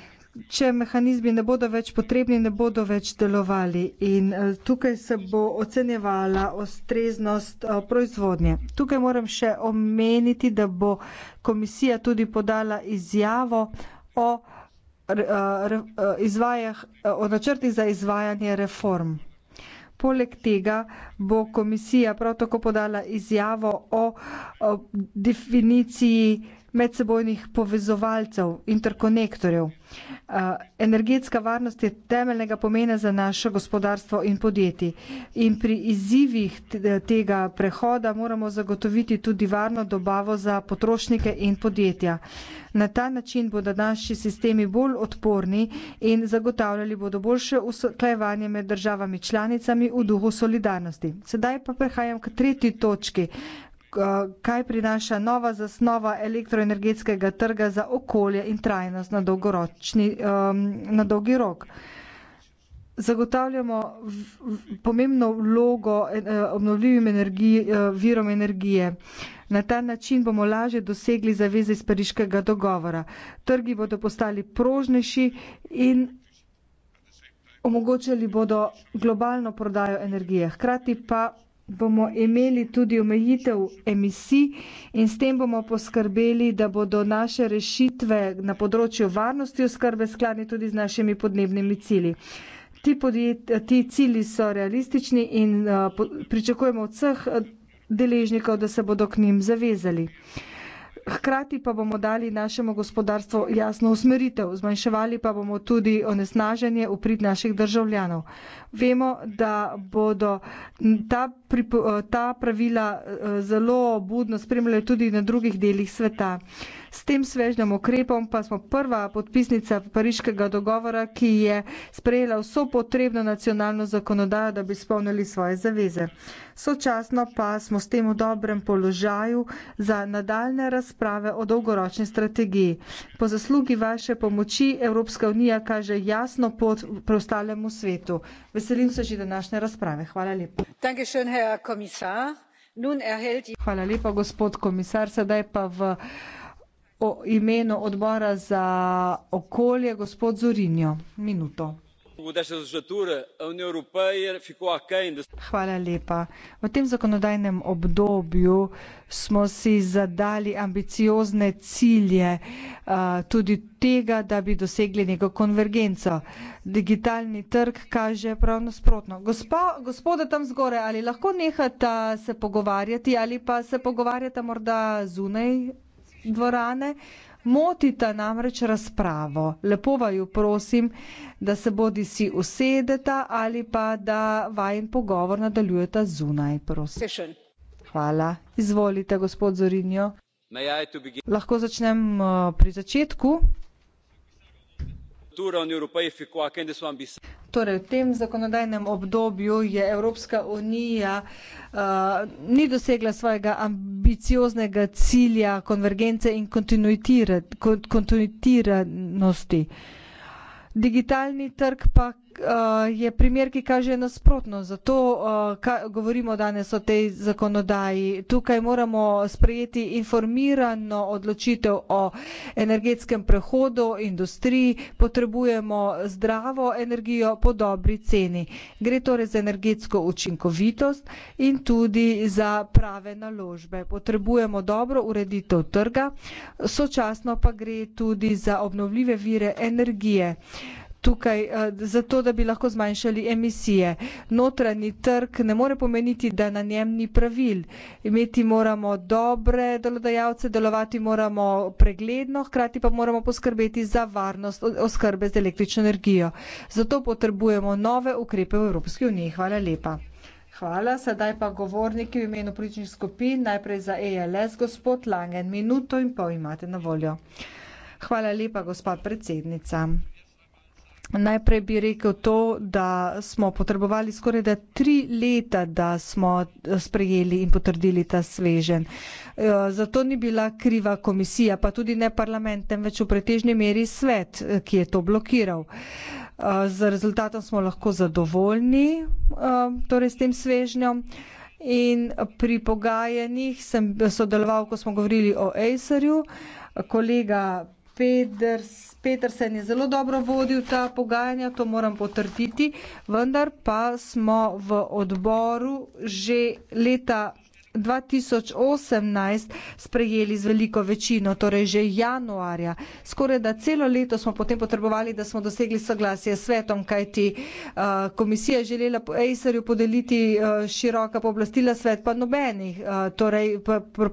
Speaker 9: Če mehanizmi ne bodo več potrebni, ne bodo več delovali in eh, tukaj se bo ocenjevala ostreznost eh, proizvodnje. Tukaj moram še omeniti, da bo komisija tudi podala izjavo o, o, eh, o, o načrtih za izvajanje reform. Poleg tega bo komisija prav tako podala izjavo o, o definiciji medsebojnih povezovalcev, interkonektorjev. Energetska varnost je temeljnega pomena za naše gospodarstvo in podjetje. In pri izzivih e, tega prehoda moramo zagotoviti tudi varno dobavo za potrošnike in podjetja. Na ta način bodo naši sistemi bolj odporni in zagotavljali bodo boljše usklajevanje med državami članicami v duhu solidarnosti. Sedaj pa prehajam k tretji točki, kaj prinaša nova zasnova elektroenergetskega trga za okolje in trajnost na, um, na dolgi rok. Zagotavljamo pomembno vlogo eh, obnovljivim energiji, eh, virom energije. Na ta način bomo lažje dosegli zaveze iz pariškega dogovora. Trgi bodo postali prožnejši in omogočali bodo globalno prodajo energije. Hkrati pa bomo imeli tudi omejitev emisij in s tem bomo poskrbeli, da bodo naše rešitve na področju varnosti oskrbe skladni tudi z našimi podnebnimi cilji. Ti, podjet, ti cilji so realistični in uh, pričakujemo od vseh eh, deležnikov, da se bodo k njim zavezali. Uh, Hkrati pa bomo dali našemu gospodarstvu jasno usmeritev, zmanjševali pa bomo tudi onesnaženje v prid naših državljanov. Vemo, da bodo ta, ta pravila eh, zelo budno spremljali tudi na drugih delih sveta. S tem svežnjem okrepom pa smo prva podpisnica pariškega dogovora, ki je sprejela vso potrebno nacionalno zakonodajo, da bi spomnili svoje zaveze. Sočasno pa smo s tem v dobrem položaju za nadaljne razprave o dolgoročni strategiji. Po zaslugi vaše pomoči Evropska unija kaže jasno pot preostalemu svetu. Veselim se že današnje razprave. Hvala lepa. Hvala lepa, gospod komisar. Sedaj pa v o imenu odbora za okolje gospod zorinjo minuto. Hvala lepa. V tem zakonodajnem obdobju smo si zadali ambiciozne cilje tudi tega, da bi dosegli neko konvergenco. Digitalni trg kaže prav nasprotno. Gospa, gospoda tam zgore, ali lahko nehata se pogovarjati ali pa se pogovarjata morda zunaj dvorane, motita namreč razpravo. Lepo vaju prosim, da se bodi si usedeta ali pa da vajen pogovor nadaljujeta zunaj, prosim. Hvala. Izvolite, gospod Zorinjo. Lahko začnem eh, pri začetku. Torej, v tem zakonodajnem obdobju je Evropska unija uh, ni dosegla svojega ambicioznega cilja konvergence in kontinuitiranosti. Digitalni trg pa uh, je primer, ki kaže nasprotno. Zato uh, ka, govorimo danes o tej zakonodaji. Tukaj moramo sprejeti informirano odločitev o energetskem prehodu, industriji, potrebujemo zdravo energijo po dobri ceni. Gre torej za energetsko učinkovitost in tudi za prave naložbe. Potrebujemo dobro ureditev trga, sočasno pa gre tudi za obnovljive vire energije. Uh, tukaj eh, zato, da bi lahko zmanjšali emisije. Notranji trg ne more pomeniti, da na njem ni pravil. Imeti moramo dobre delodajalce, delovati moramo pregledno, hkrati pa moramo poskrbeti za varnost oskrbe z električno energijo. Zato potrebujemo nove ukrepe v Evropski uniji. Hvala lepa. Hvala. Sedaj pa govorniki v imenu političnih skupin, najprej za ELS, gospod Langen. Minuto in pol imate na voljo. Hvala lepa, gospod predsednica. Najprej bi rekel to, da smo potrebovali skoraj da tri leta, da smo eh, sprejeli in potrdili ta svežen. Eh, zato ni bila kriva komisija, pa tudi ne parlament, temveč v pretežni meri svet, eh, ki je to blokiral. Z rezultatom smo lahko zadovoljni, torej s tem svežnjom. In pri pogajanjih sem sodeloval, ko smo govorili o ACER-ju, kolega Peters, Petersen je zelo dobro vodil ta pogajanja, to moram potrditi, vendar pa smo v odboru že leta 2018 sprejeli z veliko večino, torej že januarja. Skoraj da celo leto smo potem potrebovali, da smo dosegli soglasje s svetom, kajti uh, komisija je želela ACER-ju podeliti uh, široka pooblastila, svet pa nobenih. Uh, torej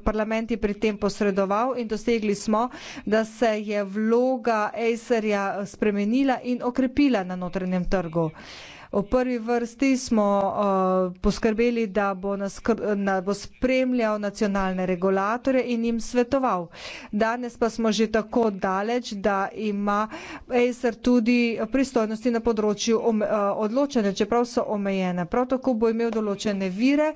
Speaker 9: parlament je pri tem posredoval in dosegli smo, da se je vloga ACER-ja spremenila in okrepila na notranjem trgu. Uh, V prvi vrsti smo uh, poskrbeli, da bo, naskr, na, bo spremljal nacionalne regulatore in jim svetoval. Danes pa smo že tako daleč, da ima ACER tudi pristojnosti na področju um, uh, odločanja, čeprav so omejene. Prav tako bo imel določene vire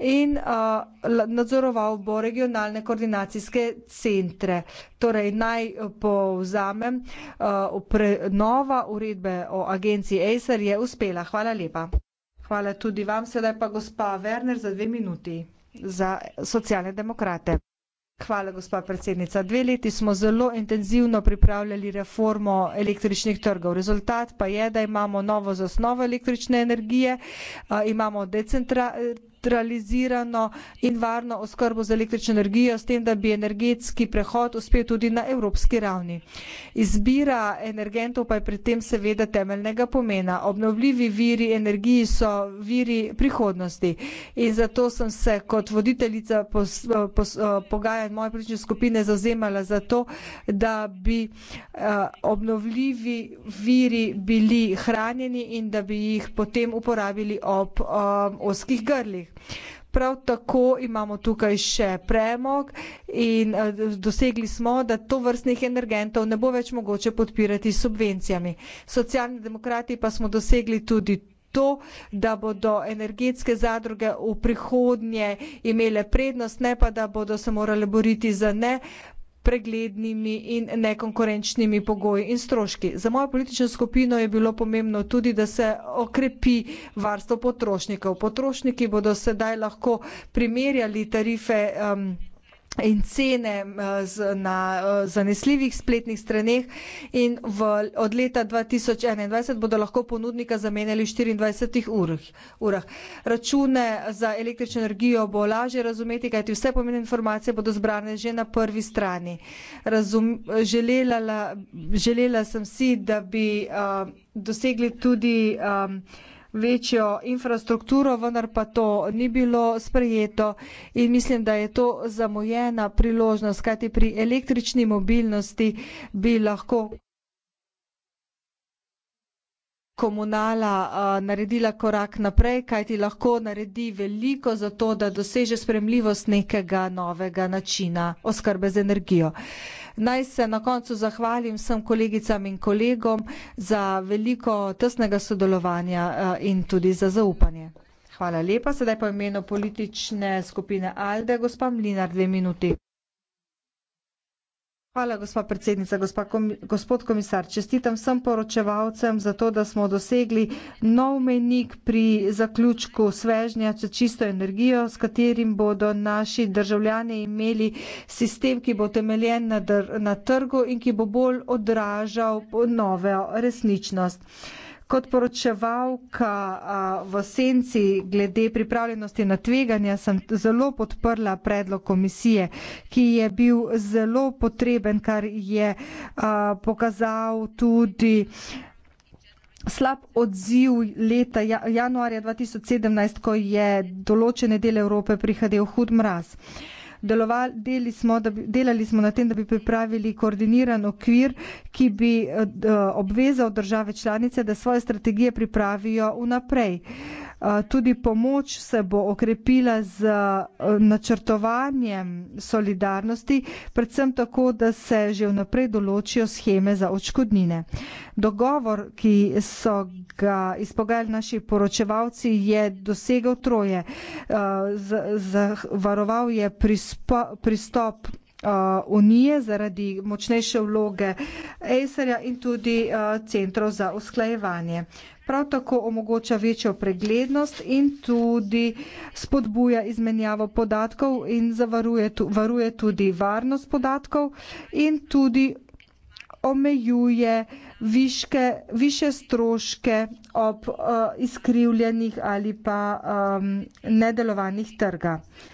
Speaker 9: in uh, nadzoroval bo regionalne koordinacijske centre. Torej, naj eh, povzamem, eh, prenova uredbe o agenciji ACER je uspela. Hvala lepa. Hvala tudi vam, sedaj pa gospa Werner za dve minuti za socialne demokrate. Hvala, gospa predsednica. Dve leti smo zelo intenzivno pripravljali reformo električnih trgov. Rezultat pa je, da imamo novo zasnovo električne energije, eh, imamo decentralizacijo, decentralizirano in varno oskrbo z električno energijo s tem, da bi energetski prehod uspel tudi na evropski ravni. Izbira energentov pa je pri tem seveda temeljnega pomena. Obnovljivi viri energiji so viri prihodnosti in zato sem se kot voditeljica pos, pos, pogajanj moje politične skupine zauzemala za to, da bi eh, obnovljivi viri bili hranjeni in da bi jih potem uporabili ob eh, oskih grlih. Prav tako imamo tukaj še premog in eh, dosegli smo, da to vrstnih energentov ne bo več mogoče podpirati s subvencijami. Socialni demokrati pa smo dosegli tudi to, da bodo energetske zadruge v prihodnje imele prednost, ne pa da bodo se morali boriti za ne preglednimi in nekonkurenčnimi pogoji in stroški. Za mojo politično skupino je bilo pomembno tudi, da se okrepi varstvo potrošnikov. Potrošniki bodo sedaj lahko primerjali tarife. Um, in cene na eh, zanesljivih spletnih straneh in v, od leta 2021 bodo lahko ponudnika zamenjali v 24 urah, urah. Račune za električno energijo bo lažje razumeti, kajti vse pomembne informacije bodo zbrane že na prvi strani. Razum, želela, želela sem si, da bi uh, dosegli tudi uh, večjo infrastrukturo, vendar pa to ni bilo sprejeto in mislim, da je to zamujena priložnost, kajti pri električni mobilnosti bi lahko komunala uh, naredila korak naprej, kajti lahko naredi veliko za to, da doseže spremljivost nekega novega načina oskrbe z energijo. Uh, Naj se na koncu zahvalim vsem kolegicam in kolegom za veliko tesnega sodelovanja eh, in tudi za zaupanje. Hvala lepa. Sedaj pa imeno politične skupine Alde, gospa Mlinar, dve minuti. Hvala, gospa predsednica, gospa kom, gospod komisar. Čestitam vsem poročevalcem za to, da smo dosegli nov menik pri zaključku svežnja za čisto energijo, s katerim bodo naši državljani imeli sistem, ki bo temeljen na, dr, na trgu in ki bo bolj odražal novo resničnost. Kot poročevalka v senci glede pripravljenosti na tveganja sem zelo podprla predlog komisije, ki je bil zelo potreben, kar je pokazal tudi slab odziv leta ja, januarja 2017, ko je določene dele Evrope prihadel hud mraz delovali smo, da bi, delali smo na tem, da bi pripravili koordiniran okvir, ki bi eh, obvezal države članice, da svoje strategije pripravijo vnaprej. Uh, Tudi pomoč se bo okrepila z e, načrtovanjem solidarnosti, predvsem tako, da se že vnaprej določijo scheme za očkodnine. Dogovor, ki so ga izpogajali naši poročevalci, je dosegel troje. E, zavaroval je pristop uh, unije zaradi močnejše vloge ESR-ja in tudi uh, centrov za usklajevanje. Prav tako omogoča večjo preglednost in tudi spodbuja izmenjavo podatkov in zavaruje tu, varuje tudi varnost podatkov in tudi omejuje viške, više stroške ob uh, izkrivljenih ali pa um, nedelovanjih trga. Uh,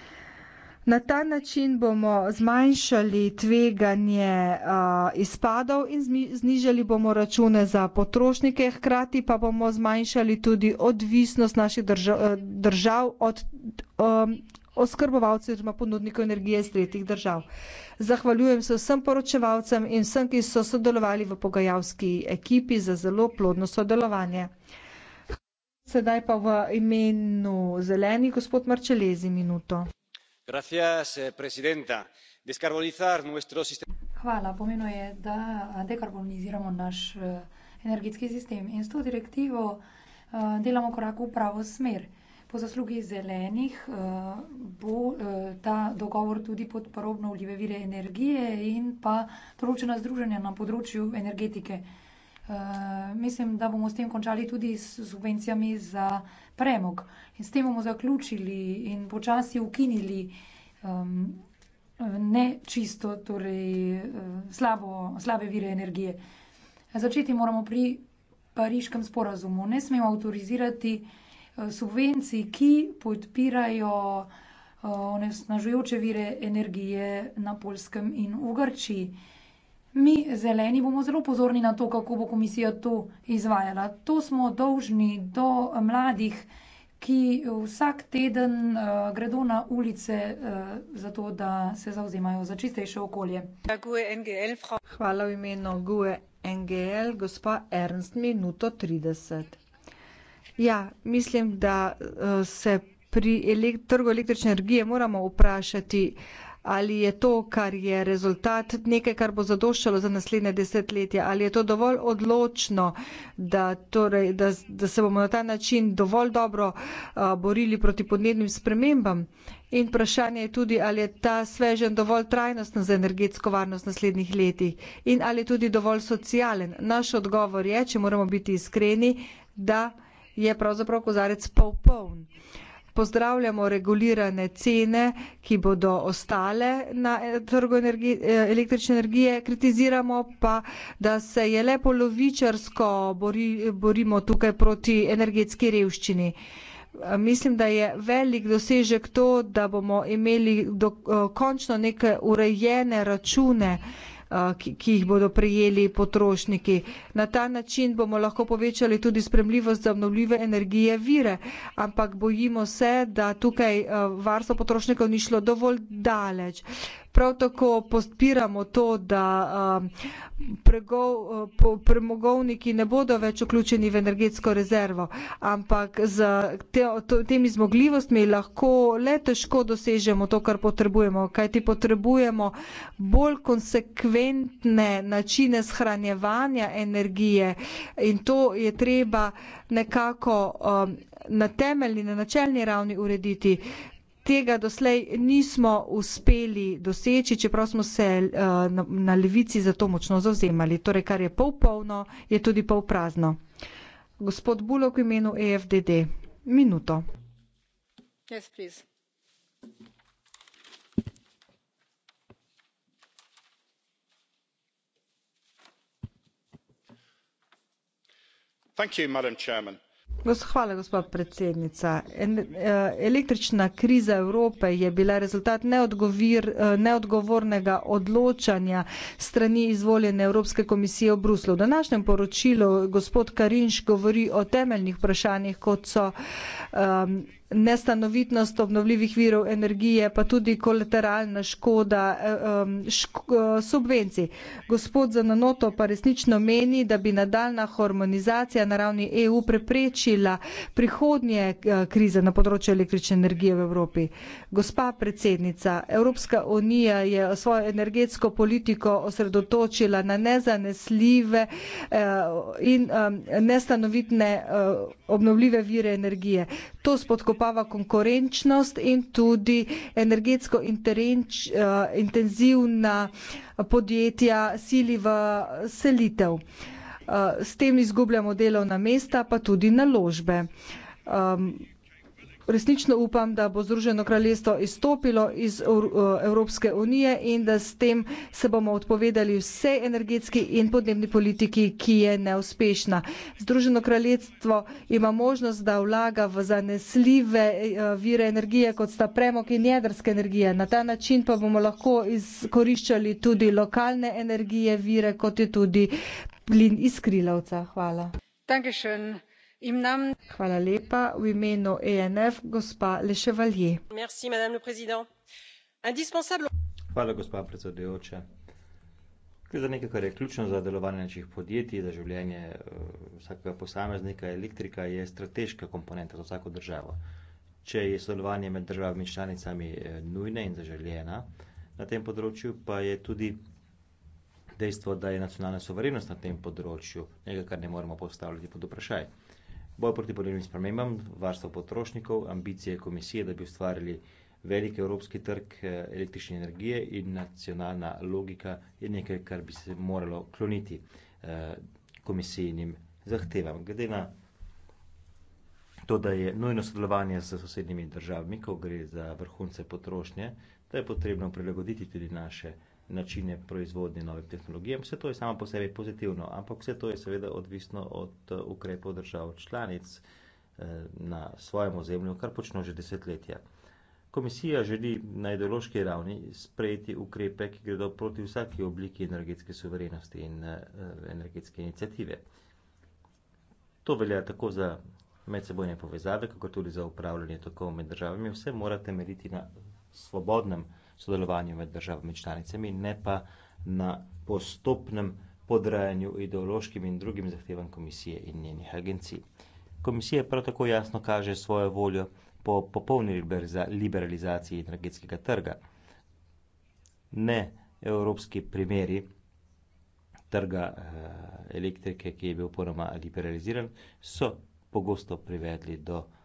Speaker 9: Na ta način bomo zmanjšali tveganje uh, izpadov in znižali bomo račune za potrošnike, hkrati pa bomo zmanjšali tudi odvisnost naših držav, držav od um, oskrbovalcev oziroma ponudnikov energije iz tretjih držav. Zahvaljujem se vsem poročevalcem in vsem, ki so sodelovali v pogajalski ekipi za zelo plodno sodelovanje. Sedaj pa v imenu zelenih gospod Marčelezi
Speaker 4: minuto.
Speaker 1: Eh,
Speaker 4: hvala pomembno je da eh, dekarboniziramo naš eh, energetski sistem in s to direktivo delamo korak v pravo smer po zaslugi zelenih bo ta dogovor tudi podprl obnovljive vire energije in pa določena združenja na področju energetike mislim da bomo s tem končali tudi s subvencijami za premog In s tem bomo zaključili in počasi ukinili um, ne čisto, torej uh, slabo, slabe vire energije. Začeti moramo pri pariškem sporazumu. Ne smemo avtorizirati uh, subvencij, ki podpirajo uh, onesnažujoče vire energije na Polskem in v Grčiji. Mi, zeleni, bomo zelo pozorni na to, kako bo komisija to izvajala. To smo dolžni do mladih ki vsak teden uh, gredo na ulice, uh, zato da se zauzemajo za čistejše okolje.
Speaker 9: Hvala v imenu GUE
Speaker 4: NGL, gospa Ernst, minuto 30.
Speaker 9: Ja, mislim, da uh, se pri elekt trgu električne energije moramo vprašati, uh, ali je to, kar je rezultat, nekaj, kar bo zadoščalo za naslednje desetletje, ali je to dovolj odločno, da, torej, da, da se bomo na ta način dovolj dobro a, borili proti podnebnim spremembam. In vprašanje je tudi, ali je ta svežen dovolj trajnostno za energetsko varnost naslednjih letih in ali je tudi dovolj socialen. Naš odgovor je, če moramo biti iskreni, da je pravzaprav kozarec polpoln. Pol pozdravljamo regulirane cene, ki bodo ostale na eh, trgu energi, eh, električne energije, kritiziramo pa, da se je le polovičarsko bori, borimo tukaj proti energetski revščini. Eh, mislim, da je velik dosežek to, da bomo imeli do, končno neke urejene račune Eh, ki, ki jih bodo prijeli potrošniki. Na ta način bomo lahko povečali tudi spremljivost za obnovljive energije vire, ampak bojimo se, da tukaj eh, varstvo potrošnikov ni šlo dovolj daleč prav tako podpiramo to da um, premogovniki ne bodo več vključeni v energetsko rezervo ampak s temi zmogljivostmi lahko le težko dosežemo to kar potrebujemo kajti potrebujemo bolj konsekventne načine shranjevanja energije in to je treba nekako um, na temeljni na načelni ravni urediti tega doslej nismo uspeli doseči, čeprav smo se eh, na levici za to močno zauzemali. Torej, kar je pol polno, je tudi pol prazno. Gospod Bulok v imenu EFDD. Minuto.
Speaker 6: Yes,
Speaker 3: Thank you, Madam Chairman.
Speaker 9: Hvala, gospod predsednica. En, eh, električna kriza Evrope je bila rezultat neodgovir, eh, neodgovornega odločanja strani izvoljene Evropske komisije v Bruslu. V današnjem poročilu gospod Karinš govori o temeljnih vprašanjih, kot so eh, nestanovitnost obnovljivih virov energije, pa tudi kolateralna škoda eh, eh, subvencij. Gospod Zananoto pa resnično meni, da bi nadaljna harmonizacija na ravni EU preprečila prihodnje eh, krize na področju električne energije v Evropi. Gospa predsednica, Evropska unija je svojo energetsko politiko osredotočila na nezanesljive in nestanovitne obnovljive vire energije. To spodkopava konkurenčnost in tudi energetsko interenč, uh, intenzivna podjetja sili v selitev. Uh, s tem izgubljamo delovna mesta, pa tudi naložbe. Um, resnično upam, da bo Združeno kraljestvo izstopilo iz eh, Evropske unije in da s tem se bomo odpovedali vse energetski in podnebni politiki, ki je neuspešna. Združeno kraljestvo ima možnost, da vlaga v zanesljive eh, vire energije, kot sta premok in jedrske energije. Na ta način pa bomo lahko izkoriščali tudi lokalne energije, vire, kot je tudi plin iz krilovca. Hvala. Dankeschön. E
Speaker 8: gospa predsedujoča. Gre za nekaj, kar je ključno za delovanje naših podjetij, za življenje, eh, vsakega posameznika. Elektrika je strateška komponenta za vsako državo. Če je sodelovanje med državami članicami, eh, nujna in zaželena na tem področju, pa je tudi dejstvo, da je nacionalna suverenost na tem področju nekaj, kar ne moremo postavljati pod vprašaj boj proti podnebnim spremembam, varstvo potrošnikov, ambicije komisije, da bi ustvarili velik evropski trg eh, električne energije in nacionalna logika je nekaj, kar bi se moralo kloniti eh, komisijnim zahtevam. Glede na to, da je nujno sodelovanje z sosednjimi državami, ko gre za vrhunce potrošnje, da je potrebno prilagoditi tudi naše državne načine proizvodnje novim tehnologijam. Vse to je samo po sebi pozitivno, ampak vse to je seveda odvisno od eh, ukrepov držav članic eh, na svojem ozemlju, kar počno že desetletja. Komisija želi na ideološki ravni sprejeti ukrepe, ki gredo proti vsaki obliki energetske suverenosti in eh, energetske inicijative. To velja tako za medsebojne povezave, kako tudi za upravljanje tokov med državami. Vse mora temeljiti na svobodnem sodelovanju med državami članicami, ne pa na postopnem podrajanju ideološkim in drugim zahtevam komisije in njenih agencij. Komisija prav tako jasno kaže svojo voljo po popolni liberalizaciji energetskega trga. Ne evropski primeri trga eh, elektrike, ki je bil ponoma liberaliziran, so pogosto privedli do trga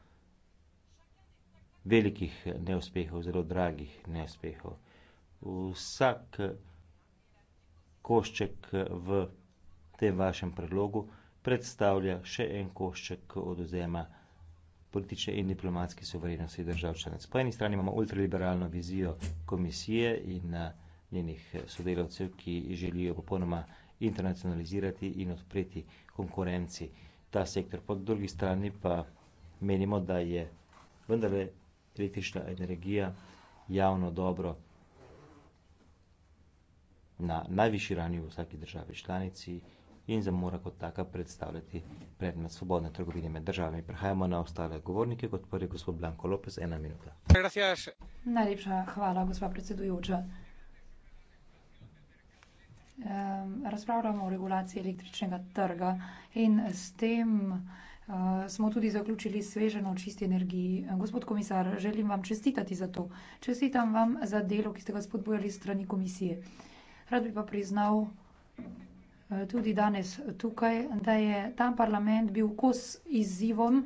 Speaker 8: velikih neuspehov, zelo dragih neuspehov. Vsak košček v tem vašem predlogu predstavlja še en košček odozema politične in diplomatske soverenosti držav članic. Po eni strani imamo ultraliberalno vizijo komisije in eh, njenih sodelavcev, ki želijo popolnoma internacionalizirati in odpreti konkurenci ta sektor. Po drugi strani pa menimo, da je vendarle električna energija, javno dobro na najviši ravni v vsaki državi članici in za mora kot taka predstavljati predmet svobodne trgovine med državami. Prehajamo na ostale govornike, kot prvi gospod Blanko Lopez, ena minuta. Gracias.
Speaker 4: Najlepša hvala, gospa predsedujoča. Um, razpravljamo o regulaciji električnega trga in s tem smo tudi zaključili sveženo čisti energiji. Gospod komisar, želim vam čestitati za to. Čestitam vam za delo, ki ste ga spodbujali strani komisije. Rad bi pa priznal tudi danes tukaj, da je tam parlament bil kos izzivom,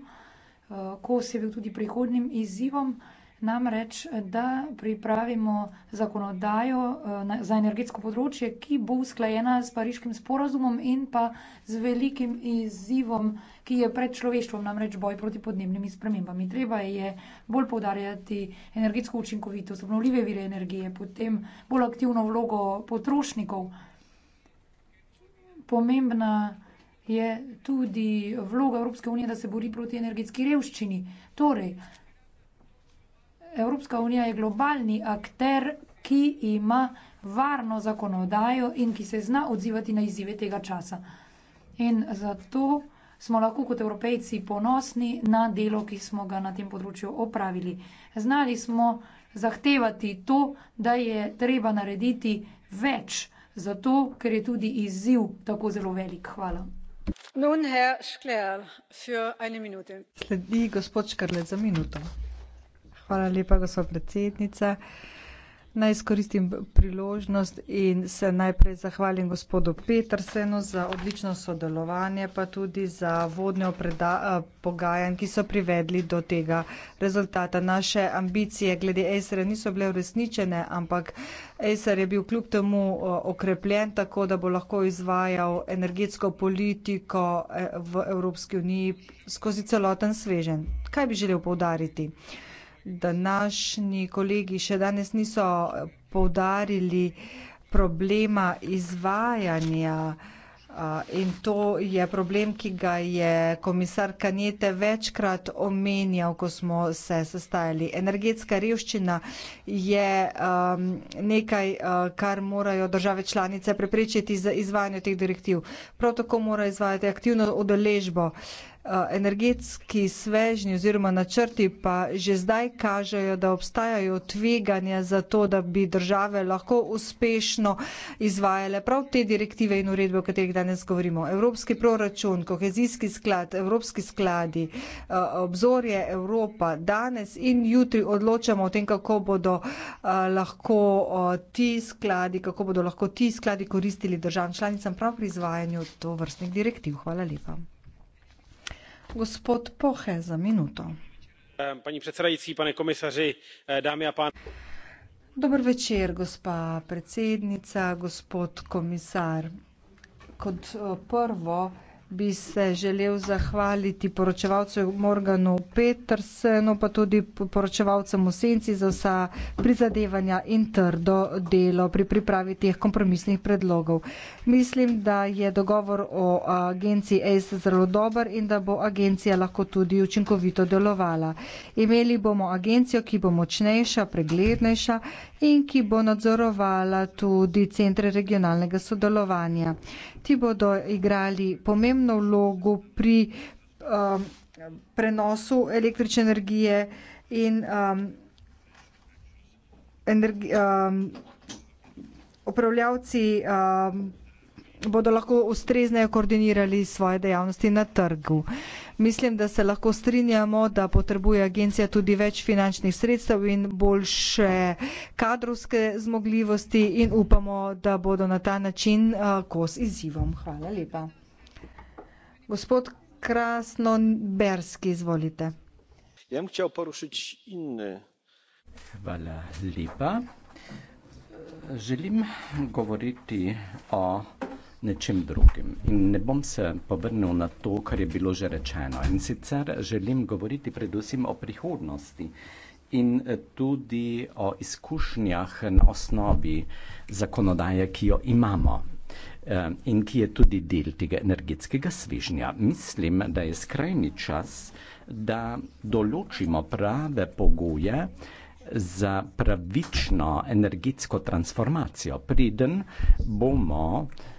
Speaker 4: kos je bil tudi prihodnim izzivom. Namreč, da pripravimo zakonodajo, eh, za energetsko področje, ki bo usklajena s pariškim sporazumom in pa z velikim izzivom, ki je pred človeštvom, namreč boj proti podnebnimi spremembami. Treba je bolj poudarjati energetsko učinkovitost, obnovljive vire energije, potem bolj aktivno vlogo potrošnikov. Pomembna je tudi vloga Evropske unije, da se bori proti energetski revščini. Torej, Evropska unija je globalni akter, ki ima varno zakonodajo in ki se zna odzivati na izzive tega časa. In zato smo lahko kot evropejci ponosni na delo, ki smo ga na tem področju opravili. Znali smo zahtevati to, da je treba narediti več, zato ker je tudi izziv tako zelo velik. Hvala.
Speaker 9: Nun, herr Schler, für eine Minute. Sledi gospod Škrlec za minuto. Hvala lepa, gospod predsednica. Naj izkoristim priložnost in se najprej zahvalim gospodu Petersenu za odlično sodelovanje, pa tudi za vodnjo preda, eh, pogajanj, ki so privedli do tega rezultata. Naše ambicije glede ESR-a niso bile uresničene, ampak ESR je bil kljub temu eh, okrepljen tako, da bo lahko izvajal energetsko politiko eh, v Evropski uniji skozi celoten svežen. Kaj bi želel povdariti? Uh, današnji kolegi še danes niso poudarili problema izvajanja in to je problem, ki ga je komisar Kanjete večkrat omenjal, ko smo se sestajali. Energetska revščina je nekaj, kar morajo države članice preprečiti za izvajanje teh direktiv. Prav tako morajo izvajati aktivno odeležbo energetski svežnji oziroma načrti pa že zdaj kažejo, da obstajajo tveganja za to, da bi države lahko uspešno izvajale prav te direktive in uredbe, o katerih danes govorimo. Evropski proračun, kohezijski sklad, evropski skladi, obzorje Evropa danes in jutri odločamo o tem, kako bodo lahko ti skladi, kako bodo lahko ti skladi koristili državam članicam prav pri izvajanju to vrstnih direktiv. Hvala lepa gospod pohe za minuto.
Speaker 7: Pani predsedajci, pane komisarji, dame in pan.
Speaker 9: Dobro večer, gospa predsednica, gospod komisar. Kot eh, prvo, bi se želel zahvaliti poročevalcu Morganu Petersenu, pa tudi poročevalcem v senci za vsa prizadevanja in trdo delo pri pripravi teh kompromisnih predlogov. Mislim, da je dogovor o agenciji ACE zelo dober in da bo agencija lahko tudi učinkovito delovala. Imeli bomo agencijo, ki bo močnejša, preglednejša in ki bo nadzorovala tudi centre regionalnega sodelovanja. Ti bodo igrali pomembno vlogo pri um, prenosu električne energije in um, energi, um, upravljavci um, bodo lahko ustrezneje koordinirali svoje dejavnosti na trgu. Mislim, da se lahko strinjamo, da potrebuje agencija tudi več finančnih sredstev in boljše kadrovske zmogljivosti in upamo, da bodo na ta način eh, kos izzivom. Hvala lepa. Gospod Krasnoberski, izvolite.
Speaker 1: Ja bi chcel porušiti in.
Speaker 10: Hvala lepa. Želim govoriti o nečem drugim. In ne bom se povrnil na to, kar je bilo že rečeno. In sicer želim govoriti predvsem o prihodnosti in eh, tudi o izkušnjah na osnovi zakonodaje, ki jo imamo eh, in ki je tudi del tega energetskega svežnja. Mislim, da je skrajni čas, da določimo prave pogoje za pravično energetsko transformacijo. Priden bomo uh,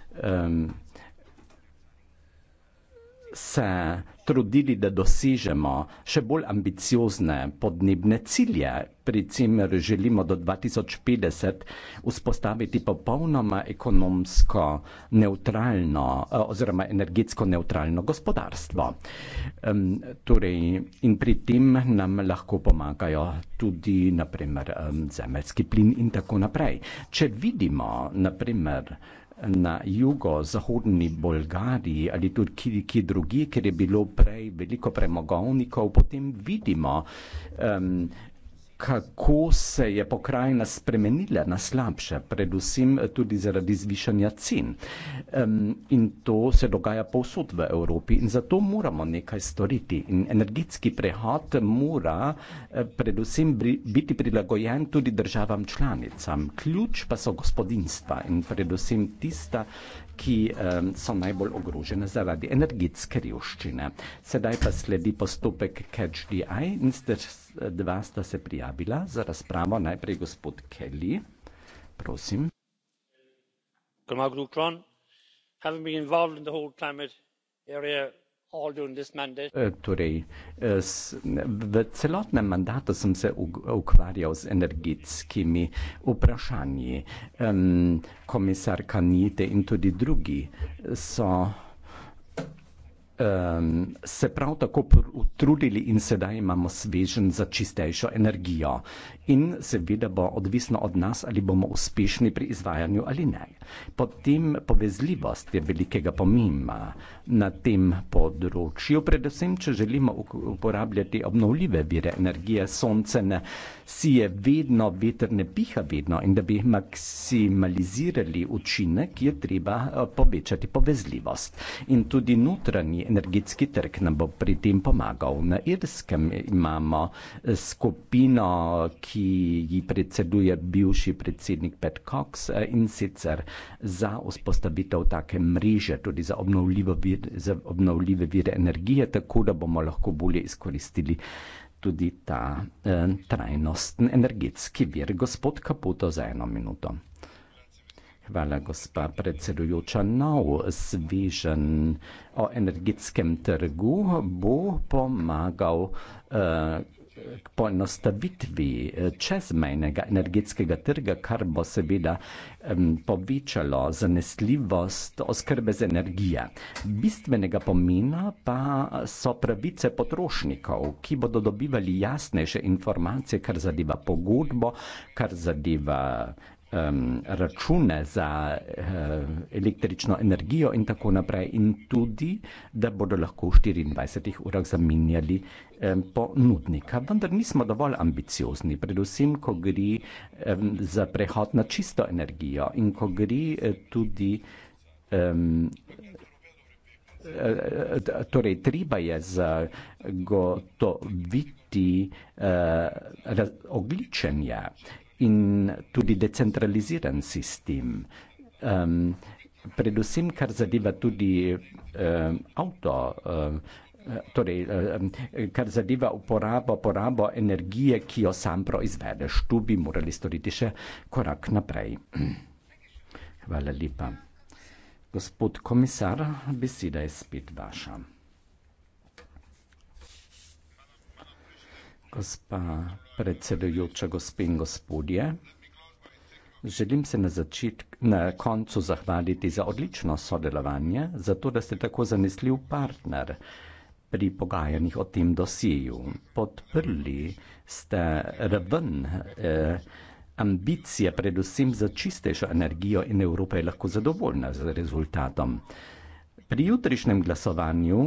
Speaker 10: se trudili, da dosežemo še bolj ambiciozne podnebne cilje, pri čemer želimo do 2050 vzpostaviti popolnoma ekonomsko neutralno e, oziroma energetsko neutralno gospodarstvo. Um, torej, in pri tem nam lahko pomagajo tudi naprimer um, zemeljski plin in tako naprej. Če vidimo naprimer na jugozahodni Bolgariji ali tudi ki, ki drugi, ker je bilo prej veliko premogovnikov, potem vidimo um, kako se je pokrajina spremenila na slabše, predvsem eh, tudi zaradi zvišanja cen. In to se dogaja povsod v Evropi in zato moramo nekaj storiti. In energetski prehod mora eh, predvsem biti prilagojen tudi državam članicam. Ključ pa so gospodinstva in predvsem tista, ki um, so najbolj ogrožene zaradi energetske revščine. Sedaj pa sledi postopek CatchDI in ste dva sta se prijavila za razpravo. Najprej gospod Kelly, prosim.
Speaker 3: Having been involved in the whole climate area Eh,
Speaker 10: torej, eh, v celotnem mandatu sem se ukvarjal z energetskimi vprašanji. Komisar Kanjite in tudi drugi so se prav tako trudili in sedaj imamo svežen za čistejšo energijo in seveda bo odvisno od nas, ali bomo uspešni pri izvajanju ali ne. Potem povezljivost je velikega pomima na tem področju, predvsem, če želimo uporabljati obnovljive vire energije, sonce ne sije vedno, veter ne piha vedno in da bi maksimalizirali učinek, je treba eh, povečati povezljivost. In tudi notranji energetski trg nam bo pri tem pomagal. Na Irskem imamo eh, skupino, ki ki ji predseduje bivši predsednik Pat Cox eh, in sicer za vzpostavitev take mreže, tudi za obnovljive, vir, za obnovljive vire energije, tako da bomo lahko bolje izkoristili tudi ta eh, trajnostni energetski vir. Gospod Kaputo, za eno minuto. Hvala, gospa predsedujoča. Nov svežen o energetskem trgu bo pomagal. Eh, k poenostavitvi eh, čezmejnega energetskega trga, kar bo seveda um, povečalo zanesljivost oskrbe z energijo. Bistvenega pomena pa so pravice potrošnikov, ki bodo dobivali jasnejše informacije, kar zadeva pogodbo, kar zadeva um, račune za uh, električno energijo in tako naprej, in tudi, da bodo lahko v 24 urah zamenjali um, ponudnika. Vendar nismo dovolj ambiciozni, predvsem, ko gre um, za prehod na čisto energijo in ko gre uh, tudi. Um, Torej, treba je zagotoviti uh, ogličenje, uh, in tudi decentraliziran sistem. Um, predvsem, kar zadeva tudi um, avto, um, torej, um, kar zadeva uporabo, porabo energije, ki jo sam proizvedeš, tu bi morali storiti še korak naprej. Hvala lepa. Gospod komisar, beseda je spet vaša. Gospa predsedujoča, gospe in gospodje, želim se na, začetk, na koncu zahvaliti za odlično sodelovanje, za to, da ste tako zanesljiv partner pri pogajanjih o tem dosiju. Podprli ste raven eh, ambicije, predvsem za čistejšo energijo in Evropa je lahko zadovoljna z rezultatom. Pri jutrišnjem glasovanju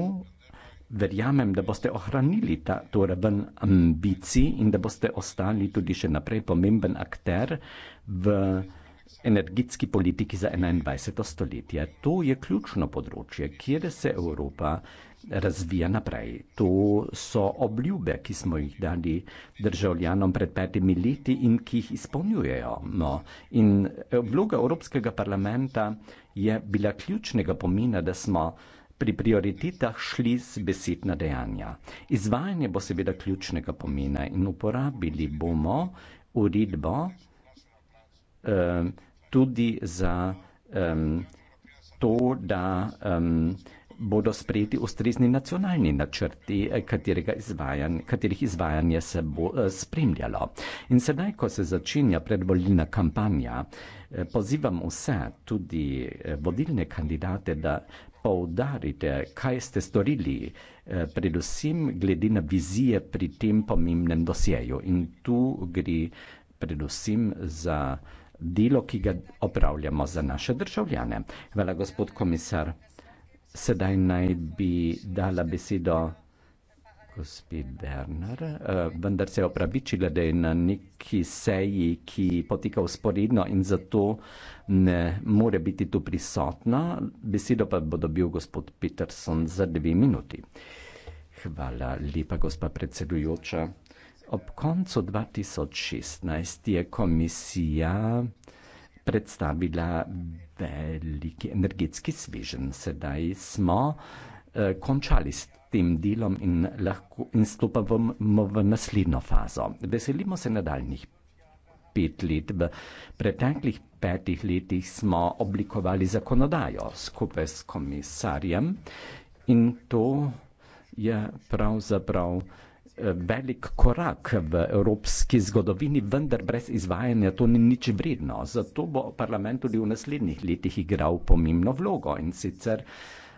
Speaker 10: verjamem, da boste ohranili ta raven ambicij in da boste ostali tudi še naprej pomemben akter v energetski politiki za 21. stoletje. To je ključno področje, kjer se Evropa razvija naprej. To so obljube, ki smo jih dali državljanom pred petimi leti in ki jih izpolnjujejo. No, in vloga Evropskega parlamenta je bila ključnega pomena, da smo pri prioritetah šli z besed na dejanja. Izvajanje bo seveda ključnega pomena in uporabili bomo uredbo eh, tudi za eh, to, da eh, bodo sprejeti ustrezni nacionalni načrti, eh, izvajan, katerih izvajanje se bo eh, spremljalo. In sedaj, ko se začenja predvoljna kampanja, eh, pozivam vse, tudi eh, vodilne kandidate, da poudarite, kaj ste storili, eh, predvsem glede na vizije pri tem pomembnem dosjeju. In tu gre predvsem za delo, ki ga opravljamo za naše državljane. Hvala, gospod komisar. Sedaj naj bi dala besedo. Gospi Bernar, eh, vendar se je opravičila, da je na neki seji, ki poteka usporedno in zato ne more biti tu prisotna. Besedo pa bo dobil gospod Peterson za dve minuti. Hvala lepa, gospa predsedujoča. Ob koncu 2016 je komisija predstavila veliki energetski svežen. Sedaj smo eh, končali s tem tem delom in, lahko, in stopamo v naslednjo fazo. Veselimo se nadaljnih pet let. V preteklih petih letih smo oblikovali zakonodajo skupaj s komisarjem in to je pravzaprav eh, velik korak v evropski zgodovini, vendar brez izvajanja to ni nič vredno. Zato bo parlament tudi v naslednjih letih igral pomembno vlogo in sicer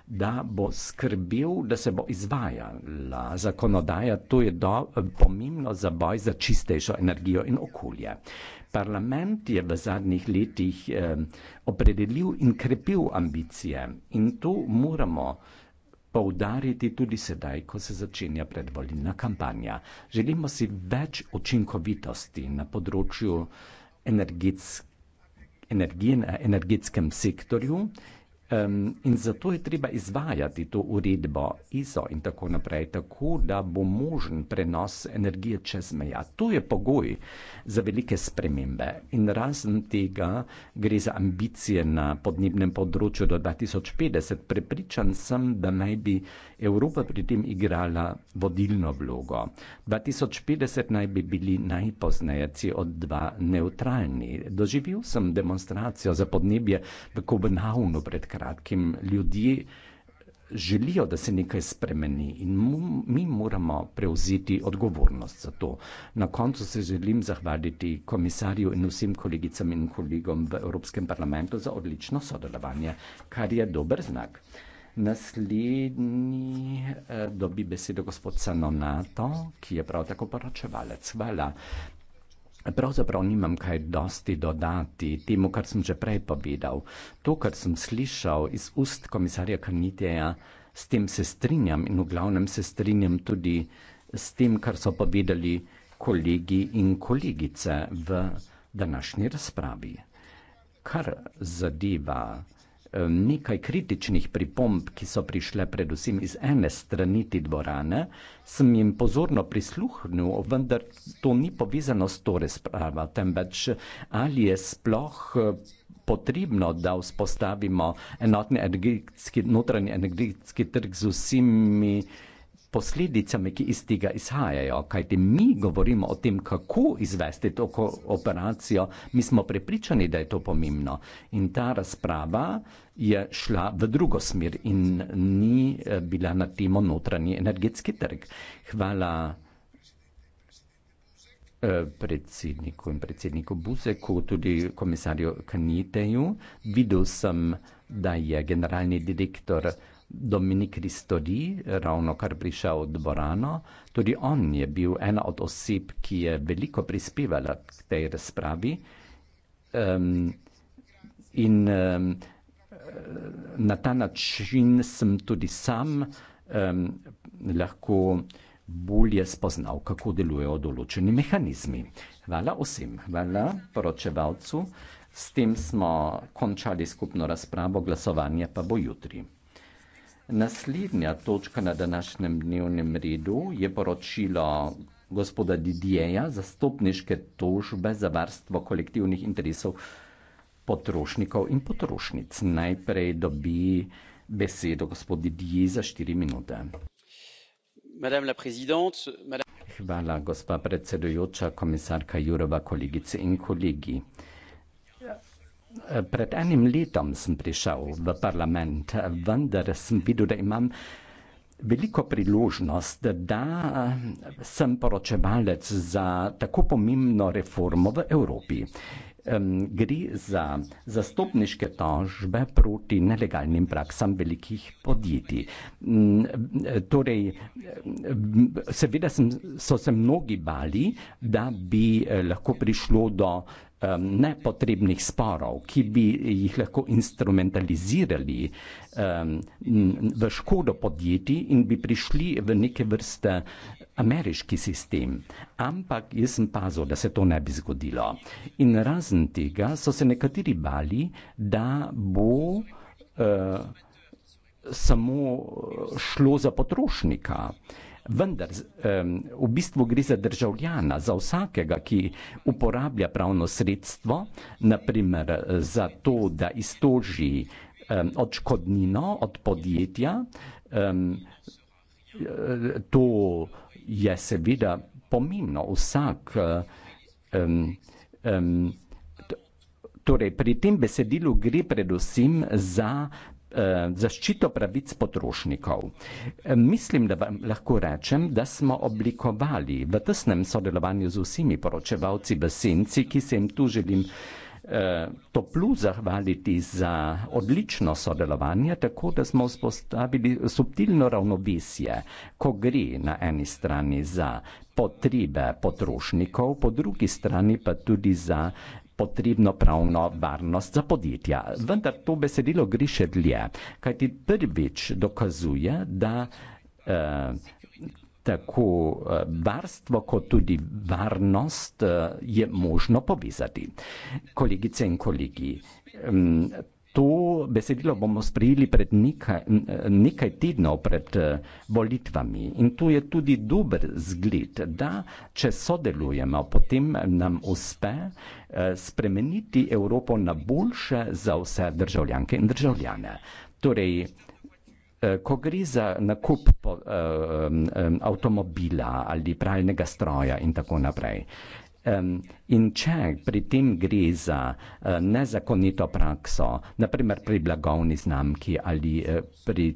Speaker 10: da bo skrbel, da se bo izvajala zakonodaja. To je do, pomembno za boj za čistejšo energijo in okolje. Parlament je v zadnjih letih eh, opredelil in krepil ambicije in to moramo poudariti tudi sedaj, ko se začenja predvoljena kampanja. Želimo si več učinkovitosti na področju energetske. Energije na energetskem sektorju, Um, in zato je treba izvajati to uredbo ISO in tako naprej, tako da bo možen prenos energije čez meja. To je pogoj za velike spremembe in razen tega gre za ambicije na podnebnem področju do 2050. Prepričan sem, da naj bi Evropa pri tem igrala vodilno vlogo. 2050 naj bi bili najpoznajci od dva neutralni. Doživel sem demonstracijo za podnebje v Kobenhavnu pred kratkim. Ljudje želijo, da se nekaj spremeni in mu, mi moramo prevzeti odgovornost za to. Na koncu se želim zahvaliti komisarju in vsem kolegicam in kolegom v Evropskem parlamentu za odlično sodelovanje, kar je dober znak. Naslednji eh, dobi besedo gospod Sanonato, ki je prav tako poročevalec. Hvala. Pravzaprav nimam kaj dosti dodati temu, kar sem že prej povedal. To, kar sem slišal iz ust komisarja Kaniteja, s tem se strinjam in v glavnem se strinjam tudi s tem, kar so povedali kolegi in kolegice v današnji razpravi. Kar zadeva nekaj kritičnih pripomb, ki so prišle predvsem iz ene strani te dvorane, sem jim pozorno prisluhnil, vendar to ni povezano s to razpravo, temveč ali je sploh eh, potrebno, da vzpostavimo enotni energetski, notranji energetski trg z vsemi uh, posledicami, ki iz tega izhajajo. Kajti mi govorimo o tem, kako izvesti to operacijo, mi smo prepričani, da je to pomembno. In ta razprava je šla v drugo smer in ni eh, bila na temo notranji energetski trg. Hvala eh, predsedniku in predsedniku Buzeku, tudi komisarju Kaniteju. Videl sem, da je generalni direktor Dominik Ristori, ravno kar prišel v dvorano. Tudi on je bil ena od oseb, ki je veliko prispevala k tej razpravi. Um, in um, na ta način sem tudi sam um, lahko bolje spoznal, kako delujejo določeni mehanizmi. Hvala vsem, hvala poročevalcu. S tem smo končali skupno razpravo, glasovanje pa bo jutri. Naslednja točka na današnjem dnevnem redu je poročilo gospoda Didijeja za stopniške tožbe za varstvo kolektivnih interesov potrošnikov in potrošnic. Najprej dobi besedo gospod Didije za štiri minute. Hvala, gospa predsedujoča, komisarka Jurova, kolegice in kolegi. Pred enim letom sem prišel v parlament, vendar sem videl, da imam veliko priložnost, da sem poročevalec za tako pomembno reformo v Evropi. Gre za zastopniške tožbe proti nelegalnim praksam velikih podjetij. Torej, seveda sem, so se mnogi bali, da bi eh, lahko prišlo do um, nepotrebnih sporov, ki bi jih lahko instrumentalizirali um, v škodo podjetij in bi prišli v neke vrste ameriški sistem. Ampak jaz sem pazil, da se to ne bi zgodilo. In razen tega so se nekateri bali, da bo uh, samo šlo za potrošnika. Vendar v bistvu gre za državljana, za vsakega, ki uporablja pravno sredstvo, naprimer za to, da istoži odškodnino od podjetja. To je seveda pomembno. Vsak, torej pri tem besedilu gre predvsem za Eh, zaščito pravic potrošnikov. Eh, mislim, da vam lahko rečem, da smo oblikovali v tesnem sodelovanju z vsemi poročevalci v Senci, ki se jim tu želim eh, toplu zahvaliti za odlično sodelovanje, tako da smo vzpostavili subtilno ravnovesje, ko gre na eni strani za potrebe potrošnikov, po drugi strani pa tudi za potrebno pravno varnost za podjetja. Vendar to besedilo gre še dlje, kajti prvič dokazuje, da eh, tako eh, varstvo kot tudi varnost eh, je možno povezati. Kolegice in kolegi, mm, To besedilo bomo sprejeli pred nekaj, nekaj tednov pred eh, volitvami in to je tudi dober zgled, da če sodelujemo, potem nam uspe eh, spremeniti Evropo na boljše za vse državljanke in državljane. Torej, eh, Ko gre za nakup po, eh, avtomobila ali pralnega stroja in tako naprej, eh, um, in če pri tem gre za uh, nezakonito prakso, naprimer pri blagovni znamki ali uh, pri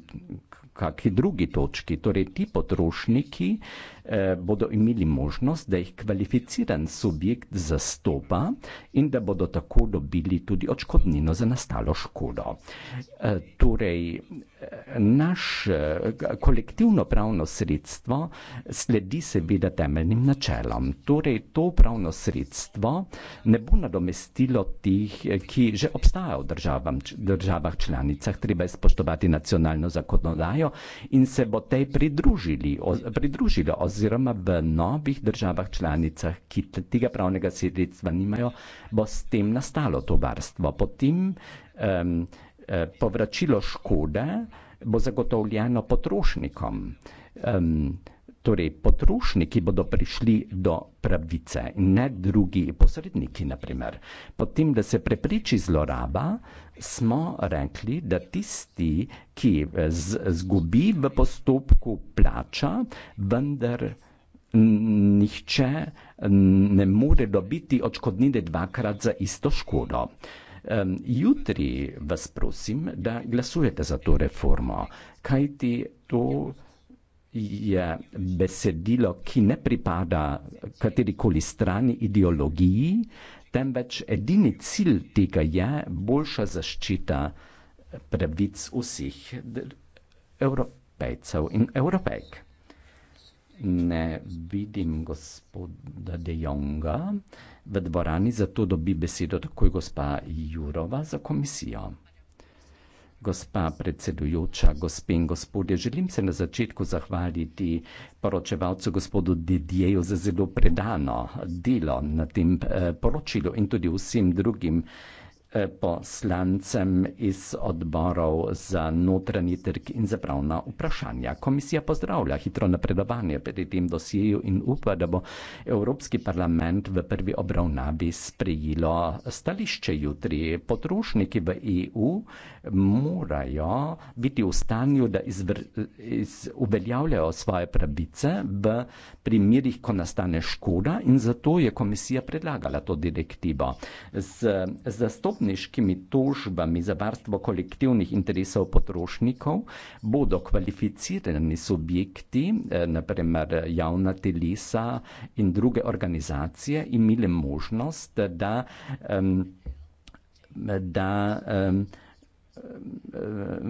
Speaker 10: kakšni drugi točki, torej ti potrošniki uh, eh, bodo imeli možnost, da jih kvalificiran subjekt zastopa in da bodo tako dobili tudi očkodnino za nastalo škodo. Eh, torej, eh, naš eh, kolektivno pravno sredstvo sledi seveda temeljnim načelom. Torej, to pravno sredstvo ne bo nadomestilo tih, eh, ki že obstajajo v državam, državah članicah, treba je spoštovati nacionalno zakonodajo in se bo tej pridružili, o, pridružilo oz, oziroma v novih državah članicah, ki tega pravnega sredstva nimajo, bo s tem nastalo to varstvo. Potem um, povračilo škode bo zagotovljeno potrošnikom. Um, Torej, potrošniki bodo prišli do pravice, ne drugi posredniki, naprimer. Potem, da se prepriči zloraba, smo rekli, da tisti, ki izgubi eh, v postopku plača, vendar nihče ne more dobiti očkodnine dvakrat za isto škodo. Jutri vas prosim, da glasujete za to reformo, kajti to je besedilo, ki ne pripada katerikoli strani ideologiji, temveč edini cilj tega je boljša zaščita pravic vseh evropejcev in evropejk. Ne vidim gospoda De Jonga v dvorani, zato dobi besedo takoj gospa Jurova za komisijo. Gospa predsedujoča, gospe in gospodje, želim se na začetku zahvaliti poročevalcu gospodu Didjeju za zelo predano delo na tem eh, poročilu in tudi vsem drugim eh, poslancem iz odborov za notranji trg in za pravna vprašanja. Komisija pozdravlja hitro napredovanje pri tem dosjeju in upa, da bo Evropski parlament v prvi obravnavi sprejelo stališče jutri. Potrošniki v EU morajo biti v stanju, da izvr, iz, uveljavljajo svoje pravice v primerih, ko nastane škoda in zato je komisija predlagala to direktivo. Z, upniškimi tožbami za varstvo kolektivnih interesov potrošnikov bodo kvalificirani subjekti, eh, naprimer javna telesa in druge organizacije, imeli možnost, da, da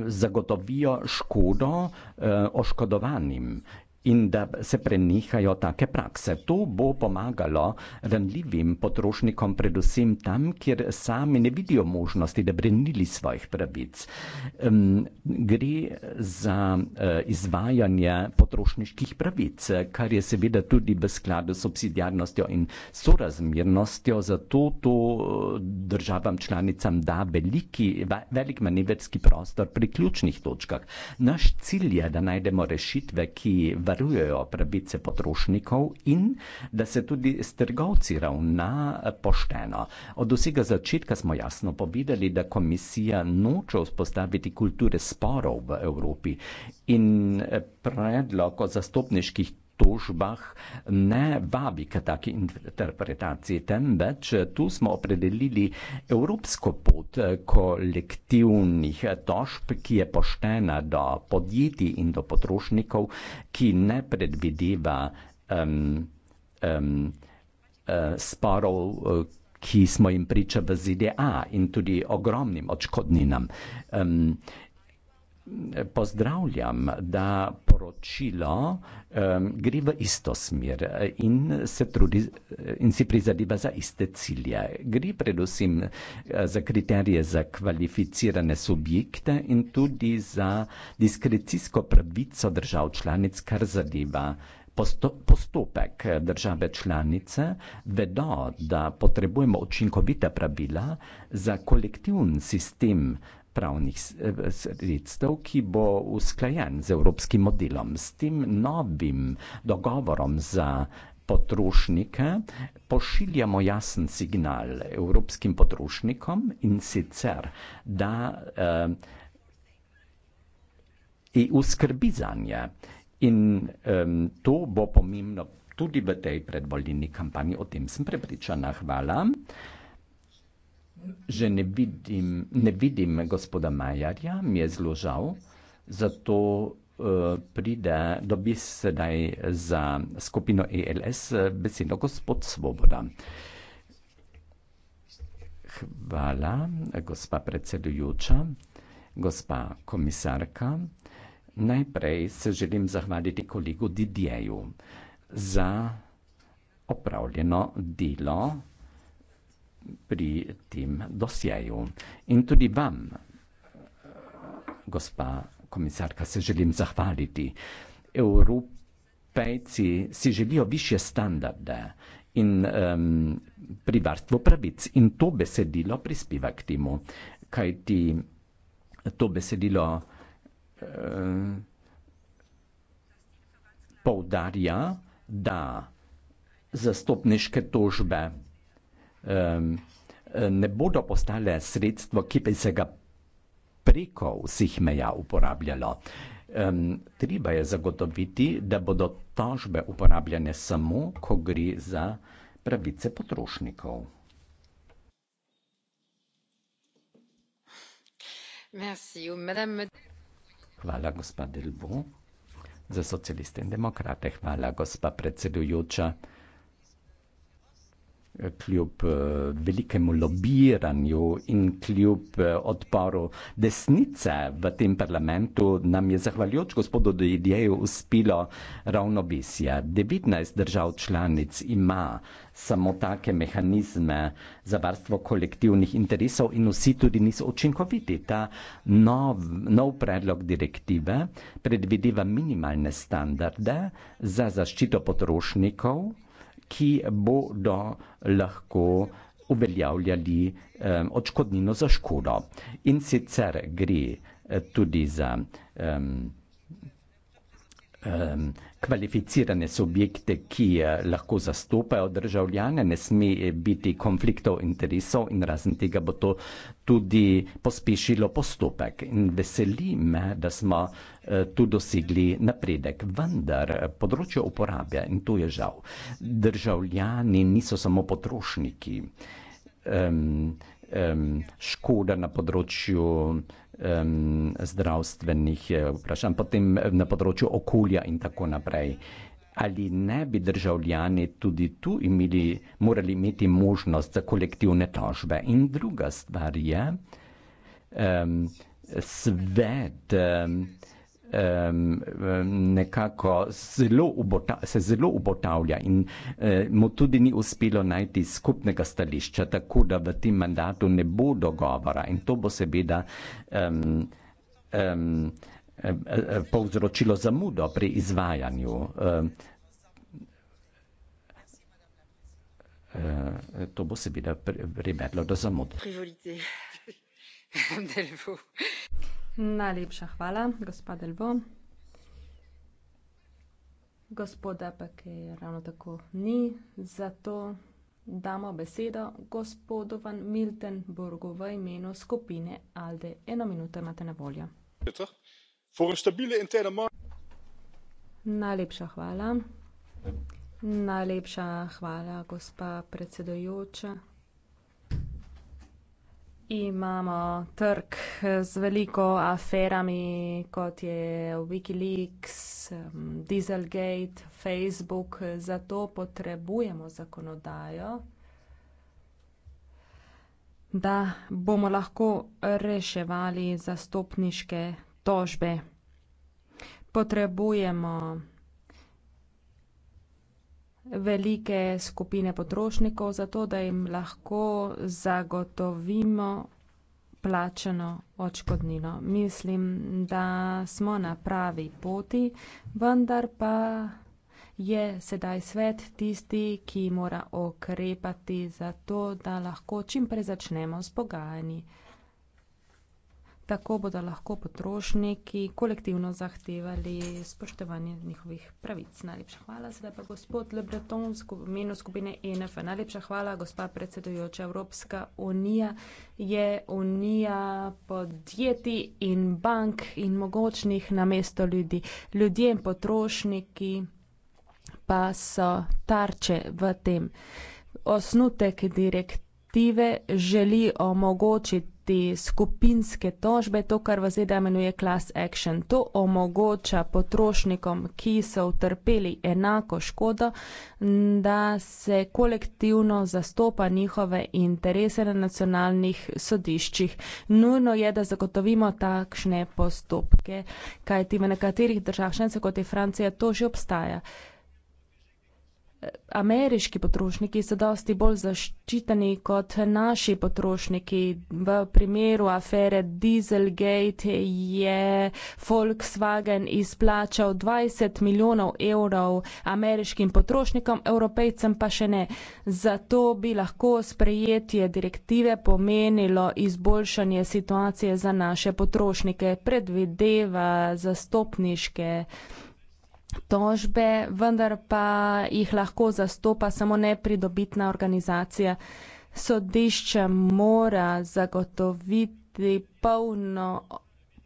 Speaker 10: zagotovijo škodo eh, oškodovanim in da se prenehajo take prakse. To bo pomagalo ranljivim potrošnikom, predvsem tam, kjer sami ne vidijo možnosti, da brenili svojih pravic. Um, gre za uh, izvajanje potrošniških pravic, kar je seveda tudi v skladu s obsidijarnostjo in sorazmernostjo, zato to e, državam članicam da veliki, velik manevrski prostor pri ključnih točkah. Naš cilj je, da najdemo rešitve, ki v varujejo pravice potrošnikov in da se tudi s trgovci ravna pošteno. Od vsega začetka smo jasno povedali, da komisija noče vzpostaviti kulture sporov v Evropi in predlog o zastopniških obtožbah ne vabi k taki interpretaciji, temveč tu smo opredelili evropsko pot eh, kolektivnih tožb, ki je poštena do podjetij in do potrošnikov, ki ne predvideva um, um, sporov, eh, ki smo jim priča v ZDA in tudi ogromnim odškodninam. Um, pozdravljam, da poročilo um, gre v isto smer in se trudi in si prizadeva za iste cilje. Gre predvsem eh, za kriterije za kvalificirane subjekte in tudi za diskrecijsko pravico držav članic, kar zadeva postopek države članice vedo, da potrebujemo učinkovita pravila za kolektivni sistem pravnih eh, sredstev, ki bo usklajen z evropskim modelom, s tem novim dogovorom za potrošnike, pošiljamo jasen signal evropskim potrošnikom in sicer, da EU eh, e skrbi za nje. In to bo pomembno tudi v tej predvoljeni kampanji, o tem sem prepričana. Hvala. Že ne vidim, ne vidim gospoda Majarja, mi je zelo žal, zato eh, pride, dobi sedaj za skupino ELS eh, besedo gospod Svoboda. Hvala, gospa predsedujoča, gospa komisarka. Najprej se želim zahvaliti kolegu Didjeju za opravljeno delo pri tem dosjeju. In tudi vam, gospa komisarka, se želim zahvaliti. Evropejci si želijo više standarde in um, pri varstvu pravic in to besedilo prispeva k temu, kajti to besedilo um, poudarja, da zastopniške tožbe um, ne bodo postale sredstvo, ki bi se ga preko vseh meja uporabljalo. Um, treba je zagotoviti, da bodo tožbe uporabljene samo, ko gre za pravice potrošnikov. Hvala, gospod Delbo, za socialiste in demokrate. Hvala, gospod predsedujoča kljub eh, velikemu lobiranju in kljub eh, odporu desnice v tem parlamentu nam je zahvaljujoč gospodu Dojedjeju uspelo ravnobesje. 19 držav članic ima samo take mehanizme za varstvo kolektivnih interesov in vsi tudi niso učinkoviti. Ta nov, nov predlog direktive predvideva minimalne standarde za zaščito potrošnikov, ki bodo lahko uveljavljali um, odškodnino za škodo. In sicer gre eh, tudi za um, um, kvalificirane subjekte, ki eh, lahko zastopajo državljane, ne sme biti konfliktov interesov in razen tega bo to tudi pospešilo postopek. In veseli me, da smo eh, tu dosegli napredek. Vendar eh, področje uporabe, in to je žal, državljani niso samo potrošniki. Um, um, škoda na področju um, zdravstvenih eh, vprašanj, potem eh, na področju okolja in tako naprej. Ali ne bi državljani tudi tu imeli, morali imeti možnost za kolektivne tožbe? In druga stvar je, um, svet. Um, nekako zelo ubota, se zelo ubotavlja in eh, mu tudi ni uspelo najti skupnega stališča, tako da v tem mandatu ne bo dogovora in to bo seveda um, um, povzročilo zamudo pri izvajanju. Um, Uh, to bo seveda privedlo do zamud.
Speaker 4: [LAUGHS] Najlepša
Speaker 12: hvala, gospa Delvo. Gospoda pa, ki je ravno tako ni, zato damo besedo gospodu Van Milten Borgu v imenu skupine ALDE. Eno minuto imate na voljo. Najlepša hvala. Najlepša hvala, gospa predsedujoča. Imamo trg z veliko aferami, kot je Wikileaks, Dieselgate, Facebook. Zato potrebujemo zakonodajo, da bomo lahko reševali zastopniške tožbe. Potrebujemo velike skupine potrošnikov, zato da jim lahko zagotovimo plačeno očkodnino. Mislim, da smo na pravi poti, vendar pa je sedaj svet tisti, ki mora okrepati za to, da lahko čim prej začnemo s pogajanji. Tako bodo lahko potrošniki kolektivno zahtevali spoštovanje njihovih pravic. Najlepša hvala. Sedaj pa gospod Lebreton v sku imenu skupine ENF. Najlepša hvala, gospa predsedujoča. Evropska unija je unija podjetij in bank in mogočnih na mesto ljudi. Ljudje in potrošniki pa so tarče v tem. Osnutek direktive želi omogočiti te skupinske tožbe, to, kar v ZDA imenuje class action. To omogoča potrošnikom, ki so utrpeli enako škodo, da se kolektivno zastopa njihove interese na nacionalnih sodiščih. Nujno je, da zagotovimo takšne postopke, kajti v nekaterih državah, še kot je Francija, to že obstaja ameriški potrošniki so dosti bolj zaščiteni kot naši potrošniki. V primeru afere Dieselgate je Volkswagen izplačal 20 milijonov evrov ameriškim potrošnikom, evropejcem pa še ne. Zato bi lahko sprejetje direktive pomenilo izboljšanje situacije za naše potrošnike, predvideva zastopniške tožbe, vendar pa jih lahko zastopa samo nepridobitna organizacija. Sodišče mora zagotoviti polno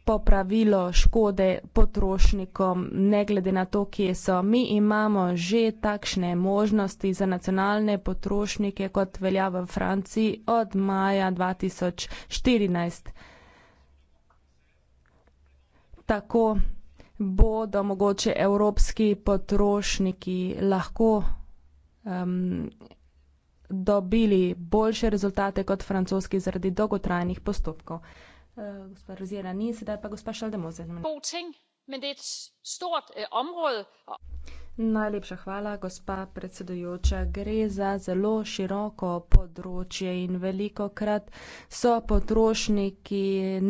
Speaker 12: popravilo škode potrošnikom, ne glede na to, kje so. Mi imamo že takšne možnosti za nacionalne potrošnike, kot velja v Franciji od maja 2014. Tako bodo mogoče evropski potrošniki lahko um, dobili boljše rezultate kot francoski zaradi dolgotrajnih postopkov. Uh, gospa Rozira ni, sedaj pa gospa Šaldemoze.
Speaker 4: Men det er stort, uh, område.
Speaker 12: Najlepša hvala, gospa predsedujoča. Gre za zelo široko področje in veliko krat so potrošniki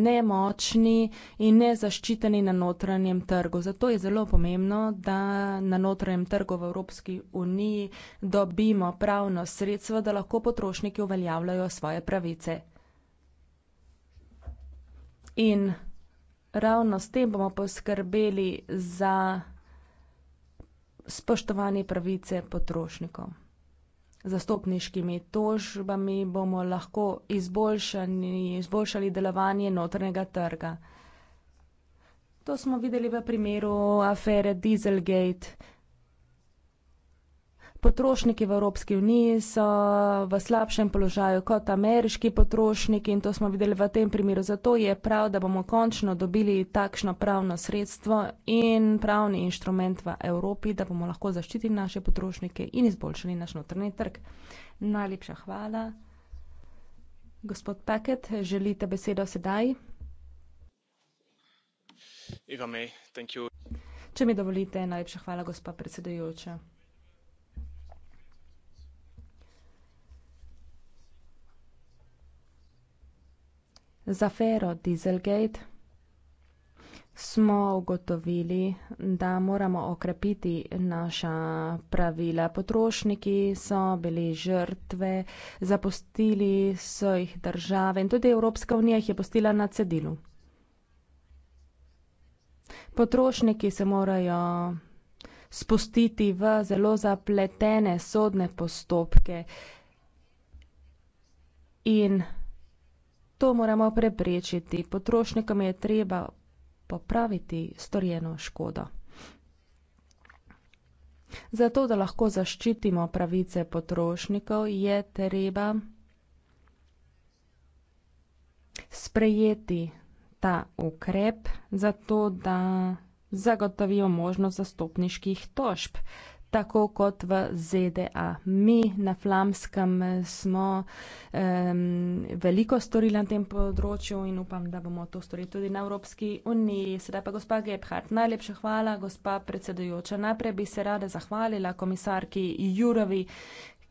Speaker 12: nemočni in nezaščiteni na notranjem trgu. Zato je zelo pomembno, da na notranjem trgu v Evropski uniji dobimo pravno sredstvo, da lahko potrošniki uveljavljajo svoje pravice. In ravno s tem bomo poskrbeli za spoštovanje pravice potrošnikov. Zastopniškimi tožbami bomo lahko izboljšali delovanje notrnega trga. To smo videli v primeru afere Dieselgate potrošniki v Evropski uniji so v slabšem položaju kot ameriški potrošniki in to smo videli v tem primeru. Zato je prav, da bomo končno dobili takšno pravno sredstvo in pravni inštrument v Evropi, da bomo lahko zaščitili naše potrošnike in izboljšali naš notrni trg. Najlepša hvala. Gospod Packett, želite besedo sedaj?
Speaker 5: Eva May, thank you.
Speaker 12: Če mi dovolite, najlepša hvala, gospa predsedujoča. z afero Dieselgate smo ugotovili, da moramo okrepiti naša pravila. Potrošniki so bili žrtve, zapustili so jih države in tudi Evropska unija jih je postila na cedilu. Potrošniki se morajo spustiti v zelo zapletene sodne postopke in To moramo preprečiti. Potrošnikom je treba popraviti storjeno škodo. Zato, da lahko zaščitimo pravice potrošnikov, je treba sprejeti ta ukrep, zato da zagotovijo možnost zastopniških tožb tako kot v ZDA. Mi na Flamskem smo um, veliko storili na tem področju in upam, da bomo to storili tudi na Evropski uniji. Sedaj pa gospa Gebhardt, najlepša hvala, gospa predsedujoča. Najprej bi se rada zahvalila komisarki Jurovi,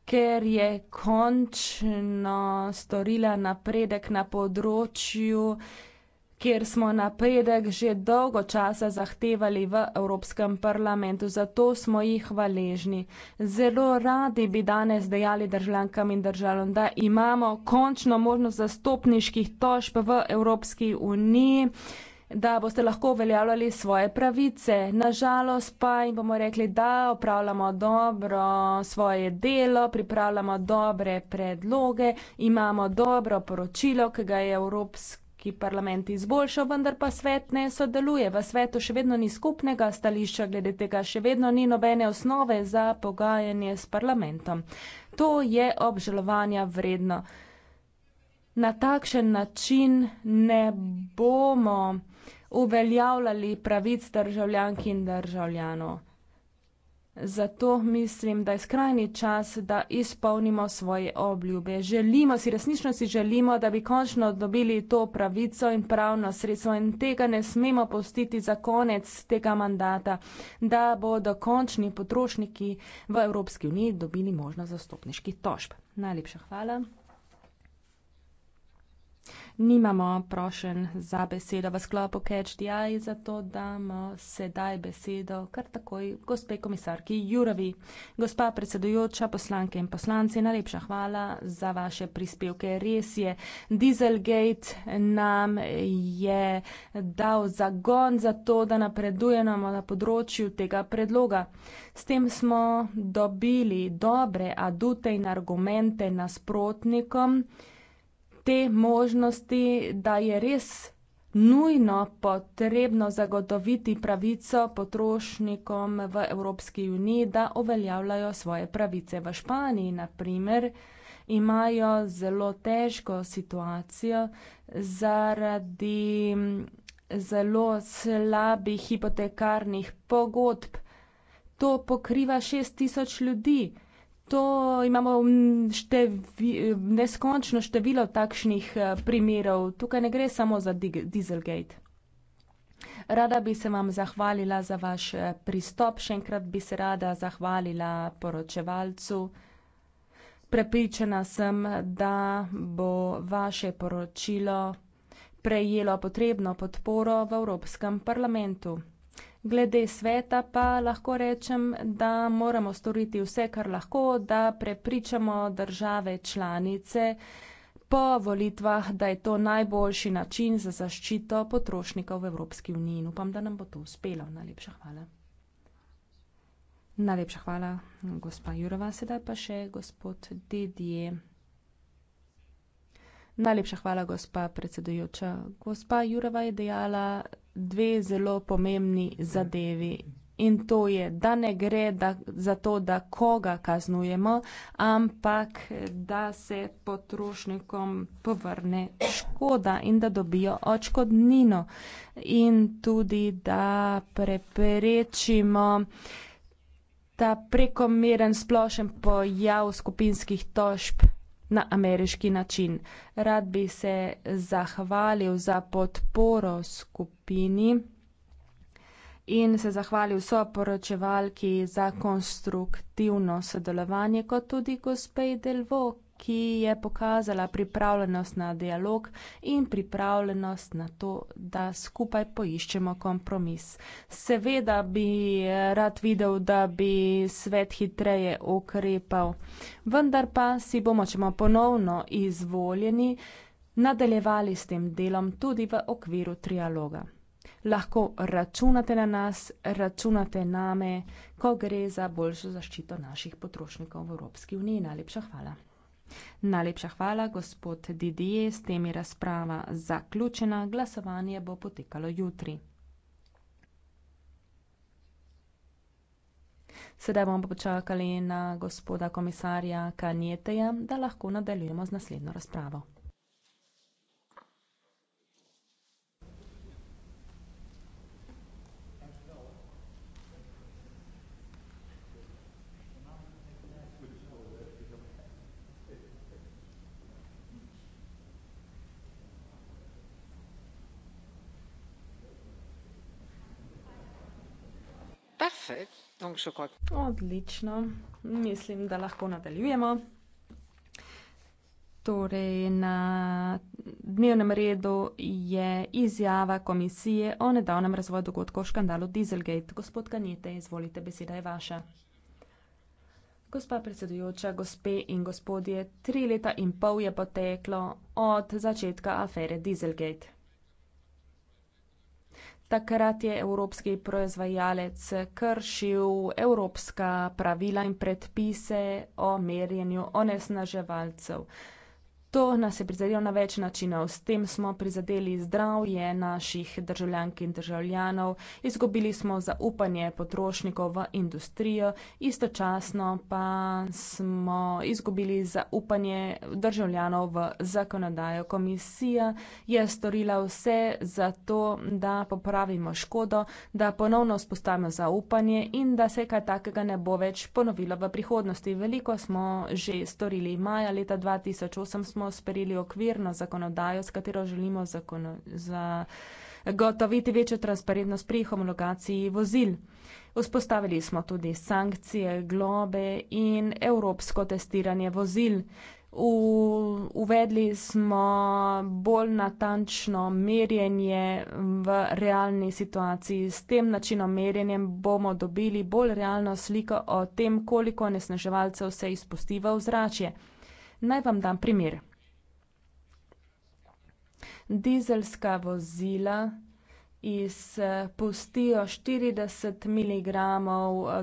Speaker 12: ker je končno storila napredek na področju kjer smo napredek že dolgo časa zahtevali v Evropskem parlamentu, zato smo jih hvaležni. Zelo radi bi danes dejali državljankam in državljanom, da imamo končno možnost zastopniških tožb v Evropski uniji da boste lahko uveljavljali svoje pravice. Nažalost pa jim bomo rekli, da opravljamo dobro svoje delo, pripravljamo dobre predloge, imamo dobro poročilo, ki ga je Evropska Evropski parlament izboljšal, vendar pa svet ne sodeluje. V svetu še vedno ni skupnega stališča glede tega, še vedno ni nobene osnove za pogajanje s parlamentom. To je obžalovanja vredno. Na takšen način ne bomo uveljavljali pravic državljank in državljanov. Zato mislim, da je skrajni čas, da izpolnimo svoje obljube. Želimo si, resnično si želimo, da bi končno dobili to pravico in pravno sredstvo in tega ne smemo postiti za konec tega mandata, da bodo končni potrošniki v Evropski uniji dobili možno zastopniški tožb. Najlepša hvala nimamo prošen za besedo v sklopu CHDI, zato damo sedaj besedo kar takoj gospe komisarki Jurovi. Gospa predsedujoča, poslanke in poslanci, najlepša hvala za vaše prispevke. Res je, Dieselgate nam je dal zagon za to, da napredujemo na področju tega predloga. S tem smo dobili dobre adute in argumente nasprotnikom te možnosti, da je res nujno potrebno zagotoviti pravico potrošnikom v Evropski uniji, da uveljavljajo svoje pravice. V Španiji, na primer, imajo zelo težko situacijo zaradi mm, zelo slabih hipotekarnih pogodb. To pokriva 6000 ljudi. To imamo števi, neskončno število takšnih eh, primerov. Tukaj ne gre samo za Dieselgate. Rada bi se vam zahvalila za vaš eh, pristop, še enkrat bi se rada zahvalila poročevalcu. Prepričana sem, da bo vaše poročilo prejelo potrebno podporo v Evropskem parlamentu. Glede sveta pa lahko rečem, da moramo storiti vse, kar lahko, da prepričamo države članice po volitvah, da je to najboljši način za zaščito potrošnikov v Evropski uniji. Upam, da nam bo to uspelo. Najlepša hvala. Najlepša hvala, gospa Jurova. Sedaj pa še gospod Didje. Najlepša hvala, gospa predsedujoča. Gospa Jurova je dejala, dve zelo pomembni zadevi. In to je, da ne gre da, za to, da koga kaznujemo, ampak da se potrošnikom povrne škoda in da dobijo očkodnino. In tudi, da preprečimo ta prekomeren splošen pojav skupinskih tožb na ameriški način. Rad bi se zahvalil za podporo skupini in se zahvalil soporočevalki za konstruktivno sodelovanje, kot tudi gospej Delvok ki je pokazala pripravljenost na dialog in pripravljenost na to, da skupaj poiščemo kompromis. Seveda bi rad videl, da bi svet hitreje okrepal, vendar pa si bomo, če bomo ponovno izvoljeni, nadaljevali s tem delom tudi v okviru trialoga. Lahko računate na nas, računate name, ko gre za boljšo zaščito naših potrošnikov v Evropski uniji. Najlepša hvala. Najlepša hvala, gospod Didije. S tem je razprava zaključena. Glasovanje bo potekalo jutri. Sedaj bomo počakali na gospoda komisarja Kanjeteja, da lahko nadaljujemo z naslednjo razpravo. Odlično, mislim, da lahko nadaljujemo. Torej, na dnevnem redu je izjava komisije o nedavnem razvoju dogodkov v škandalu Dieselgate. Gospod Kanjete, izvolite, beseda je vaša. Gospa predsedujoča, gospe in gospodje, tri leta in pol je poteklo od začetka afere Dieselgate. Takrat je evropski proizvajalec kršil evropska pravila in predpise o merjenju onesnaževalcev. To nas je prizadelo na več načinov. S tem smo prizadeli zdravje naših državljank in državljanov, izgubili smo zaupanje potrošnikov v industrijo, istočasno pa smo izgubili zaupanje državljanov v zakonodajo. Komisija je storila vse za to, da popravimo škodo, da ponovno spostavimo zaupanje in da se kaj takega ne bo več ponovilo v prihodnosti. Veliko smo že storili. Maja leta 2008 smo smo sprejeli okvirno zakonodajo, s katero želimo zagotoviti večjo transparentnost pri homologaciji vozil. Vzpostavili smo tudi sankcije, globe in evropsko testiranje vozil. U, uvedli smo bolj natančno merjenje v realni situaciji. S tem načinom merjenjem bomo dobili bolj realno sliko o tem, koliko nesnaževalcev se izpusti v zračje. Naj vam dam primer dizelska vozila iz pustijo 40 mg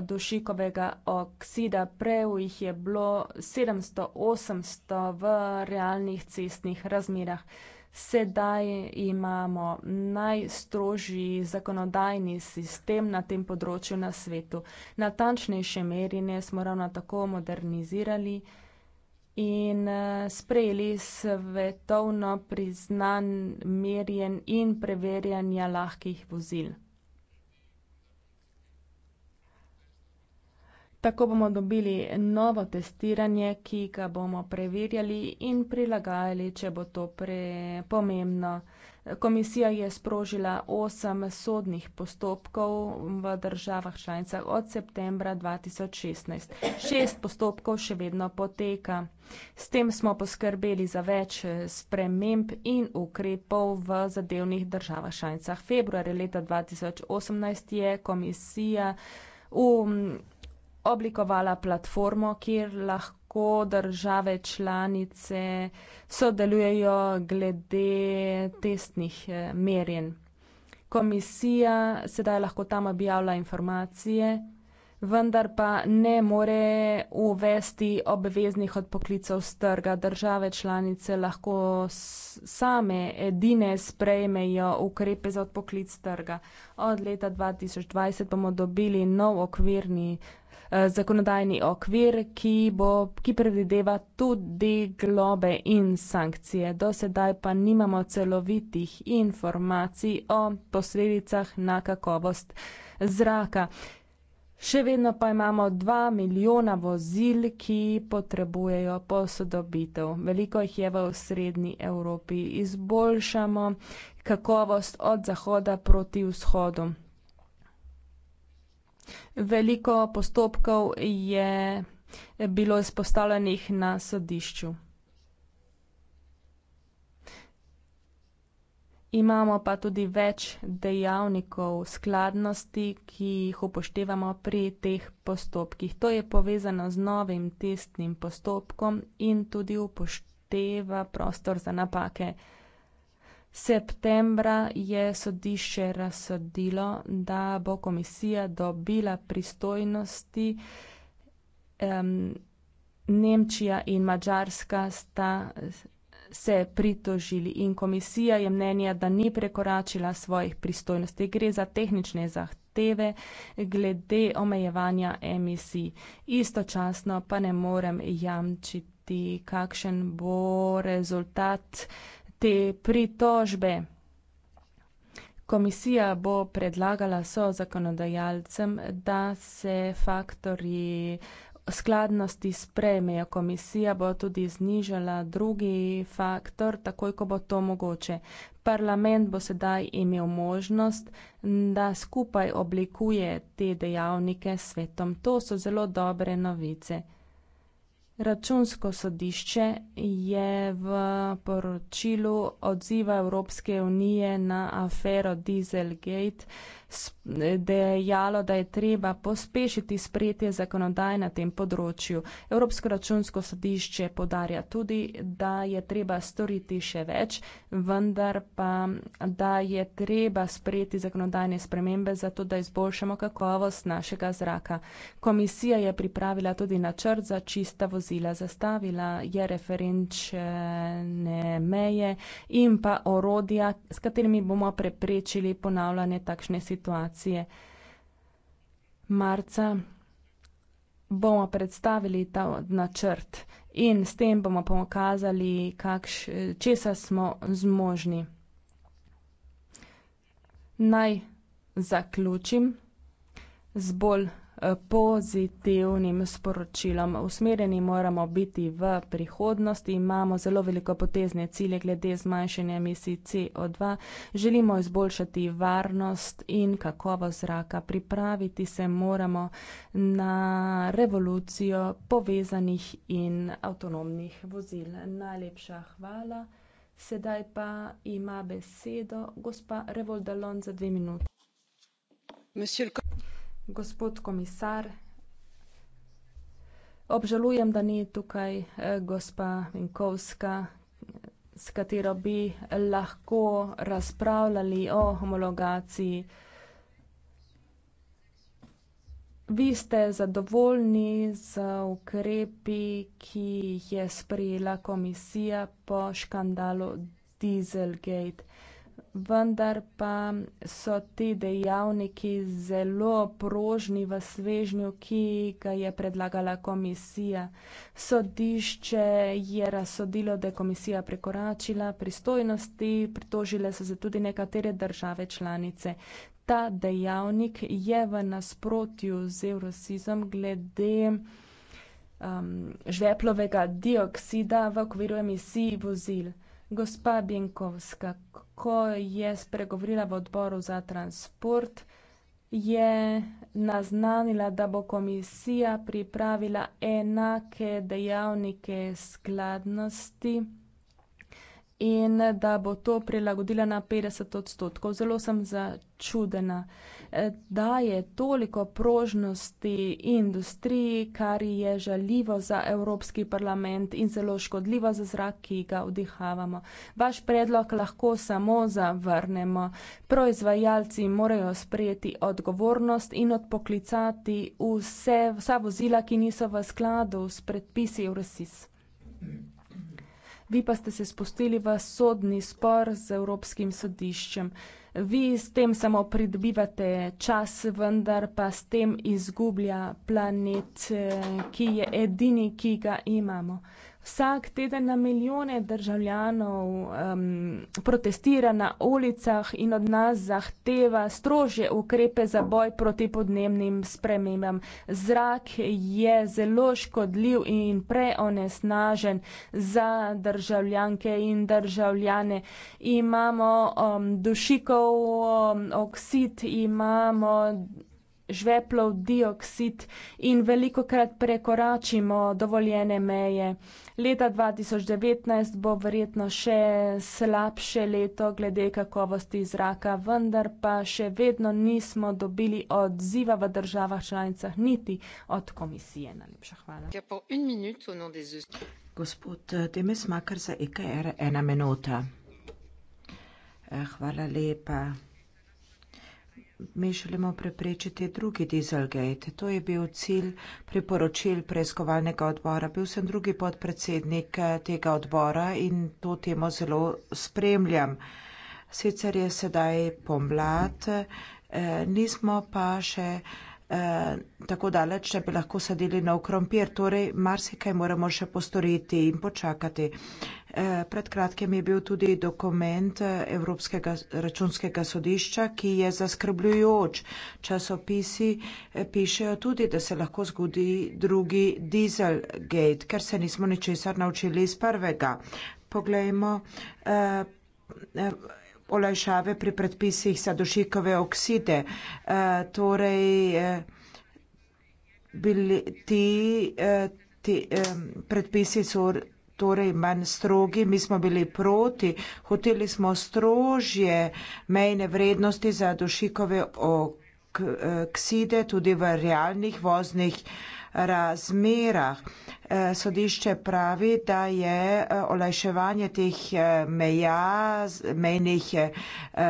Speaker 12: dušikovega oksida, prej jih je bilo 700-800 v realnih cestnih razmerah. Sedaj imamo najstrožji zakonodajni sistem na tem področju na svetu. Natančnejše merjenje smo ravno tako modernizirali in eh, sprejeli svetovno priznan merjen in preverjanja lahkih vozil. Tako bomo dobili novo testiranje, ki ga bomo preverjali in prilagajali, če bo to pomembno. Komisija je sprožila osem sodnih postopkov v državah članicah od septembra 2016. Šest postopkov še vedno poteka. S tem smo poskrbeli za več sprememb in ukrepov v zadevnih državah članicah. Februar leta 2018 je komisija. V oblikovala platformo, kjer lahko države članice sodelujejo glede testnih eh, merjen. Komisija sedaj lahko tam objavlja informacije, vendar pa ne more uvesti obveznih odpoklicov z trga. Države članice lahko same edine sprejmejo ukrepe za odpoklic trga. Od leta 2020 bomo dobili nov okvirni Eh, zakonodajni okvir, ki, bo, ki predvideva tudi globe in sankcije. Do sedaj pa nimamo celovitih informacij o posledicah na kakovost zraka. Še vedno pa imamo dva milijona vozil, ki potrebujejo posodobitev. Veliko jih je v srednji Evropi. Izboljšamo kakovost od zahoda proti vzhodu. Veliko postopkov je bilo izpostavljenih na sodišču. Imamo pa tudi več dejavnikov skladnosti, ki jih upoštevamo pri teh postopkih. To je povezano z novim testnim postopkom in tudi upošteva prostor za napake. Septembra je sodišče razsodilo, da bo komisija dobila pristojnosti, Nemčija in Madžarska sta se pritožili in komisija je mnenja, da ni prekoračila svojih pristojnosti. Gre za tehnične zahteve glede omejevanja emisij. Istočasno pa ne morem jamčiti, kakšen bo rezultat te pritožbe. Komisija bo predlagala so zakonodajalcem, da se faktori skladnosti spremejo. Komisija bo tudi znižala drugi faktor, takoj ko bo to mogoče. Parlament bo sedaj imel možnost, da skupaj oblikuje te dejavnike s svetom. To so zelo dobre novice. Računsko sodišče je v poročilu Odziva Evropske unije na afero Dieselgate dejalo, da je treba pospešiti sprejetje zakonodaje na tem področju. Evropsko računsko sodišče podarja tudi, da je treba storiti še več, vendar pa, da je treba sprejeti zakonodajne spremembe za to, da izboljšamo kakovost našega zraka. Komisija je pripravila tudi načrt za čista vozila, zastavila je referenčne meje in pa orodja, s katerimi bomo preprečili ponavljanje takšne situacije situacije. Marca bomo predstavili ta načrt in s tem bomo pokazali, kakš, česa smo zmožni. Naj zaključim z bolj pozitivnim sporočilom. Usmerjeni moramo biti v prihodnost. Imamo zelo veliko potezne cilje glede zmanjšanja emisij CO2. Želimo izboljšati varnost in kakovost zraka. Pripraviti se moramo na revolucijo povezanih in avtonomnih vozil. Najlepša hvala. Sedaj pa ima besedo gospa Revoldalon za dve minuti gospod komisar. Obžalujem, da ni tukaj eh, gospa Minkovska, s katero bi lahko razpravljali o homologaciji. Vi ste zadovoljni z ukrepi, ki jih je sprejela komisija po škandalu Dieselgate vendar pa so ti dejavniki zelo prožni v svežnju, ki ga je predlagala komisija. Sodišče je razsodilo, da je komisija prekoračila pristojnosti, pritožile so se tudi nekatere države članice. Ta dejavnik je v nasprotju z eurosizom glede um, žveplovega dioksida v okviru emisij vozil. Gospa Bjenkovska, ko je spregovorila v odboru za transport, je naznanila, da bo komisija pripravila enake dejavnike skladnosti in da bo to prilagodila na 50 odstotkov. Zelo sem začudena daje toliko prožnosti industriji, kar je žaljivo za Evropski parlament in zelo škodljivo za zrak, ki ga vdihavamo. Vaš predlog lahko samo zavrnemo. Proizvajalci morajo sprejeti odgovornost in odpoklicati vse, vsa vozila, ki niso v skladu s predpisi Eurosis. Vi pa ste se spustili v sodni spor z Evropskim sodiščem vi s tem samo pridobivate čas, vendar pa s tem izgublja planet, eh, ki je edini, ki ga imamo. Vsak teden na milijone državljanov um, protestira na ulicah in od nas zahteva strožje ukrepe za boj proti podnebnim spremembam. Zrak je zelo škodljiv in preonesnažen za državljanke in državljane. Imamo um, dušikov um, oksid, imamo žveplov dioksid in veliko krat prekoračimo dovoljene meje. Leta 2019 bo verjetno še slabše leto glede kakovosti zraka, vendar pa še vedno nismo dobili odziva v državah članicah niti od komisije. Najlepša hvala.
Speaker 11: Ja, no, Gospod eh, Demes Makar za EKR ena minuta. Eh, hvala lepa. Mi želimo preprečiti drugi Dieselgate. To je bil cilj priporočil preiskovalnega odbora. Bil sem drugi podpredsednik eh, tega odbora in to temo zelo spremljam. Sicer je sedaj pomlad, eh, nismo pa še eh, tako daleč, da bi lahko sadili nov krompir. Torej, marsikaj moramo še postoriti in počakati. Eh, pred kratkim je bil tudi dokument eh, Evropskega računskega sodišča, ki je zaskrbljujoč. Časopisi eh, pišejo tudi, da se lahko zgodi drugi Dieselgate, ker se nismo ničesar naučili iz prvega. Poglejmo olajšave pri predpisih za dušikove okside. Torej, bili ti, ti predpisi so torej manj strogi. Mi smo bili proti, hoteli smo strožje mejne vrednosti za dušikove okside tudi v realnih voznih razmerah. E, sodišče pravi, da je e, olajševanje teh e, meja, mejnih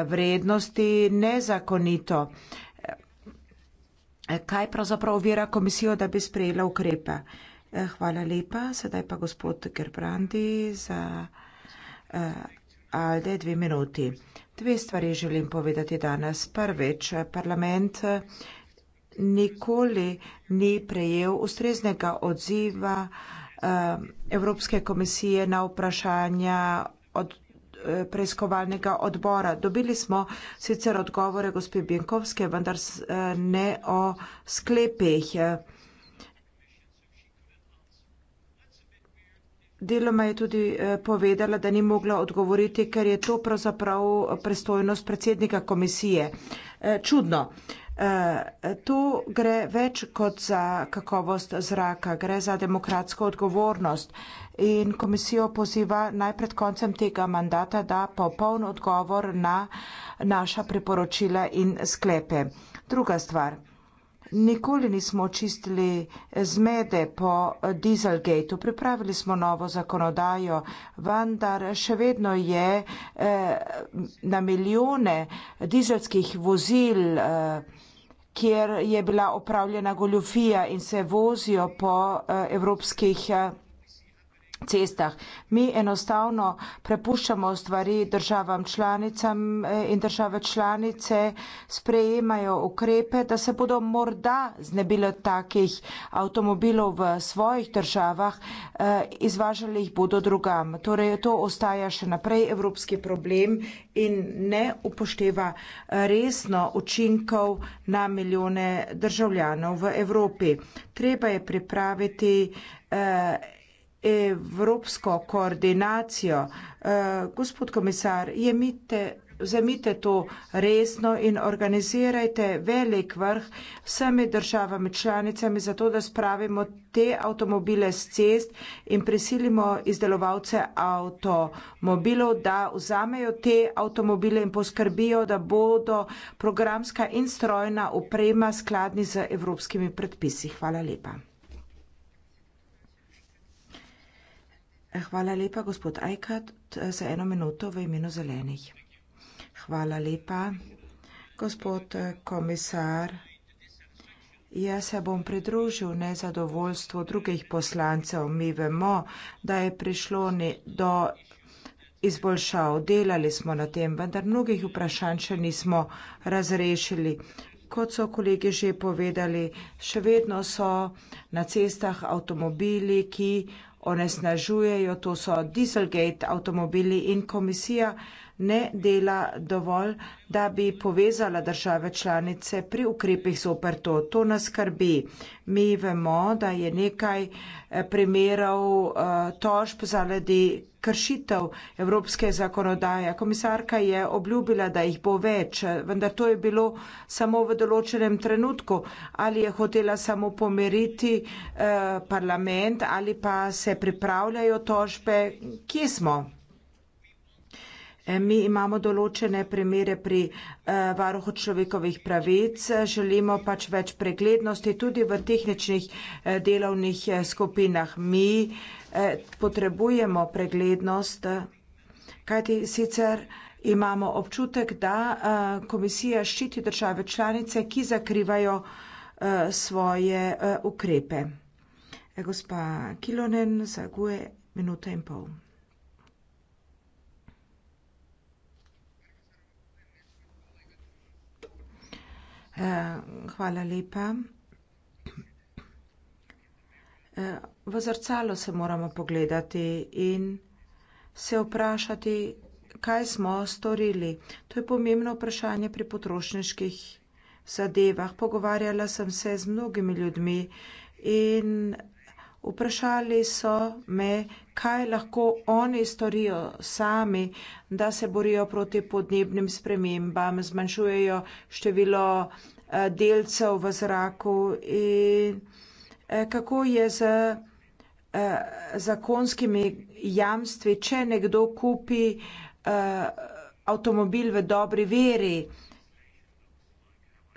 Speaker 11: vrednosti nezakonito. Kaj pravzaprav ovira komisijo, da bi sprejela ukrepe? Eh, hvala lepa. Sedaj pa gospod Gerbrandi za eh, Alde dve minuti. Dve stvari želim povedati danes. Prvič, parlament eh, nikoli ni prejel ustreznega odziva Evropske komisije na vprašanja od preiskovalnega odbora. Dobili smo sicer odgovore gospe Bjenkovske, vendar ne o sklepih. deloma je tudi eh, povedala, da ni mogla odgovoriti, ker je to pravzaprav prestojnost predsednika komisije. Eh, čudno. Eh, to gre več kot za kakovost zraka, gre za demokratsko odgovornost in komisijo poziva najpred koncem tega mandata, da popoln odgovor na naša priporočila in sklepe. Druga stvar. Nikoli nismo očistili zmede po Dieselgateu. Pripravili smo novo zakonodajo, vendar še vedno je eh, na milijone dizelskih vozil eh, kjer je bila opravljena goljofija in se vozijo po eh, evropskih cestah. Mi enostavno prepuščamo stvari državam članicam eh, in države članice sprejemajo ukrepe, da se bodo morda znebile takih avtomobilov v svojih državah, eh, izvažali jih bodo drugam. Torej, to ostaja še naprej evropski problem in ne upošteva eh, resno učinkov na milijone državljanov v Evropi. Treba je pripraviti evropsko koordinacijo. Eh, gospod komisar, jemite. Vzemite to resno in organizirajte velik vrh vsemi državami članicami, zato da spravimo te avtomobile z cest in prisilimo izdelovalce avtomobilov, da vzamejo te avtomobile in poskrbijo, da bodo programska in strojna oprema skladni z evropskimi predpisi. Hvala lepa. Hvala lepa, gospod Ajkat, za eno minuto v imenu zelenih. Hvala lepa, gospod komisar. Jaz se bom pridružil nezadovoljstvu drugih poslancev. Mi vemo, da je prišlo do izboljšav. Delali smo na tem, vendar mnogih vprašanj še nismo razrešili. Kot so kolegi že povedali, še vedno so na cestah avtomobili, ki onesnažujejo, to so Dieselgate avtomobili in komisija ne dela dovolj, da bi povezala države članice pri ukrepih z oprto. To nas skrbi. Mi vemo, da je nekaj eh, primerov eh, tožb zaradi kršitev evropske zakonodaje. Komisarka je obljubila, da jih bo več, vendar to je bilo samo v določenem trenutku. Ali je hotela samo pomeriti eh, parlament ali pa se pripravljajo tožbe? Kje smo? Eh, mi imamo določene primere pri eh, varuhu človekovih pravic, želimo pač več preglednosti tudi v tehničnih eh, delovnih skupinah. Mi potrebujemo preglednost, kajti sicer imamo občutek, da komisija ščiti države članice, ki zakrivajo svoje ukrepe. E, gospa Kilonen, zaguje minuta in pol. E, hvala lepa. E, v zrcalo se moramo pogledati in se vprašati, kaj smo storili. To je pomembno vprašanje pri potrošniških zadevah. Pogovarjala sem se z mnogimi ljudmi in vprašali so me, kaj lahko oni storijo sami, da se borijo proti podnebnim spremembam, zmanjšujejo število eh, delcev v zraku in eh, kako je z Eh, zakonskimi jamstvi, če nekdo kupi eh, avtomobil v dobri veri.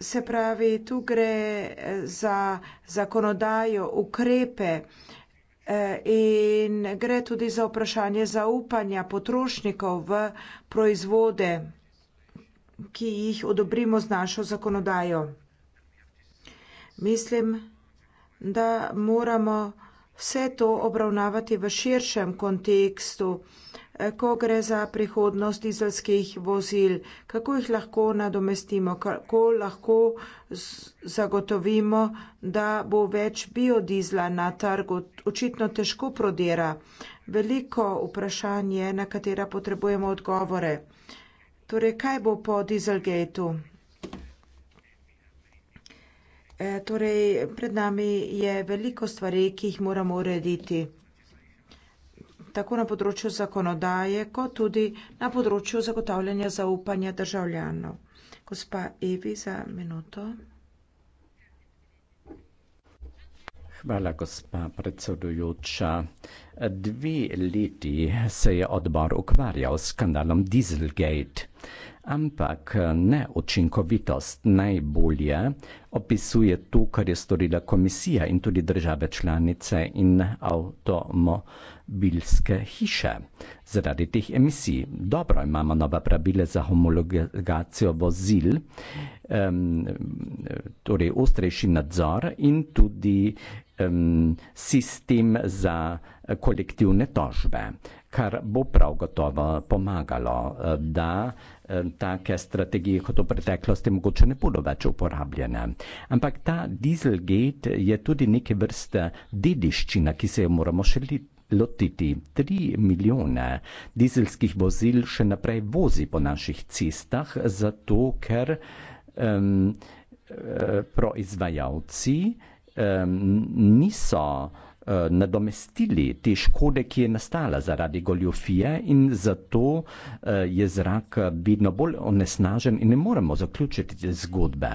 Speaker 11: Se pravi, tu gre eh, za zakonodajo, ukrepe in gre tudi za vprašanje zaupanja potrošnikov v proizvode, ki jih odobrimo z našo zakonodajo. Mislim, da moramo vse to obravnavati v širšem kontekstu, eh, ko gre za prihodnost dizelskih vozil, kako jih lahko nadomestimo, kako lahko zagotovimo, da bo več biodizla na trgu. Očitno težko prodira. Veliko vprašanje, na katera potrebujemo odgovore. Torej, kaj bo po Dieselgateu? E, torej, pred nami je veliko stvari, ki jih moramo urediti tako na področju zakonodaje, kot tudi na področju zagotavljanja zaupanja državljanov. Gospa Evi, za minuto.
Speaker 10: Hvala, gospa predsedujoča. Dve leti se je odbor ukvarjal s skandalom Dieselgate. Ampak eh, ne učinkovitost najbolje opisuje to, kar je storila komisija in tudi države članice in avtomobilske hiše zaradi teh emisij. Dobro, imamo nova pravila za homologacijo vozil, um, torej ostrejši nadzor in tudi um, sistem za eh, kolektivne tožbe, kar bo prav gotovo pomagalo, eh, da take strategije kot v preteklosti mogoče ne bodo več uporabljene. Ampak ta Dieselgate je tudi neke vrste dediščina, ki se jo moramo še lotiti. Tri milijone dizelskih vozil še naprej vozi po naših cestah, zato ker um, proizvajalci um, niso Eh, nadomestili te škode, ki je nastala zaradi goljofije in zato eh, je zrak vedno bolj onesnažen in ne moremo zaključiti te zgodbe.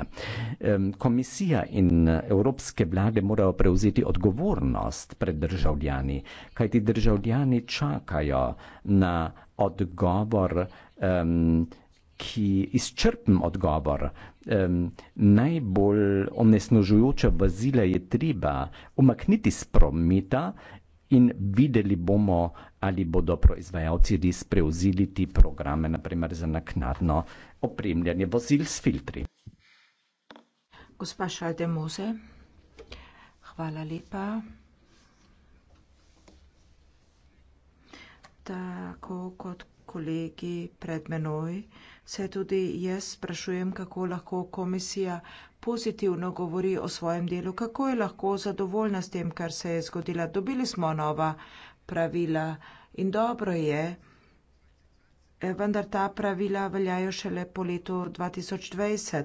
Speaker 10: Komisija in evropske vlade morajo prevzeti odgovornost pred državljani, kaj ti državljani čakajo na odgovor ki izčrpen odgovor. Um, najbolj onesnožujoča vozila je treba umakniti iz prometa in videli bomo, ali bodo proizvajalci res prevzeli ti programe, naprimer za naknadno opremljanje vozil s filtri.
Speaker 11: Gospa Šalde Moze, hvala lepa. Tako kot kolegi pred menoj, Se tudi jaz sprašujem, kako lahko komisija pozitivno govori o svojem delu, kako je lahko zadovoljna s tem, kar se je zgodila. Dobili smo nova pravila in dobro je, e, vendar ta pravila veljajo šele po letu 2020.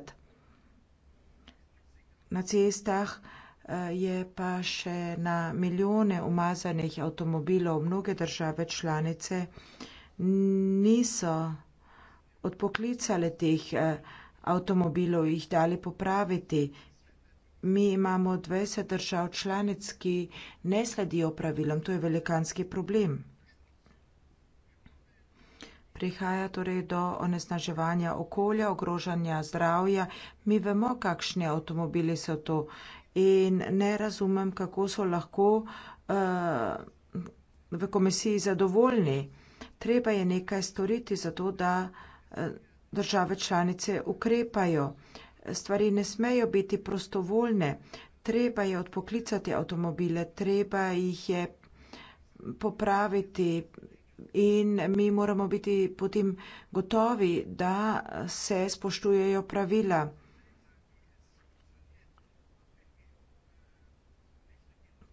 Speaker 11: Na cestah e, je pa še na milijone umazanih avtomobilov mnoge države članice niso odpoklicali teh eh, avtomobilov, jih dali popraviti. Mi imamo 20 držav članic, ki ne sledijo pravilom. To je velikanski problem. Prihaja torej do onesnaževanja okolja, ogrožanja zdravja. Mi vemo, kakšni avtomobili so to in ne razumem, kako so lahko uh, v komisiji zadovoljni. Treba je nekaj storiti za to, da uh, Eh, države članice ukrepajo. Stvari ne smejo biti prostovoljne, treba je odpoklicati avtomobile, treba jih je popraviti in mi moramo biti potem gotovi, da se spoštujejo pravila.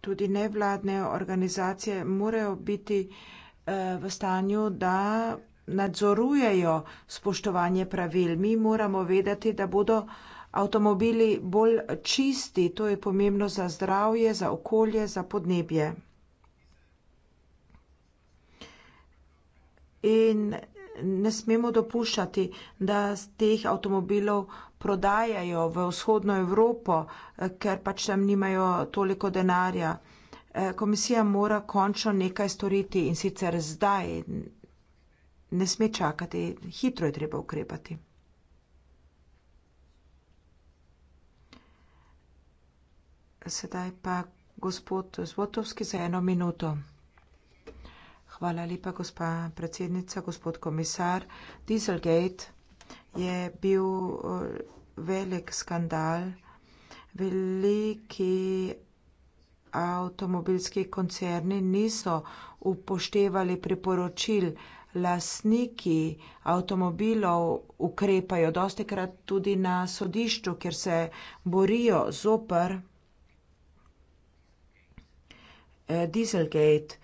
Speaker 11: Tudi nevladne organizacije morajo biti eh, v stanju, da nadzorujejo spoštovanje pravil. Mi moramo vedeti, da bodo avtomobili bolj čisti. To je pomembno za zdravje, za okolje, za podnebje. In ne smemo dopuščati, da teh avtomobilov prodajajo v vzhodno Evropo, ker pač tam nimajo toliko denarja. Eh, komisija mora končno nekaj storiti in sicer zdaj ne sme čakati, hitro je treba ukrepati. Sedaj pa gospod Zvotovski za eno minuto. Hvala lepa, gospa predsednica, gospod komisar. Dieselgate je bil eh, velik skandal. Veliki avtomobilski koncerni niso upoštevali priporočil lasniki avtomobilov ukrepajo, dosti krat tudi na sodišču, kjer se borijo zoper eh, Dieselgate.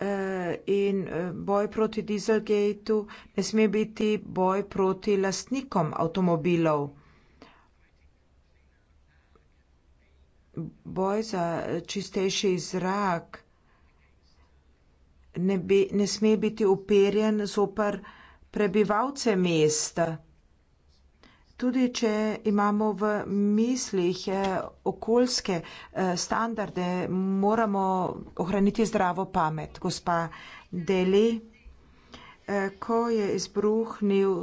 Speaker 11: Eh, in eh, boj proti Dieselgatu ne sme biti boj proti lastnikom avtomobilov. boj za čistejši zrak ne, bi, ne sme biti uperjen zoper prebivalce mesta. Tudi če imamo v mislih eh, okoljske eh, standarde, moramo ohraniti zdravo pamet. Gospa Deli, eh, ko je izbruhnil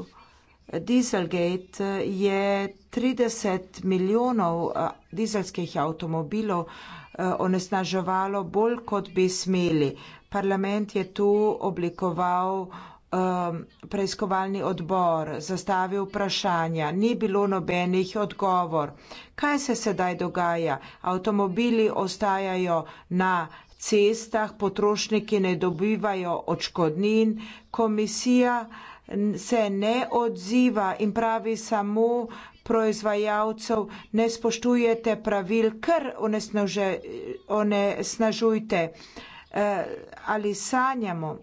Speaker 11: Dieselgate eh, je trideset milijonov eh, dizelskih avtomobilov eh, onesnaževalo bolj, kot bi smeli. Parlament je tu oblikoval ehm, preiskovalni odbor, zastavil vprašanja, ni bilo nobenih odgovor. Kaj se sedaj dogaja? Avtomobili ostajajo na cestah, potrošniki ne dobivajo odškodnin, komisija se ne odziva in pravi samo proizvajalcev, ne spoštujete pravil, ker onesnažujte. Eh, ali sanjamo?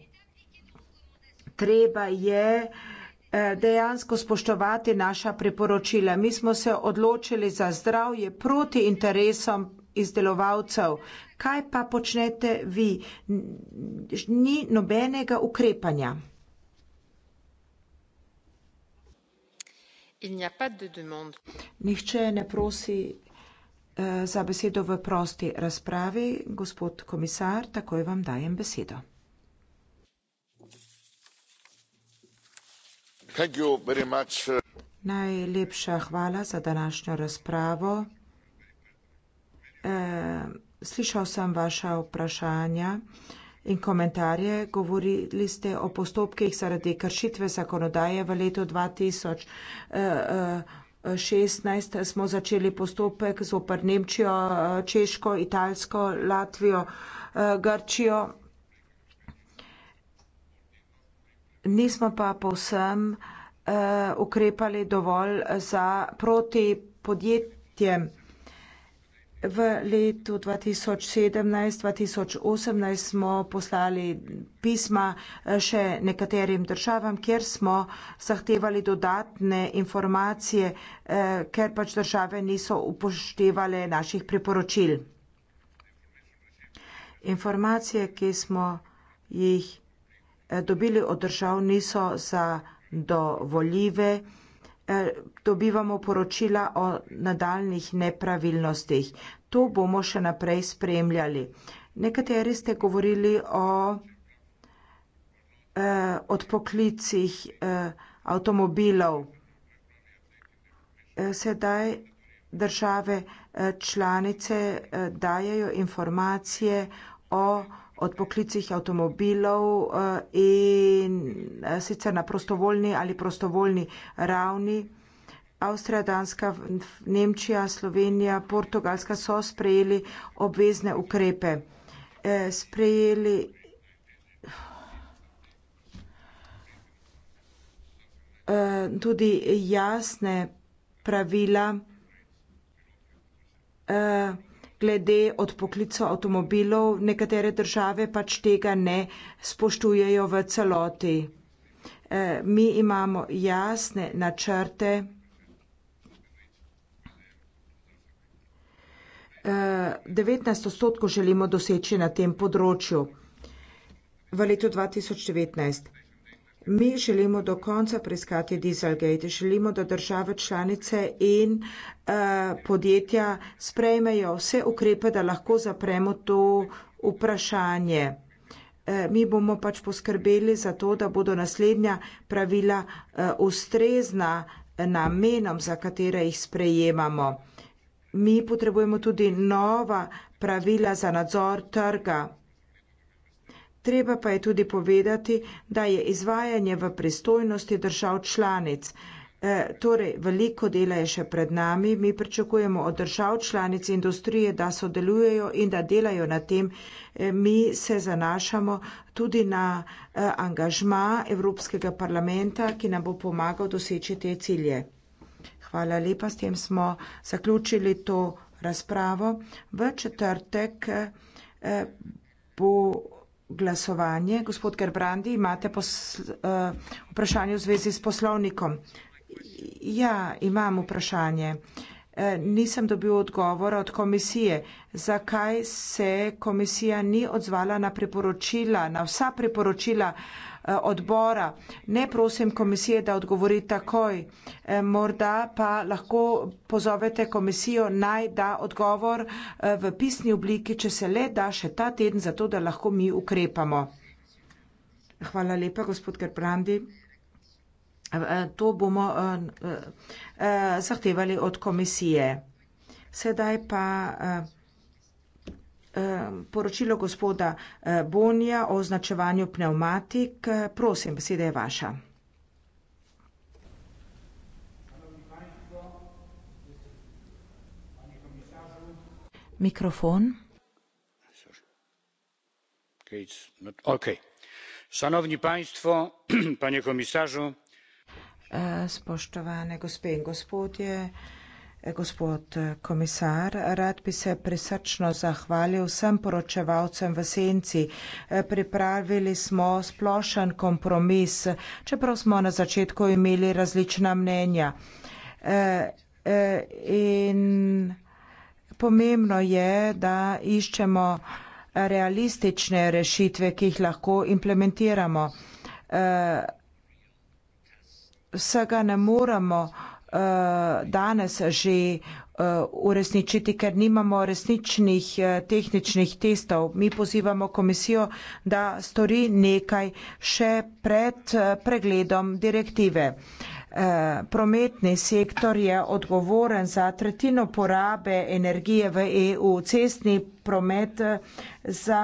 Speaker 11: Treba je eh, dejansko spoštovati naša priporočila. Mi smo se odločili za zdravje proti interesom izdelovalcev. Kaj pa počnete vi? Ni nobenega ukrepanja. Nihče ne prosi eh, za besedo v prosti razpravi. Gospod komisar, takoj vam dajem besedo.
Speaker 1: Eh.
Speaker 11: Najlepša hvala za današnjo razpravo. Eh, slišal sem vaša vprašanja in komentarje, govorili ste o postopkih zaradi kršitve zakonodaje v letu 2000. 16 smo začeli postopek z opr Nemčijo, Češko, Italsko, Latvijo, Grčijo. Nismo pa povsem eh, ukrepali dovolj za proti podjetjem. V letu 2017-2018 smo poslali pisma eh, še nekaterim državam, kjer smo zahtevali dodatne informacije, eh, ker pač države niso upoštevale naših priporočil. Informacije, ki smo jih eh, dobili od držav, niso zadovoljive. Eh, dobivamo poročila o nadaljnih nepravilnostih. To bomo še naprej spremljali. Nekateri ste govorili o eh, odpoklicih eh, avtomobilov. Eh, sedaj države eh, članice eh, dajajo informacije o odpoklicih avtomobilov eh, in eh, sicer na prostovoljni ali prostovoljni ravni. Avstrija, Danska, Nemčija, Slovenija, Portugalska so sprejeli obvezne ukrepe. Eh, sprejeli. tudi jasne pravila glede odpoklicov avtomobilov, nekatere države pač tega ne spoštujejo v celoti. Eh, mi imamo jasne načrte, eh, devetnajst odstotkov želimo doseči na tem področju v letu dva tisoč devetnajst. Mi želimo do konca preiskati Dieselgate, želimo, da države članice in uh, podjetja sprejmejo vse ukrepe, da lahko zapremo to vprašanje. Eh, mi bomo pač poskrbeli za to, da bodo naslednja pravila eh, ustrezna namenom, za katere jih sprejemamo. Mi potrebujemo tudi nova pravila za nadzor trga. Treba pa je tudi povedati, da je izvajanje v pristojnosti držav članic. E, torej, veliko dela je še pred nami. Mi pričakujemo od držav članic industrije, da sodelujejo in da delajo na tem. E, mi se zanašamo tudi na e, angažma Evropskega parlamenta, ki nam bo pomagal doseči te cilje. Hvala lepa, s tem smo zaključili to razpravo. V četrtek e, bo glasovanje. Gospod Gerbrandi, imate eh, vprašanje v zvezi s poslovnikom? Ja, imam vprašanje. Eh, nisem dobil odgovora od komisije, zakaj se komisija ni odzvala na priporočila, na vsa priporočila, Eh, odbora. Ne prosim komisije, da odgovori takoj. Eh, morda pa lahko pozovete komisijo naj da odgovor eh, v pisni obliki, če se le da še ta teden, zato da lahko mi ukrepamo. Hvala lepa, gospod Gerbrandi. To bomo zahtevali od komisije. Sedaj pa poročilo gospoda eh, Bonija o označevanju pneumatik. Eh, prosim, beseda je vaša. Mikrofon.
Speaker 7: Okay. Šanovni panjstvo, [CLEARS THROAT] panje komisažu.
Speaker 11: E, spoštovane gospe in gospodje. Gospod eh, komisar, rad bi se prisrčno zahvalil vsem poročevalcem v senci. Eh, pripravili smo splošen kompromis, čeprav smo na začetku imeli različna mnenja. Eh, in pomembno je, da iščemo realistične rešitve, ki jih lahko implementiramo. Vsega ne moramo Eh, danes že eh, uresničiti, ker nimamo resničnih eh, tehničnih testov. Mi pozivamo komisijo, da stori nekaj še pred pregledom direktive. Prometni sektor je odgovoren za tretjino porabe energije v EU, cestni promet za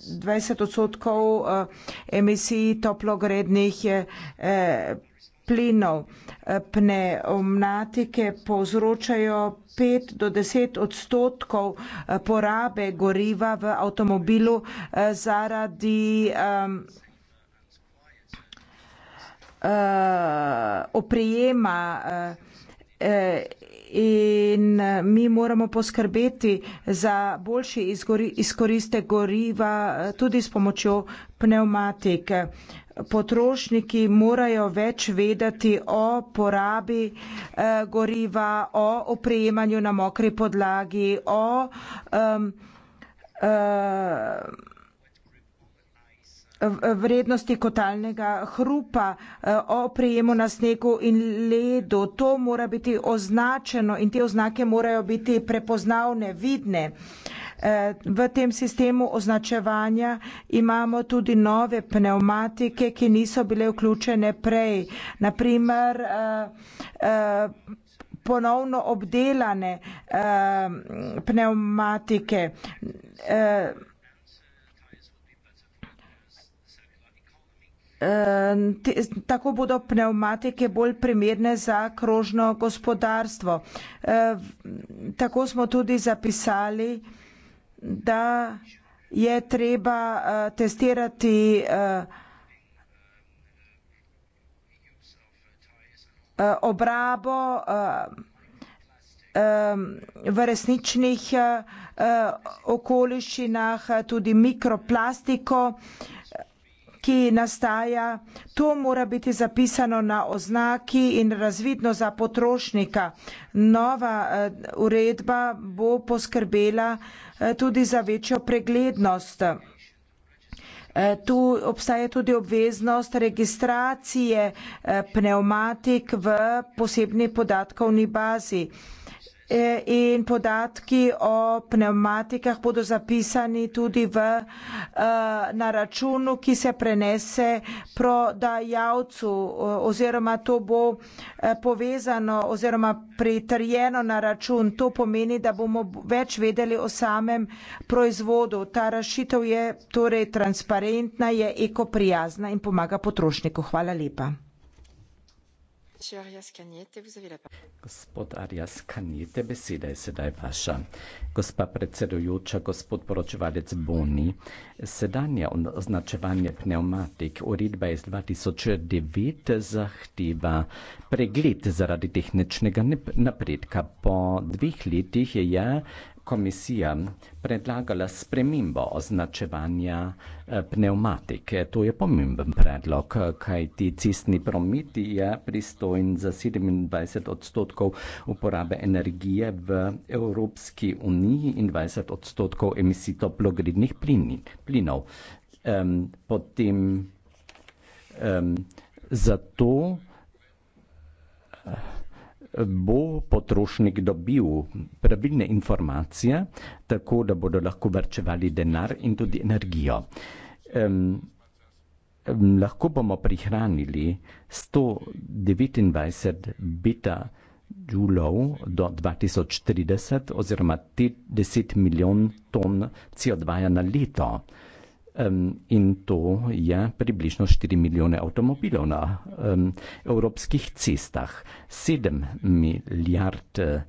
Speaker 11: 20 odstotkov eh, emisij toplogrednih eh, plinov. Eh, Pneumatike povzročajo 5 do 10 odstotkov porabe goriva v avtomobilu zaradi oprijema in eh, mi moramo poskrbeti za boljši izkoristek goriva eh, tudi s pomočjo pneumatik. Potrošniki morajo več vedeti o porabi eh, goriva, o oprejemanju na mokri podlagi, o um, um, vrednosti kotalnega hrupa eh, o prijemu na snegu in ledu. To mora biti označeno in te oznake morajo biti prepoznavne, vidne. Eh, v tem sistemu označevanja imamo tudi nove pneumatike, ki niso bile vključene prej. Naprimer, eh, ponovno obdelane pneumatike. Ehm, tako bodo pneumatike bolj primerne za krožno gospodarstvo. Ehm, tako smo tudi zapisali, da je treba eh, testirati eh, eh, obrabo ehm, v resničnih okoliščinah, tudi mikroplastiko ki nastaja. To mora biti zapisano na oznaki in razvidno za potrošnika. Nova eh, uredba bo poskrbela eh, tudi za večjo preglednost. Eh, tu obstaja tudi obveznost registracije pneumatik v posebni podatkovni bazi. E, in podatki o pneumatikah bodo zapisani tudi v, e, na računu, ki se prenese prodajalcu oziroma to bo e, povezano oziroma pritrjeno na račun. To pomeni, da bomo več vedeli o samem proizvodu. Ta rešitev je torej transparentna, je ekoprijazna in pomaga
Speaker 10: potrošniku. Hvala lepa. Gospod Arias Kanjete, beseda je sedaj vaša. Gospa predsedujoča, gospod poročevalec Boni, sedanje označevanje pneumatik uredba iz 2009 zahteva pregled zaradi tehničnega napredka. Po dveh letih je komisija predlagala spremembo označevanja eh, pneumatik. To je pomemben predlog, kajti cestni promet je pristojen za 27 odstotkov uporabe energije v Evropski uniji in 20 odstotkov emisij toplogrednih plinov. Um, potem um, zato. Uh, bo potrošnik dobil pravilne informacije, tako da bodo lahko vrčevali denar in tudi energijo. Um, um, lahko bomo prihranili 129 bita džulov do 2030 oziroma 10 milijon ton CO2 na leto. Um, in to je približno 4 milijone avtomobilov na um, evropskih cestah. 7 milijard eh,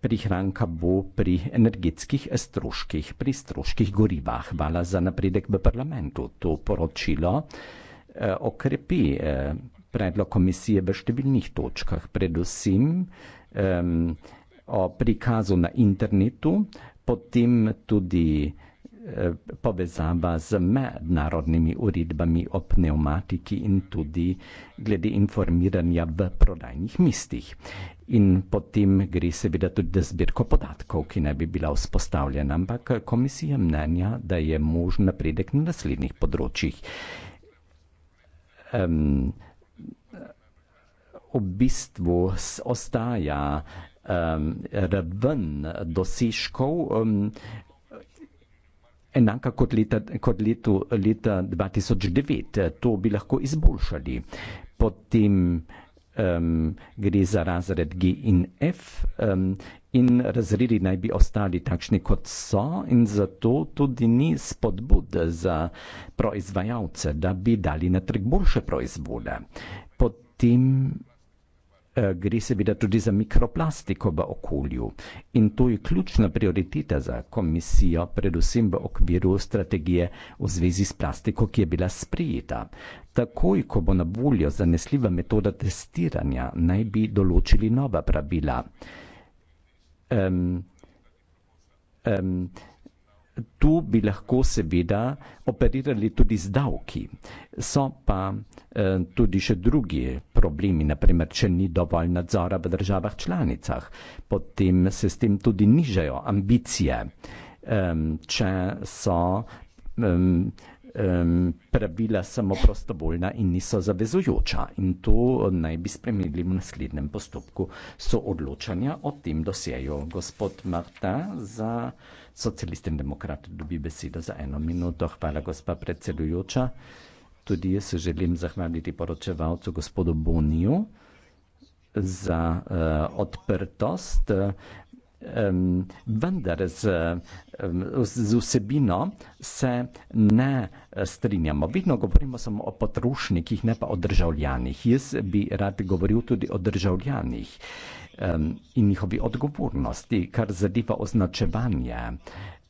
Speaker 10: prihranka bo pri energetskih stroških, pri stroških gorivah. Hvala za napredek v parlamentu. To poročilo uh, okrepi uh, predlog komisije v številnih točkah, predvsem um, o prikazu na internetu, potem tudi. Eh, povezava z mednarodnimi uredbami o pneumatiki in tudi glede informiranja v prodajnih mestih. In potem gre seveda tudi za zbirko podatkov, ki naj bi bila vzpostavljena, ampak komisija mnenja, da je možen napredek na naslednjih področjih. Um, v bistvu ostaja um, raven dosežkov. Um, enaka kot, leta, kot letu, leta 2009. To bi lahko izboljšali. Potem um, gre za razred G in F um, in razredi naj bi ostali takšni, kot so in zato tudi ni spodbud za proizvajalce, da bi dali na trg boljše proizvode. Potem Eh, gre seveda tudi za mikroplastiko v okolju. In to je ključna prioriteta za komisijo, predvsem v okviru strategije v zvezi s plastiko, ki je bila sprijeta. Takoj, ko bo na voljo zanesljiva metoda testiranja, naj bi določili nova pravila. Um, um, Tu bi lahko seveda operirali tudi z davki. So pa eh, tudi še drugi problemi, naprimer, če ni dovolj nadzora v državah članicah, potem se s tem tudi nižajo ambicije, če so pravila samo prostovoljna in niso zavezujoča. In to naj bi spremenili v naslednjem postopku soodločanja o tem dosjeju. Gospod Marta, za. Socialisten demokrat dobi besedo za eno minuto. Hvala, gospa predsedujoča. Tudi jaz se želim zahvaliti poročevalcu gospodu Boniju za uh, odprtost, um, vendar z, um, z vsebino se ne eh, strinjamo. Vedno govorimo samo o potrošnikih, ne pa o državljanih. Jaz bi rad govoril tudi o državljanih. Uh, in njihovi odgovornosti, kar zadeva označevanje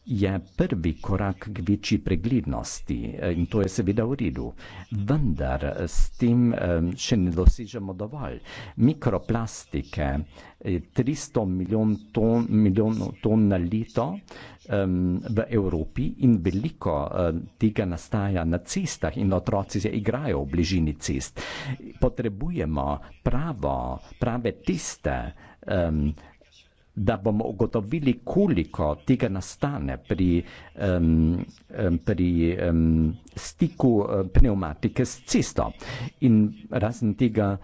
Speaker 10: je prvi korak k večji preglednosti eh, in to je seveda v redu. Vendar eh, s tem eh, še ne dosežemo dovolj. Mikroplastike, 300 milijon ton, milijonov ton na leto um, v Evropi in veliko uh, tega nastaja na cestah in otroci se igrajo v bližini cest. Potrebujemo pravo, prave tiste, um, da bomo ugotovili, koliko tega nastane pri, um, pri um, stiku eh, pneumatike s cesto. In razen tega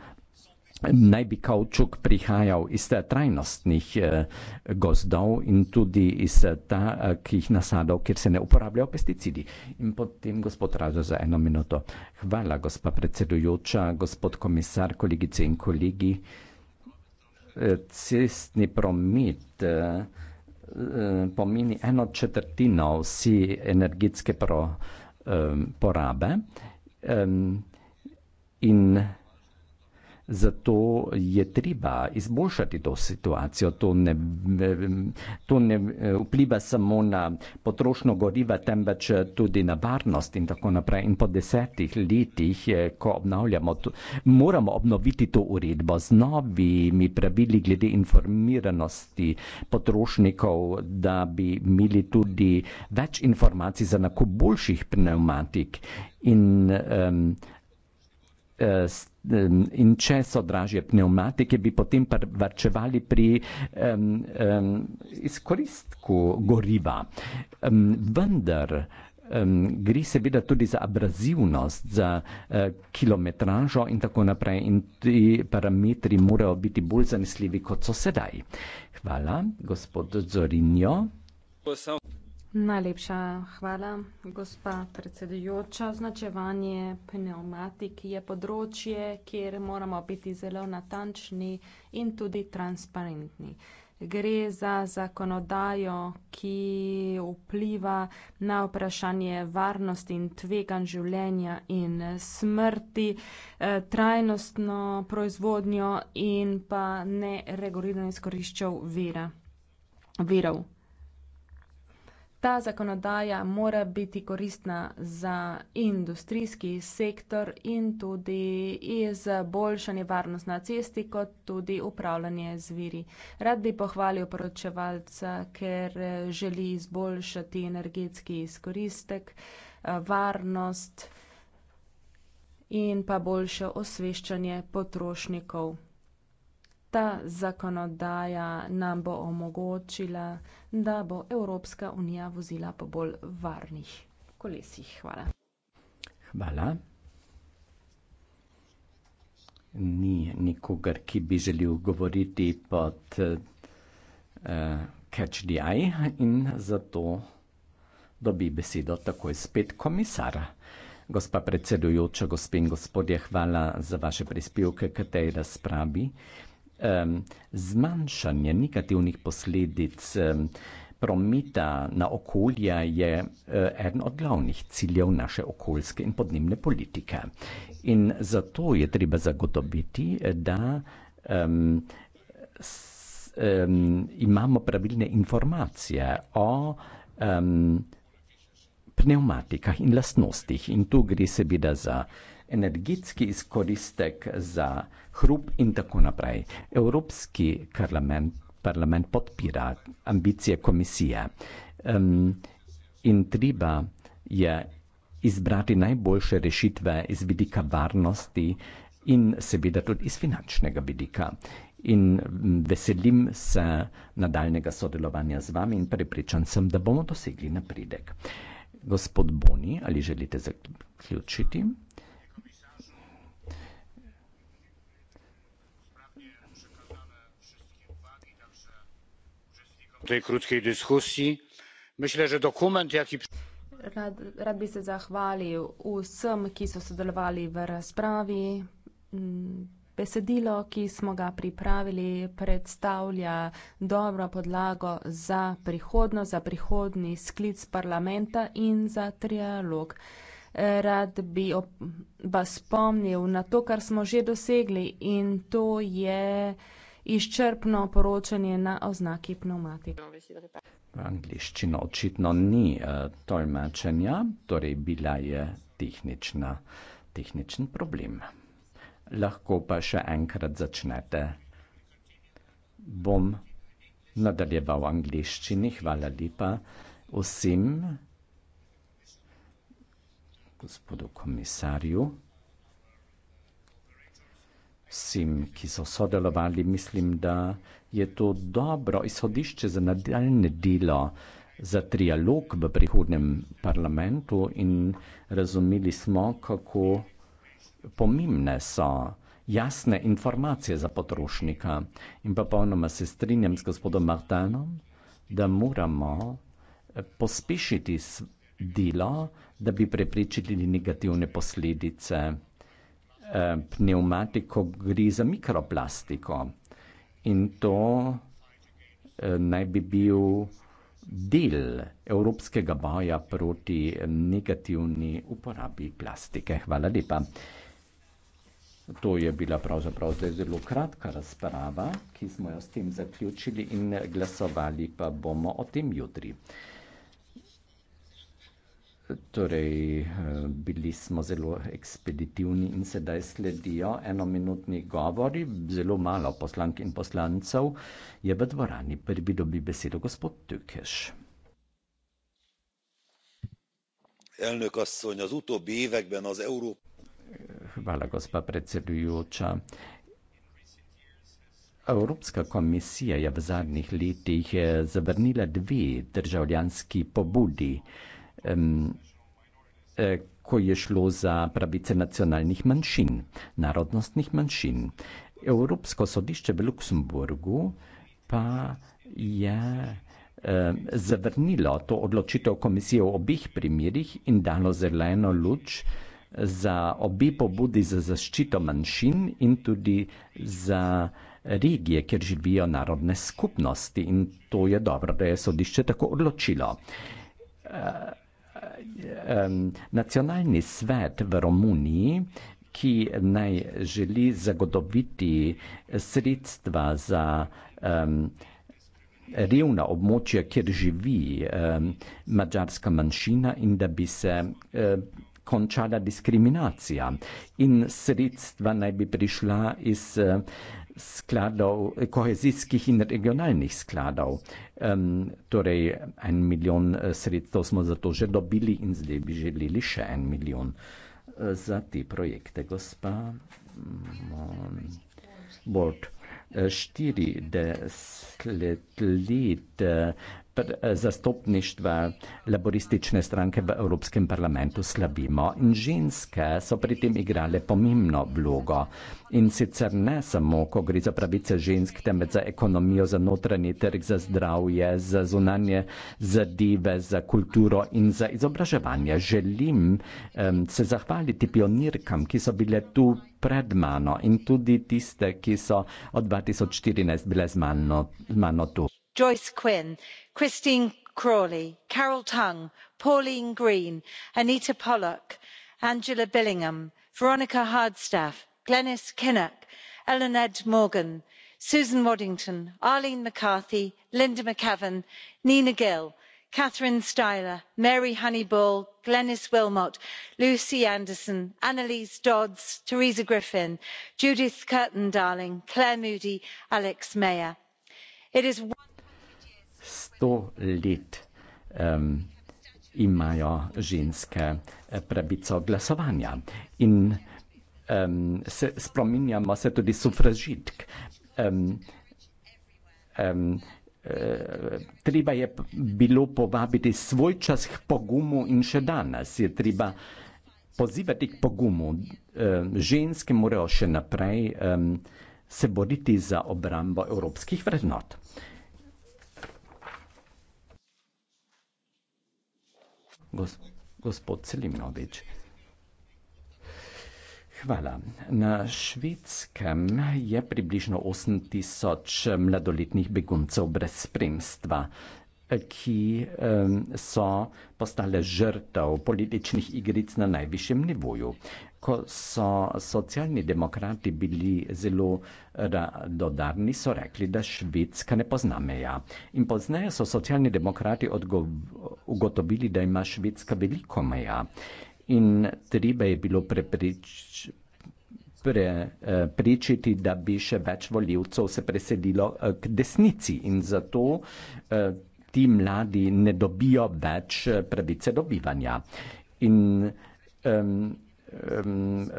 Speaker 10: naj bi kavčuk prihajal iz eh, trajnostnih eh, gozdov in tudi iz eh, takih nasadov, kjer se ne uporabljajo pesticidi. In potem gospod Razo za eno minuto. Hvala, gospa predsedujoča, gospod komisar, kolegice in kolegi cestni promet eh, eh, pomeni eno četrtino vsi energetske pro, eh, porabe. In Zato je treba izboljšati to situacijo. To ne, to ne eh, vpliva samo na potrošno goriva, temveč tudi na varnost in tako naprej. In po desetih letih, eh, ko obnavljamo, to, moramo obnoviti to uredbo z novimi pravili glede informiranosti potrošnikov, da bi imeli tudi več informacij za nakup boljših pneumatik. In, um, in če so dražje pneumatike, bi potem varčevali pri um, um, izkoristku goriva. Um, vendar um, gre seveda tudi za abrazivnost, za uh, kilometražo in tako naprej in ti parametri morajo biti bolj zanesljivi, kot so sedaj. Hvala, gospod Zorinjo.
Speaker 12: Najlepša hvala, gospa predsedujoča. Označevanje pneumatik je področje, kjer moramo biti zelo natančni in tudi transparentni. Gre za zakonodajo, ki vpliva na vprašanje varnosti in tvegan življenja in smrti, eh, trajnostno proizvodnjo in pa ne reguliranje skoriščev vira, virov. Ta zakonodaja mora biti koristna za industrijski sektor in tudi izboljšanje varnost na cesti, kot tudi upravljanje zviri. Rad bi pohvalil poročevalca, ker želi izboljšati energetski izkoristek, varnost in pa boljše osveščanje potrošnikov. Ta zakonodaja nam bo omogočila, da bo Evropska unija vozila po bolj varnih kolesih. Hvala.
Speaker 10: Hvala. Ni nikogar, ki bi želel govoriti pod uh, catch the eye in zato dobi besedo takoj spet komisara. Gospa predsedujoča, gospe in gospodje, hvala za vaše prispevke k tej razpravi um, zmanjšanje negativnih posledic um, prometa na okolje je um, eden od glavnih ciljev naše okoljske in podnebne politike. In zato je treba zagotoviti, da um, s, um, imamo pravilne informacije o um, pneumatikah in lastnostih. In tu gre seveda za energetski izkoristek za hrup in tako naprej. Evropski parlament, parlament podpira ambicije komisije um, in treba je izbrati najboljše rešitve iz vidika varnosti in seveda tudi iz finančnega vidika. In veselim se nadaljnega sodelovanja z vami in prepričan sem, da bomo dosegli napredek. Gospod Boni, ali želite zaključiti?
Speaker 7: tej krótkiej dyskusji. myślę że dokument jaki
Speaker 12: rad by se zahvalil vsem ki so sodelovali v razpravi mm, besedilo ki smo ga pripravili predstavlja dobro podlago za prihodnost za prihodni sklic parlamenta in za trialog rad bi vas spomnil na to kar smo že dosegli in to je izčrpno poročanje na oznaki pneumatik.
Speaker 10: Angliščina očitno ni uh, tolmačenja, torej bila je tehnična, tehničen problem. Lahko pa še enkrat začnete. Bom nadaljeval v angliščini, hvala lepa vsem, gospodu komisarju vsem, ki so sodelovali, mislim, da je to dobro izhodišče za nadaljne delo, za trialog v prihodnem parlamentu in razumeli smo, kako pomembne so jasne informacije za potrošnika. In pa polnoma se strinjam s gospodom Martanom, da moramo pospešiti delo, da bi preprečili negativne posledice. Eh, pneumatiko, gre za mikroplastiko in to eh, naj bi bil del evropskega boja proti negativni uporabi plastike. Hvala lepa. To je bila pravzaprav zdaj zelo kratka razprava, ki smo jo s tem zaključili in glasovali pa bomo o tem jutri. Torej, eh, bili smo zelo ekspeditivni in sedaj sledijo enominutni govori. Zelo malo poslank in poslancev je v dvorani. Prvi dobi besedo gospod Tükeš.
Speaker 8: Elnök asszony, az utóbbi években az Európa...
Speaker 10: Hvala, gospa predsedujoča. Evropska komisija je v zadnjih letih eh, zavrnila dve državljanski pobudi. E, ko je šlo za pravice nacionalnih manjšin, narodnostnih manjšin. Evropsko sodišče v Luksemburgu pa je e, zavrnilo to odločitev komisije v obih primerjih in dalo zeleno luč za obi pobudi za zaščito manjšin in tudi za regije, kjer živijo narodne skupnosti. In to je dobro, da je sodišče tako odločilo. E, nacionalni svet v Romuniji, ki naj želi zagotoviti sredstva za um, revna območja, kjer živi um, mačarska manjšina in da bi se um, končala diskriminacija. In sredstva naj bi prišla iz. Um, skladov, kohezijskih in regionalnih skladov. Um, torej, en milijon eh, sredstev smo za to že dobili in zdaj bi želeli še en milijon eh, za te projekte. Gospa Bord, eh, štiri desetletje pr, eh, zastopništva laboristične stranke v Evropskem parlamentu slabimo. In ženske so pri tem igrale pomembno vlogo. In sicer ne samo, ko gre za pravice žensk, temveč za ekonomijo, za notranji trg, za zdravje, za zunanje zadeve, za kulturo in za izobraževanje. Želim um, se zahvaliti pionirkam, ki so bile tu pred mano in tudi tiste, ki so od 2014 bile z mano, mano tu.
Speaker 9: Joyce Quinn christine crawley carole tung pauline green anita pollock angela billingham veronica hardstaff glenis kinnock ellen edmorgan susan waddington arlene
Speaker 11: mccarthy linda mcavan nina gill catherine styler mary honey ball glenis willmott lucy anderson annalise dodds
Speaker 9: teresa griffin judith curtin darling claire moody alex mayer
Speaker 4: it is
Speaker 10: sto let um, imajo ženske eh, pravico glasovanja. In um, se spominjamo se tudi sufražitk. Um, um, treba je bilo povabiti svoj čas k pogumu in še danes je treba pozivati k pogumu. Ženske morajo še naprej um, se boriti za obrambo evropskih vrednot. gos, gospod Selimovič. Hvala. Na švedskem je približno 8000 eh, mladoletnih beguncev brez spremstva, eh, ki um, so postale žrtev političnih igric na najvišjem nivoju ko so socialni demokrati bili zelo radodarni, so rekli, da Švedska ne pozna meja. In pozneje so socialni demokrati ugotovili, da ima Švedska veliko meja. In treba je bilo preprečiti, eh, da bi še več voljivcev se presedilo eh, k desnici. In zato eh, ti mladi ne dobijo več pravice dobivanja. In um,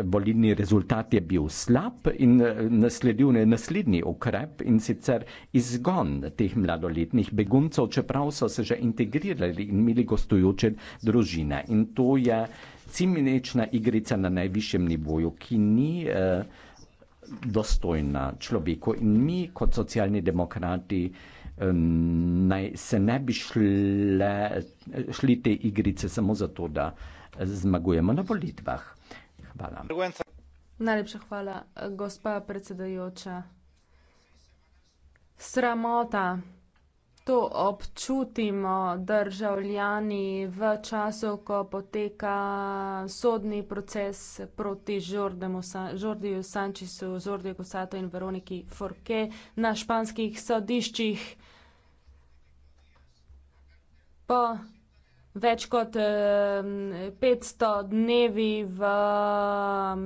Speaker 10: volilni rezultat je bil slab in eh, nasledil je naslednji ukrep in sicer izgon teh mladoletnih beguncev, čeprav so se že integrirali in imeli gostujoče družine. In to je ciminečna igrica na najvišjem nivoju, ki ni eh, dostojna človeku in mi kot socialni demokrati naj, se ne bi šle, šli te igrice samo zato, da eh, zmagujemo na volitvah. Hvala.
Speaker 12: Najlepša hvala, gospa predsedajoča. Sramota. To občutimo državljani v času, ko poteka sodni proces proti Žordemu, Žordiju Sančisu, Žordiju Kosato in Veroniki Forke na španskih sodiščih. Po več kot 500 ehm, dnevi v ehm,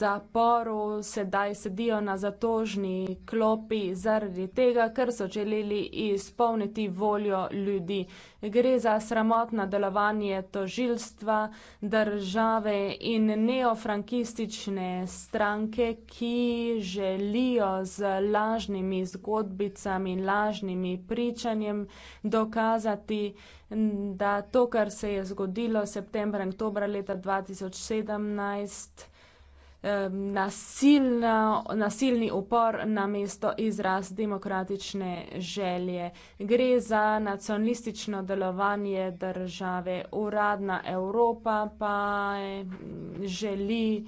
Speaker 12: zaporu, sedaj sedijo na zatožni klopi zaradi tega, ker so želeli izpolniti voljo ljudi gre za sramotno delovanje tožilstva, države in neofrankistične stranke, ki želijo z lažnimi zgodbicami, lažnimi pričanjem dokazati, da to, kar se je zgodilo septembra in oktobra leta 2017, nasilno, nasilni upor na mesto izraz demokratične želje. Gre za nacionalistično delovanje države. Uradna Evropa pa želi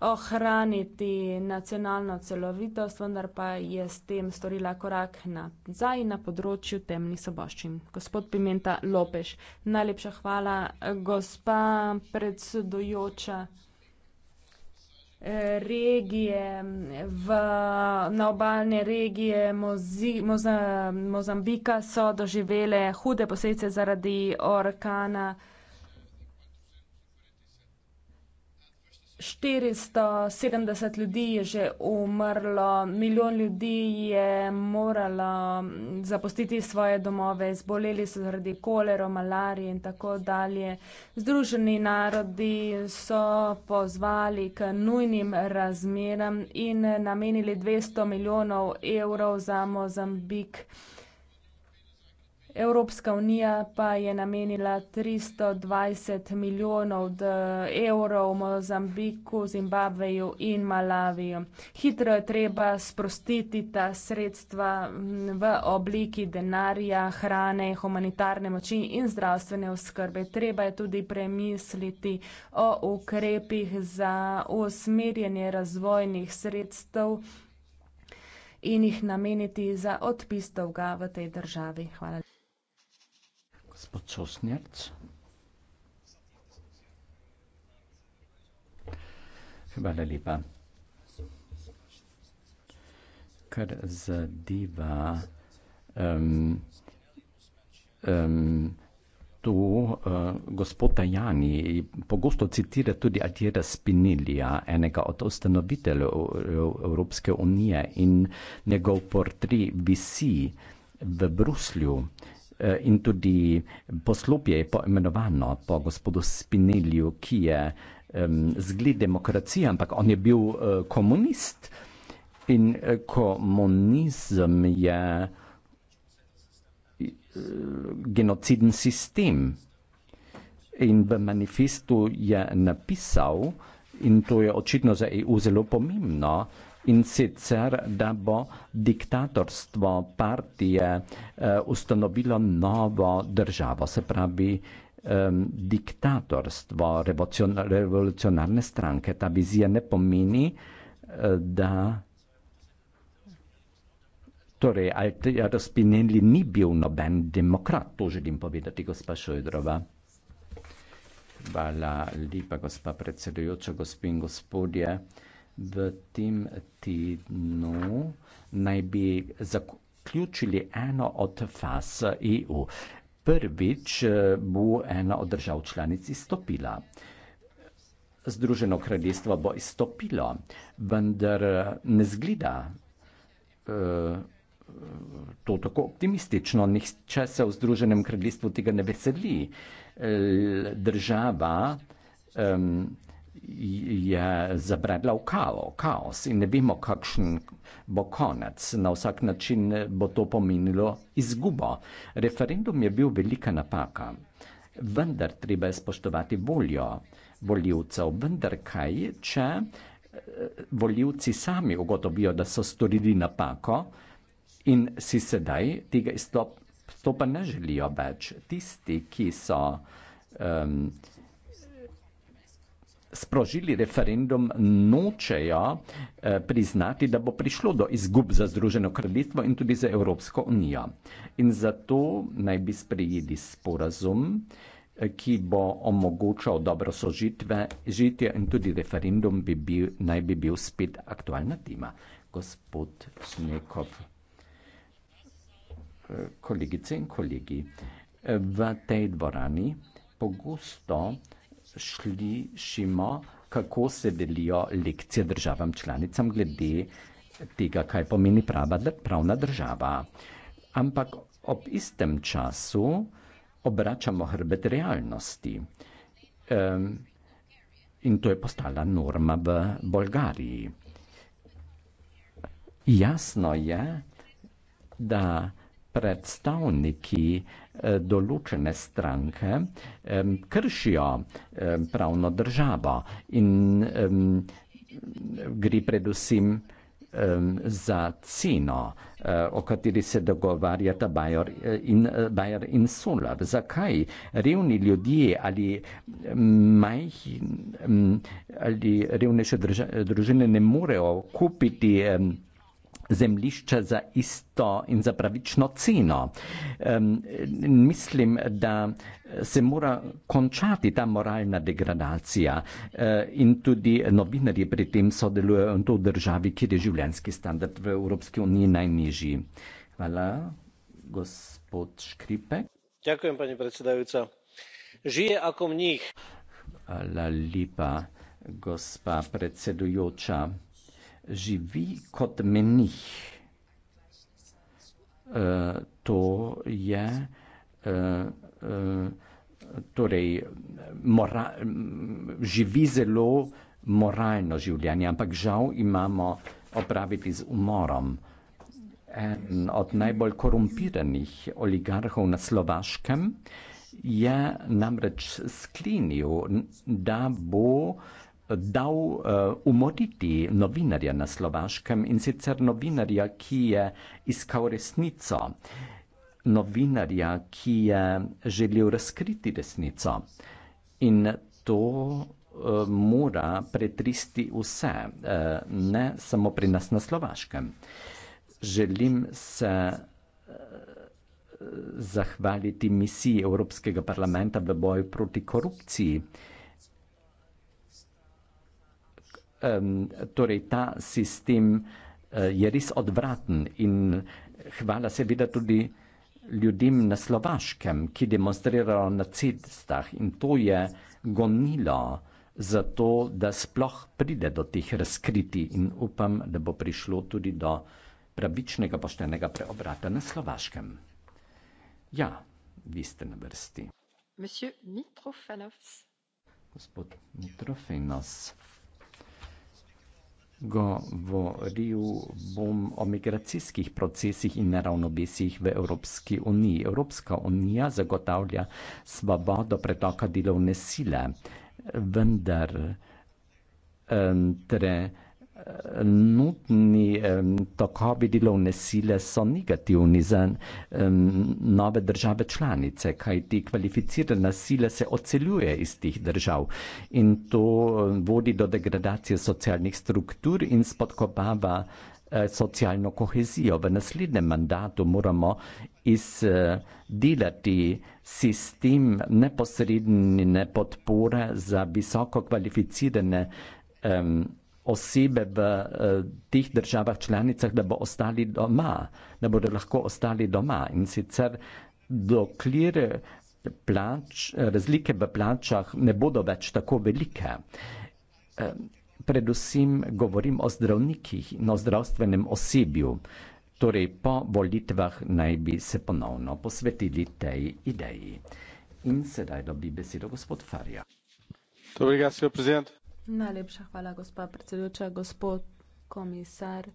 Speaker 12: ohraniti nacionalno celovitost, vendar pa je s tem storila korak nazaj na področju temni soboščin. Gospod Pimenta Lopeš, najlepša hvala, gospa predsedujoča regije, v, na obalne regije Mozi, Moza, Mozambika so doživele hude posledice zaradi orkana. 470 ljudi je že umrlo, milijon ljudi je moralo mm, zapustiti svoje domove, zboleli so zaradi kolero, malarije in tako dalje. Združeni narodi so pozvali k nujnim razmeram in namenili 200 milijonov evrov za Mozambik. Evropska unija pa je namenila 320 milijonov eh, evrov Mozambiku, Zimbabveju in Malaviju. Hitro je treba sprostiti ta sredstva mm, v obliki denarja, hrane, humanitarne moči in zdravstvene oskrbe. Treba je tudi premisliti o ukrepih za usmerjanje razvojnih sredstev in jih nameniti za odpis dolga v tej državi. Hvala.
Speaker 10: Spazosnerz. Hvala lepa. Kar zadeva um, um, to, uh, gospod Tajani pogosto citira tudi Adjera Spinilija, enega od ustanoviteljev eh, Evropske unije, in njegov portret visi v Bruslju. Eh, in tudi poslopje je poimenovano po gospodu Spinelju, ki je um, zgled demokracije, ampak on je bil uh, komunist in uh, komunizem je uh, genociden sistem. In v manifestu je napisal, in to je očitno za EU zelo pomembno, in sicer da bo diktatorstvo partije eh, ustanovilo novo državo, se pravi eh, diktatorstvo revolucionarne stranke. Ta vizija ne pomeni, eh, da. Torej, Altejar Spinelli ni bil noben demokrat, to želim povedati, gospa Šojdrova. Hvala lepa, gospa predsedujoča, gospod in gospodje v tem tednu naj bi zaključili eno od faz EU. Prvič eh, bo ena od držav članic izstopila. Združeno kraljestvo bo izstopilo, vendar eh, ne zgleda eh, to tako optimistično. Nihče se v Združenem kraljestvu tega ne veseli. Država je zabredla v kavo, kaos in ne vemo, kakšen bo konec. Na vsak način bo to pomenilo izgubo. Referendum je bil velika napaka, vendar treba je spoštovati voljo voljivcev. Vendar kaj, če eh, voljivci sami ugotovijo, da so storili napako in si sedaj tega izstopa ne želijo več. Tisti, ki so. Um, sprožili referendum, nočejo eh, priznati, da bo prišlo do izgub za Združeno kraljestvo in tudi za Evropsko unijo. In zato naj bi sprejeli sporazum, eh, ki bo omogočal dobro sožitve, žitje in tudi referendum bi bil, naj bi bil spet aktualna tema. Gospod Šnekov, eh, kolegice in kolegi, v tej dvorani pogosto slišimo, kako se delijo lekcije državam članicam glede tega, kaj pomeni prava, pravna država. Ampak ob istem času obračamo hrbet realnosti. Um, in to je postala norma v Bolgariji. Jasno je, da predstavniki eh, določene stranke kršijo pravno državo in gre predvsem za ceno, eh, o kateri se dogovarjata Bayer eh, in, Bayer in Solar. Zakaj revni ljudje ali majhni ali revnejše družine ne morejo kupiti zemljišče za isto in za pravično ceno. Um, mislim, da se mora končati ta moralna degradacija uh, in tudi novinarji pri tem sodelujejo in to v državi, kjer je življenski standard v Evropski uniji najnižji. Hvala, gospod Škripek.
Speaker 7: Dziękuję, pani predsedajuca. Žije ako mnih.
Speaker 10: Hvala lepa, gospa predsedujoča živi kot menih. Uh, to je uh, uh, torej mora, živi zelo moralno življenje, ampak žal imamo opraviti z umorom. En od najbolj korumpiranih oligarhov na Slovaškem je namreč sklenil, da bo uh, dal uh, eh, umoriti novinarja na slovaškem in sicer novinarja, ki je iskal resnico, novinarja, ki je želel razkriti resnico. In to uh, mora pretristi vse, uh, ne samo pri nas na slovaškem. Želim se uh, zahvaliti misiji Evropskega parlamenta v boju proti korupciji. um, torej ta sistem uh, je res odvraten in hvala seveda tudi ljudem na slovaškem, ki demonstrirajo na cedstah in to je gonilo za to, da sploh pride do teh razkriti in upam, da bo prišlo tudi do pravičnega poštenega preobrata na slovaškem. Ja, vi ste na vrsti.
Speaker 4: Monsieur Mitrofenovs.
Speaker 10: Gospod Mitrofenovs govoril bom o migracijskih procesih in neravnovesjih v Evropski uniji. Evropska unija zagotavlja svobodo pretoka delovne sile, vendar entre um, nutni tokovi delovne sile so negativni za nove države članice, kajti kvalificirana sila se oceljuje iz tih držav in to vodi do degradacije socialnih struktur in spodkobava e, socialno kohezijo. V naslednjem mandatu moramo izdelati sistem neposredne podpore za visoko kvalificirane um, osebe v eh, teh državah članicah, da bo ostali doma, da bodo lahko ostali doma in sicer dokler plač, razlike v plačah ne bodo več tako velike. Eh, predvsem govorim o zdravnikih in o zdravstvenem osebju, torej po volitvah naj bi se ponovno posvetili tej ideji. In sedaj dobi besedo gospod
Speaker 7: Farja. Dobrega, gospod predsednik.
Speaker 12: Najlepša hvala, gospa predsedujoča, gospod komisar.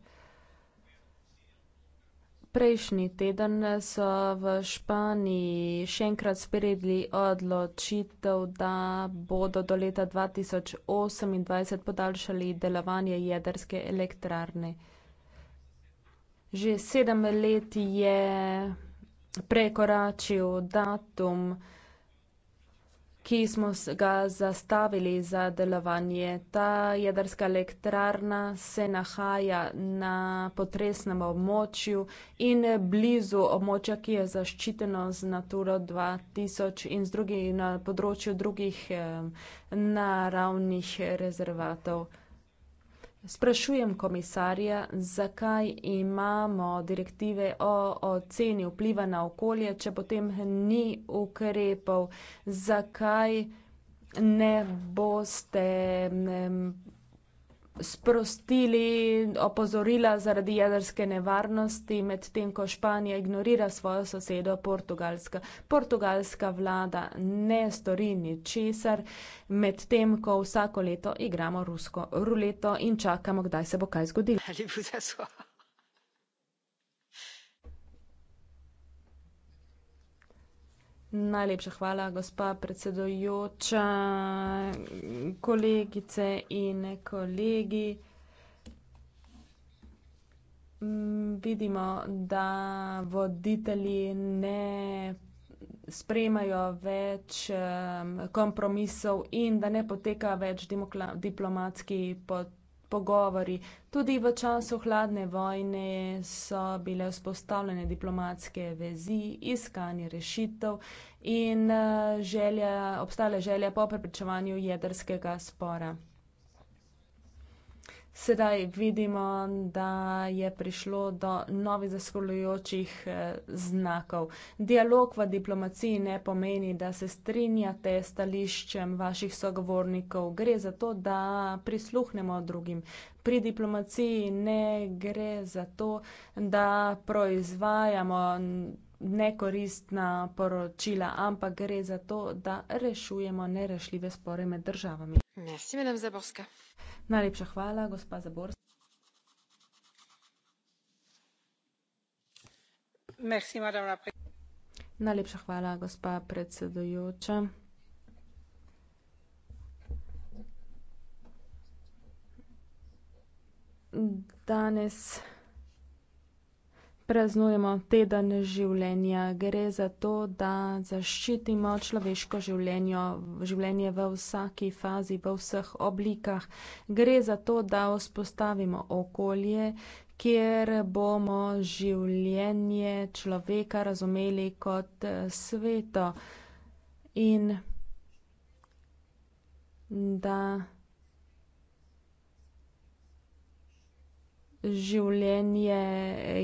Speaker 12: Prejšnji teden so v Španiji še enkrat sprejeli odločitev, da bodo do leta 2028 podaljšali delovanje jedrske elektrarne. Že sedem let je prekoračil datum ki smo ga zastavili za delovanje. Ta jedrska elektrarna se nahaja na potresnem območju in blizu območja, ki je zaščiteno z Naturo 2000 in drugi, na področju drugih eh, naravnih rezervatov. Sprašujem komisarja, zakaj imamo direktive o oceni vpliva na okolje, če potem ni ukrepov, zakaj ne boste. Ne, sprostili opozorila zaradi jedrske nevarnosti, medtem ko Španija ignorira svojo sosedo Portugalska. Portugalska vlada ne stori ničesar, medtem ko vsako leto igramo rusko ruleto in čakamo, kdaj se bo kaj zgodilo. Najlepša hvala, gospa predsedojoča, kolegice in kolegi. Vidimo, da voditelji ne spremajo več um, kompromisov in da ne poteka več diplomatski potek pogovori. Tudi v času hladne vojne so bile vzpostavljene diplomatske vezi, iskanje rešitev in eh, želja, obstale želja po preprečevanju jedrskega spora. Sedaj vidimo, da je prišlo do novih zaskrbljujočih eh, znakov. Dialog v diplomaciji ne pomeni, da se strinjate s stališčem vaših sogovornikov. Gre za to, da prisluhnemo drugim. Pri diplomaciji ne gre za to, da proizvajamo nekoristna poročila, ampak gre za to, da rešujemo nerešljive spore med državami.
Speaker 4: Merci, madame Zaborska.
Speaker 12: Najlepša hvala, gospa Zaborska.
Speaker 4: Merci,
Speaker 6: madame la
Speaker 12: Najlepša hvala, gospa predsedujoča. Danes praznujemo teden življenja. Gre za to, da zaščitimo človeško življenje, življenje v vsaki fazi, v vseh oblikah. Gre za to, da vzpostavimo okolje, kjer bomo življenje človeka razumeli kot eh, sveto in da življenje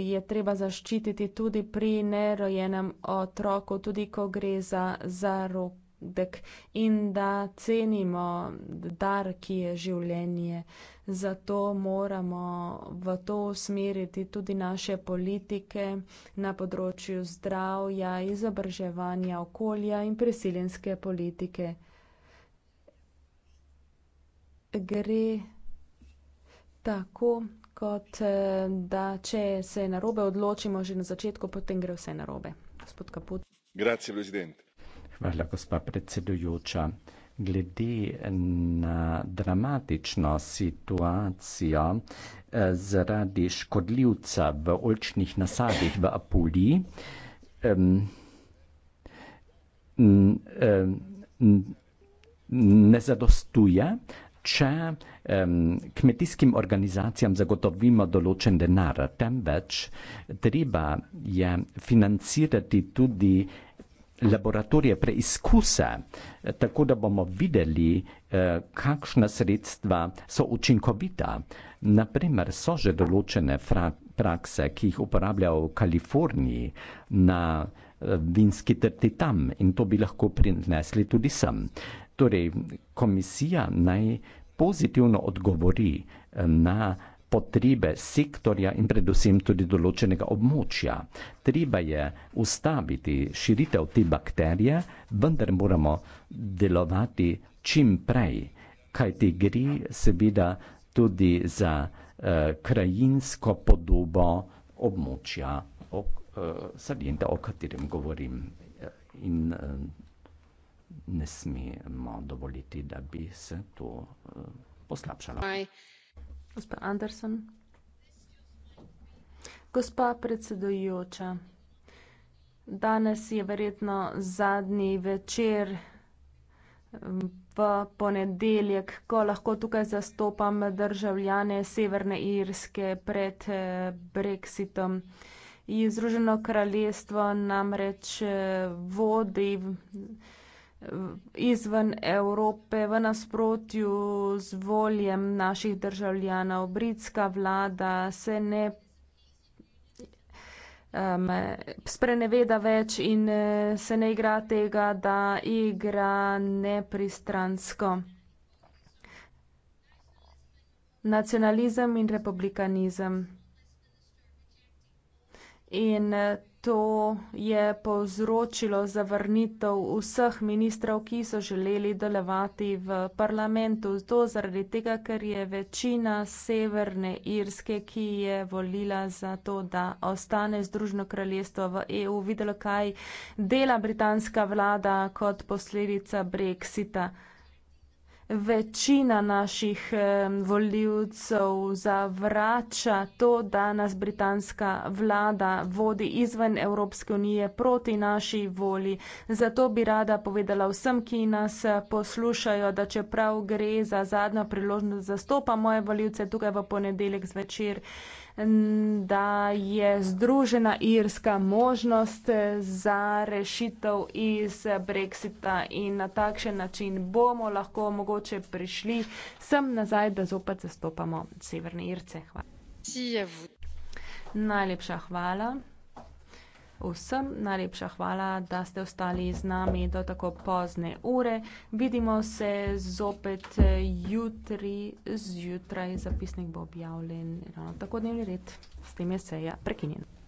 Speaker 12: je treba zaščititi tudi pri nerojenem otroku, tudi ko gre za zarodek in da cenimo dar, ki je življenje. Zato moramo v to usmeriti tudi naše politike na področju zdravja, izobraževanja okolja in prisiljenske politike. Gre tako, kot eh, da če se narobe odločimo že na začetku, potem gre vse narobe. Gospod Kaput.
Speaker 3: Grazie, prezident.
Speaker 10: Hvala, gospa predsedujoča. Glede na dramatično situacijo eh, zaradi škodljivca v oljčnih nasadih v Apuliji, ne zadostuje, če um, kmetijskim organizacijam zagotovimo določen denar, temveč treba je financirati tudi laboratorije preizkuse, tako da bomo videli, eh, kakšna sredstva so učinkovita. Naprimer, so že določene prakse, ki jih uporabljajo v Kaliforniji na eh, vinski trti tam in to bi lahko prinesli tudi sem. Torej, komisija naj pozitivno odgovori eh, na potrebe sektorja in predvsem tudi določenega območja. Treba je ustaviti širitev te bakterije, vendar moramo delovati čim prej, kaj te gre seveda tudi za eh, krajinsko podobo območja, ok, eh, sadjenta, o katerem govorim. Eh, in, eh, ne smemo dovoliti, da bi se to eh, poslabšalo.
Speaker 12: Gospa Anderson. Gospa predsedujoča, danes je verjetno zadnji večer mm, v ponedeljek, ko lahko tukaj zastopam državljane Severne Irske pred eh, Brexitom. Združeno kraljestvo namreč eh, vodi izven Evrope v nasprotju z voljem naših državljanov. Britska vlada se ne um, spreneveda več in eh, se ne igra tega, da igra nepristransko. Nacionalizem in republikanizem. In eh, to je povzročilo zavrnitev vseh ministrov, ki so želeli delovati v parlamentu. To zaradi tega, ker je večina Severne Irske, ki je volila za to, da ostane Združno kraljestvo v EU, videla, kaj dela britanska vlada kot posledica brexita večina naših voljivcev zavrača to, da nas britanska vlada vodi izven Evropske unije proti naši volji. Zato bi rada povedala vsem, ki nas poslušajo, da čeprav gre za zadnjo priložnost, zastopa moje voljivce tukaj v ponedeljek zvečer da je Združena Irska možnost eh, za rešitev iz Brexita in na takšen način bomo lahko mogoče prišli sem nazaj, da zopet zastopamo Severne Irce. Hvala. Najlepša hvala vsem najlepša hvala, da ste ostali z nami do tako pozne ure. Vidimo se zopet jutri zjutraj. Zapisnik bo objavljen ravno tako dnevni red. S tem je seja prekinjena.